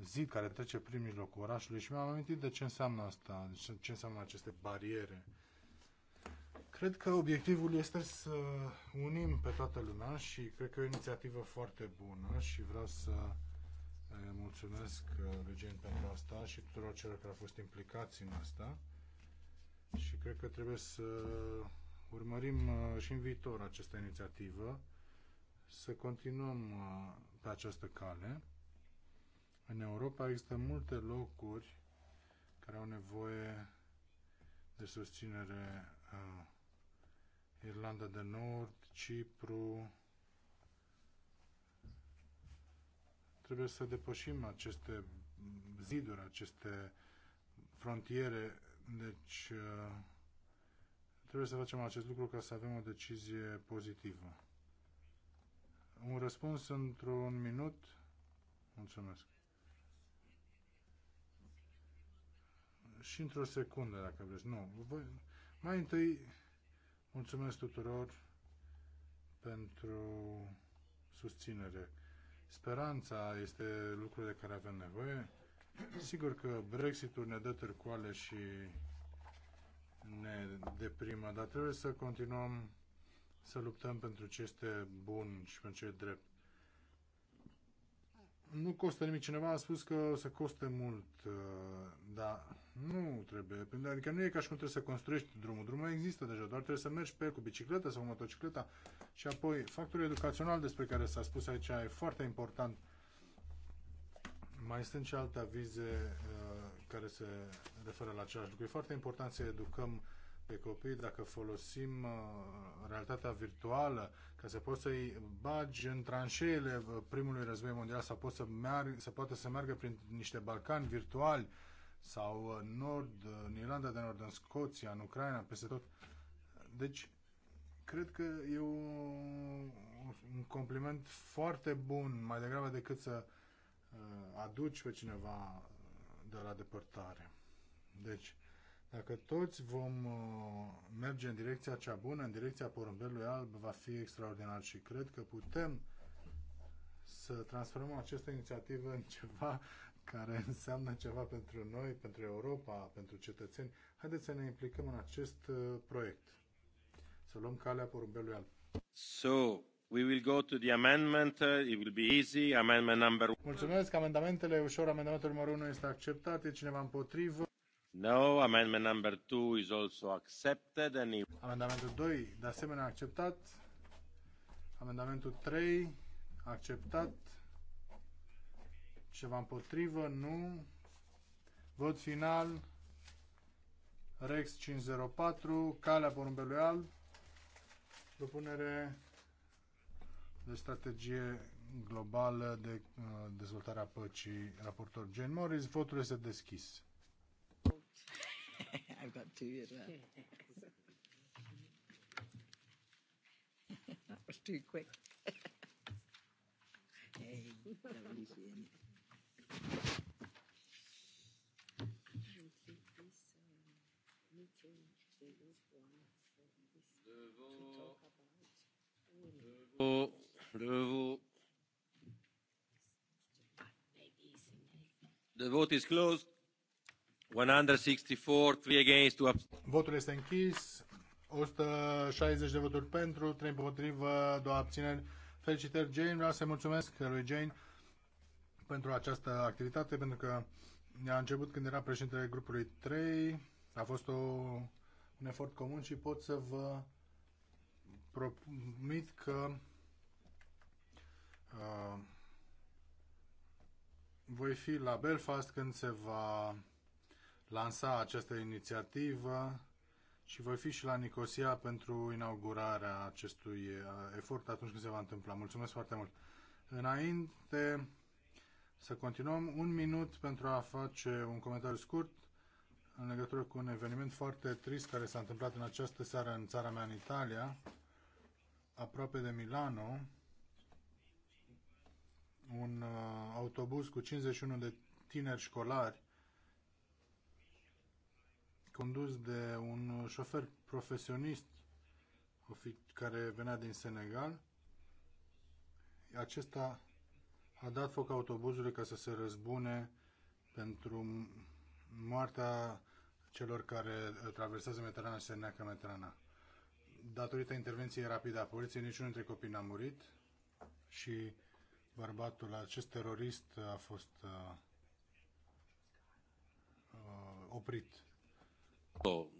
zid care trece prin mijlocul orașului și mi-am amintit de ce înseamnă asta, de ce înseamnă aceste bariere. Cred că obiectivul este să unim pe toată lumea și cred că e o inițiativă foarte bună și vreau să uh, mulțumesc uh, Eugen pentru asta și tuturor celor care au fost implicați în asta și cred că trebuie să urmărim și în viitor această inițiativă să continuăm uh, pe această cale. În Europa există multe locuri care au nevoie de susținere uh, Irlanda de Nord, Cipru. Trebuie să depășim aceste ziduri, aceste frontiere. Deci uh, trebuie să facem acest lucru ca să avem o decizie pozitivă un răspuns într-un minut. Mulțumesc. Și într-o secundă, dacă vreți. Nu. Voi... Mai întâi, mulțumesc tuturor pentru susținere. Speranța este lucrul de care avem nevoie. Sigur că Brexitul ne dă târcoale și ne deprimă, dar trebuie să continuăm să luptăm pentru ce este bun și pentru ce e drept. Nu costă nimic. Cineva a spus că o să coste mult, uh, dar nu trebuie. Adică nu e ca și cum trebuie să construiești drumul. Drumul există deja, doar trebuie să mergi pe el cu bicicleta sau motocicleta. Și apoi, factorul educațional despre care s-a spus aici e foarte important. Mai sunt și alte avize uh, care se referă la același lucru. E foarte important să educăm uh, pe copii, dacă folosim uh, realitatea virtuală, ca să poți să-i bagi în tranșeele uh, primului război mondial sau poți să, meargă, să poată să meargă prin niște Balcani virtuali sau în uh, Nord, în Irlanda de Nord, în Scoția, în Ucraina, peste tot. Deci, cred că e un, un compliment foarte bun, mai degrabă decât să aduci pe cineva de la depărtare. Deci, dacă toți vom uh, merge în direcția cea bună, în direcția porumbelului alb, va fi extraordinar și cred că putem să transformăm această inițiativă în ceva care înseamnă ceva pentru noi, pentru Europa, pentru cetățeni. Haideți să ne implicăm în acest uh, proiect. Să luăm calea porumbelui alb. So, we will go to the amendment. It will be easy. Amendment number Mulțumesc. Amendamentele ușor. Amendamentul numărul 1 este acceptat. E cineva împotrivă? No, Amendamentul 2, de asemenea acceptat. Amendamentul 3, acceptat. Ceva împotrivă? Nu. Vot final. Rex 504, calea porumbelui alb. Propunere de strategie globală de uh, dezvoltare a păcii, raportor Jane Morris. Votul este deschis. I've got two years left. [LAUGHS] that was too quick. [LAUGHS] hey, that was easy. Isn't it? The vote is closed. Votul este închis. 160 de voturi pentru, 3 împotrivă, 2 abțineri. Felicitări, Jane. Vreau să-i mulțumesc lui Jane pentru această activitate, pentru că a început când era președintele grupului 3. A fost o, un efort comun și pot să vă promit că uh, voi fi la Belfast când se va lansa această inițiativă și voi fi și la Nicosia pentru inaugurarea acestui uh, efort atunci când se va întâmpla. Mulțumesc foarte mult! Înainte să continuăm, un minut pentru a face un comentariu scurt în legătură cu un eveniment foarte trist care s-a întâmplat în această seară în țara mea, în Italia, aproape de Milano. Un uh, autobuz cu 51 de tineri școlari condus de un șofer profesionist care venea din Senegal. Acesta a dat foc autobuzului ca să se răzbune pentru moartea celor care traversează Mediterana și se neacă Mediterana. Datorită intervenției rapide a poliției, niciunul dintre copii n-a murit și bărbatul, acest terorist, a fost uh, uh oprit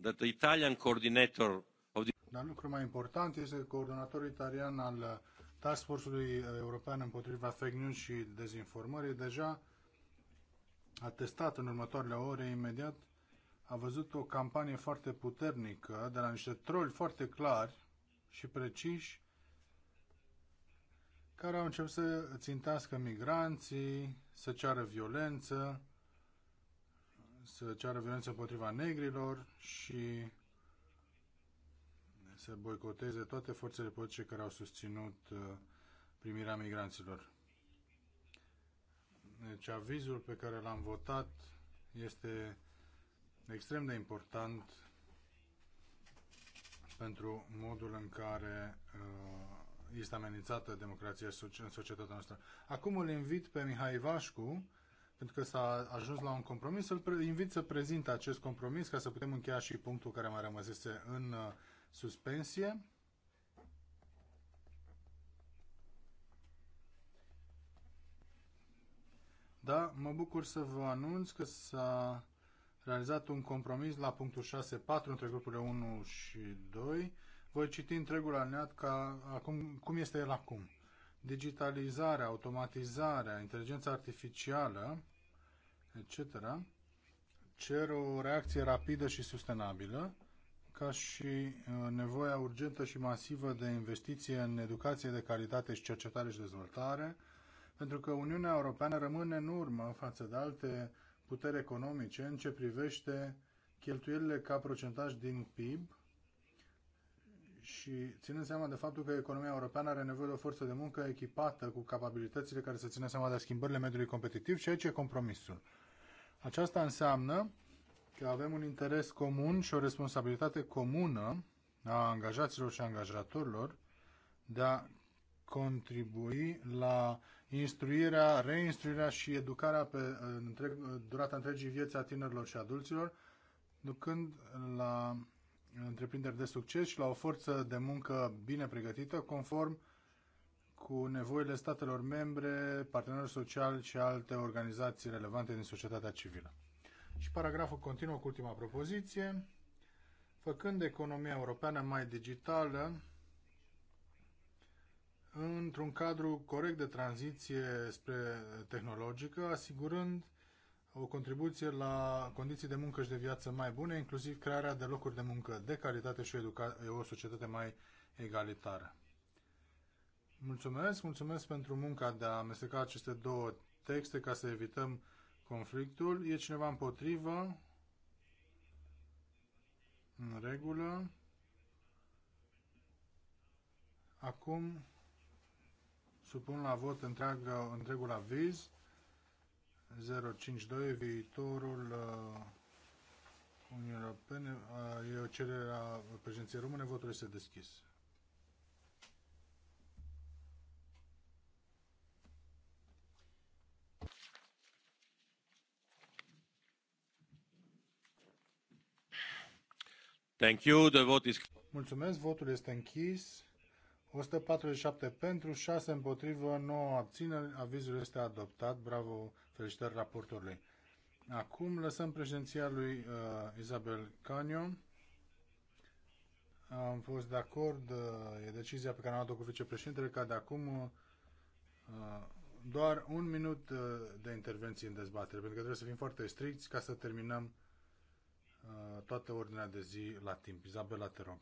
that the Italian coordinator of the... Dar lucru mai important este că coordonatorul italian al Task Force-ului European împotriva fake news și dezinformării deja a testat în următoarele ore imediat a văzut o campanie foarte puternică de la niște troli foarte clari și preciși care au început să țintească migranții, să ceară violență, să ceară violență împotriva negrilor și să boicoteze toate forțele politice care au susținut uh, primirea migranților. Deci avizul pe care l-am votat este extrem de important pentru modul în care uh, este amenințată democrația în societatea noastră. Acum îl invit pe Mihai Vașcu, pentru că s-a ajuns la un compromis, îl invit să prezint acest compromis ca să putem încheia și punctul care mai rămăsese în uh, suspensie. Da, mă bucur să vă anunț că s-a realizat un compromis la punctul 6.4 între grupurile 1 și 2. Voi citi întregul alineat ca acum, cum este el acum. Digitalizarea, automatizarea, inteligența artificială etc., cer o reacție rapidă și sustenabilă, ca și uh, nevoia urgentă și masivă de investiție în educație de calitate și cercetare și dezvoltare, pentru că Uniunea Europeană rămâne în urmă față de alte puteri economice în ce privește cheltuielile ca procentaj din PIB și ținând seama de faptul că economia europeană are nevoie de o forță de muncă echipată cu capabilitățile care să țină seama de schimbările mediului competitiv și aici e compromisul. Aceasta înseamnă că avem un interes comun și o responsabilitate comună a angajaților și angajatorilor de a contribui la instruirea, reinstruirea și educarea pe întreg, durata întregii vieți a tinerilor și adulților, ducând la întreprinderi de succes și la o forță de muncă bine pregătită, conform cu nevoile statelor membre, parteneri sociali și alte organizații relevante din societatea civilă. Și paragraful continuă cu ultima propoziție. Făcând economia europeană mai digitală, într-un cadru corect de tranziție spre tehnologică, asigurând o contribuție la condiții de muncă și de viață mai bune, inclusiv crearea de locuri de muncă de calitate și o, o societate mai egalitară. Mulțumesc, mulțumesc pentru munca de a amesteca aceste două texte ca să evităm conflictul. E cineva împotrivă? În regulă. Acum supun la vot întreagă, întregul aviz 052 viitorul uh, Uniunii Europene. Uh, e o cerere a președinției române. Votul este deschis. Thank you. The vote is... Mulțumesc. Votul este închis. 147 pentru, 6 împotrivă, 9 abțineri. Avizul este adoptat. Bravo, felicitări raportorului. Acum lăsăm președinția lui uh, Isabel Canio. Am fost de acord, uh, e decizia pe care am luat-o cu vicepreședintele, ca de acum uh, doar un minut uh, de intervenție în dezbatere, pentru că trebuie să fim foarte stricți ca să terminăm toată ordinea de zi la timp. Izabela, te rog.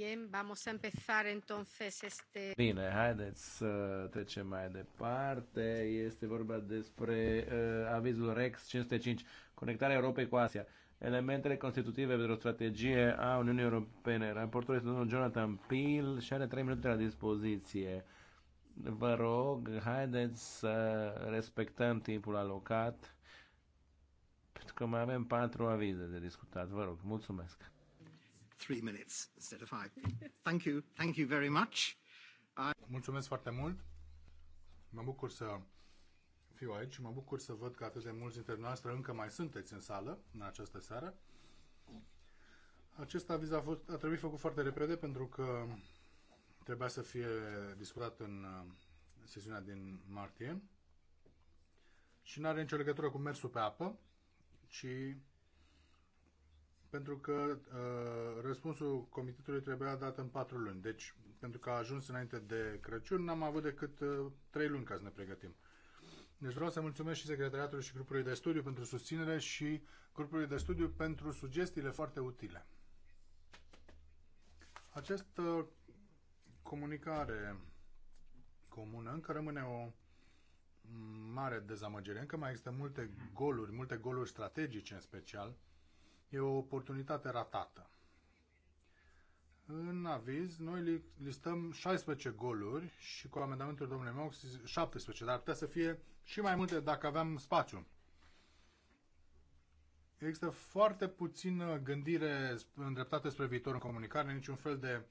Bien, vamos a empezar entonces este... Bine, haideți să trecem mai departe. Este vorba despre uh, avizul REX 505, Conectarea Europei cu Asia. Elementele constitutive pentru o strategie a Uniunii Europene. Raportul este domnul Jonathan Peel și are 3 minute la dispoziție. Vă rog, haideți să respectăm timpul alocat, pentru că mai avem patru avize de discutat. Vă rog, mulțumesc three minutes instead of five. Thank you, thank you very much. Mulțumesc foarte mult. Mă bucur să fiu aici și mă bucur să văd că atât de mulți dintre noastre încă mai sunteți în sală în această seară. Acest aviz a, fost, a trebuit făcut foarte repede pentru că trebuia să fie discutat în uh, sesiunea din martie și nu are nicio legătură cu mersul pe apă, ci pentru că uh, răspunsul comitetului trebuia dat în patru luni. Deci, pentru că a ajuns înainte de Crăciun, n-am avut decât uh, trei luni ca să ne pregătim. Deci vreau să mulțumesc și secretariatului și grupului de studiu pentru susținere și grupului de studiu pentru sugestiile foarte utile. Această comunicare comună încă rămâne o mare dezamăgire. Încă mai există multe goluri, multe goluri strategice în special, E o oportunitate ratată. În aviz, noi listăm 16 goluri și cu amendamentul domnului Mox 17, dar ar putea să fie și mai multe dacă aveam spațiu. Există foarte puțină gândire îndreptată spre viitor în comunicare, niciun fel de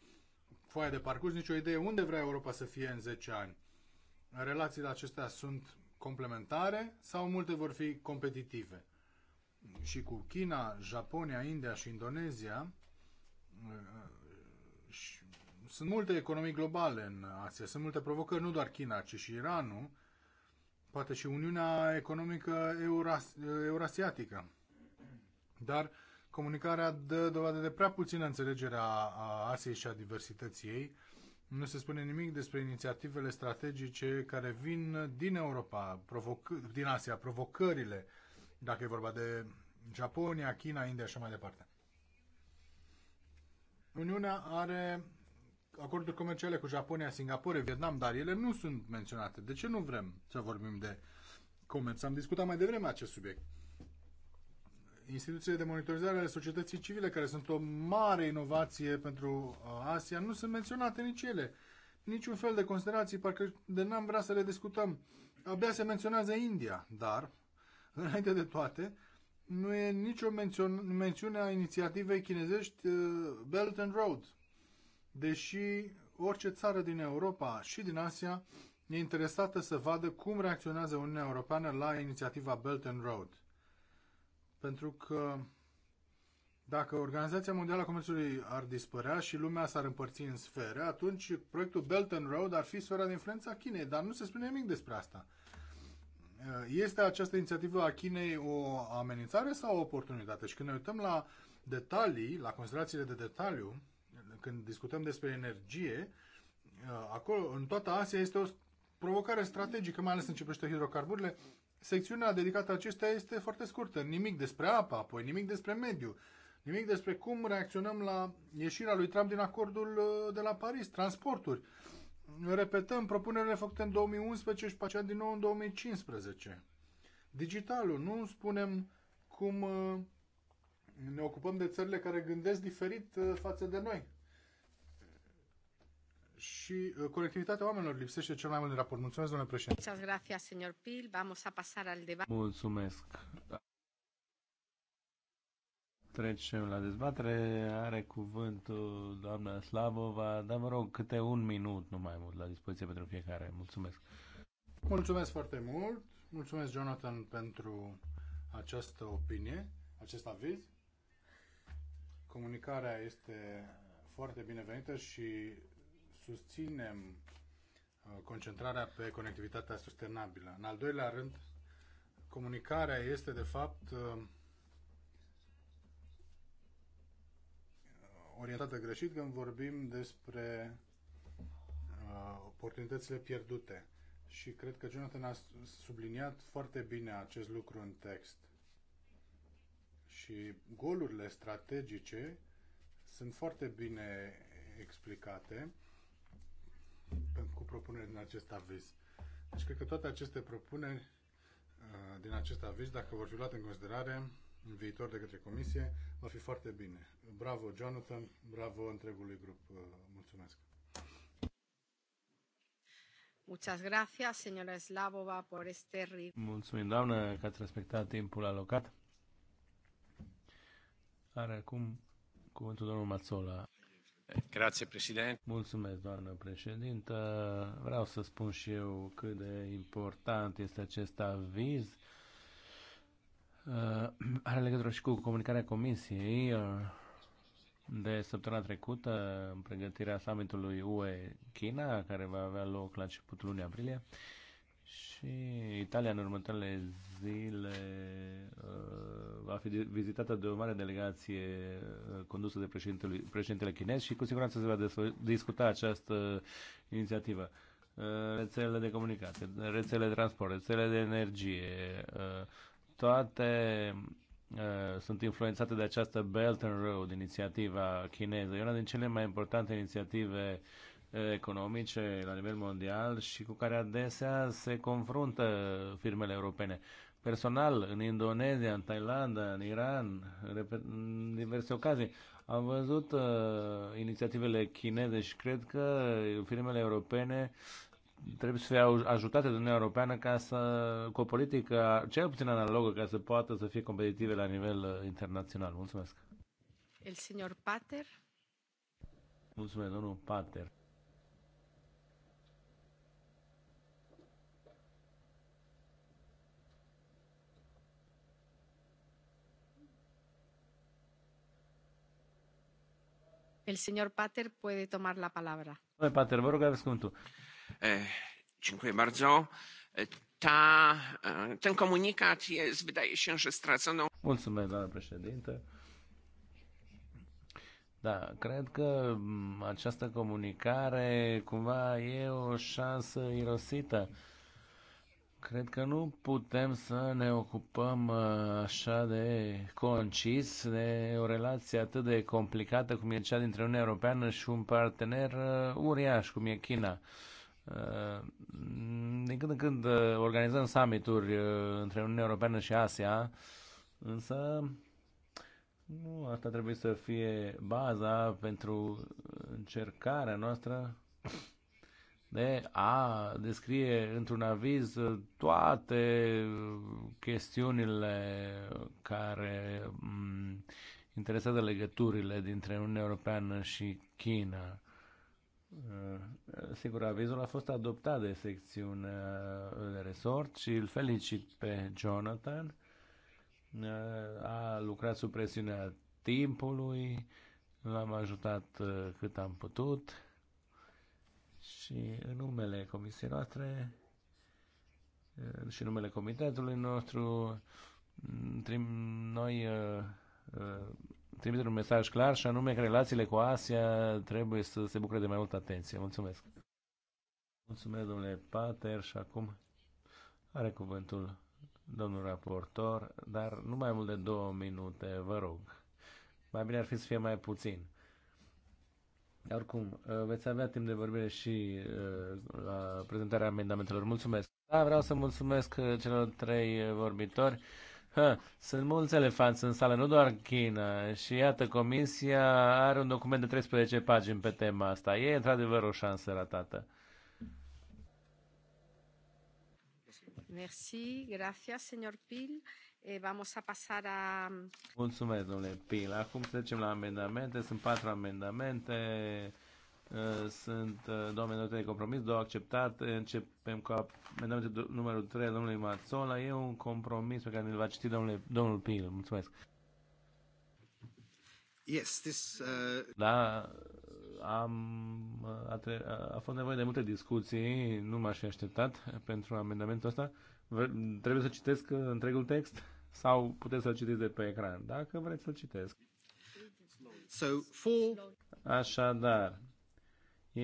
foaie de parcurs, nicio idee unde vrea Europa să fie în 10 ani. Relațiile acestea sunt complementare sau multe vor fi competitive? și cu China, Japonia, India și Indonezia, uh, sunt multe economii globale în Asia, sunt multe provocări, nu doar China, ci și Iranul, poate și Uniunea Economică Euras Eurasiatică. Dar comunicarea dă dovadă de prea puțină înțelegere a Asiei și a diversității ei. Nu se spune nimic despre inițiativele strategice care vin din Europa, din Asia, provocările dacă e vorba de Japonia, China, India și mai departe. Uniunea are acorduri comerciale cu Japonia, Singapore, Vietnam, dar ele nu sunt menționate. De ce nu vrem să vorbim de comerț? Am discutat mai devreme acest subiect. Instituțiile de monitorizare ale societății civile, care sunt o mare inovație pentru uh, Asia, nu sunt menționate nici ele. Niciun fel de considerații, parcă de n-am vrea să le discutăm. Abia se menționează India, dar Înainte de toate, nu e nicio mențiune a inițiativei chinezești uh, Belt and Road, deși orice țară din Europa și din Asia e interesată să vadă cum reacționează Uniunea Europeană la inițiativa Belt and Road. Pentru că dacă Organizația Mondială a Comerțului ar dispărea și lumea s-ar împărți în sfere, atunci proiectul Belt and Road ar fi sfera de influență a Chinei, dar nu se spune nimic despre asta. Este această inițiativă a Chinei o amenințare sau o oportunitate? Și când ne uităm la detalii, la considerațiile de detaliu, când discutăm despre energie, acolo, în toată Asia, este o provocare strategică, mai ales în ce privește hidrocarburile. Secțiunea dedicată acestea este foarte scurtă. Nimic despre apă, apoi nimic despre mediu, nimic despre cum reacționăm la ieșirea lui Trump din acordul uh, de la Paris, transporturi repetăm propunerile făcute în 2011 și pacea din nou în 2015. Digitalul, nu spunem cum uh, ne ocupăm de țările care gândesc diferit uh, față de noi. Și uh, conectivitatea oamenilor lipsește cel mai mult din raport. Mulțumesc, domnule președinte. señor Pil. Vamos a pasar al debate. Mulțumesc trecem la dezbatere. Are cuvântul doamna Slavova, dar mă rog, câte un minut, nu mai mult, la dispoziție pentru fiecare. Mulțumesc! Mulțumesc foarte mult! Mulțumesc, Jonathan, pentru această opinie, acest aviz. Comunicarea este foarte binevenită și susținem uh, concentrarea pe conectivitatea sustenabilă. În al doilea rând, comunicarea este, de fapt, uh, orientată greșit când vorbim despre uh, oportunitățile pierdute. Și cred că Jonathan a subliniat foarte bine acest lucru în text. Și golurile strategice sunt foarte bine explicate cu propuneri din acest aviz. Deci cred că toate aceste propuneri uh, din acest aviz, dacă vor fi luate în considerare, în viitor de către comisie, va fi foarte bine. Bravo, Jonathan, bravo întregului grup. Uh, mulțumesc! Muchas gracias, señora Slavova, por este Mulțumim, doamnă, că ați respectat timpul alocat. Are acum cuvântul domnul Mazzola. Grazie, președinte. Mulțumesc, doamnă președintă. Vreau să spun și eu cât de important este acest aviz Uh, [CLEARS THROAT] are legătură și cu comunicarea Comisiei uh, de săptămâna trecută în pregătirea summitului UE-China, care va avea loc la începutul lunii aprilie. Și Italia în următoarele zile uh, va fi vizitată de o mare delegație condusă de președintele, președintele chinez și cu siguranță se va discuta această inițiativă. Rețelele de comunicare, rețele de transport, rețele de energie, toate uh, sunt influențate de această Belt and Road, inițiativa chineză. E una din cele mai importante inițiative uh, economice la nivel mondial și cu care adesea se confruntă firmele europene. Personal, în Indonezia, în Thailanda, în Iran, în diverse ocazii, am văzut uh, inițiativele chineze și cred că firmele europene uh, trebuie să fie ajutate de Uniunea Europeană ca să, cu o politică cel puțin analogă ca să poată să fie competitive la nivel uh, internațional. Mulțumesc. El senior Pater. Mulțumesc, domnul Pater. El señor Pater puede tomar la palabra. Pater, vă rog, aveți cuvântul. Dziękuję bardzo. Ta, ten komunikat jest, wydaje się, że straconą. Mulțumesc, doamnă președinte. Da, cred că această comunicare cumva e o șansă irosită. Cred că nu putem să ne ocupăm așa de concis de o relație atât de complicată cum e cea dintre Uniunea Europeană și un partener uriaș cum e China. Uh, din când în când uh, organizăm summituri uh, între Uniunea Europeană și Asia, însă nu asta trebuie să fie baza pentru încercarea noastră de a descrie într-un aviz toate chestiunile care mm, interesează legăturile dintre Uniunea Europeană și China. Sigur, avizul a fost adoptat de secțiunea de resort și îl felicit pe Jonathan. A lucrat sub presiunea timpului, l-am ajutat uh, cât am putut și în numele comisiei noastre uh, și în numele comitetului nostru noi uh, trimite un mesaj clar și anume că relațiile cu Asia trebuie să se bucure de mai multă atenție. Mulțumesc! Mulțumesc, domnule Pater, și acum are cuvântul domnul raportor, dar nu mai mult de două minute, vă rog. Mai bine ar fi să fie mai puțin. Oricum, uh, veți avea timp de vorbire și uh, la prezentarea amendamentelor. Mulțumesc! Da, vreau să mulțumesc uh, celor trei vorbitori. Ha, sunt mulți elefanți în sală, nu doar China. Și iată, Comisia are un document de 13 pagini pe tema asta. E într-adevăr o șansă ratată. Merci, gracias, señor Pil. E, eh, vamos a pasar a... Mulțumesc, domnule Pil. Acum să trecem la amendamente. Sunt patru amendamente Uh, sunt uh, două amendamente de compromis, două acceptate. Începem cu amendamentul numărul 3 al domnului Mazzola. E un compromis pe care îl va citi domnule, domnul Pil. Mulțumesc. Yes, this, uh... Da, am, uh, a, tre- a fost nevoie de multe discuții, nu m-aș fi așteptat pentru amendamentul ăsta. V- trebuie să citesc întregul text sau puteți să-l citiți de pe ecran, dacă vreți să-l citesc. So, for... Așadar,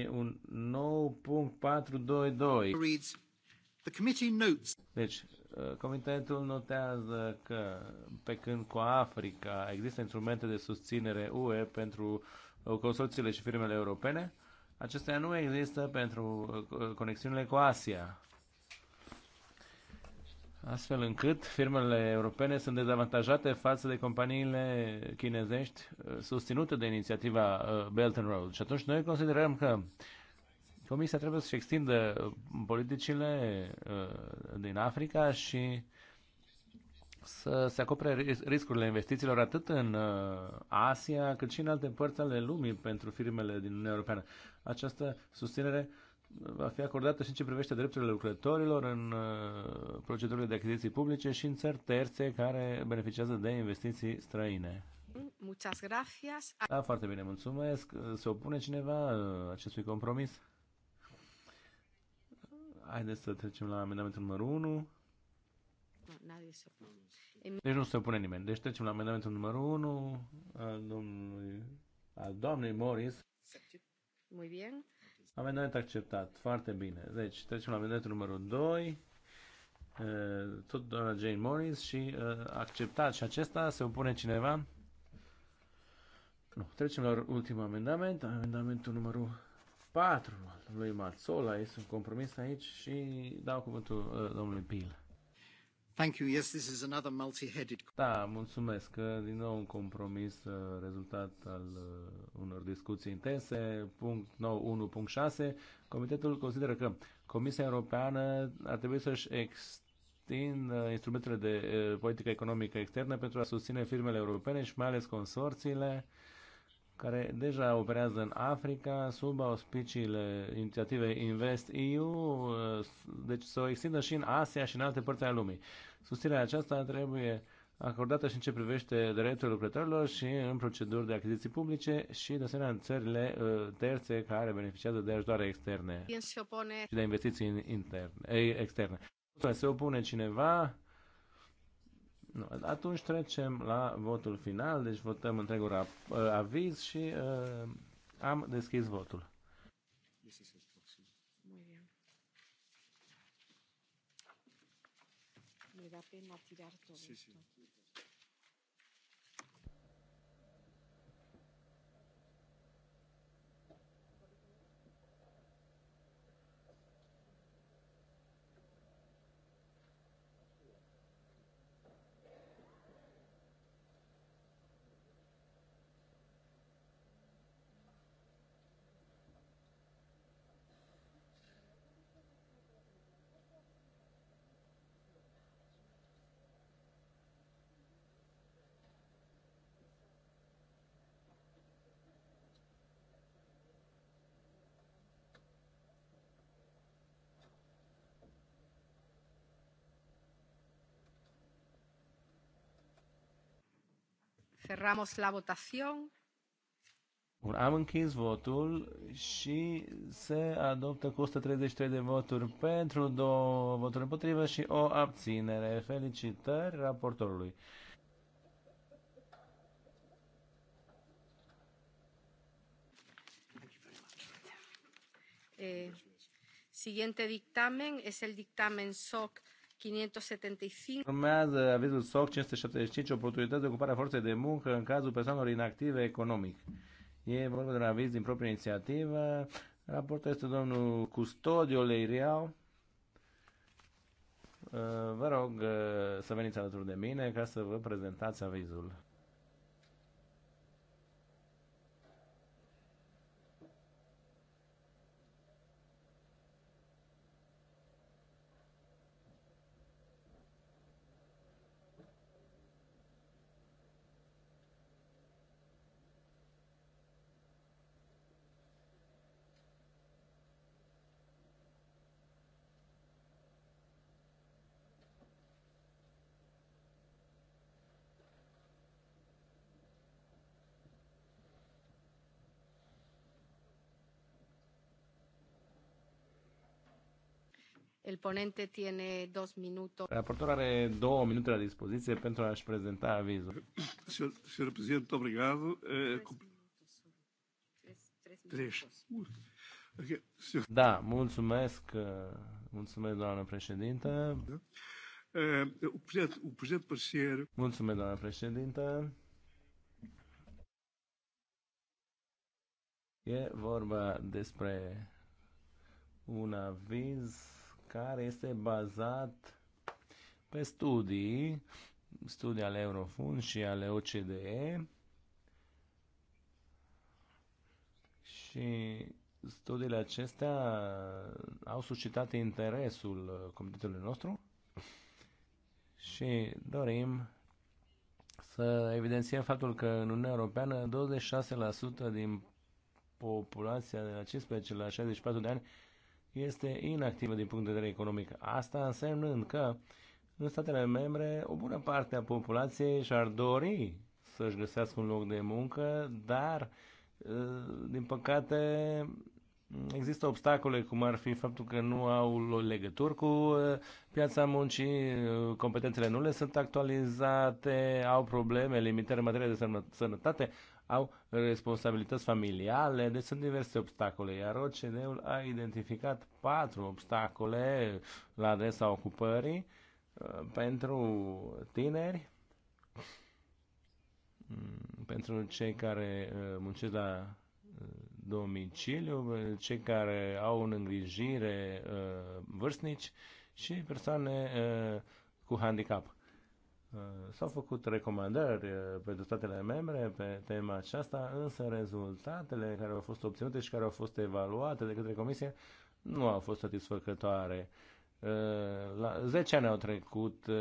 E un nou punct 422. The committee notes. Deci, uh, comitetul notează că pe când cu Africa există instrumente de susținere UE pentru uh, consorțiile și firmele europene, acestea nu există pentru uh, conexiunile cu Asia astfel încât firmele europene sunt dezavantajate față de companiile chinezești uh, susținute de inițiativa uh, Belt and Road. Și atunci noi considerăm că Comisia trebuie să-și extindă uh, politicile din Africa și să se acopere riscurile investițiilor atât în Asia cât și în alte părți ale lumii pentru firmele din Uniunea Europeană. Această susținere va fi acordată și în ce privește drepturile lucrătorilor în uh, procedurile de achiziții publice și în țări terțe care beneficiază de investiții străine. Muchas gracias. Da, foarte bine, mulțumesc. Se opune cineva uh, acestui compromis? Haideți să trecem la amendamentul numărul 1. Deci nu se opune nimeni. Deci trecem la amendamentul numărul 1 al, domnului, al doamnei Morris. Muy bien. Amendament acceptat. Foarte bine. Deci trecem la amendamentul numărul 2. Tot doamna Jane Morris și acceptat și acesta. Se opune cineva? Nu. Trecem la ultimul amendament. Amendamentul numărul 4 lui Mazzola. Este un compromis aici și dau cuvântul domnului Pila. Thank you. Yes, this is another multi-headed. Da, mulțumesc. Din nou un compromis uh, rezultat al uh, unor discuții intense. Punct 9, 1.6. Comitetul consideră că Comisia Europeană ar trebui să-și extindă instrumentele de uh, politică economică externă pentru a susține firmele europene și mai ales consorțiile care deja operează în Africa sub auspiciile inițiativei Invest EU, uh, deci să o extindă și în Asia și în alte părți ale lumii. Susținerea aceasta trebuie acordată și în ce privește dreptul lucrătorilor și în proceduri de achiziții publice și de asemenea în țările uh, terțe care beneficiază de ajutoare externe și de investiții interne, externe. Se opune cineva? Nu. Atunci trecem la votul final, deci votăm întregul uh, aviz și uh, am deschis votul. Me da pena tirar todo sí, sí. Cerramos la votación. Bun, am închis votul și se adoptă cu 133 de voturi pentru, două voturi împotrivă și o abținere. Felicitări raportorului. Eh, siguiente dictamen es el dictamen SOC 575. Urmează avizul SOC 575, oportunități de ocupare a forței de muncă în cazul persoanelor inactive economic. E vorba de un aviz din proprie inițiativă. Raportul este domnul Custodio Leiriau. Uh, vă rog uh, să veniți alături de mine ca să vă prezentați avizul. El ponente tiene dos minutos. Raportor are două minute la dispoziție pentru a-și prezenta avizul. Senhor Presidente, obrigado. Eh, Três. Da, mulțumesc, eh, mulțumesc, doamnă președintă. Eh, mulțumesc, doamnă președintă. E vorba despre un aviz care este bazat pe studii, studii ale Eurofund și ale OCDE și studiile acestea au suscitat interesul comitetului nostru și dorim să evidențiem faptul că în Uniunea Europeană 26% din populația de la 15 la 64 de ani este inactivă din punct de vedere economic. Asta însemnând că în statele membre o bună parte a populației și-ar dori să-și găsească un loc de muncă, dar ă, din păcate există obstacole, cum ar fi faptul că nu au legături cu ă, piața muncii, ă, competențele nu le sunt actualizate, au probleme, limitări în materie de sănătate, au responsabilități familiale, deci sunt diverse obstacole, iar OCD-ul a identificat patru obstacole la adresa ocupării uh, pentru tineri, mm, pentru cei care uh, muncesc la uh, domiciliu, cei care au în îngrijire vârstnici și persoane cu handicap. Uh, s-au făcut recomandări uh, pentru statele membre pe tema aceasta, însă rezultatele care au fost obținute și care au fost evaluate de către Comisie nu au fost satisfăcătoare. Eh, la 10 ani au trecut eh,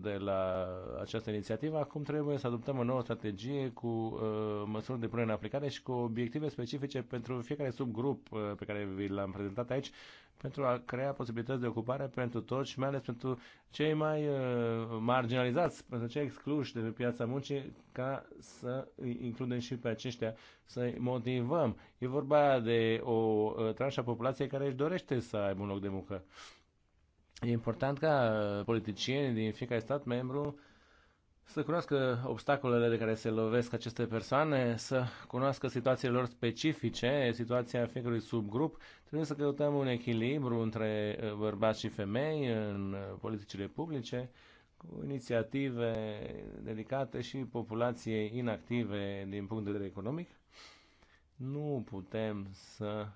de la această inițiativă, acum trebuie să adoptăm o nouă strategie cu eh, măsuri de punere în aplicare și cu obiective specifice pentru fiecare subgrup pe care vi l-am prezentat aici, pentru a crea posibilități de ocupare pentru toți și mai ales pentru cei mai marginalizați, pentru cei excluși de pe piața muncii, ca să îi includem și pe aceștia, să îi motivăm. E vorba de o tranșă a populației care își dorește să aibă un loc de muncă. E important ca uh, politicienii din fiecare stat membru să cunoască obstacolele de care se lovesc aceste persoane, să cunoască situațiile lor specifice, situația fiecărui subgrup. Trebuie să căutăm un echilibru între uh, bărbați și femei în uh, politicile publice, cu inițiative dedicate și populație inactive din punct de vedere economic. Nu putem să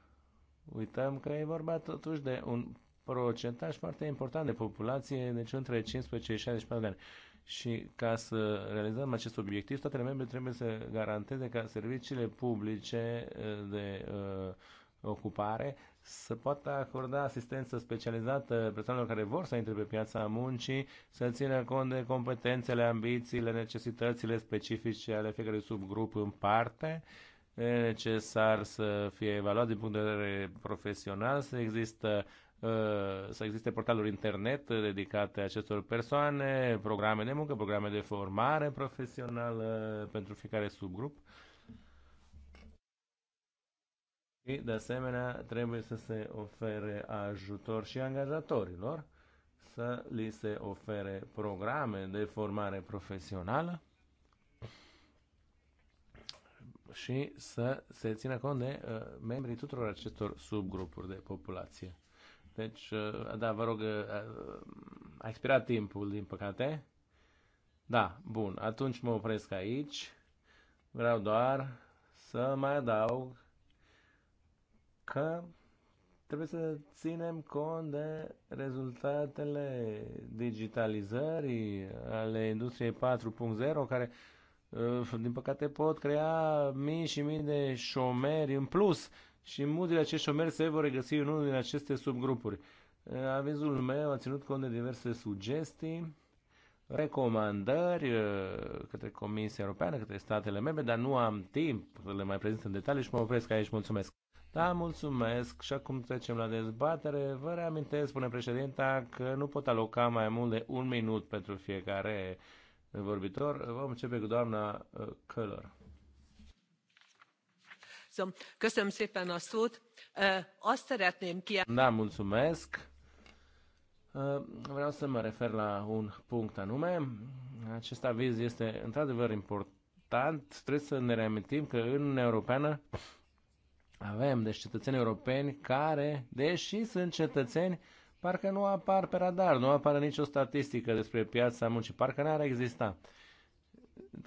uităm că e vorba totuși de un procentaj foarte important de populație, deci între 15 și 64 de ani. Și ca să realizăm acest obiectiv, statele membre trebuie să garanteze ca serviciile publice eh, de uh, ocupare să poată acorda asistență specializată persoanelor care vor să intre pe piața muncii, să țină cont de competențele, ambițiile, necesitățile specifice ale fiecărui subgrup în parte, e eh, necesar să fie evaluat din punct de vedere profesional, să există Uh, să existe portaluri internet dedicate acestor persoane, programe de muncă, programe de formare profesională pentru fiecare subgrup. Și, de asemenea, trebuie să se ofere ajutor și angajatorilor, să li se ofere programe de formare profesională și să se țină cont de uh, membrii tuturor acestor subgrupuri de populație. Deci, uh, da, vă rog, uh, a expirat timpul, din păcate. Da, bun, atunci mă opresc aici. Vreau doar să mai adaug că trebuie să ținem cont de rezultatele digitalizării ale industriei 4.0 care uh, din păcate pot crea mii și mii de șomeri în plus și mulți din acești șomeri se vor regăsi în unul din aceste subgrupuri. Avizul meu a ținut cont de diverse sugestii, recomandări către Comisia Europeană, către statele membre, dar nu am timp să le mai prezint în detalii și mă opresc aici. Mulțumesc! Da, mulțumesc și acum trecem la dezbatere. Vă reamintesc, spune președinta, că nu pot aloca mai mult de un minut pentru fiecare vorbitor. Vom începe cu doamna Călor. Köszönöm szépen a szót. Azt szeretném kiemelni. Da, mulțumesc. Vreau să mă refer la un punct anume. Acest aviz este într-adevăr important. Trebuie să ne reamintim că în Uniunea Europeană avem deci cetățeni europeni care, deși sunt cetățeni, parcă nu apar pe radar, nu apare nicio statistică despre piața muncii, parcă n-ar exista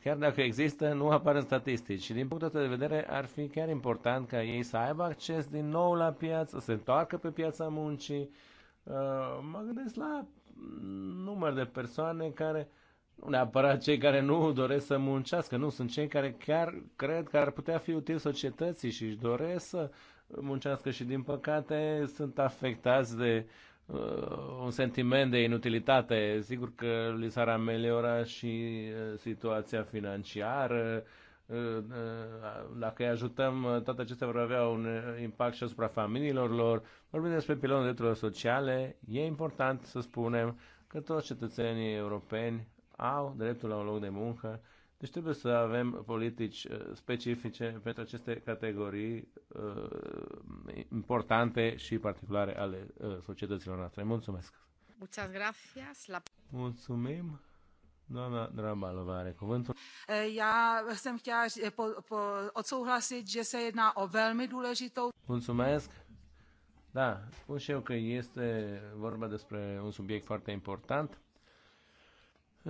chiar dacă există, nu apar în statistici. Și din punctul de vedere ar fi chiar important ca ei să aibă acces din nou la piață, să se întoarcă pe piața muncii. Uh, mă gândesc la număr de persoane care, nu neapărat cei care nu doresc să muncească, nu, sunt cei care chiar cred că ar putea fi util societății și își doresc să muncească și din păcate sunt afectați de uh, Uh, un sentiment de inutilitate. Sigur că li s-ar ameliora și uh, situația financiară. Uh, dacă îi ajutăm, toate acestea vor avea un impact și asupra familiilor lor. Vorbim despre pilonul drepturilor sociale. E important să spunem că toți cetățenii europeni au dreptul la un loc de muncă deci trebuie să avem politici uh, specifice pentru aceste categorii uh, importante și particulare ale uh, societăților noastre. Mulțumesc! Muchas gracias. La... Mulțumim! Doamna Drabalová are cuvântul. Eh, já jsem chtěla po, po, odsouhlasit, že se jedná o velmi důležitou... Mulțumesc! Da, spun și eu că este vorba despre un subiect foarte important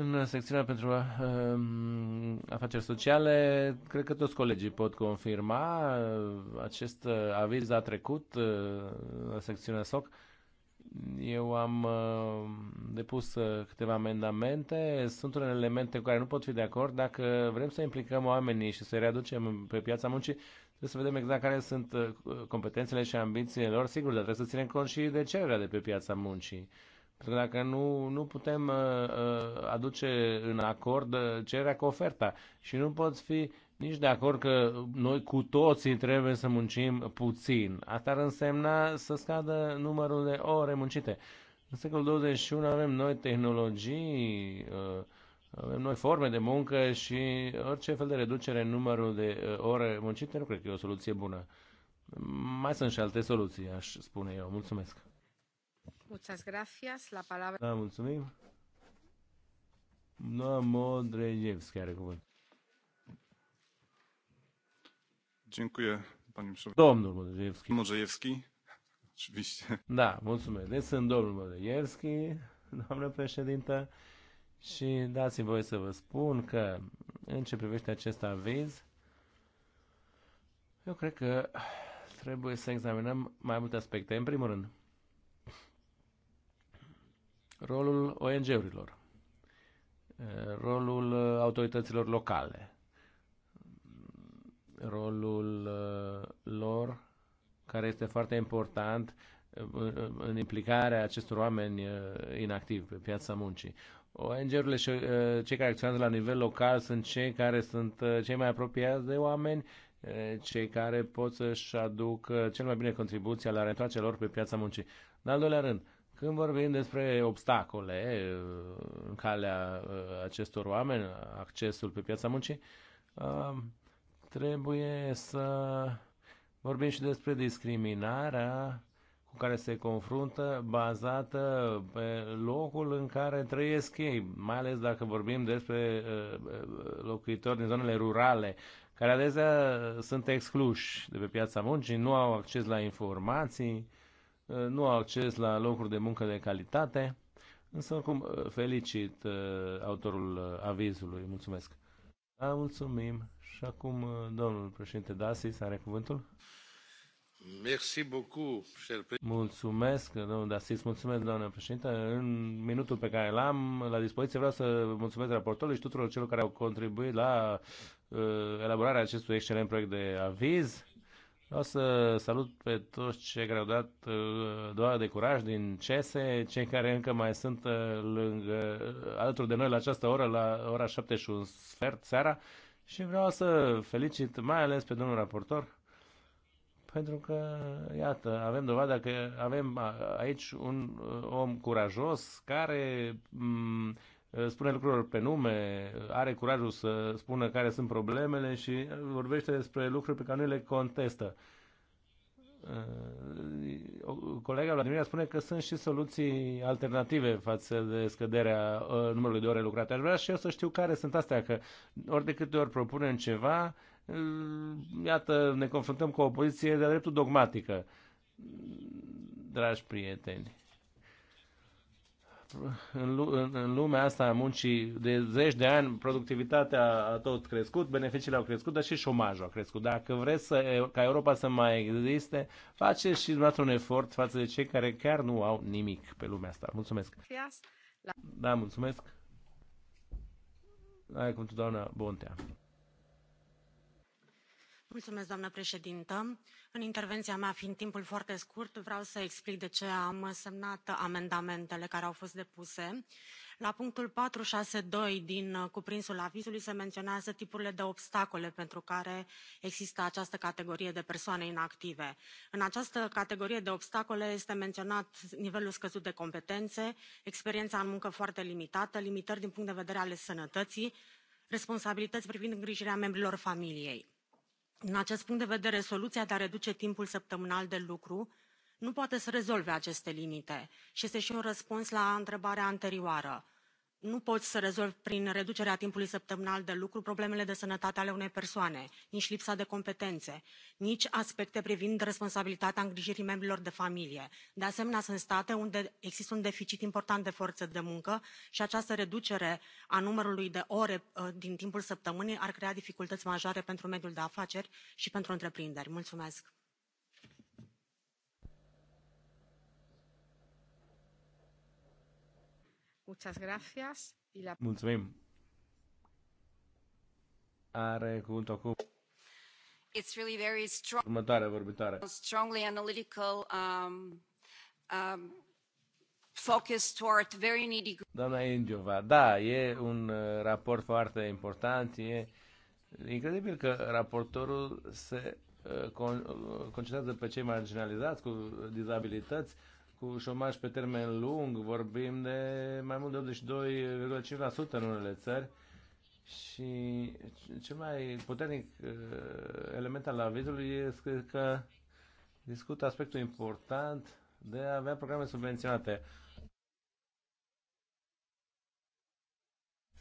în secțiunea pentru uh, um, afaceri sociale, cred că toți colegii pot confirma uh, acest uh, aviz a trecut în secțiunea SOC. Eu am depus câteva amendamente. Sunt unele elemente cu care nu pot fi de acord. Dacă vrem să implicăm oamenii și să-i readucem pe piața muncii, trebuie să vedem exact care sunt competențele și ambițiile lor. Sigur, dar trebuie să ținem cont și de cererea de pe piața muncii. Pentru că dacă nu, nu putem uh, uh aduce în acord uh, cererea cu oferta și nu poți fi nici de acord că noi cu toții trebuie să muncim puțin. Asta ar însemna să scadă numărul de ore muncite. În secolul 21 avem noi tehnologii, uh, avem noi forme de muncă și orice fel de reducere în numărul de ore muncite nu cred că e o soluție bună. Mai sunt și alte soluții, aș spune eu. Mulțumesc! Muchas gracias. La palabra... Da, mulțumim. Doamna Modrejevski are cuvânt. Dziękuję, panie przewodniczący. Domnul Modrzejewski. oczywiście. Da, mulțumesc. Deci sunt domnul Modrzejewski, doamnă președintă, și dați-mi voie să vă spun că în ce privește acest aviz, eu cred că trebuie să examinăm mai multe aspecte. În primul rând, rolul ONG-urilor, rolul uh, autorităților locale, rolul uh, lor care este foarte important uh, în implicarea acestor oameni inactivi pe piața muncii. ONG-urile și cei care acționează la nivel local sunt cei care sunt cei mai apropiați de oameni, cei care pot să-și aducă cel mai bine contribuția la reîntoarcerea lor pe piața muncii. În al doilea rând, când vorbim despre obstacole uh, în calea uh, acestor oameni, accesul pe piața muncii, uh, trebuie să vorbim și despre discriminarea cu care se confruntă, bazată pe locul în care trăiesc ei, mai ales dacă vorbim despre locuitori din zonele rurale, care adesea sunt excluși de pe piața muncii, nu au acces la informații, Uh, nu au acces la locuri de muncă de calitate, însă oricum uh, felicit uh, autorul avizului. Mulțumesc! Da, mulțumim! Și acum domnul președinte Dasis are cuvântul. Merci beaucoup, cher Mulțumesc, domnul Dasis, mulțumesc, doamnă președinte. În minutul pe care l-am la dispoziție vreau să mulțumesc raportorului și tuturor celor care au contribuit la uh, elaborarea acestui excelent proiect de aviz Vreau să salut pe toți cei care au dat uh, doar de curaj din CESE, cei care încă mai sunt uh, lângă, uh, alături de noi la această oră, la ora 7 și un sfert seara. Și vreau să felicit mai ales pe domnul raportor, pentru că, iată, avem dovada că avem aici un om curajos care Eh, spune lucrurilor pe nume, are curajul să spună care sunt problemele și vorbește despre lucruri pe care nu le contestă. Eh, colega Vladimir spune că sunt și soluții alternative față de scăderea eh, numărului de ore lucrate. Aș vrea și eu să știu care sunt astea, că ori de câte ori propunem ceva, iată, ne confruntăm cu o opoziție de-a dreptul dogmatică. Dragi prieteni, în lumea asta a muncii de zeci de ani, productivitatea a tot crescut, beneficiile au crescut, dar și șomajul a crescut. Dacă vreți să, ca Europa să mai existe, faceți și dumneavoastră un efort față de cei care chiar nu au nimic pe lumea asta. Mulțumesc! Da, mulțumesc! Hai cum tu, doamna Bontea doamnă președintă în intervenția mea fiind timpul foarte scurt vreau să explic de ce am semnat amendamentele care au fost depuse. la punctul patru sute șaizeci și doi din uh, cuprinsul avizului se menționează tipurile de obstacole pentru care există această categorie de persoane inactive. în această categorie de obstacole este menționat nivelul scăzut de competențe experiența în muncă foarte limitată limitări din punct de vedere al sănătății responsabilități privind îngrijirea membrilor familiei din acest punct de vedere soluția de a reduce timpul săptămânal de lucru nu poate să rezolve aceste limite și este și un răspuns la întrebarea anterioară nu poți să rezolvi prin reducerea timpului săptămânal de lucru problemele de sănătate ale unei persoane nici lipsa de competențe nici aspecte privind responsabilitatea îngrijirii membrilor de familie. de asemenea sunt state unde există un deficit important de forță de muncă și această reducere a numărului de ore uh, din timpul săptămânii ar crea dificultăți majore pentru mediul de afaceri și pentru întreprinderi. mulțumesc. Muchas gracias. Y la... Mulțumim. Are cuvântul acum. It's really very strong. Următoarea vorbitoare. Strongly analytical um, um, focus toward very needy. Doamna Ingeva, da, e un uh, raport foarte important, e incredibil că raportorul se uh, uh, concentrează pe cei marginalizați cu dizabilități, cu șomaj pe termen lung, vorbim de mai mult de 82,5% în unele țări și cel mai puternic uh, element al avizului este că discută aspectul important de a avea programe subvenționate.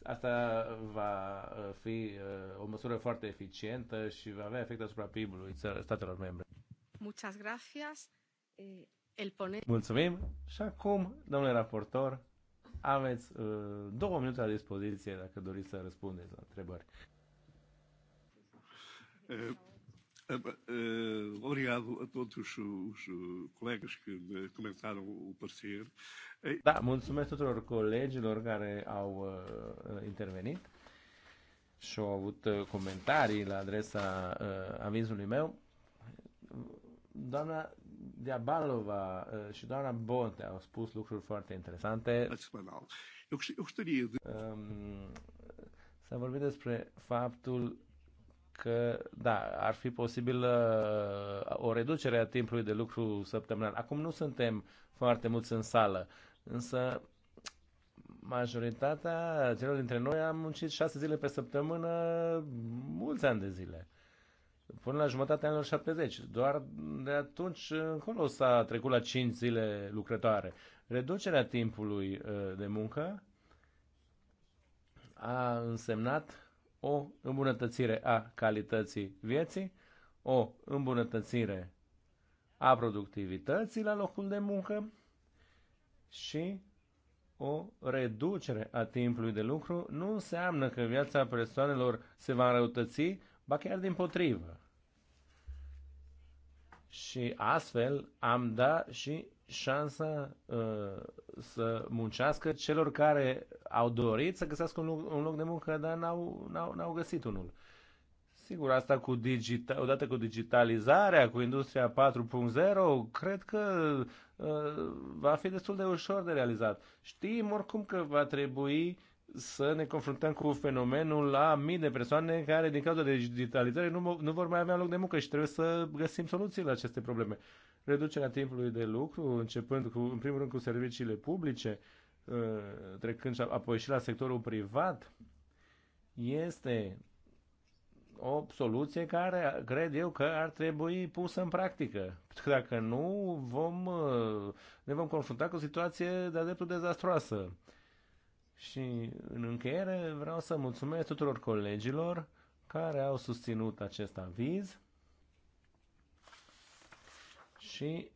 Asta va uh, fi uh, o măsură foarte eficientă și va avea efect asupra PIB-ului statelor membre. Muchas gracias. Eh, el pone... Mulțumim și acum, domnule raportor, aveți uh, două minute la dispoziție dacă doriți să răspundeți la întrebări. Uh, uh, obrigado a todos os colegas que comentaram o parecer. Da, mulțumesc tuturor colegilor care au uh, intervenit și au avut uh, comentarii la adresa uh, avizului meu. Doamna Diabalova eh, și doamna Bonte au spus lucruri foarte interesante. Ehm, s-a vorbit despre faptul că, da, ar fi posibil eh, o reducere a timpului de lucru săptămânal. Acum nu suntem foarte mulți în sală, însă majoritatea celor dintre noi am muncit șase zile pe săptămână, mulți ani de zile până la jumătatea anilor 70. Doar de atunci încolo s-a trecut la 5 zile lucrătoare. Reducerea timpului uh, de muncă a însemnat o îmbunătățire a calității vieții, o îmbunătățire a productivității la locul de muncă și o reducere a timpului de lucru nu înseamnă că viața persoanelor se va înrăutăți, ba chiar din potrivă și astfel am dat și șansa uh, să muncească celor care au dorit să găsească un loc, un loc de muncă, dar n-au, n-au, n-au găsit unul. Sigur, asta cu digital, odată cu digitalizarea, cu industria 4.0, cred că uh, va fi destul de ușor de realizat. Știm oricum că va trebui să ne confruntăm cu fenomenul la mii de persoane care din cauza digitalizării nu, nu vor mai avea loc de muncă și trebuie să găsim soluții la aceste probleme. Reducerea timpului de lucru, începând cu, în primul rând cu serviciile publice, ă, trecând și apoi și la sectorul privat, este o soluție care cred eu că ar trebui pusă în practică. Dacă nu, vom, ă, ne vom confrunta cu o situație de-a dreptul dezastroasă și în încheiere vreau să mulțumesc tuturor colegilor care au susținut acest aviz. Și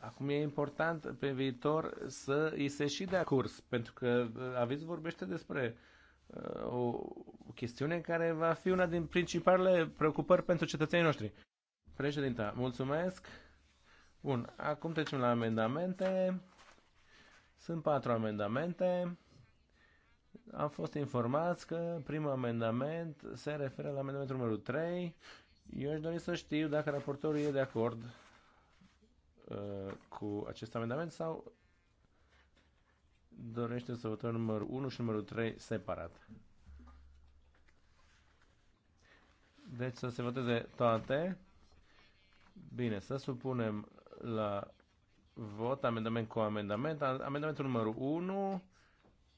acum e important pe viitor să îi se și dea curs, pentru că uh, avizul vorbește despre uh, o chestiune care va fi una din principalele preocupări pentru cetățenii noștri. Președinta, mulțumesc. Bun, acum trecem la amendamente. Sunt patru amendamente am fost informați că primul amendament se referă la amendamentul numărul 3. Eu aș dori să știu dacă raportorul e de acord uh, cu acest amendament sau dorește să votăm numărul 1 și numărul 3 separat. Deci să se voteze toate. Bine, să supunem la vot amendament cu amendament. Amendamentul numărul 1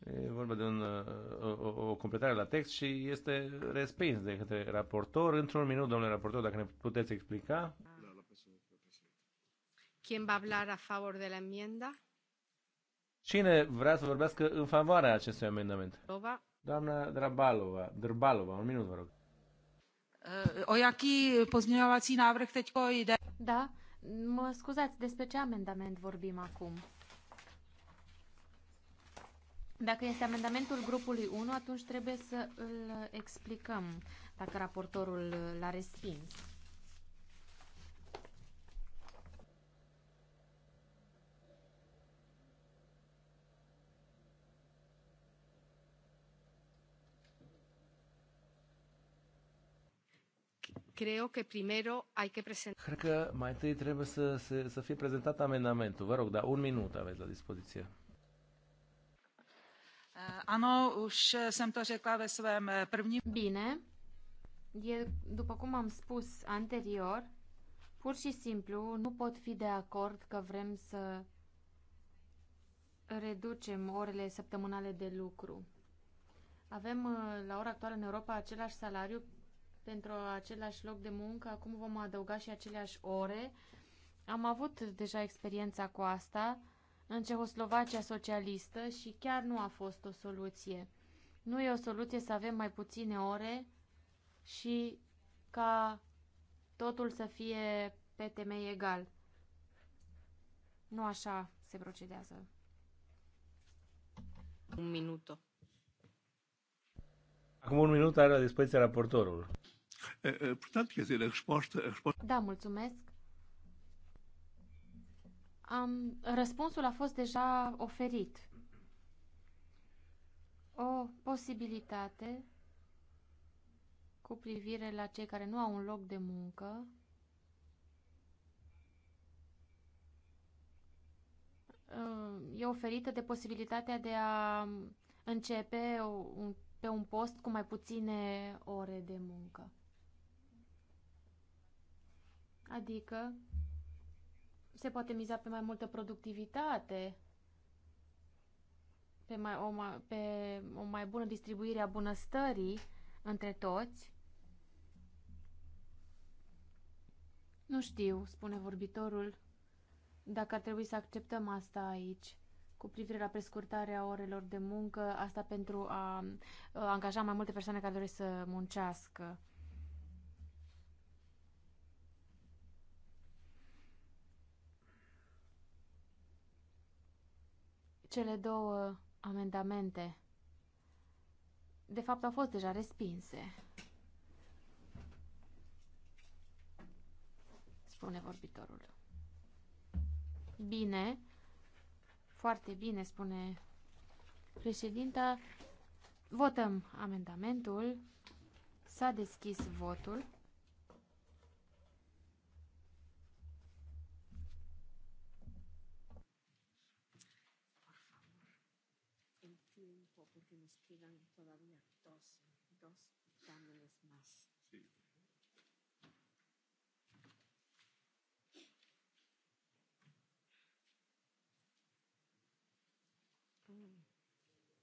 E vorba de un, uh, o, o completare la text și este respins de către raportor. Într-un minut, domnule raportor, dacă ne puteți explica. Cine va hablar a favor de la enmienda? Cine vrea să vorbească în favoarea acestui amendament? Doamna Drabalova, Drbalova, un minut, vă rog. Eh, o jaký pozměňovací návrh teďko jde? Da, mă scuzați, despre ce amendament vorbim acum? Dacă este amendamentul grupului 1, atunci trebuie să îl explicăm dacă raportorul l-a respins. Creo que primero hay que presentar... Cred că mai întâi trebuie să, să, să fie prezentat amendamentul. Vă rog, dar un minut aveți la dispoziție. Bine, e, după cum am spus anterior, pur și simplu nu pot fi de acord că vrem să reducem orele săptămânale de lucru. Avem eh, la ora actuală în Europa același salariu pentru același loc de muncă, acum vom adăuga și aceleași ore. Am avut deja experiența cu asta în Cehoslovacia socialistă și chiar nu a fost o soluție. Nu e o soluție să avem mai puține ore și ca totul să fie pe temei egal. Nu așa se procedează. Un minut. Acum un minut are la dispoziție raportorul. Eh, eh, da, mulțumesc am, răspunsul a fost deja oferit. O posibilitate cu privire la cei care nu au un loc de muncă uh, e oferită de posibilitatea de a începe pe un post cu mai puține ore de muncă. Adică se poate miza pe mai multă productivitate, pe, mai, o, mai, pe o mai bună distribuire a bunăstării între toți. Nu știu, spune vorbitorul, dacă ar trebui să acceptăm asta aici cu privire la prescurtarea orelor de muncă, asta pentru a, a angaja mai multe persoane care doresc să muncească. Cele două amendamente, de fapt, au fost deja respinse. Spune vorbitorul. Bine, foarte bine, spune președinta. Votăm amendamentul. S-a deschis votul.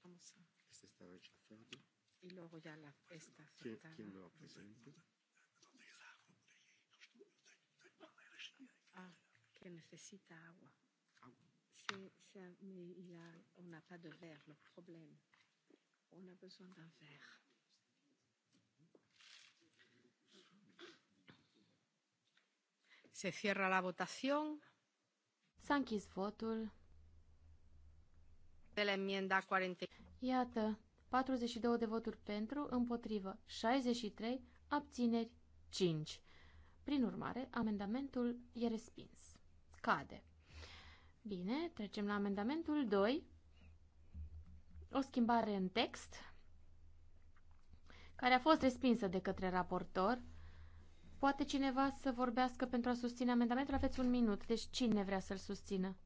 Vamos a... Este está rechazado. Y luego ya la, esta aceptada. ¿Quién, lo Ah, que necesita agua. Agua. mais a, on n'a pas de verre, le problème. On a besoin d'un verre. Se cierra la votación. S-a închis votul. Iată, 42 de voturi pentru, împotrivă, 63, abțineri, 5. Prin urmare, amendamentul e respins. Cade. Bine, trecem la amendamentul 2. O schimbare în text, care a fost respinsă de către raportor. Poate cineva să vorbească pentru a susține amendamentul? Aveți un minut, deci cine vrea să-l susțină?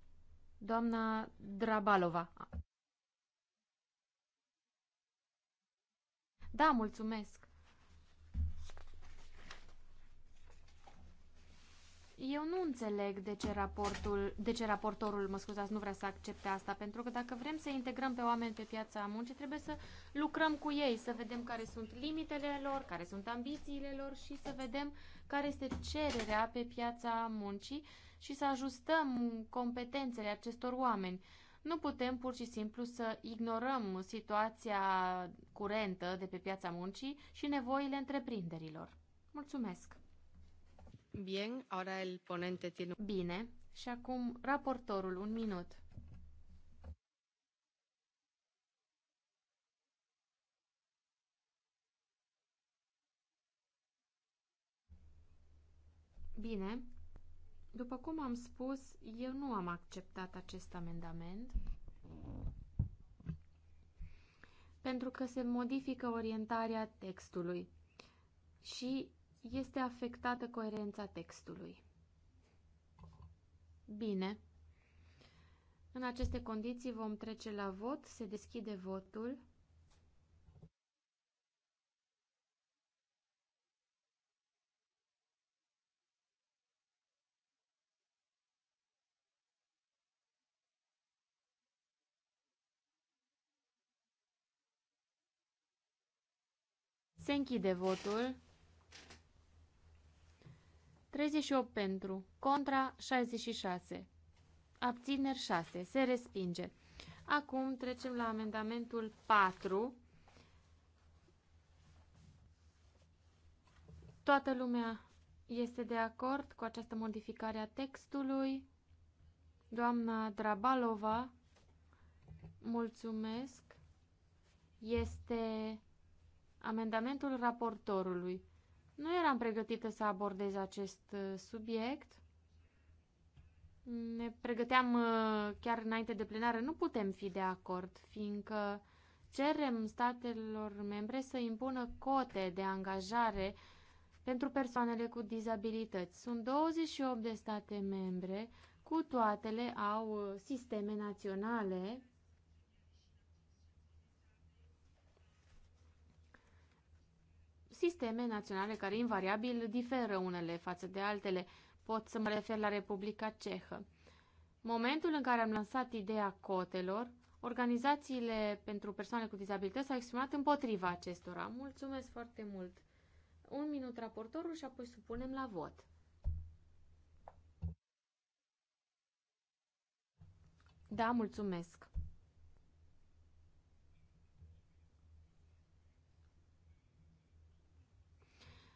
Doamna Drabalova. Da, mulțumesc. Eu nu înțeleg de ce, raportul, de ce raportorul, mă scuzați, nu vrea să accepte asta, pentru că dacă vrem să integrăm pe oameni pe piața muncii, trebuie să lucrăm cu ei, să vedem care sunt limitele lor, care sunt ambițiile lor și să vedem care este cererea pe piața muncii și să ajustăm competențele acestor oameni. Nu putem pur și simplu să ignorăm situația curentă de pe piața muncii și nevoile întreprinderilor. Mulțumesc! Bien, ahora el ponente tiene... Bine, și acum raportorul, un minut. Bine, după cum am spus, eu nu am acceptat acest amendament pentru că se modifică orientarea textului și este afectată coerența textului. Bine. În aceste condiții vom trece la vot. Se deschide votul. Se închide votul. 38 pentru, contra 66, abțineri 6, se respinge. Acum trecem la amendamentul 4. Toată lumea este de acord cu această modificare a textului. Doamna Drabalova, mulțumesc, este amendamentul raportorului. Nu eram pregătită să abordez acest uh, subiect. Ne pregăteam uh, chiar înainte de plenară. Nu putem fi de acord, fiindcă cerem statelor membre să impună cote de angajare pentru persoanele cu dizabilități. Sunt 28 de state membre, cu toatele au uh, sisteme naționale sisteme naționale care invariabil diferă unele față de altele. Pot să mă refer la Republica Cehă. Momentul în care am lansat ideea cotelor, organizațiile pentru persoane cu dizabilități s-au exprimat împotriva acestora. Mulțumesc foarte mult! Un minut raportorul și apoi supunem la vot. Da, mulțumesc!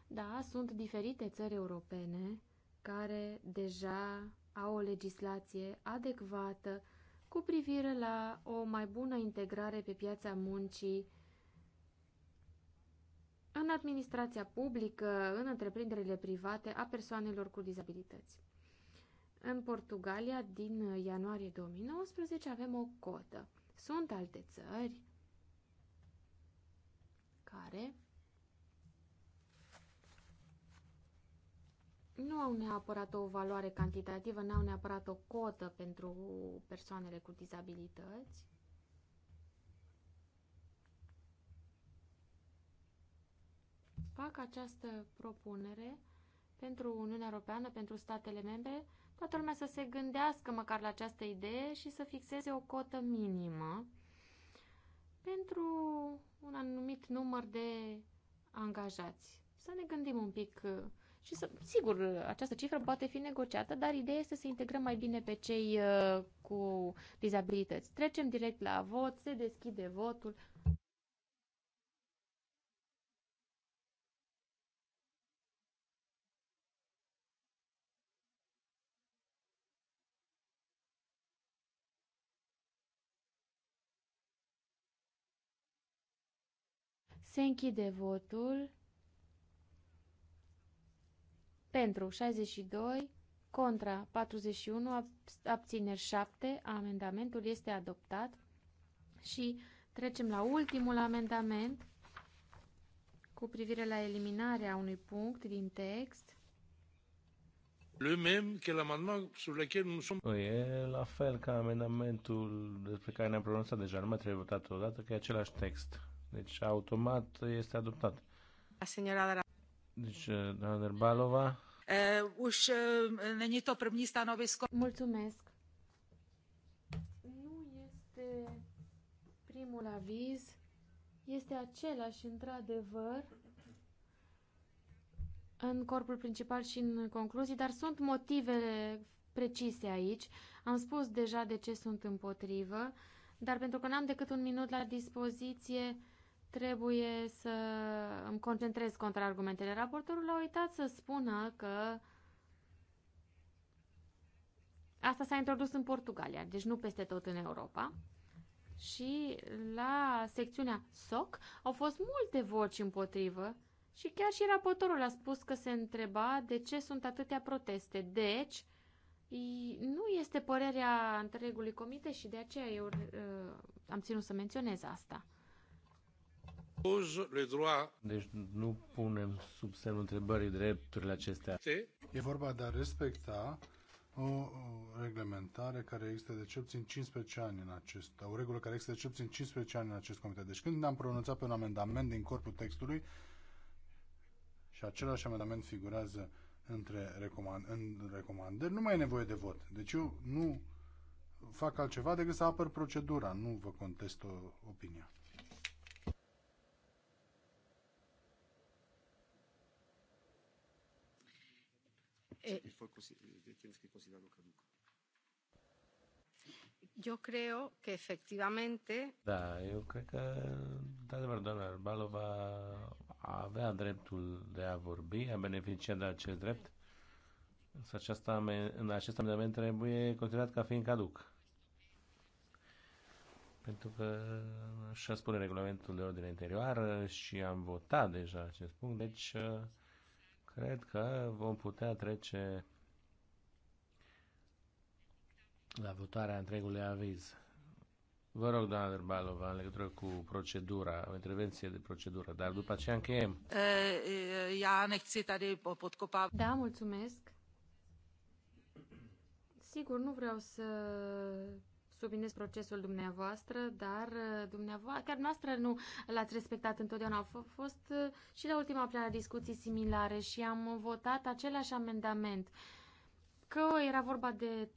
Da, sunt diferite țări europene care deja au o legislație adecvată cu privire la o mai bună integrare pe piața muncii în administrația publică, în întreprinderile private a persoanelor cu dizabilități. În Portugalia, din ianuarie 2019, avem o cotă. Sunt alte țări care nu au neapărat o valoare cantitativă, nu au neapărat o cotă pentru persoanele cu dizabilități. Fac această propunere pentru Uniunea Europeană, pentru statele membre, toată lumea să se gândească măcar la această idee și să fixeze o cotă minimă pentru un anumit număr de angajați. Să ne gândim un pic și să, sigur, această cifră poate fi negociată, dar ideea este să integrăm mai bine pe cei uh, cu dizabilități. Trecem direct la vot, se deschide votul. Se închide votul. Pentru 62, contra 41, abțineri 7, amendamentul este adoptat și trecem la ultimul amendament cu privire la eliminarea unui punct din text. Le même que l'amendement sur lequel nous sommes... Păi, e la fel ca amendamentul despre care ne-am pronunțat deja, nu mai trebuie votat dată, că e același text. Deci automat este adoptat. La señora Deci, doamna Balova, Eh, už eh, není to první stanovisko. Mulțumesc. Nu este primul aviz, este același într-adevăr în corpul principal și în concluzii, dar sunt motivele precise aici. Am spus deja de ce sunt împotrivă, dar pentru că n-am decât un minut la dispoziție, trebuie să îmi concentrez contraargumentele. Raportorul a uitat să spună că asta s-a introdus în Portugalia, deci nu peste tot în Europa. Și la secțiunea SOC au fost multe voci împotrivă și chiar și raportorul a spus că se întreba de ce sunt atâtea proteste. Deci, nu este părerea întregului comite și de aceea eu uh, am ținut să menționez asta. Deci nu punem sub semnul întrebării drepturile acestea. E vorba de a respecta o reglementare care există de cel puțin 15 ani în acest, o regulă care există de cel puțin 15 ani în acest comitet. Deci când am pronunțat pe un amendament din corpul textului și același amendament figurează între recomand, în recomandări, nu mai e nevoie de vot. Deci eu nu fac altceva decât să apăr procedura, nu vă contest o opinia. eu cred că efectivamente... Da, eu cred că, de adevăr, doamna Arbalo va avea dreptul de a vorbi, a beneficia de acest drept. Însă aceasta, în acest amendament trebuie considerat ca fiind caduc. Pentru că așa spune regulamentul de ordine interioară și am votat deja acest punct, deci uh, cred că vom putea trece la votarea întregului aviz. Vă rog, doamna Derbalova, în legătură cu procedura, o intervenție de procedură, dar după aceea încheiem. Ea de pot podcopa. Da, mulțumesc. Sigur, nu vreau să sublinez procesul dumneavoastră, dar uh, dumneavoastră, chiar noastră nu l-ați respectat întotdeauna. Au fost uh, și la ultima plenară discuții similare și am votat același amendament. Că era vorba de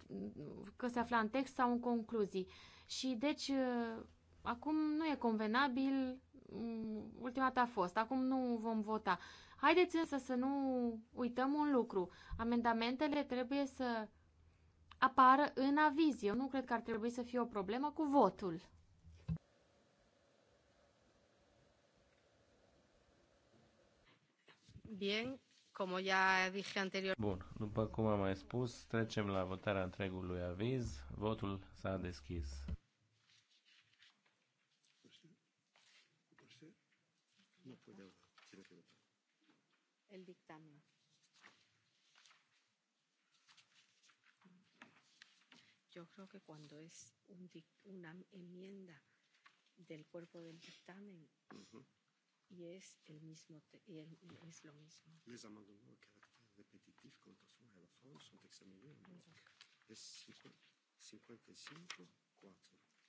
că se afla în text sau în concluzii. Și deci uh, acum nu e convenabil, mm, ultima dată a fost, acum nu vom vota. Haideți însă să nu uităm un lucru. Amendamentele trebuie să apară în aviz. Eu nu cred că ar trebui să fie o problemă cu votul. Bien, como ya dije anterior. Bun, după cum am mai spus, trecem la votarea întregului aviz. Votul s-a deschis. El dictamen. yo creo que cuando es un, una enmienda del cuerpo del dictamen uh -huh. y es el mismo te, y el, y es lo mismo. Les amendements la forme sont examinés en bloc. Es 55 4.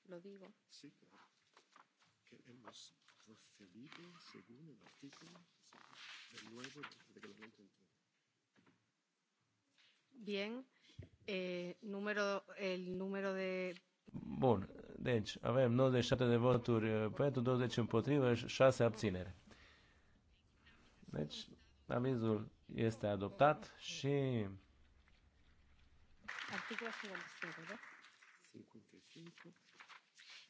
Lo digo. Sí, claro. Que hemos procedido según el artículo del nuevo reglamento interno. Bien. Eh, numero, el numero de... Bun, deci avem 97 de voturi eh, pentru, 20 împotrivă și 6 abținere. Deci avizul este adoptat și... Articolul 55, da?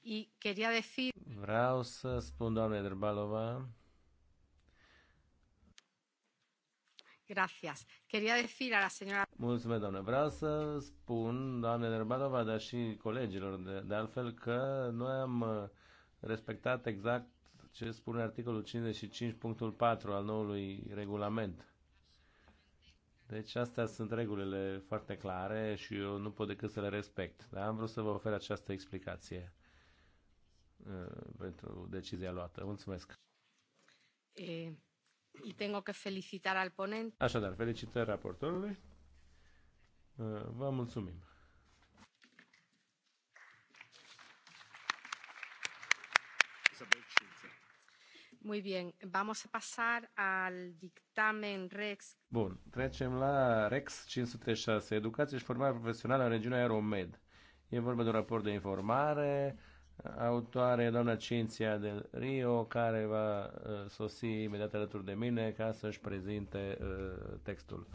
55. Vreau să spun, doamne Drbalova, Gracias. Quería decir a la señora... Mulțumesc, doamne. Vreau să spun, doamne Nerbanova, dar și colegilor, de, de altfel că noi am uh, respectat exact ce spune articolul 55.4 al noului regulament. Deci astea sunt regulile foarte clare și eu nu pot decât să le respect. Dar am vrut să vă ofer această explicație uh, pentru decizia luată. Mulțumesc! E... Eh, y tengo que felicitar al ponente. Așadar, felicitări raportorului. Uh, vă mulțumim. Muy bien, vamos a pasar al dictamen REX. Bun, trecem la REX 536, Educație și formare profesională în regiunea Aeromed. E vorba de un raport de informare autoare, doamna Cinția del Rio, care va uh, sosi imediat alături de mine ca să-și prezinte uh, textul.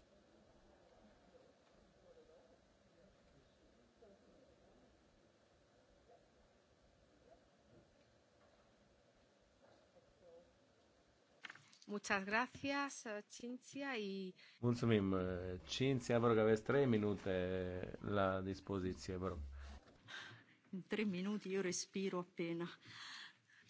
Muchas gracias, uh, Cinția. Y... Mulțumim, Cinția. Vă rog, aveți trei minute la dispoziție. Vă rog trei minute, eu respiro apena.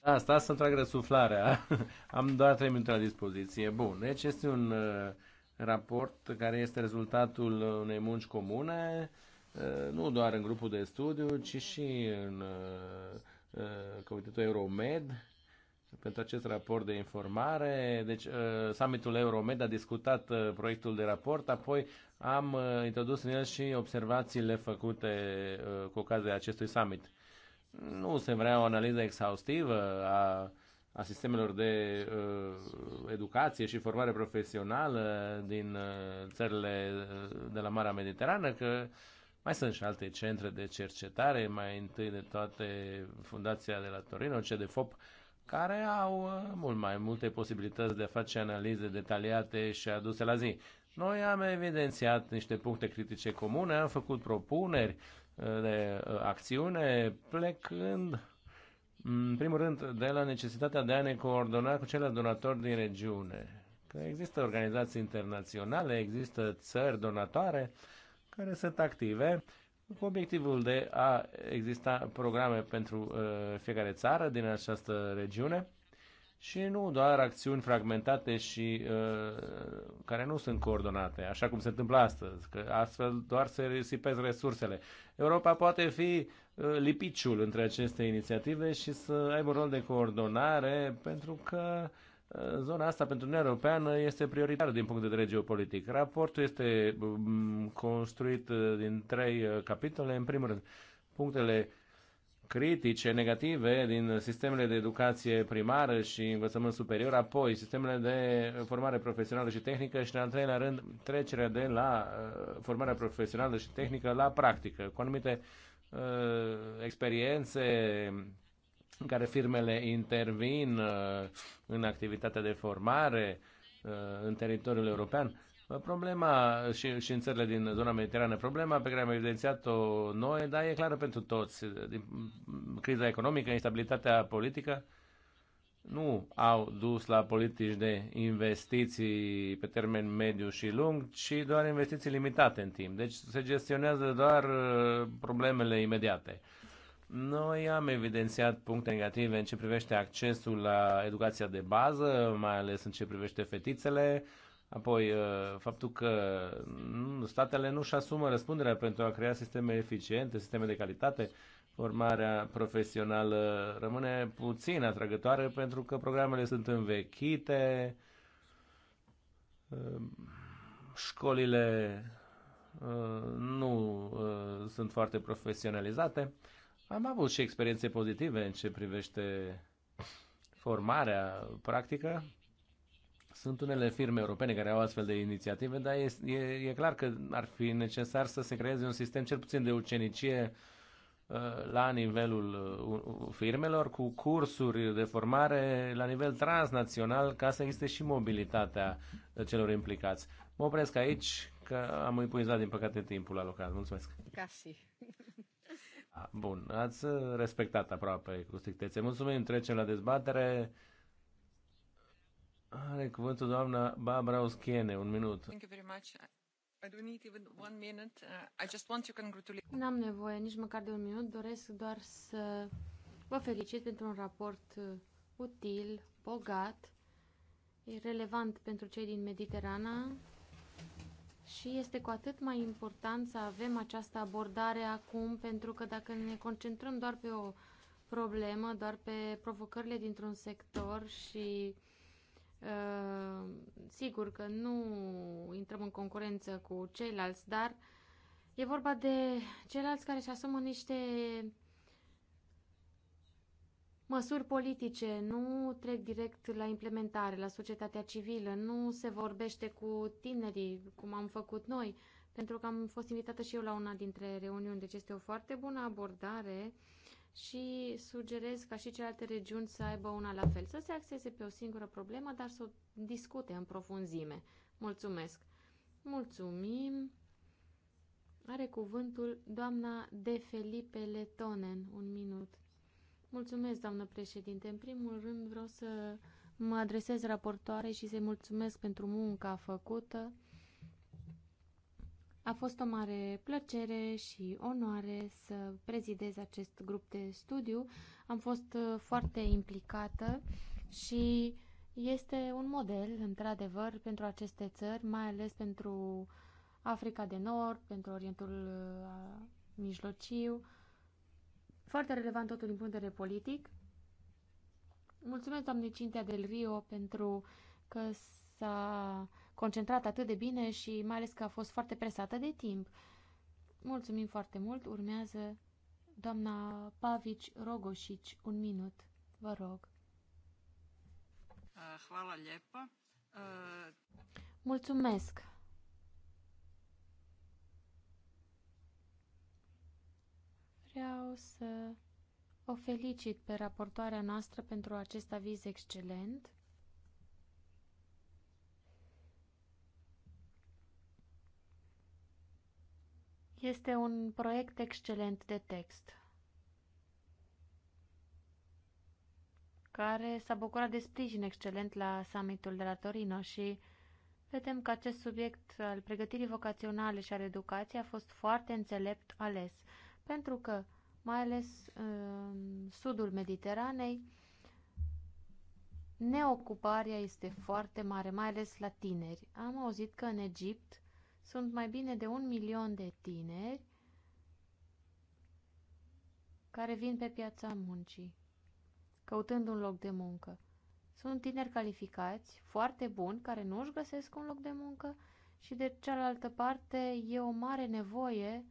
Asta, da, asta îmi trag răsuflarea. [LAUGHS] Am doar trei minute la dispoziție. Bun, deci este un uh, raport care este rezultatul unei munci comune, uh, nu doar în grupul de studiu, ci și în uh, Comitetul Euromed, pentru acest raport de informare. Deci, uh, summitul Euromed a discutat uh, proiectul de raport, apoi am uh, introdus în el și observațiile făcute cu ocazia acestui summit. Nu se vrea o analiză exhaustivă a a sistemelor de uh, educație și formare profesională din uh, țările de la Marea Mediterană, că mai sunt și alte centre de cercetare, mai întâi de toate Fundația de la Torino, CDFOP, care au uh, mult mai multe posibilități de a face analize detaliate și aduse la zi. Noi am evidențiat niște puncte critice comune, am făcut propuneri uh, de uh, acțiune, plecând, în primul rând, de la necesitatea de a ne coordona cu ceilalți donatori din regiune. Că există organizații internaționale, există țări donatoare care sunt active cu obiectivul de a exista programe pentru uh, fiecare țară din această regiune și nu doar acțiuni fragmentate și uh, care nu sunt coordonate, așa cum se întâmplă astăzi, că astfel doar se risipez resursele. Europa poate fi uh, lipiciul între aceste inițiative și să aibă un rol de coordonare, pentru că uh, Ă, zona asta pentru Uniunea Europeană este prioritară din punct de vedere geopolitic. Raportul este mm, construit ă, din trei ă, capitole. În primul rând, punctele critice, negative din sistemele de educație primară și învățământ superior, apoi sistemele de formare profesională și tehnică și, în al treilea rând, trecerea de la formarea profesională și tehnică la practică, cu anumite uh, experiențe în care firmele intervin uh, în activitatea de formare uh, în teritoriul european. Uh, problema și, și în țările din zona mediterană, problema pe care am evidențiat-o noi, dar e clară pentru toți. Criza economică, instabilitatea politică nu au dus la politici de investiții pe termen mediu și lung, ci doar investiții limitate în timp. Deci se gestionează doar problemele imediate. Noi am evidențiat puncte negative în ce privește accesul la educația de bază, mai ales în ce privește fetițele, apoi uh, faptul că statele nu-și asumă răspunderea pentru a crea sisteme eficiente, sisteme de calitate, formarea profesională rămâne puțin atrăgătoare pentru că programele sunt învechite, uh, școlile uh, nu sunt foarte profesionalizate am avut și experiențe pozitive în ce privește formarea practică. Sunt unele firme europene care au astfel de inițiative, dar e, e, e clar că ar fi necesar să se creeze un sistem cel puțin de ucenicie uh, la nivelul uh, firmelor cu cursuri de formare la nivel transnațional ca să existe și mobilitatea celor implicați. Mă opresc aici că am epuizat din păcate timpul alocat. Mulțumesc! Casi. Bun, ați respectat aproape cu strictețe. Mulțumim, trecem la dezbatere. Are cuvântul doamna Barbara Oschiene, un minut. Nu uh, am nevoie nici măcar de un minut, doresc doar să vă felicit pentru un raport uh, util, bogat, relevant pentru cei din Mediterana și este cu atât mai important să avem această abordare acum, pentru că dacă ne concentrăm doar pe o problemă, doar pe provocările dintr-un sector și uh, sigur că nu intrăm în concurență cu ceilalți, dar e vorba de ceilalți care își asumă niște măsuri politice nu trec direct la implementare, la societatea civilă, nu se vorbește cu tinerii, cum am făcut noi, pentru că am fost invitată și eu la una dintre reuniuni, deci este o foarte bună abordare și sugerez ca și celelalte regiuni să aibă una la fel, să se axeze pe o singură problemă, dar să o discute în profunzime. Mulțumesc! Mulțumim! Are cuvântul doamna De Felipe Letonen. Un minut. Mulțumesc, doamnă președinte. În primul rând vreau să mă adresez raportoare și să-i mulțumesc pentru munca făcută. A fost o mare plăcere și onoare să prezidez acest grup de studiu. Am fost uh, foarte implicată și este un model, într-adevăr, pentru aceste țări, mai ales pentru Africa de Nord, pentru Orientul uh, Mijlociu, foarte relevant totul din punct de vedere politic. Mulțumesc, doamne Cintea del Rio, pentru că s-a concentrat atât de bine și mai ales că a fost foarte presată de timp. Mulțumim foarte mult. Urmează doamna Pavici Rogoșici. Un minut, vă rog. Uh, uh, Mulțumesc. Vreau să o felicit pe raportoarea noastră pentru acest aviz excelent. Este un proiect excelent de text care s-a bucurat de sprijin excelent la summitul de la Torino și vedem că acest subiect al pregătirii vocaționale și al educației a fost foarte înțelept ales pentru că, mai ales în sudul Mediteranei, neocuparea este foarte mare, mai ales la tineri. Am auzit că în Egipt sunt mai bine de un milion de tineri care vin pe piața muncii, căutând un loc de muncă. Sunt tineri calificați, foarte buni, care nu își găsesc un loc de muncă și de cealaltă parte e o mare nevoie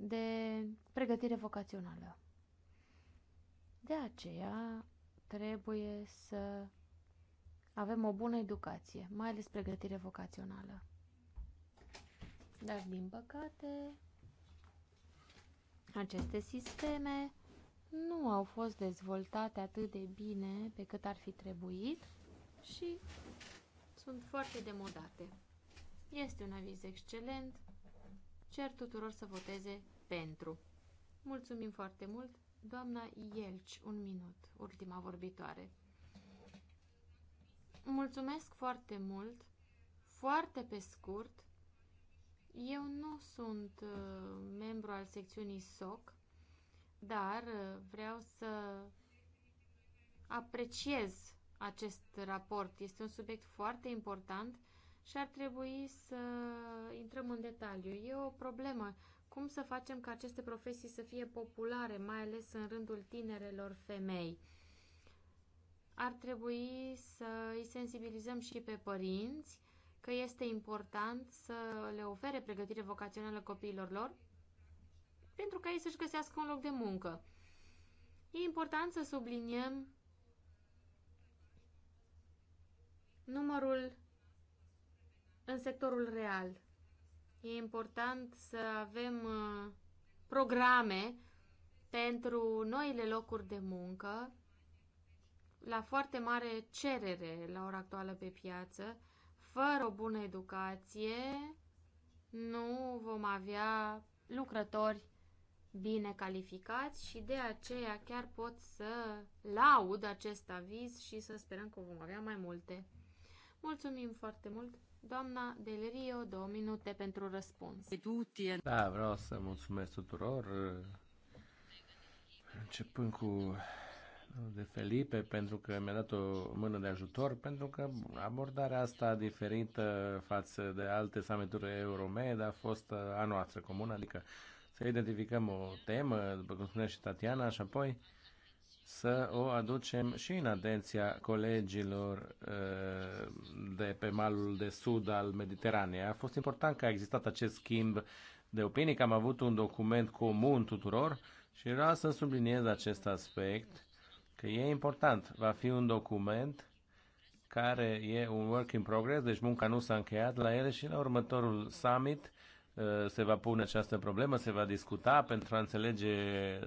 de pregătire vocațională. De aceea trebuie să avem o bună educație, mai ales pregătire vocațională. Dar, din păcate, aceste sisteme nu au fost dezvoltate atât de bine pe cât ar fi trebuit și sunt foarte demodate. Este un aviz excelent Cer tuturor să voteze pentru. Mulțumim foarte mult. Doamna Ielci, un minut, ultima vorbitoare. Mulțumesc foarte mult, foarte pe scurt. Eu nu sunt uh, membru al secțiunii SOC, dar uh, vreau să apreciez acest raport. Este un subiect foarte important și ar trebui să intrăm în detaliu. E o problemă. Cum să facem ca aceste profesii să fie populare, mai ales în rândul tinerelor femei? Ar trebui să îi sensibilizăm și pe părinți că este important să le ofere pregătire vocațională copiilor lor pentru ca ei să-și găsească un loc de muncă. E important să subliniem numărul în sectorul real. E important să avem uh, programe pentru noile locuri de muncă la foarte mare cerere la ora actuală pe piață, fără o bună educație, nu vom avea lucrători bine calificați și de aceea chiar pot să laud acest aviz și să sperăm că vom avea mai multe. Mulțumim foarte mult! Doamna Del Rio, două minute pentru răspuns. Da, vreau să mulțumesc tuturor, începând cu de Felipe, pentru că mi-a dat o mână de ajutor, pentru că abordarea asta diferită față de alte summituri Euromed a fost a noastră comună, adică să identificăm o temă, după cum spunea și Tatiana, și apoi să o aducem și în atenția colegilor uh, de pe malul de sud al Mediteranei. A fost important că a existat acest schimb de opinii, că am avut un document comun tuturor și vreau să subliniez acest aspect, că e important. Va fi un document care e un work in progress, deci munca nu s-a încheiat la ele și la următorul summit Eh, se va pune această problemă, se va discuta pentru a înțelege eh,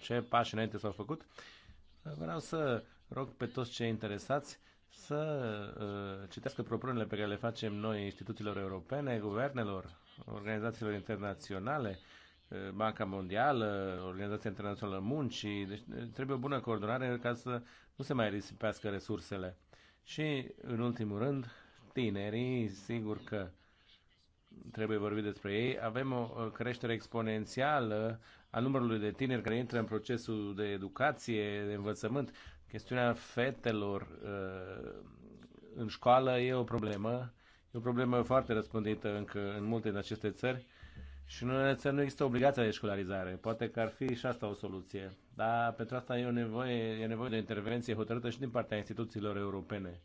ce pași înainte s-au făcut. Eh, vreau să rog pe toți cei interesați să citească propunerile pe care le facem noi instituțiilor europene, guvernelor, organizațiilor internaționale, Banca Mondială, Organizația Internațională Muncii, deci trebuie o bună coordonare ca să nu se mai risipească resursele. Și, în ultimul rând, tinerii, sigur că trebuie vorbit despre ei. Avem o creștere exponențială a numărului de tineri care intră în procesul de educație, de învățământ. Chestiunea fetelor uh, în școală e o problemă. E o problemă foarte răspândită încă în multe din aceste țări și în unele țări nu există obligația de școlarizare. Poate că ar fi și asta o soluție. Dar pentru asta e, o nevoie, e nevoie de o intervenție hotărâtă și din partea instituțiilor europene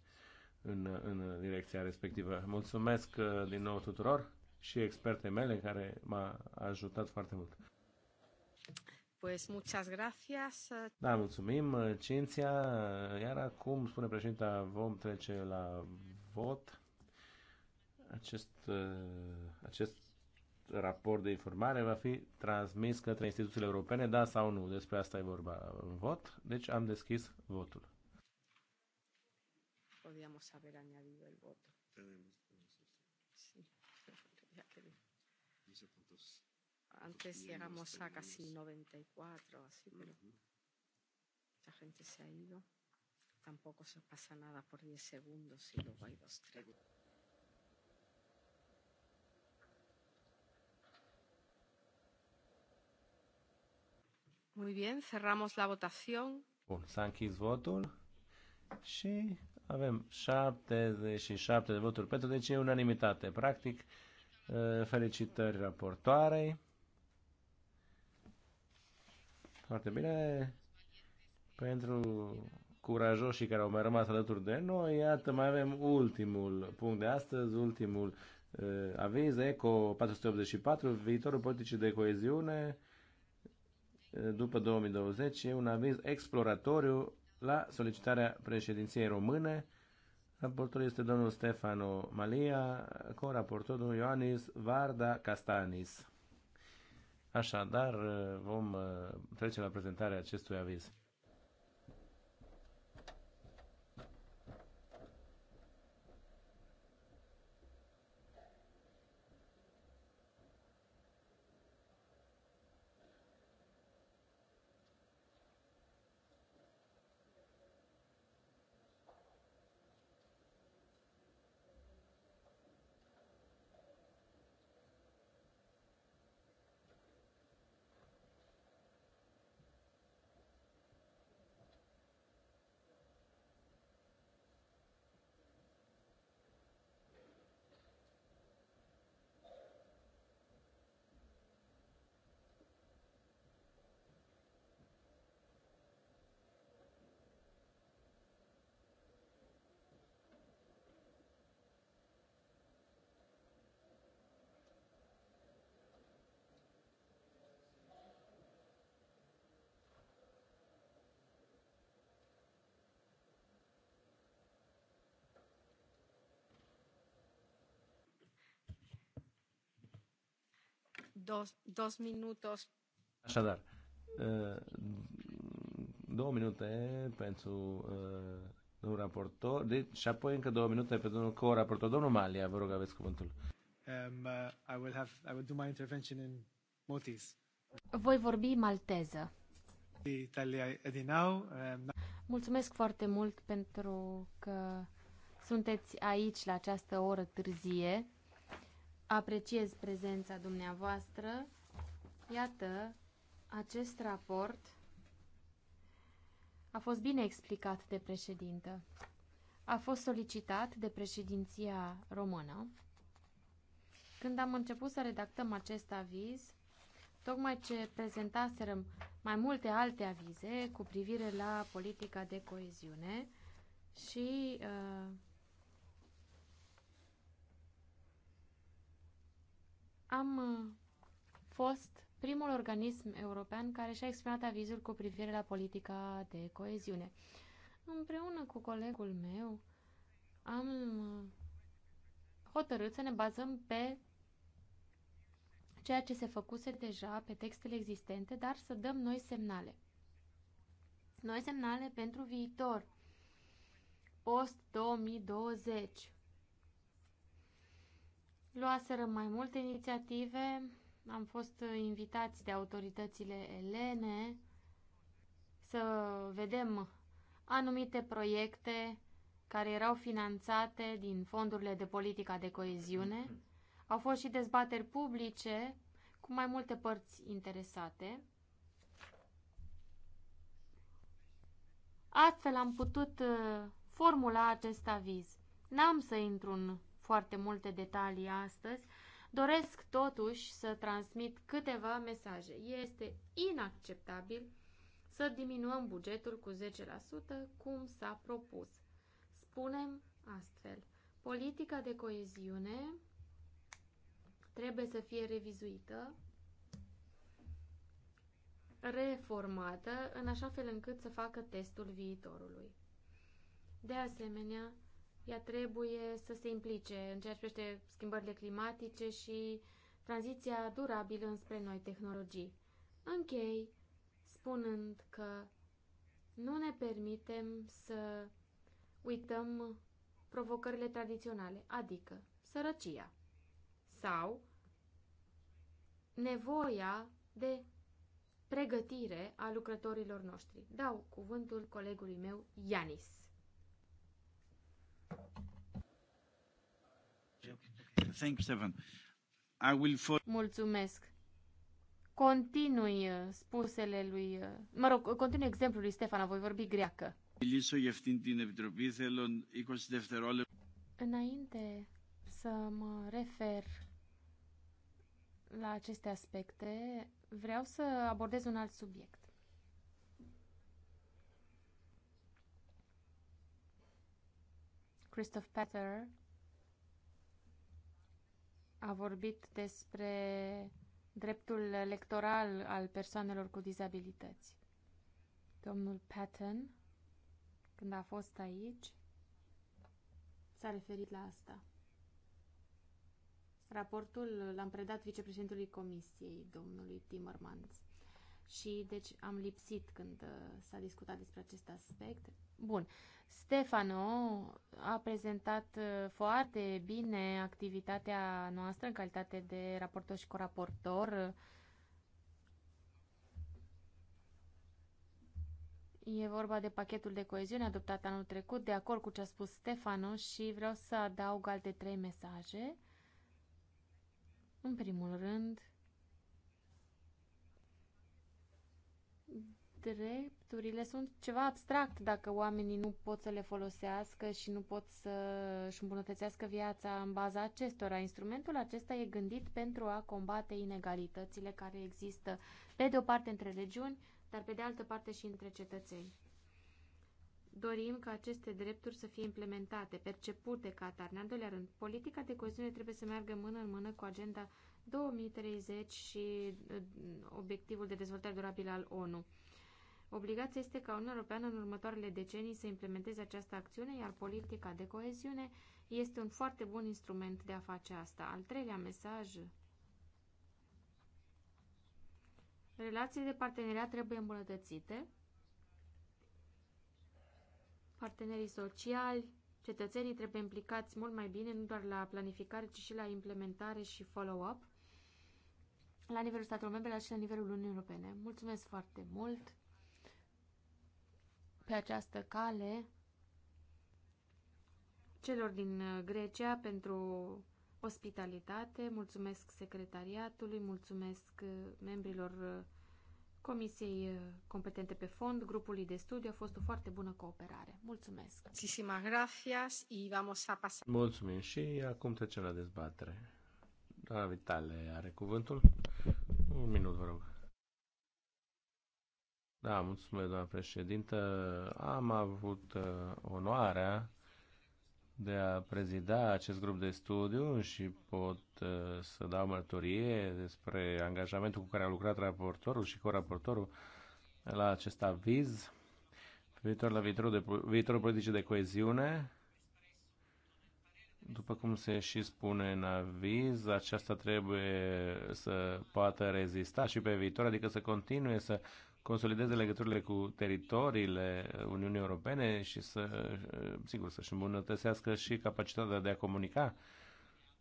în, în direcția respectivă. Mulțumesc uh, din nou tuturor! și expertei mele care m-a ajutat foarte mult. Pues muchas gracias. Da, mulțumim, Cinția. Iar acum, spune președinta, vom trece la vot. Acest, uh, acest raport de informare va fi transmis către instituțiile europene, da sau nu. Despre asta e vorba în vot. Deci am deschis votul. Podíamos haber añadido. Antes llegamos a casi 94, así, pero la gente se ha ido. Tampoco se pasa nada por 10 segundos y luego hay dos, tres. Muy bien, cerramos la votación. Bun, s-a închis votul și avem 77 de voturi pentru, deci e unanimitate. Practic, eh, felicitări raportoarei foarte bine pentru curajoșii care au mai rămas alături de noi. Iată, mai avem ultimul punct de astăzi, ultimul uh, aviz, ECO 484, viitorul politicii de coeziune eh, după 2020 e un aviz exploratoriu la solicitarea președinției române. Raportorul este domnul Stefano Malia, co raportorul domnul Ioanis Varda Castanis. Așadar, uh, vom uh, trece la prezentarea acestui aviz. dos, dos minutos. Așadar, eh, două minute pentru eh, un raportor deci, și apoi încă două minute pentru un co-raportor. Domnul Malia, vă rog, aveți cuvântul. Um, uh, I will have, I will do my intervention in Maltese. Voi vorbi malteză. Italia, um... Mulțumesc foarte mult pentru că sunteți aici la această oră târzie Apreciez prezența dumneavoastră. Iată, acest raport a fost bine explicat de președintă. A fost solicitat de președinția română. Când am început să redactăm acest aviz, tocmai ce prezentaserăm mai multe alte avize cu privire la politica de coeziune și uh, am uh, fost primul organism european care și-a exprimat avizul cu privire la politica de coeziune. Împreună cu colegul meu am uh, hotărât să ne bazăm pe ceea ce se făcuse deja, pe textele existente, dar să dăm noi semnale. Noi semnale pentru viitor, post-2020 luaseră mai multe inițiative, am fost invitați de autoritățile elene să vedem anumite proiecte care erau finanțate din fondurile de politica de coeziune. Au fost și dezbateri publice cu mai multe părți interesate. Astfel am putut uh, formula acest aviz. N-am să intru în foarte multe detalii astăzi, doresc totuși să transmit câteva mesaje. Este inacceptabil să diminuăm bugetul cu 10%, cum s-a propus. Spunem astfel, politica de coeziune trebuie să fie revizuită, reformată, în așa fel încât să facă testul viitorului. De asemenea, ea trebuie să se implice în ceea ce privește schimbările climatice și tranziția durabilă înspre noi tehnologii. Închei spunând că nu ne permitem să uităm provocările tradiționale, adică sărăcia sau nevoia de pregătire a lucrătorilor noștri. Dau cuvântul colegului meu, Ianis. Mulțumesc. Continui uh, spusele lui, uh, mă rog, continui exemplul lui Stefan, voi vorbi greacă. Înainte să mă refer la aceste aspecte, vreau să abordez un alt subiect. Christoph Patter a vorbit despre dreptul electoral al persoanelor cu dizabilități. Domnul Patton, când a fost aici, s-a referit la asta. Raportul l-am predat vicepreședintului Comisiei, domnului Timmermans și deci am lipsit când uh, s-a discutat despre acest aspect. Bun. Stefano a prezentat uh, foarte bine activitatea noastră în calitate de raportor și coraportor. E vorba de pachetul de coeziune adoptat anul trecut, de acord cu ce a spus Stefano și vreau să adaug alte trei mesaje. În primul rând, drepturile sunt ceva abstract dacă oamenii nu pot să le folosească și nu pot să își îmbunătățească viața în baza acestora. Instrumentul acesta e gândit pentru a combate inegalitățile care există pe de o parte între regiuni, dar pe de altă parte și între cetățeni. Dorim ca aceste drepturi să fie implementate, percepute ca atare. În doilea rând, politica de coeziune trebuie să meargă mână în mână cu agenda 2030 și uh, obiectivul de dezvoltare durabilă al ONU. Obligația este ca Uniunea Europeană în următoarele decenii să implementeze această acțiune, iar politica de coeziune este un foarte bun instrument de a face asta. Al treilea mesaj. Relațiile de parteneriat trebuie îmbunătățite. Partenerii sociali, cetățenii trebuie implicați mult mai bine, nu doar la planificare, ci și la implementare și follow-up la nivelul statelor membre, dar și la nivelul Uniunii Europene. Mulțumesc foarte mult! pe această cale celor din uh, Grecia pentru ospitalitate, mulțumesc secretariatului, mulțumesc uh, membrilor uh, Comisiei competente pe fond, grupului de studiu, a fost o foarte bună cooperare. Mulțumesc! vamos a Mulțumim și acum trecem la dezbatere. Doamna Vitale are cuvântul. Un minut, vă rog. Da, mulțumesc, doamnă președintă. Am avut uh, onoarea de a prezida acest grup de studiu și pot uh, să dau mărturie despre angajamentul cu care a lucrat raportorul și coraportorul la acest aviz privitor la viitorul, de, viitorul politicii de coeziune. După cum se și spune în aviz, aceasta trebuie să poată rezista și pe viitor, adică să continue să consolideze legăturile cu teritoriile Uniunii Europene și să, sigur, să-și îmbunătățească și capacitatea de a comunica,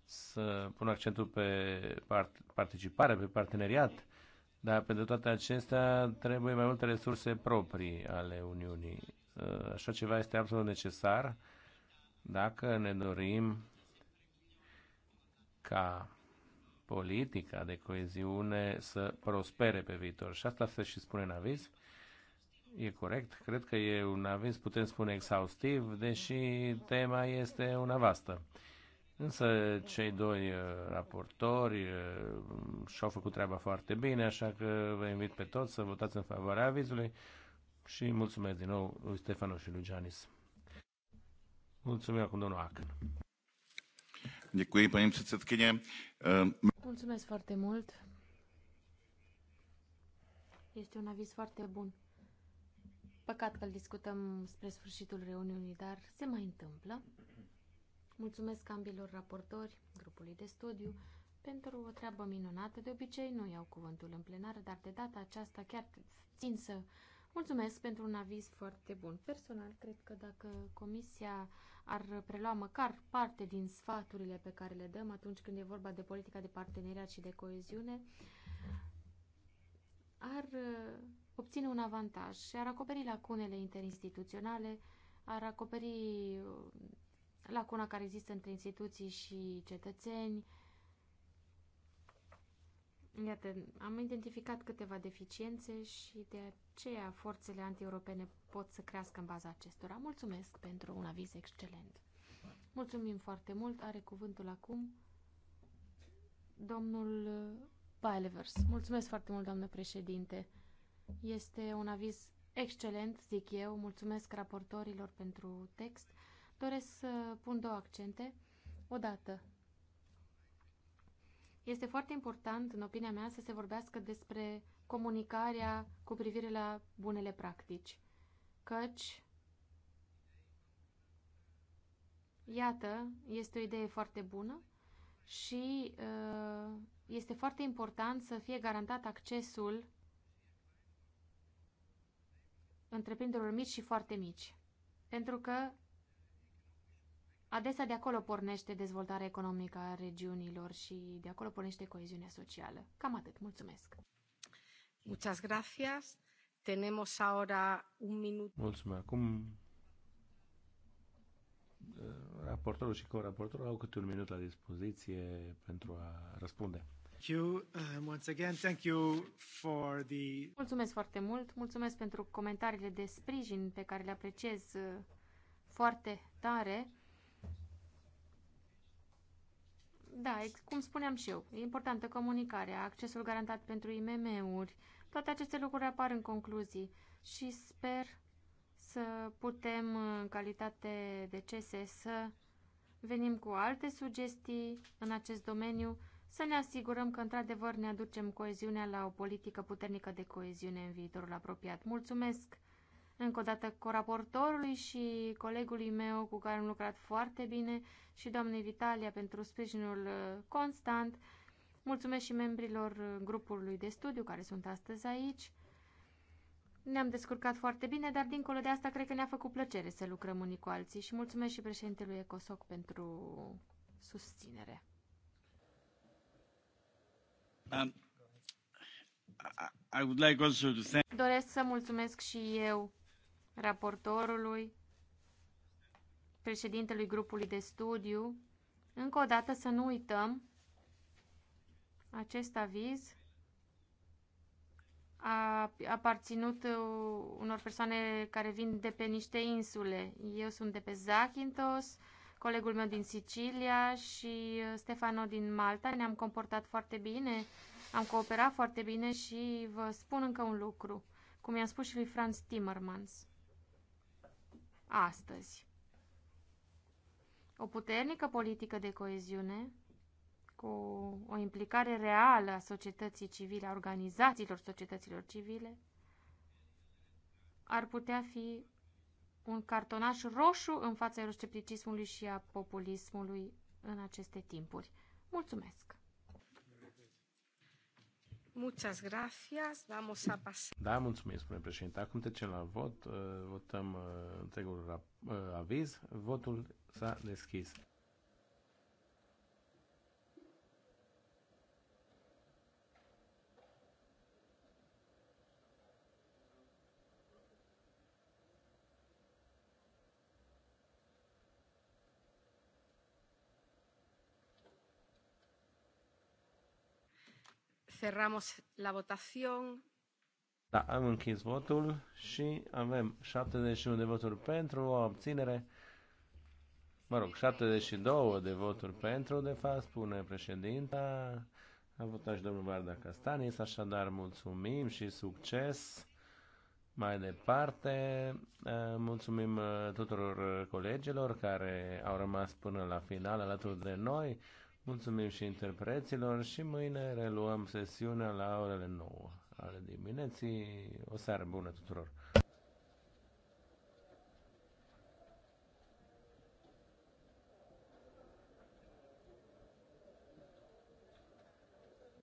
să pună accentul pe participare, pe parteneriat, dar pentru toate acestea trebuie mai multe resurse proprii ale Uniunii. Așa ceva este absolut necesar dacă ne dorim ca politica de coeziune să prospere pe viitor. Și asta se și spune în aviz. E corect. Cred că e un aviz, putem spune, exhaustiv, deși tema este una vastă. Însă cei doi uh, raportori uh, și-au făcut treaba foarte bine, așa că vă invit pe toți să votați în favoarea avizului și mulțumesc din nou lui Stefano și lui Janis. Mulțumim acum domnul Acan. Děkuji, paní předsedkyně. Um, Mulțumesc foarte mult. Este un aviz foarte bun. Păcat că îl discutăm spre sfârșitul reuniunii, dar se mai întâmplă. Mulțumesc ambilor raportori, grupului de studiu, pentru o treabă minunată. De obicei nu iau cuvântul în plenară, dar de data aceasta chiar țin să Mulțumesc pentru un aviz foarte bun. Personal, cred că dacă Comisia ar prelua măcar parte din sfaturile pe care le dăm atunci când e vorba de politica de parteneriat și de coeziune, ar uh, obține un avantaj și ar acoperi lacunele interinstituționale, ar acoperi uh, lacuna care există între instituții și cetățeni, Iată, am identificat câteva deficiențe și de aceea forțele antieuropene pot să crească în baza acestora. Mulțumesc pentru un aviz excelent. Mulțumim foarte mult. Are cuvântul acum domnul Bailevers. Mulțumesc foarte mult, doamnă președinte. Este un aviz excelent, zic eu. Mulțumesc raportorilor pentru text. Doresc să pun două accente. Odată, este foarte important, în opinia mea, să se vorbească despre comunicarea cu privire la bunele practici, căci, iată, este o idee foarte bună și uh, este foarte important să fie garantat accesul întreprinderilor mici și foarte mici, pentru că Adesea de acolo pornește dezvoltarea economică a regiunilor și de acolo pornește coeziunea socială. Cam atât. Mulțumesc. Muchas gracias. Tenemos ahora un minut. Mulțumesc. Acum eh, raportorul și co-raportorul au câte un minut la dispoziție pentru a răspunde. Thank you you uh, once again. for the. Mulțumesc foarte mult, mulțumesc pentru comentariile de sprijin pe care le apreciez uh, foarte tare. da, cum spuneam și eu, e importantă comunicarea, accesul garantat pentru IMM-uri, toate aceste lucruri apar în concluzii și sper să putem, în calitate de CS, să venim cu alte sugestii în acest domeniu, să ne asigurăm că, într-adevăr, ne aducem coeziunea la o politică puternică de coeziune în viitorul apropiat. Mulțumesc încă o dată raportorului și colegului meu cu care am lucrat foarte bine și doamnei Vitalia pentru sprijinul uh, constant. Mulțumesc și membrilor uh, grupului de studiu care sunt astăzi aici. Ne-am descurcat foarte bine, dar dincolo de asta cred că ne-a făcut plăcere să lucrăm unii cu alții și mulțumesc și președintelui Ecosoc pentru susținere. Um, I would like also to thank... Doresc să mulțumesc și eu raportorului, președintelui grupului de studiu. Încă o dată să nu uităm acest aviz a aparținut unor persoane care vin de pe niște insule. Eu sunt de pe Zakynthos, colegul meu din Sicilia și Stefano din Malta. Ne-am comportat foarte bine, am cooperat foarte bine și vă spun încă un lucru, cum i-am spus și lui Franz Timmermans astăzi. O puternică politică de coeziune cu o implicare reală a societății civile, a organizațiilor societăților civile, ar putea fi un cartonaș roșu în fața euroscepticismului și a populismului în aceste timpuri. Mulțumesc! Muchas gracias. Vamos a pasar. Da, mulțumesc, domnule președinte. Acum trecem la vot. Uh, votăm uh, întregul uh, aviz. Votul s-a deschis. Cerramos la votación. Da, am închis votul și avem 71 de voturi pentru o abținere. Mă rog, 72 de voturi pentru, de fapt, spune președinta. A votat și domnul Varda Castanis, așadar mulțumim și succes mai departe. Eh, mulțumim eh, tuturor eh, colegilor care au rămas până la final alături de noi. Mulțumim și interpreților și mâine reluăm sesiunea la orele 9 ale dimineții. O seară bună tuturor!